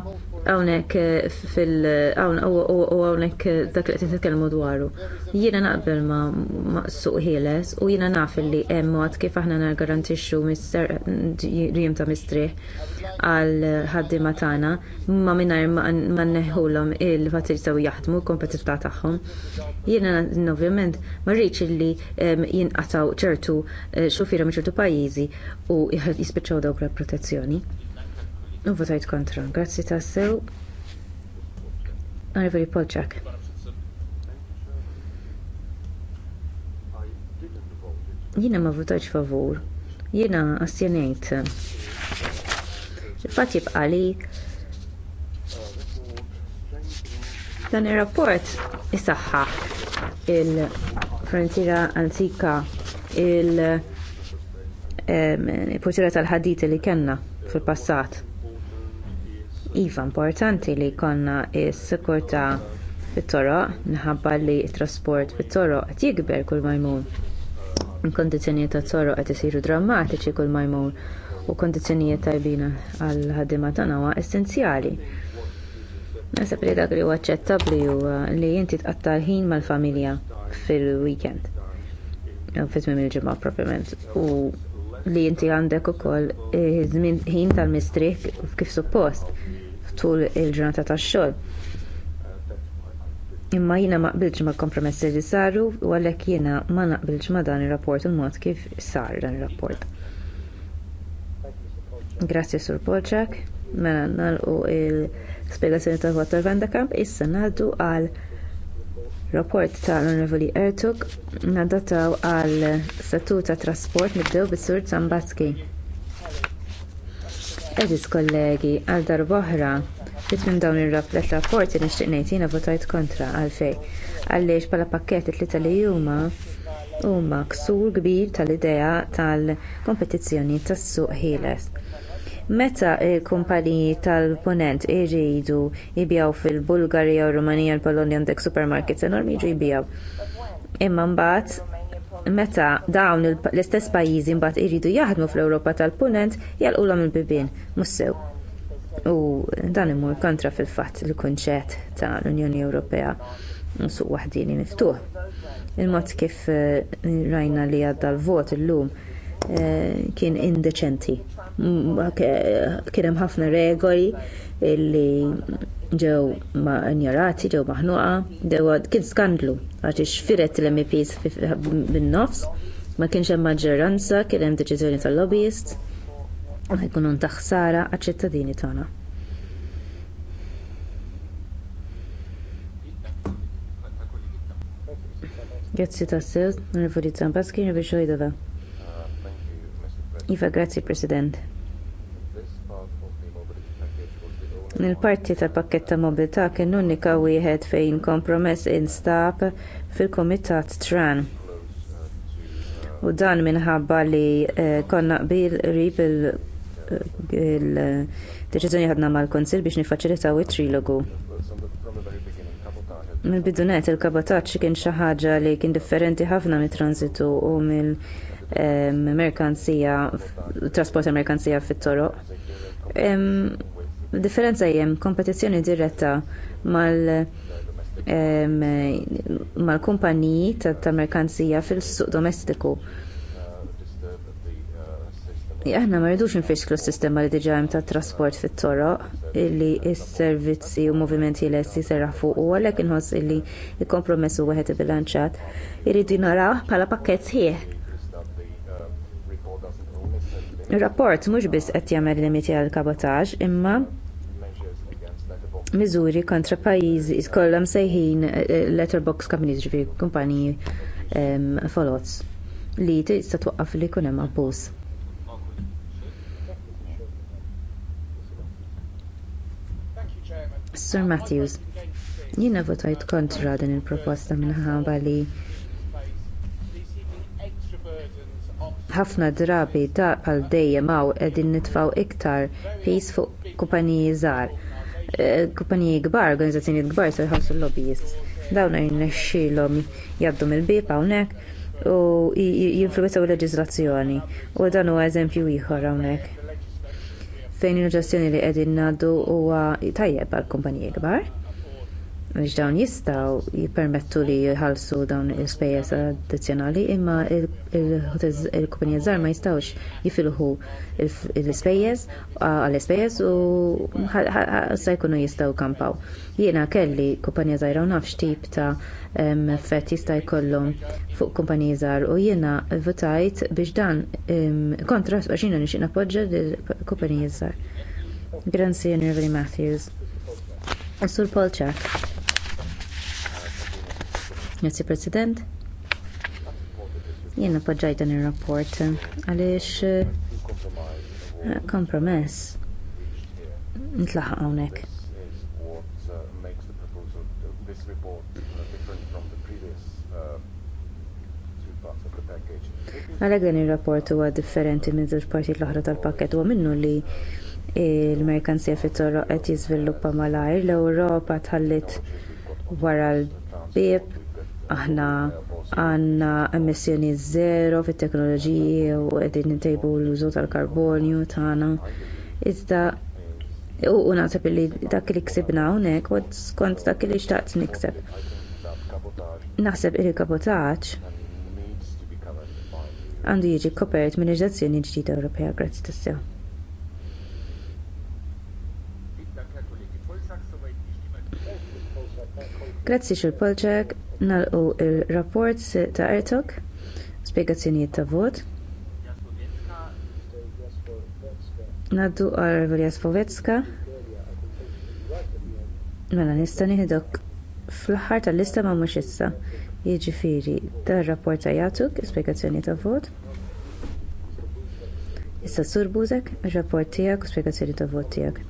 Speaker 9: hawnhekk eh, fil u hawnhekk eh, dak li qed titkellmu dwaru. Jiena naqbel ma suq ħieles u jiena naf li hemm mod kif aħna naggarantixxu riem ta' mistrieħ għal ħaddiema tagħna ma mingħajr ma nneħħulhom il-fatil sew jaħdmu l-kompetitività tagħhom. Jiena novjament ma rridx li ehm, jinqataw ċertu eh, xufiera minn ċertu pajjiżi u jispiċċaw dawk l-protezzjoni u votajt kontra. Grazzi tassew. Arrivoli Polczak. jina ma votajt favur. jina astjenejt. Il-fatt jibqa' li dan il rapport jisaxħa il-frontiera antika il-portiera tal-ħadit li kena fil-passat iva importanti li jkollna s-sikurtà fit-toroq minħabba li t-trasport fit-toroq qed jikber kull ma jmur il-kundizzjonijiet tat-toroq qed isiru drammatiċi kull ma jmur u kundizzjonijiet tajbin għall-ħaddiema tagħna huwa essenzjali Naħseb li dak li huwa aċċettabbli huwa li inti tqatta' ħin mal-familja fil-weekend. żmien il-ġimgħa propriment. U li inti għandek ukoll żmien ħin tal-mistrieħ kif suppost tul il-ġurnata tax-xogħol. Imma jiena ma qbilx mal kompromessi li saru u għalhekk jiena ma naqbilx ma dan ir-rapport u mod kif sar dan ir-rapport. Grazzi Sur Polczak, mela nagħlqu il spjegazzjoni ta' Walter Vandakamp issa ngħaddu għal rapport tal-Onorevoli Ertug nadataw għal statut trasport trasport nibdew bis-Sur Zambatski. Eżis kollegi, għal darboħra, minn dawn ir rapporti nixtieq ngħid jiena votajt kontra għalfejn. Għaliex bħala pakket it-tlieta li huma huma ksur kbir tal-idea tal-kompetizzjoni tas-suq ħieles. Meta l-kumpaniji tal-punent iridu jibjaw fil-Bulgarija u Rumanija l-Polonja għandek supermarkits enormi jiġu jibjaw. Imma mbagħad meta dawn l-istess pajjiżi mbagħad iridu jaħdmu fl-Ewropa tal-Punent jalqulhom il-bibien mussew. U dan imur kontra fil-fatt il-kunċett tal-Unjoni Ewropea suq waħdini miftuħ. Il-mod kif eh, rajna li għadda l-vot illum eh, kien indeċenti. Kien hemm ħafna regoli li ġew ma ignorati, ġew maħnuqa, ġew kien skandlu għax xfiret l-MPs bin-nofs, ma kienx hemm maġġoranza, kien hemm deċiżjoni tal-lobbyist, ma jkunu ta' ħsara għaċ-ċittadini tagħna. Grazzi tassew, nirrifuri tzampaski, nirrifuri da. Iva, grazie, Presidente. Il-parti tal-pakkett ta' mobilità kien l-unika wieħed fejn kompromess instab fil-Kumitat Tran. U dan minħabba li eh, konna qbil qrib il-deċiżjoni ħadna mal-Kunsill biex niffaċilitaw it-trilogu. Mill-bidunet il-kabotaġġ kien xi ħaġa li kien differenti ħafna mit-transitu u mill-merkanzija, eh, trasport merkanzija fit-toroq Differenza jem kompetizzjoni diretta mal- mal-kumpaniji tal-merkanzija fil-suq domestiku. Aħna ma rridux nfixklu s-sistema li diġa hemm tat trasport fit-toroq illi s-servizzi u movimenti li s serraħ fuq u għalhekk inħoss illi il-kompromessu wieħed bilanċat irridu naraw bħala pakkett ħieħ.
Speaker 6: Ir-rapport mhux
Speaker 9: biss qed jagħmel limiti għall kabotaġġ imma miżuri kontra pajjiżi kollha msejħin eh, eh, letterbox companies ġifieri kumpaniji folots li tista' twaqqaf li jkun hemm abbuż.
Speaker 6: Sir Matthews,
Speaker 9: jina votajt kontra din il-proposta minħabba li ħafna drabi ta' pal dejjem għaw edin nitfaw iktar pis fuq kumpaniji żgħar kumpaniji gbar, organizzazzjoni gbar, se jħossu l-lobbyist. Dawn jirnexxilhom jgħaddu mill-bib hawnhekk u jinfluwenzaw il-leġiżlazzjoni u dan huwa eżempju ieħor hawnhekk. Fejn il-ġestjoni li qegħdin ngħaddu huwa tajjeb għal kumpaniji gbar biex dawn jistgħu jippermettu li jħallsu dawn l-ispejjeż addizzjonali imma il-kumpanija żgħar ma jistgħux jifilħu l-ispejjeż għall-ispejjeż u se jkunu jistgħu kampaw. Jiena kelli kumpanija żgħira u nafx tip ta' effett jista' jkollhom fuq kumpaniji żgħar u jiena votajt biex dan kontra għax jiena nixtieq nappoġġja l kumpaniji żgħar. Grazzi Henry Matthews.
Speaker 6: Sur Polchak.
Speaker 9: Grazzi President. Jien appoġġajt dan ir-rapport għaliex eh, kompromess nitlaħaq hawnhekk. Għalhekk dan ir-rapport huwa differenti minn żewġ partijiet l-oħra tal-pakkett huwa minnu li l-merkanzija fit-toroq qed jiżviluppa malajr l-Ewropa tħallit wara l-bieb aħna għanna emissjoni zero fit-teknoloġiji u qegħdin intejbu l-użu tal-karbonju tħana. Iżda u naħseb li dak li ksibna hawnhekk u skont dak li xtaqt nikseb. Naħseb li kabotaċ għandu jieġi kopert minn leġiżlazzjoni ġdida Ewropea grazzi tassew. Grazzi xur Polċek, nagħlqu r-rapport ta' hertzog spjegazzjonijiet ta' vot ngħaddu għal Jaspovetska. mela nista' nieħdok fl-aħħar tal-lista ma mhux issa jiġifieri tar-rapport ta' jagħtuk, spjegazzjoni ta' vot issa sur buzek ir-rapport tiegħek u spjegazzjoni ta' vot tiegħek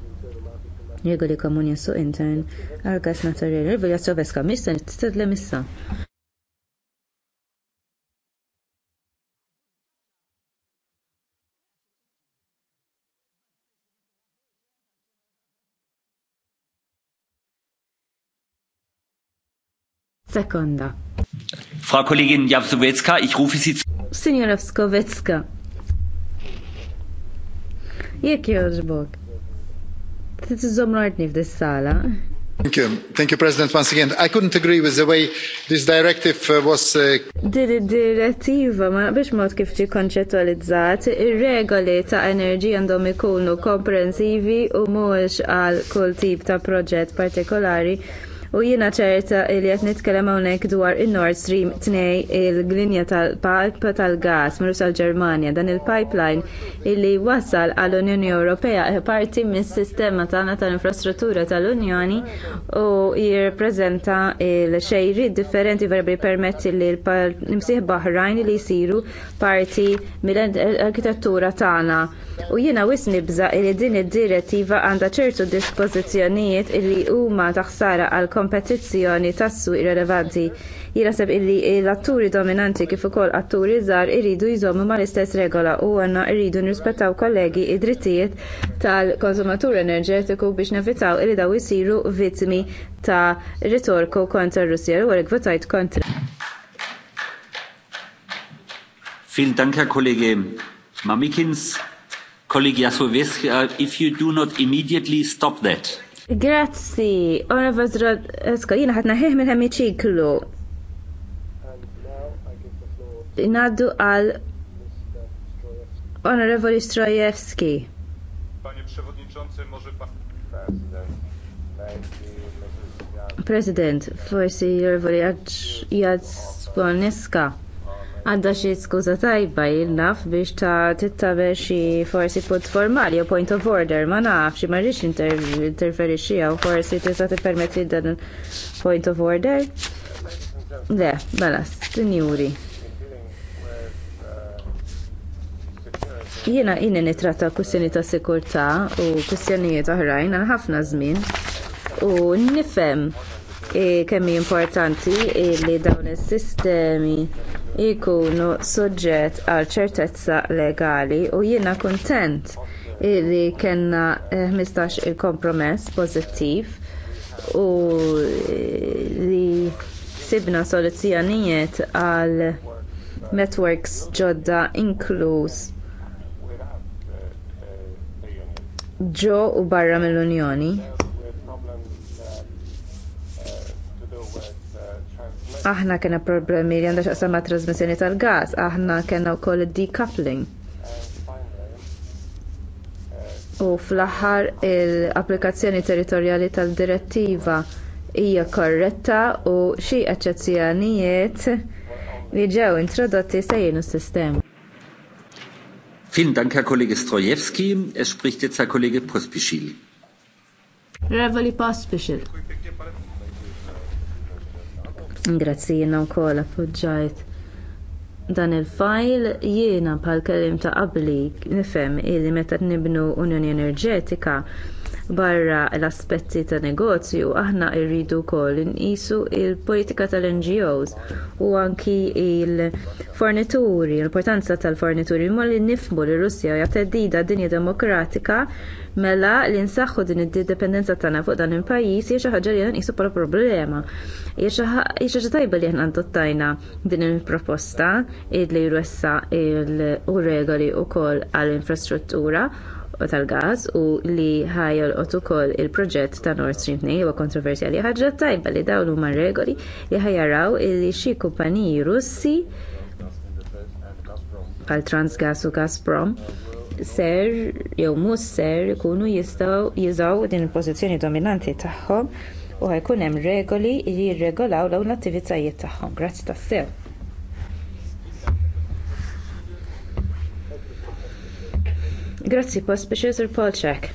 Speaker 9: li kamun jessu intern għal gas naturali rivja soveska mista le missa. Sekonda.
Speaker 5: Frau Kollegin Javsovetska, ich rufe Sie zu.
Speaker 9: Signora Skovetska. Jekk joġbok. Tizzom rajtni f'dis-sala.
Speaker 3: Thank you. Thank you, President, once again. I couldn't agree with the way this directive uh, was... Uh,
Speaker 9: Din id-direttiva ma biex mod kif ġi konċettualizzat, ir-regoli ta' enerġija għandhom ikunu komprensivi u mhux għal kull tip ta' proġett partikolari u jiena ċerta li qed nitkellem hawnhekk dwar in-Nord Stream 2 il-glinja tal-pipe tal-gas mirus għall-Ġermanja dan il-pipeline illi wassal għall-Unjoni Ewropea eh, parti mis-sistema tagħna tal-infrastruttura tal-Unjoni u jirrappreżenta l-xejri differenti verbi permetti li l-imsieħ Baħrajn li jsiru parti mill-arkitettura tagħna. U jiena wis nibża li din id-direttiva għandha ċertu dispożizzjonijiet li huma taħsara għal kompetizzjoni tas-suq irrelevanti. Jiraseb illi l-atturi dominanti kif ukoll atturi żgħar iridu jżommu mal-istess regola u għandna jridu nirrispettaw kollegi id-drittijiet tal-konsumatur enerġetiku biex nevitaw illi daw isiru vittmi ta' ritorku kontra r-Russja u għalhekk votajt kontra.
Speaker 5: Vielen Dank, Herr Kollege Mamikins. Kollegja Sowieski, uh, if you do not immediately stop that,
Speaker 9: Grazzi, Onorevole Esko, jina ħatna ħih minn ħemmi ċiklu. Naddu għal Onorevoli Strojewski.
Speaker 3: Panie Przewodniczący, może pan... President,
Speaker 9: forsi Onorevoli Jadz Boniska għandha xi skuża tajba il-naf biex ta' tittaber xi forsi put formali jew point of order ma nafx ma interferi interferixxi u forsi tista' tippermetti dan point of order. Le, mela, sinjuri. Jiena jiena nitratta kwistjoni ta' sikurtà u kwistjonijiet oħrajn għal ħafna żmien u nifhem kemm importanti li dawn is-sistemi jkunu suġġett għal ċertezza legali u jiena kuntent li kellna 15 il-kompromess pożittiv u eh, li sibna soluzzjonijiet għal networks ġodda inkluż ġo u barra mill-Unjoni Aħna kena problemi li għandax qasam trasmissjoni tal-gas, aħna kena wkoll decoupling. U fl-aħħar l-applikazzjoni territorjali tal-direttiva hija korretta u xi eċċezzjonijiet li ġew introdotti se s-sistema.
Speaker 5: Vielen Dank, Herr Kollege Strojewski. Es spricht jetzt Herr Kollege Pospischil.
Speaker 9: Reveli Pospischil. Grazzi u wkoll appoġġajt dan il-fajl jiena bħal kelim ta' qabli nifhem li meta nibnu unjoni enerġetika barra l-aspetti ta' negozju aħna rridu wkoll inqisu l politika tal-NGOs u anki l fornituri l-importanza tal-fornituri imma li nifhmu li Russja hija teddida dinja demokratika mela li nsaħħu din id-dipendenza tagħna fuq dan il-pajjiż hija xi ħaġa li nqisu bħala problema. Hija xi tajba li aħna adottajna din il-proposta li jressa il-regoli wkoll għall-infrastruttura tal-gas u li ħajolqot ukoll il-proġett ta' Nord Stream 2 huwa kontroversjali ħaġa tajba li dawn huma regoli li ħajaraw li xi kumpaniji Russi bħal Transgas u Gazprom ser jew mhux ser ikunu jistgħu jiżgħu din il-pożizzjoni dominanti tagħhom u ħajkun hemm regoli li jirregolaw dawn l-attivitajiet tagħhom. Grazzi tassew. Grazzi, pospiċi sur Polċek.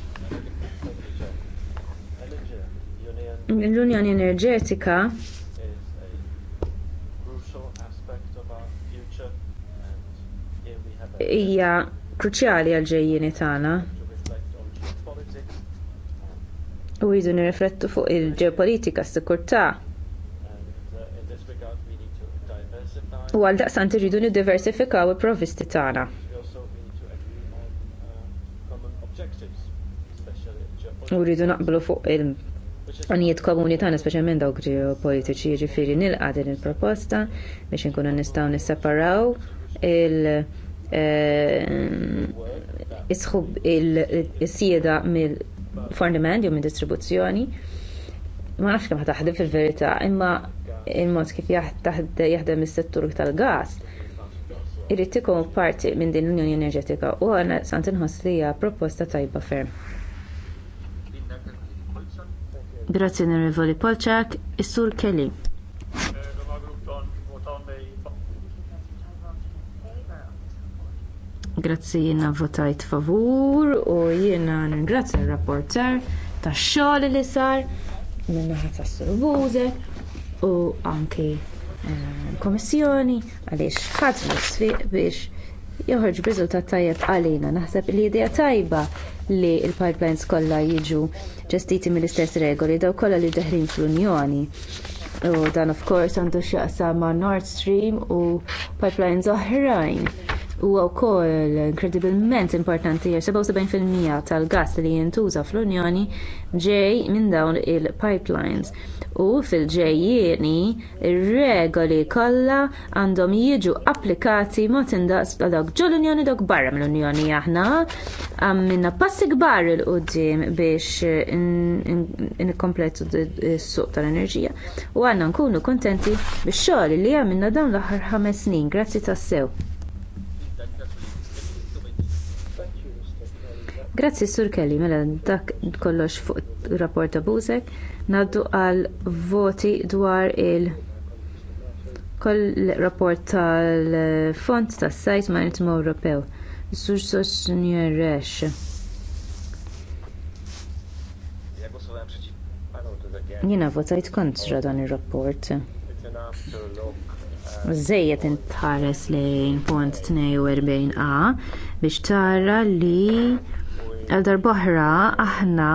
Speaker 6: L-Unjoni Enerġetika
Speaker 7: hija
Speaker 9: kruċjali għal ġejjini tagħna. U jridu nirriflettu fuq il-ġeopolitika s-sikurtà.
Speaker 6: U għal daqsan irridu diversifikaw
Speaker 9: il-provisti tagħna.
Speaker 6: Uridu naqblu fuq il- għanijiet komuni
Speaker 9: tagħna speċjalment dawk ġeopolitiċi ġifiri nilqa' din il-proposta biex inkunu nistgħu nisseparaw il- eh, isħub il-sieda mill-forniment jew mill distribuzzjoni Ma nafx kemm ħataħdem fil-verità, imma il-mod kif jaħdem is-settur tal-gas irrid ikun parti minn din l-Unjoni Enerġetika u għana sant inħoss li hija proposta tajba ferm. Grazzi Onorevoli Polczak, is-Sur Kelly. Grazzi jiena votajt favur u jiena ningrazzja r-rapporter tax-xogħol li sar min-naħa tas-Sur Buzek u anki eh, komissjoni għaliex ħadd l-sfiq biex joħorġ b'riżultat tajjeb għalina. Naħseb li idea tajba li l-pipelines kollha jiġu ġestiti mill-istess regoli daw kollha li deħlin fl-Unjoni. U dan of course għandu x'jaqsam ma' Nord Stream u pipelines oħrajn huwa wkoll inkredibilment importanti għal 77% tal-gass li jintuża fl-Unjoni ġej minn dawn il-pipelines u fil-ġejjieni ir-regoli kollha għandhom jiġu applikati ma indaqs dawk ġol unjoni dawk barra mill-Unjoni aħna għamminna passi kbar il qudiem biex inkompletu s-suq tal-enerġija u għandna nkunu kuntenti bix-xogħol li għamilna dawn l-aħħar ħames snin grazzi tassew. Grazzi Sur Kelly, mela dak kollox fuq rapport ta' Busek, naddu għal voti dwar il- koll rapport tal-Fond tas-Sajt Maritimo Ewropew. Sur Sosnjer Rex.
Speaker 6: Jina votajt kontra dan
Speaker 9: ir-rapport. Żejjed intħares lejn punt 42a biex tara li Għal darboħra aħna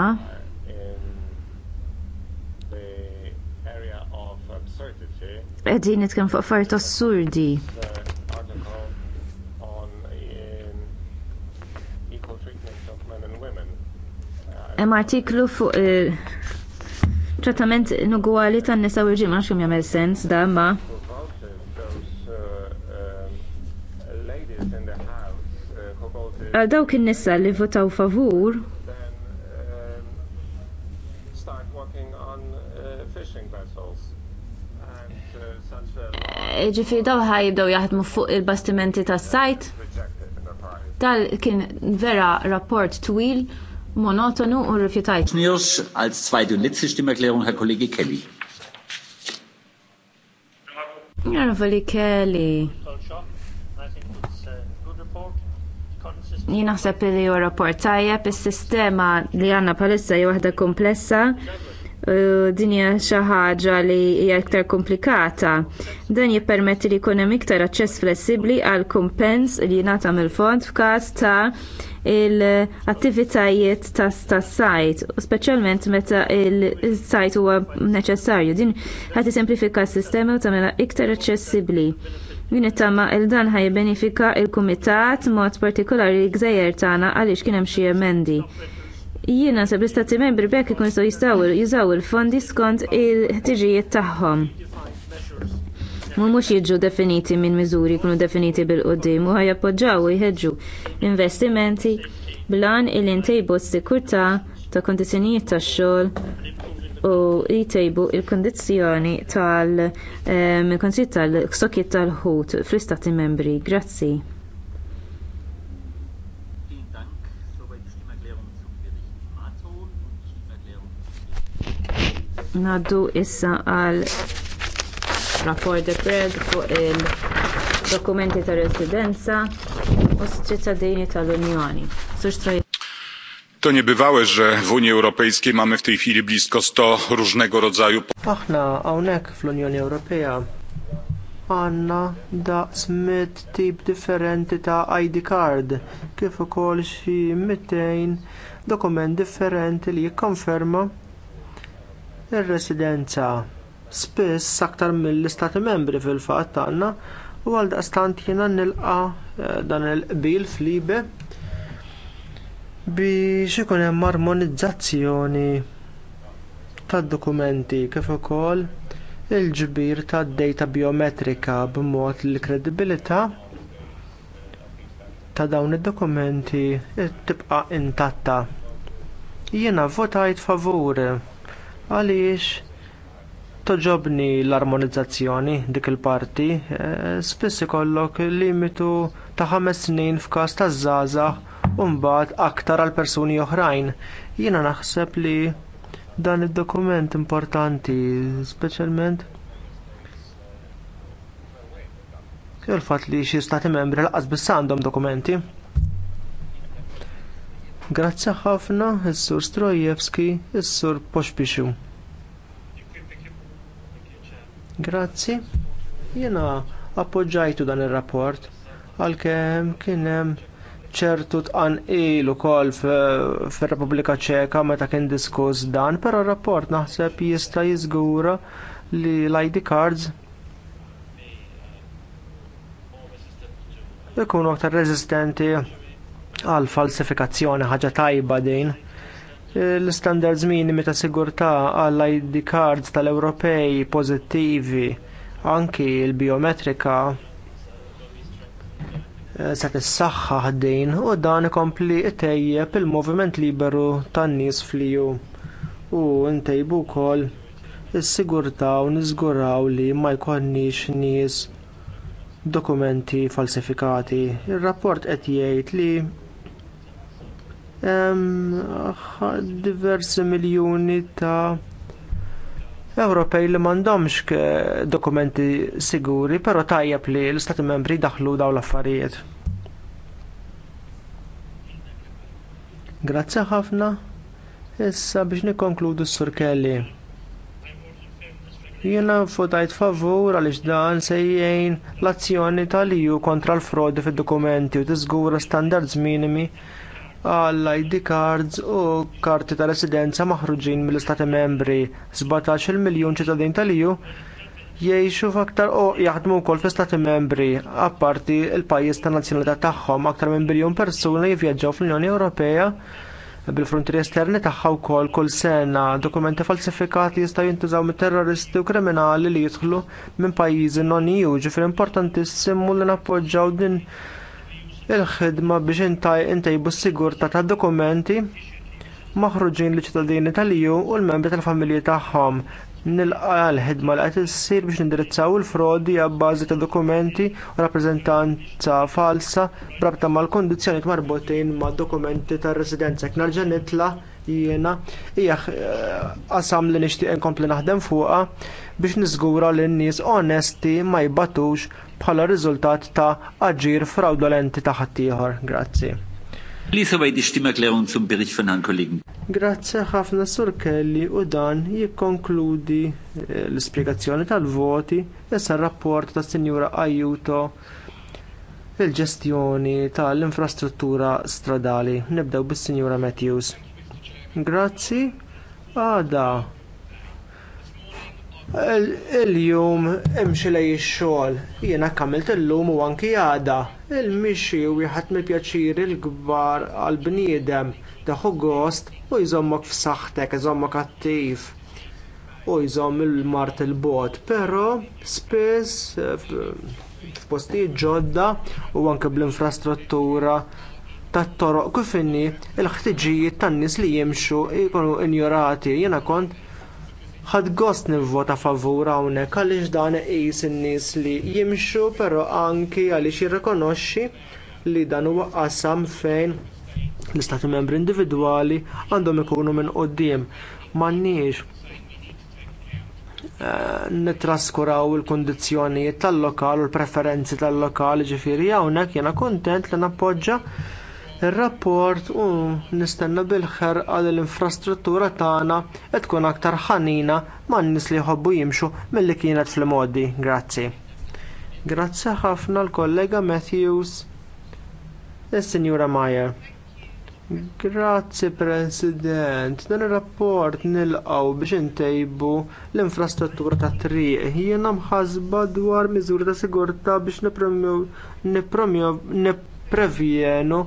Speaker 9: qegħdin nitkellem fuq affarijiet assurdi. Hemm artiklu fuq eh, trattament inugwali tan-nisa u l-ġimgħa x'kemm jagħmel sens da ma'
Speaker 6: għal dawk in-nisa
Speaker 9: li votaw favur
Speaker 3: eh,
Speaker 9: ġifi daw ħajibdew jaħdmu fuq il-bastimenti tas-sajt. Dal kien vera rapport twil, monotonu
Speaker 5: u rrifjutajt. zweite und letzte Stimmerklärung, Herr Kollege Kelly.
Speaker 9: Kelly. jinaħseb li hu rapport tajjeb, is-sistema li għandna bħalissa hija waħda komplessa din hija xi ħaġa li hija iktar komplikata. Dan jippermetti li jkun hemm iktar aċċess flessibbli għal kumpens li jingħata mill-fond f'każ ta' l-attivitajiet tas-sajt, speċjalment meta il-sajt huwa neċessarju. Din ħadd isemplifika s-sistema u tagħmilha iktar aċċessibbli. Min tama il-dan ħaj benefika il-Kumitat mod partikolari gżejjer tagħna għaliex kien hemm xi emendi. Jiena se l-istati membri bekk ikun jistgħu jużaw il-fondi skont il-ħtiġijiet tagħhom. Ma mhux jiġu definiti minn miżuri jkunu definiti bil qudiem u ħajappoġġaw u jħeġġu investimenti blan il-intejbu s-sikurtà ta' kundizzjonijiet tax-xogħol U jtejbu il kundizzjoni tal-konsit ehm, tal-stokkiet tal-ħut fl-istati membri. Grazzi. Ngħaddu issa għal rapport depred fuq il-dokumenti ta' residenza u s-ċittadini tal-Unjoni.
Speaker 1: To niebywałe, że w Unii Europejskiej mamy w tej chwili blisko 100 różnego rodzaju...
Speaker 7: Aħna hawnhekk fl-Unjoni Ewropea għandna daqs tip differenti ta' ID card kif ukoll xi 200 dokument differenti li jikkonferma ir-residenza. Spiss aktar mill-Istati Membri fil-fatt għandna u għaldaqstant jiena nilqa eh, dan il-qbil flibe biex ikun hemm armonizzazzjoni tad-dokumenti kif ukoll il-ġbir tad-dejta biometrika b'mod li l-kredibilità ta' dawn id-dokumenti tibqa' intatta. Jiena votajt favur għaliex toġobni l-armonizzazzjoni dik il-parti, eh, spiss ikollok limitu ta' ħames snin f'każ taż-żgħażagħ u mbagħad aktar għal persuni oħrajn. Jiena naħseb li dan id-dokument importanti, speċjalment jew fatt li xi stati membri laqas biss għandhom dokumenti. Grazzi ħafna is-Sur Strojewski, is-Sur Poxbixu. Grazzi. Jiena appoġġajtu dan ir-rapport għalkemm kien hemm ċertu tqanqil ukoll fir-Repubblika Ċeka meta kien diskuss dan, però r-rapport naħseb jista' jiżgura li l-ID cards ikunu aktar reżistenti għal falsifikazzjoni ħaġa tajba din. l istandards minimi ta' sigurtà għall id cards tal-Ewropej pożittivi anki l-biometrika Eh, se tissaħħa ħdejn u dan ikompli tejjeb il-moviment liberu tan-nies fliju u ntejbu wkoll is-sigurtà u niżguraw li ma jkollniex nies dokumenti falsifikati. Ir-rapport qed jgħid li hemm diversi miljuni ta' Ewropej li m'għandhomx eh, dokumenti siguri, però tajjeb li l-Stati membri daħlu dawn l-affarijiet. Grazzi ħafna. Issa biex nikkonkludu s-Sur Kelly. Jiena votajt favur għaliex dan se jgħin l-azzjoni tal-EU kontra l-frodi fid-dokumenti u tiżgura standards minimi għall id cards u karti ta' residenza maħruġin mill-Istati Membri. 17 miljun ċittadin tal-EU jgħixu f'aktar u jaħdmu wkoll fl-Istati Membri, apparti l pajjiż ta' nazzjonalità tagħhom aktar minn biljun persuna jivvjaġġaw fl-Unjoni Ewropea bil-frontieri esterni tagħha wkoll kull sena. Dokumenti falsifikati jistgħu jintużaw mit terroristi u kriminali li jidħlu minn pajjiżi non EU, ġifier importantissimu li nappoġġjaw din il-ħidma biex intaj intajbu s-sigurta tad dokumenti maħruġin liċ ċittadini tal-EU u l-membri tal-familji tagħhom. Nilqa l-ħidma li qed issir biex nindirizzaw il-frodi għabbażi ta' dokumenti u rappreżentanza falsa brabta mal-kondizzjonijiet marbutin mad dokumenti tar-residenza. kien Knarġa nitla' jiena hija eh, qasam li nixtieq inkompli naħdem fuqha biex niżgura li n-nies onesti ma jbatux bħala riżultat ta' aġir fraudolenti ta' ħaddieħor. Grazzi. Grazzi ħafna sur Kelly u dan jikkonkludi eh, l-ispjegazzjoni tal-voti issa r-rapport tas Sinjura Ajuto il-ġestjoni tal-infrastruttura stradali. Nibdew bis-Sinjura Matthews. Grazzi għada Il-jum imxi lej xogħol jiena kamilt illum u anki għada. Il-mixi u jħat mill-pjaċir il-gbar għal-bniedem daħu gost u jżommok f'saħħtek, jżommok attiv u jżomm il-mart il-bot. Però spiss f'postijiet ġodda u anke bl-infrastruttura tat-toroq kif il l ħtiġijiet tan-nies li jimxu jkunu injorati. Jiena kont ħad gost nivvota favur hawnhekk għaliex dan qis in-nies li jimxu però anki għaliex jirrikonoxxi li dan huwa qasam fejn l-istati membri individwali għandhom ikunu minn quddiem m'għandniex eh, nitraskuraw il kundizzjonijiet tal-lokal u l-preferenzi tal-lokal ġifiri hawnhekk jiena kuntent li nappoġġa ir-rapport u nistenna bil-ħerqa li l-infrastruttura tagħna qed tkun aktar ħanina man-nies li jħobbu jimxu milli kienet fil-modi. Grazzi. Grazzi ħafna l-kollega Matthews is-Sinjura Meyer. Grazzi President, dan ir-rapport nilqgħu biex intejbu l-infrastruttura tat triq. Jiena mħasba dwar miżuri ta' sigurtà biex nipromju jipprevjenu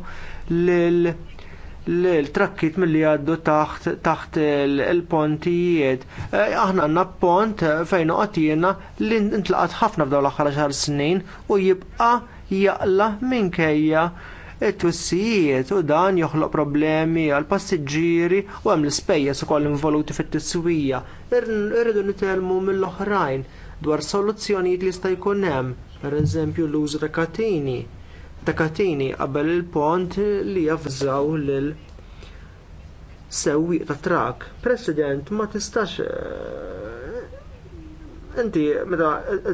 Speaker 7: lil l-trakkit milli għaddu taħt il-pontijiet. E, aħna għandna pont fejn uqatijena li intlaqat ħafna f'dawn l-aħħar xar snin u jibqa jaqla minkejja it-tussijiet u dan joħloq problemi għall passiġġieri u hemm l-ispejjeż ukoll involuti fit-tiswija. Irridu nitalmu mill-oħrajn dwar soluzzjonijiet li jista' jkun hemm, pereżempju l-użu ta' katini Dakatini qabel il-pont li jafżaw lil sewwieq ta' trak. President, ma tistax eh, inti meta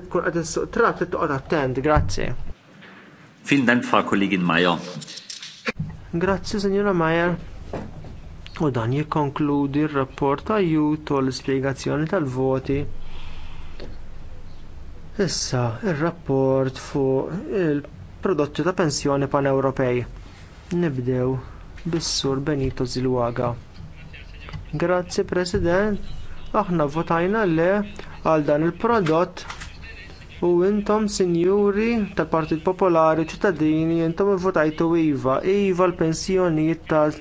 Speaker 7: tkun qed issuq trak trid toqgħod attent, grazzi.
Speaker 5: Fin Dank, Frau Kollegin Mayer.
Speaker 7: Grazzi, Signora Majer. U dan jikkonkludi r-rapport ajut u l-ispjegazzjoni tal-voti. Issa, ir rapport fuq il- prodotti ta' pensjoni pan-Ewropej. Nibdew bis-sur Benito Zilwaga. Grazzi President, aħna votajna le għal dan il-prodott u intom sinjuri tal-Partit Popolari ċittadini intom votajtu iva, iva l-pensjonijiet tal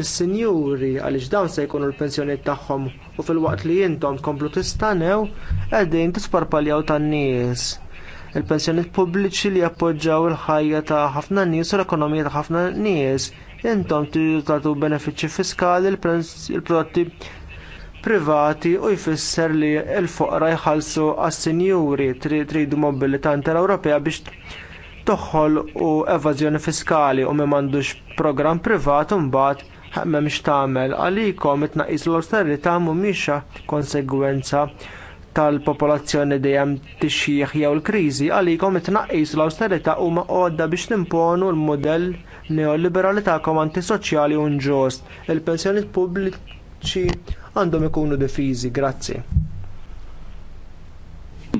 Speaker 7: nis-sinjuri għaliex dawn se jkunu l-pensjonijiet tagħhom u fil-waqt li intom tkomplu tistanew qegħdin tisparpaljaw tan-nies il pensjonijiet pubbliċi li jappoġġaw il-ħajja ta' ħafna nies u l-ekonomija ta' ħafna nies. Intom tridu tagħtu benefiċċji fiskali il-prodotti privati u jfisser li l-foqra jħallsu għas-sinjuri tridu mobilità inter-Ewropea biex toħħol u evażjoni fiskali u m'għandux programm privat u mbagħad m'hemmx tagħmel għalikom it-tnaqqis l-austerità mhumiex konsegwenza tal-popolazzjoni dejjem tixjih jew il-kriżi għalikom it-tnaqqis l-awsterità huma għodda biex timponu l modell neoliberali tagħkom antisoċjali u nġost. Il-pensjonijiet pubbliċi għandhom ikunu defiżi. Grazzi.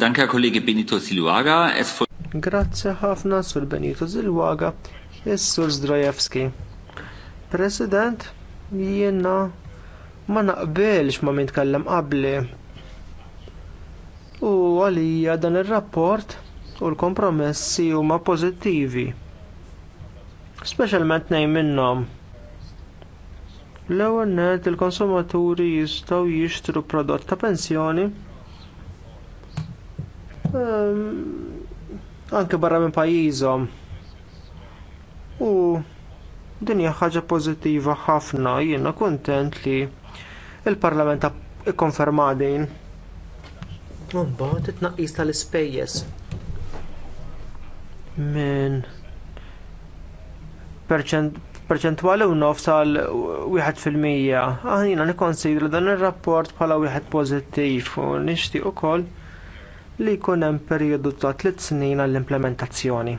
Speaker 5: Danke kollegi Benito Zilwaga.
Speaker 7: Grazzi ħafna sur Benito Zilwaga, e sur Zdrojewski. President, jiena ma naqbelx ma min tkellem qabli u għalija dan ir-rapport u l-kompromessi huma pożittivi. Speċjalment nejn minnhom. L-ewwel net il-konsumaturi jistgħu jixtru prodott ta' pensjoni um, anke barra minn pajjiżhom. U din hija ħaġa pożittiva ħafna, jiena kuntent li l parlament ikkonferma din ħolqna mbagħad it-tnaqqis tal-ispejjeż minn perċentwali u nof sal 1%. Aħna nikkonsidru dan ir-rapport bħala wieħed pożittiv u nixtieq ukoll li jkun hemm perjodu ta' tliet snin għall-implementazzjoni.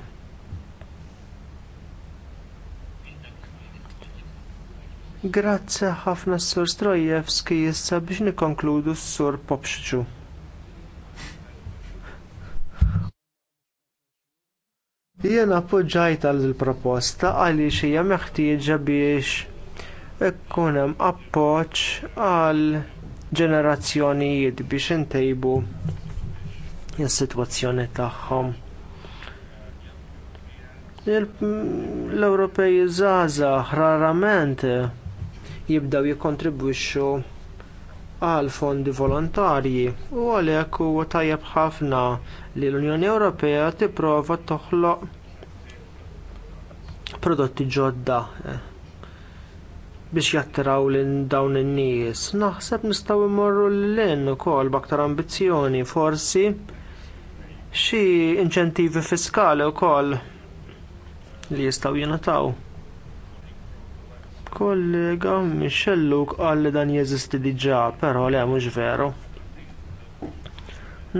Speaker 7: Grazzi ħafna s-sur Strojevski issa biex nikkonkludu s-sur Popxċu. Jien appoġġajt għall proposta għaliex hija meħtieġa biex ikun hemm appoġġ għal ġenerazzjonijiet biex intejbu is-sitwazzjoni tagħhom. L-Ewropej żgħażagħ rarament jibdew jikkontribwixxu għal fondi volontarji u għalhekk huwa tajjeb ħafna li l-Unjoni Ewropea tipprova toħloq prodotti ġodda eh, biex jattiraw lil dawn in-nies. Naħseb nistgħu immorru lil ukoll b'aktar ambizzjoni, forsi xi inċentivi fiskali wkoll li jistgħu jingħataw kollega Mixelluk qal li dan jeżisti diġà, però le mhux veru.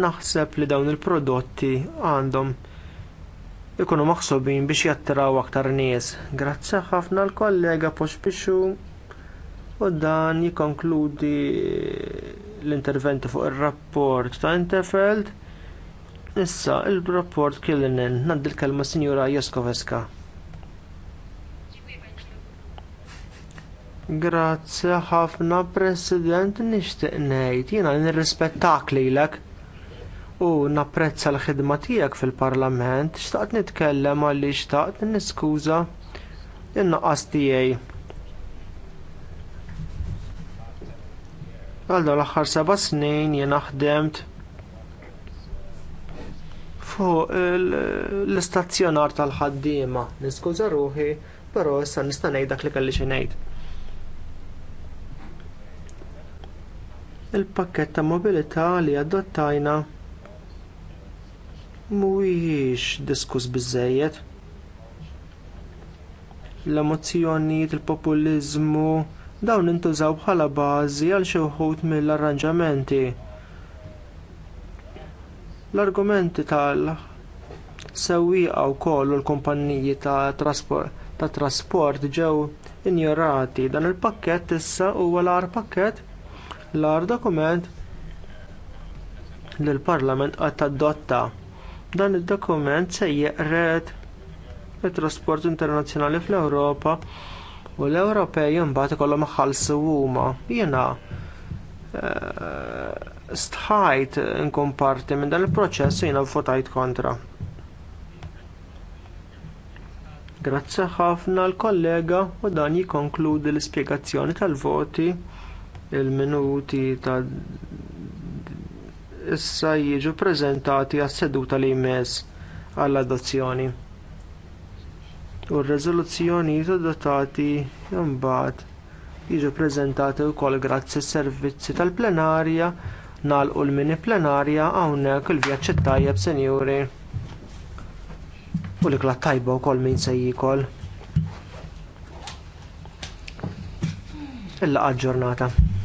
Speaker 7: Naħseb li dawn il-prodotti għandhom ikunu maħsubin biex jattiraw aktar nies. Grazzi ħafna l-kollega Pospixu u dan jikkonkludi l-interventi fuq ir-rapport ta' Interfeld. Issa, il-rapport Killinen, ngħaddi l kelma Sinjura Jaskoveska. Grazzi ħafna President nixtieq ngħid jiena nirrispettak lilek u napprezza l-ħidma tiegħek fil-Parlament xtaqt nitkellem għalli xtaqt niskuża in-naqas tiegħi. Għal l-aħħar seba' snin jiena ħdemt fuq l-istazzjonar tal-ħaddiema. Niskuża ruħi, però issa nista' ngħid dak li kelli xi ngħid. il-pakkett ta' mobilità li adottajna mhuwiex diskuss biżżejjed. L-emozzjonijiet, il-populiżmu dawn intużaw bħala bażi għal xi wħud mill-arranġamenti. L-argumenti tal sewwieqa wkoll u l-kumpanniji ta' trasport ġew injorati. Dan il-pakkett issa huwa l-ar pakkett l-agħar dokument li l-parlament qatt adotta dan id-dokument se jeqret it-trasport internazzjonali fl-ewropa u l-ewropej imbagħad ikollhom iħallsu huma jiena eh, stħajt inkun parti minn dan il-proċess u jiena votajt kontra. Grazzi ħafna l-kollega u dan jikkonkludi l-ispjegazzjoni tal-voti il-minuti ta' issa jiġu ppreżentati għas-seduta li jmiss għall-adozzjoni. U r-reżoluzzjoni adottati imbagħad jiġu ppreżentati wkoll grazzi s-servizzi tal-plenarja nagħlqu l-mini plenarja hawnhekk il-vjaġġ tajjeb sinjuri. U l-ikla tajba wkoll min se jikol. il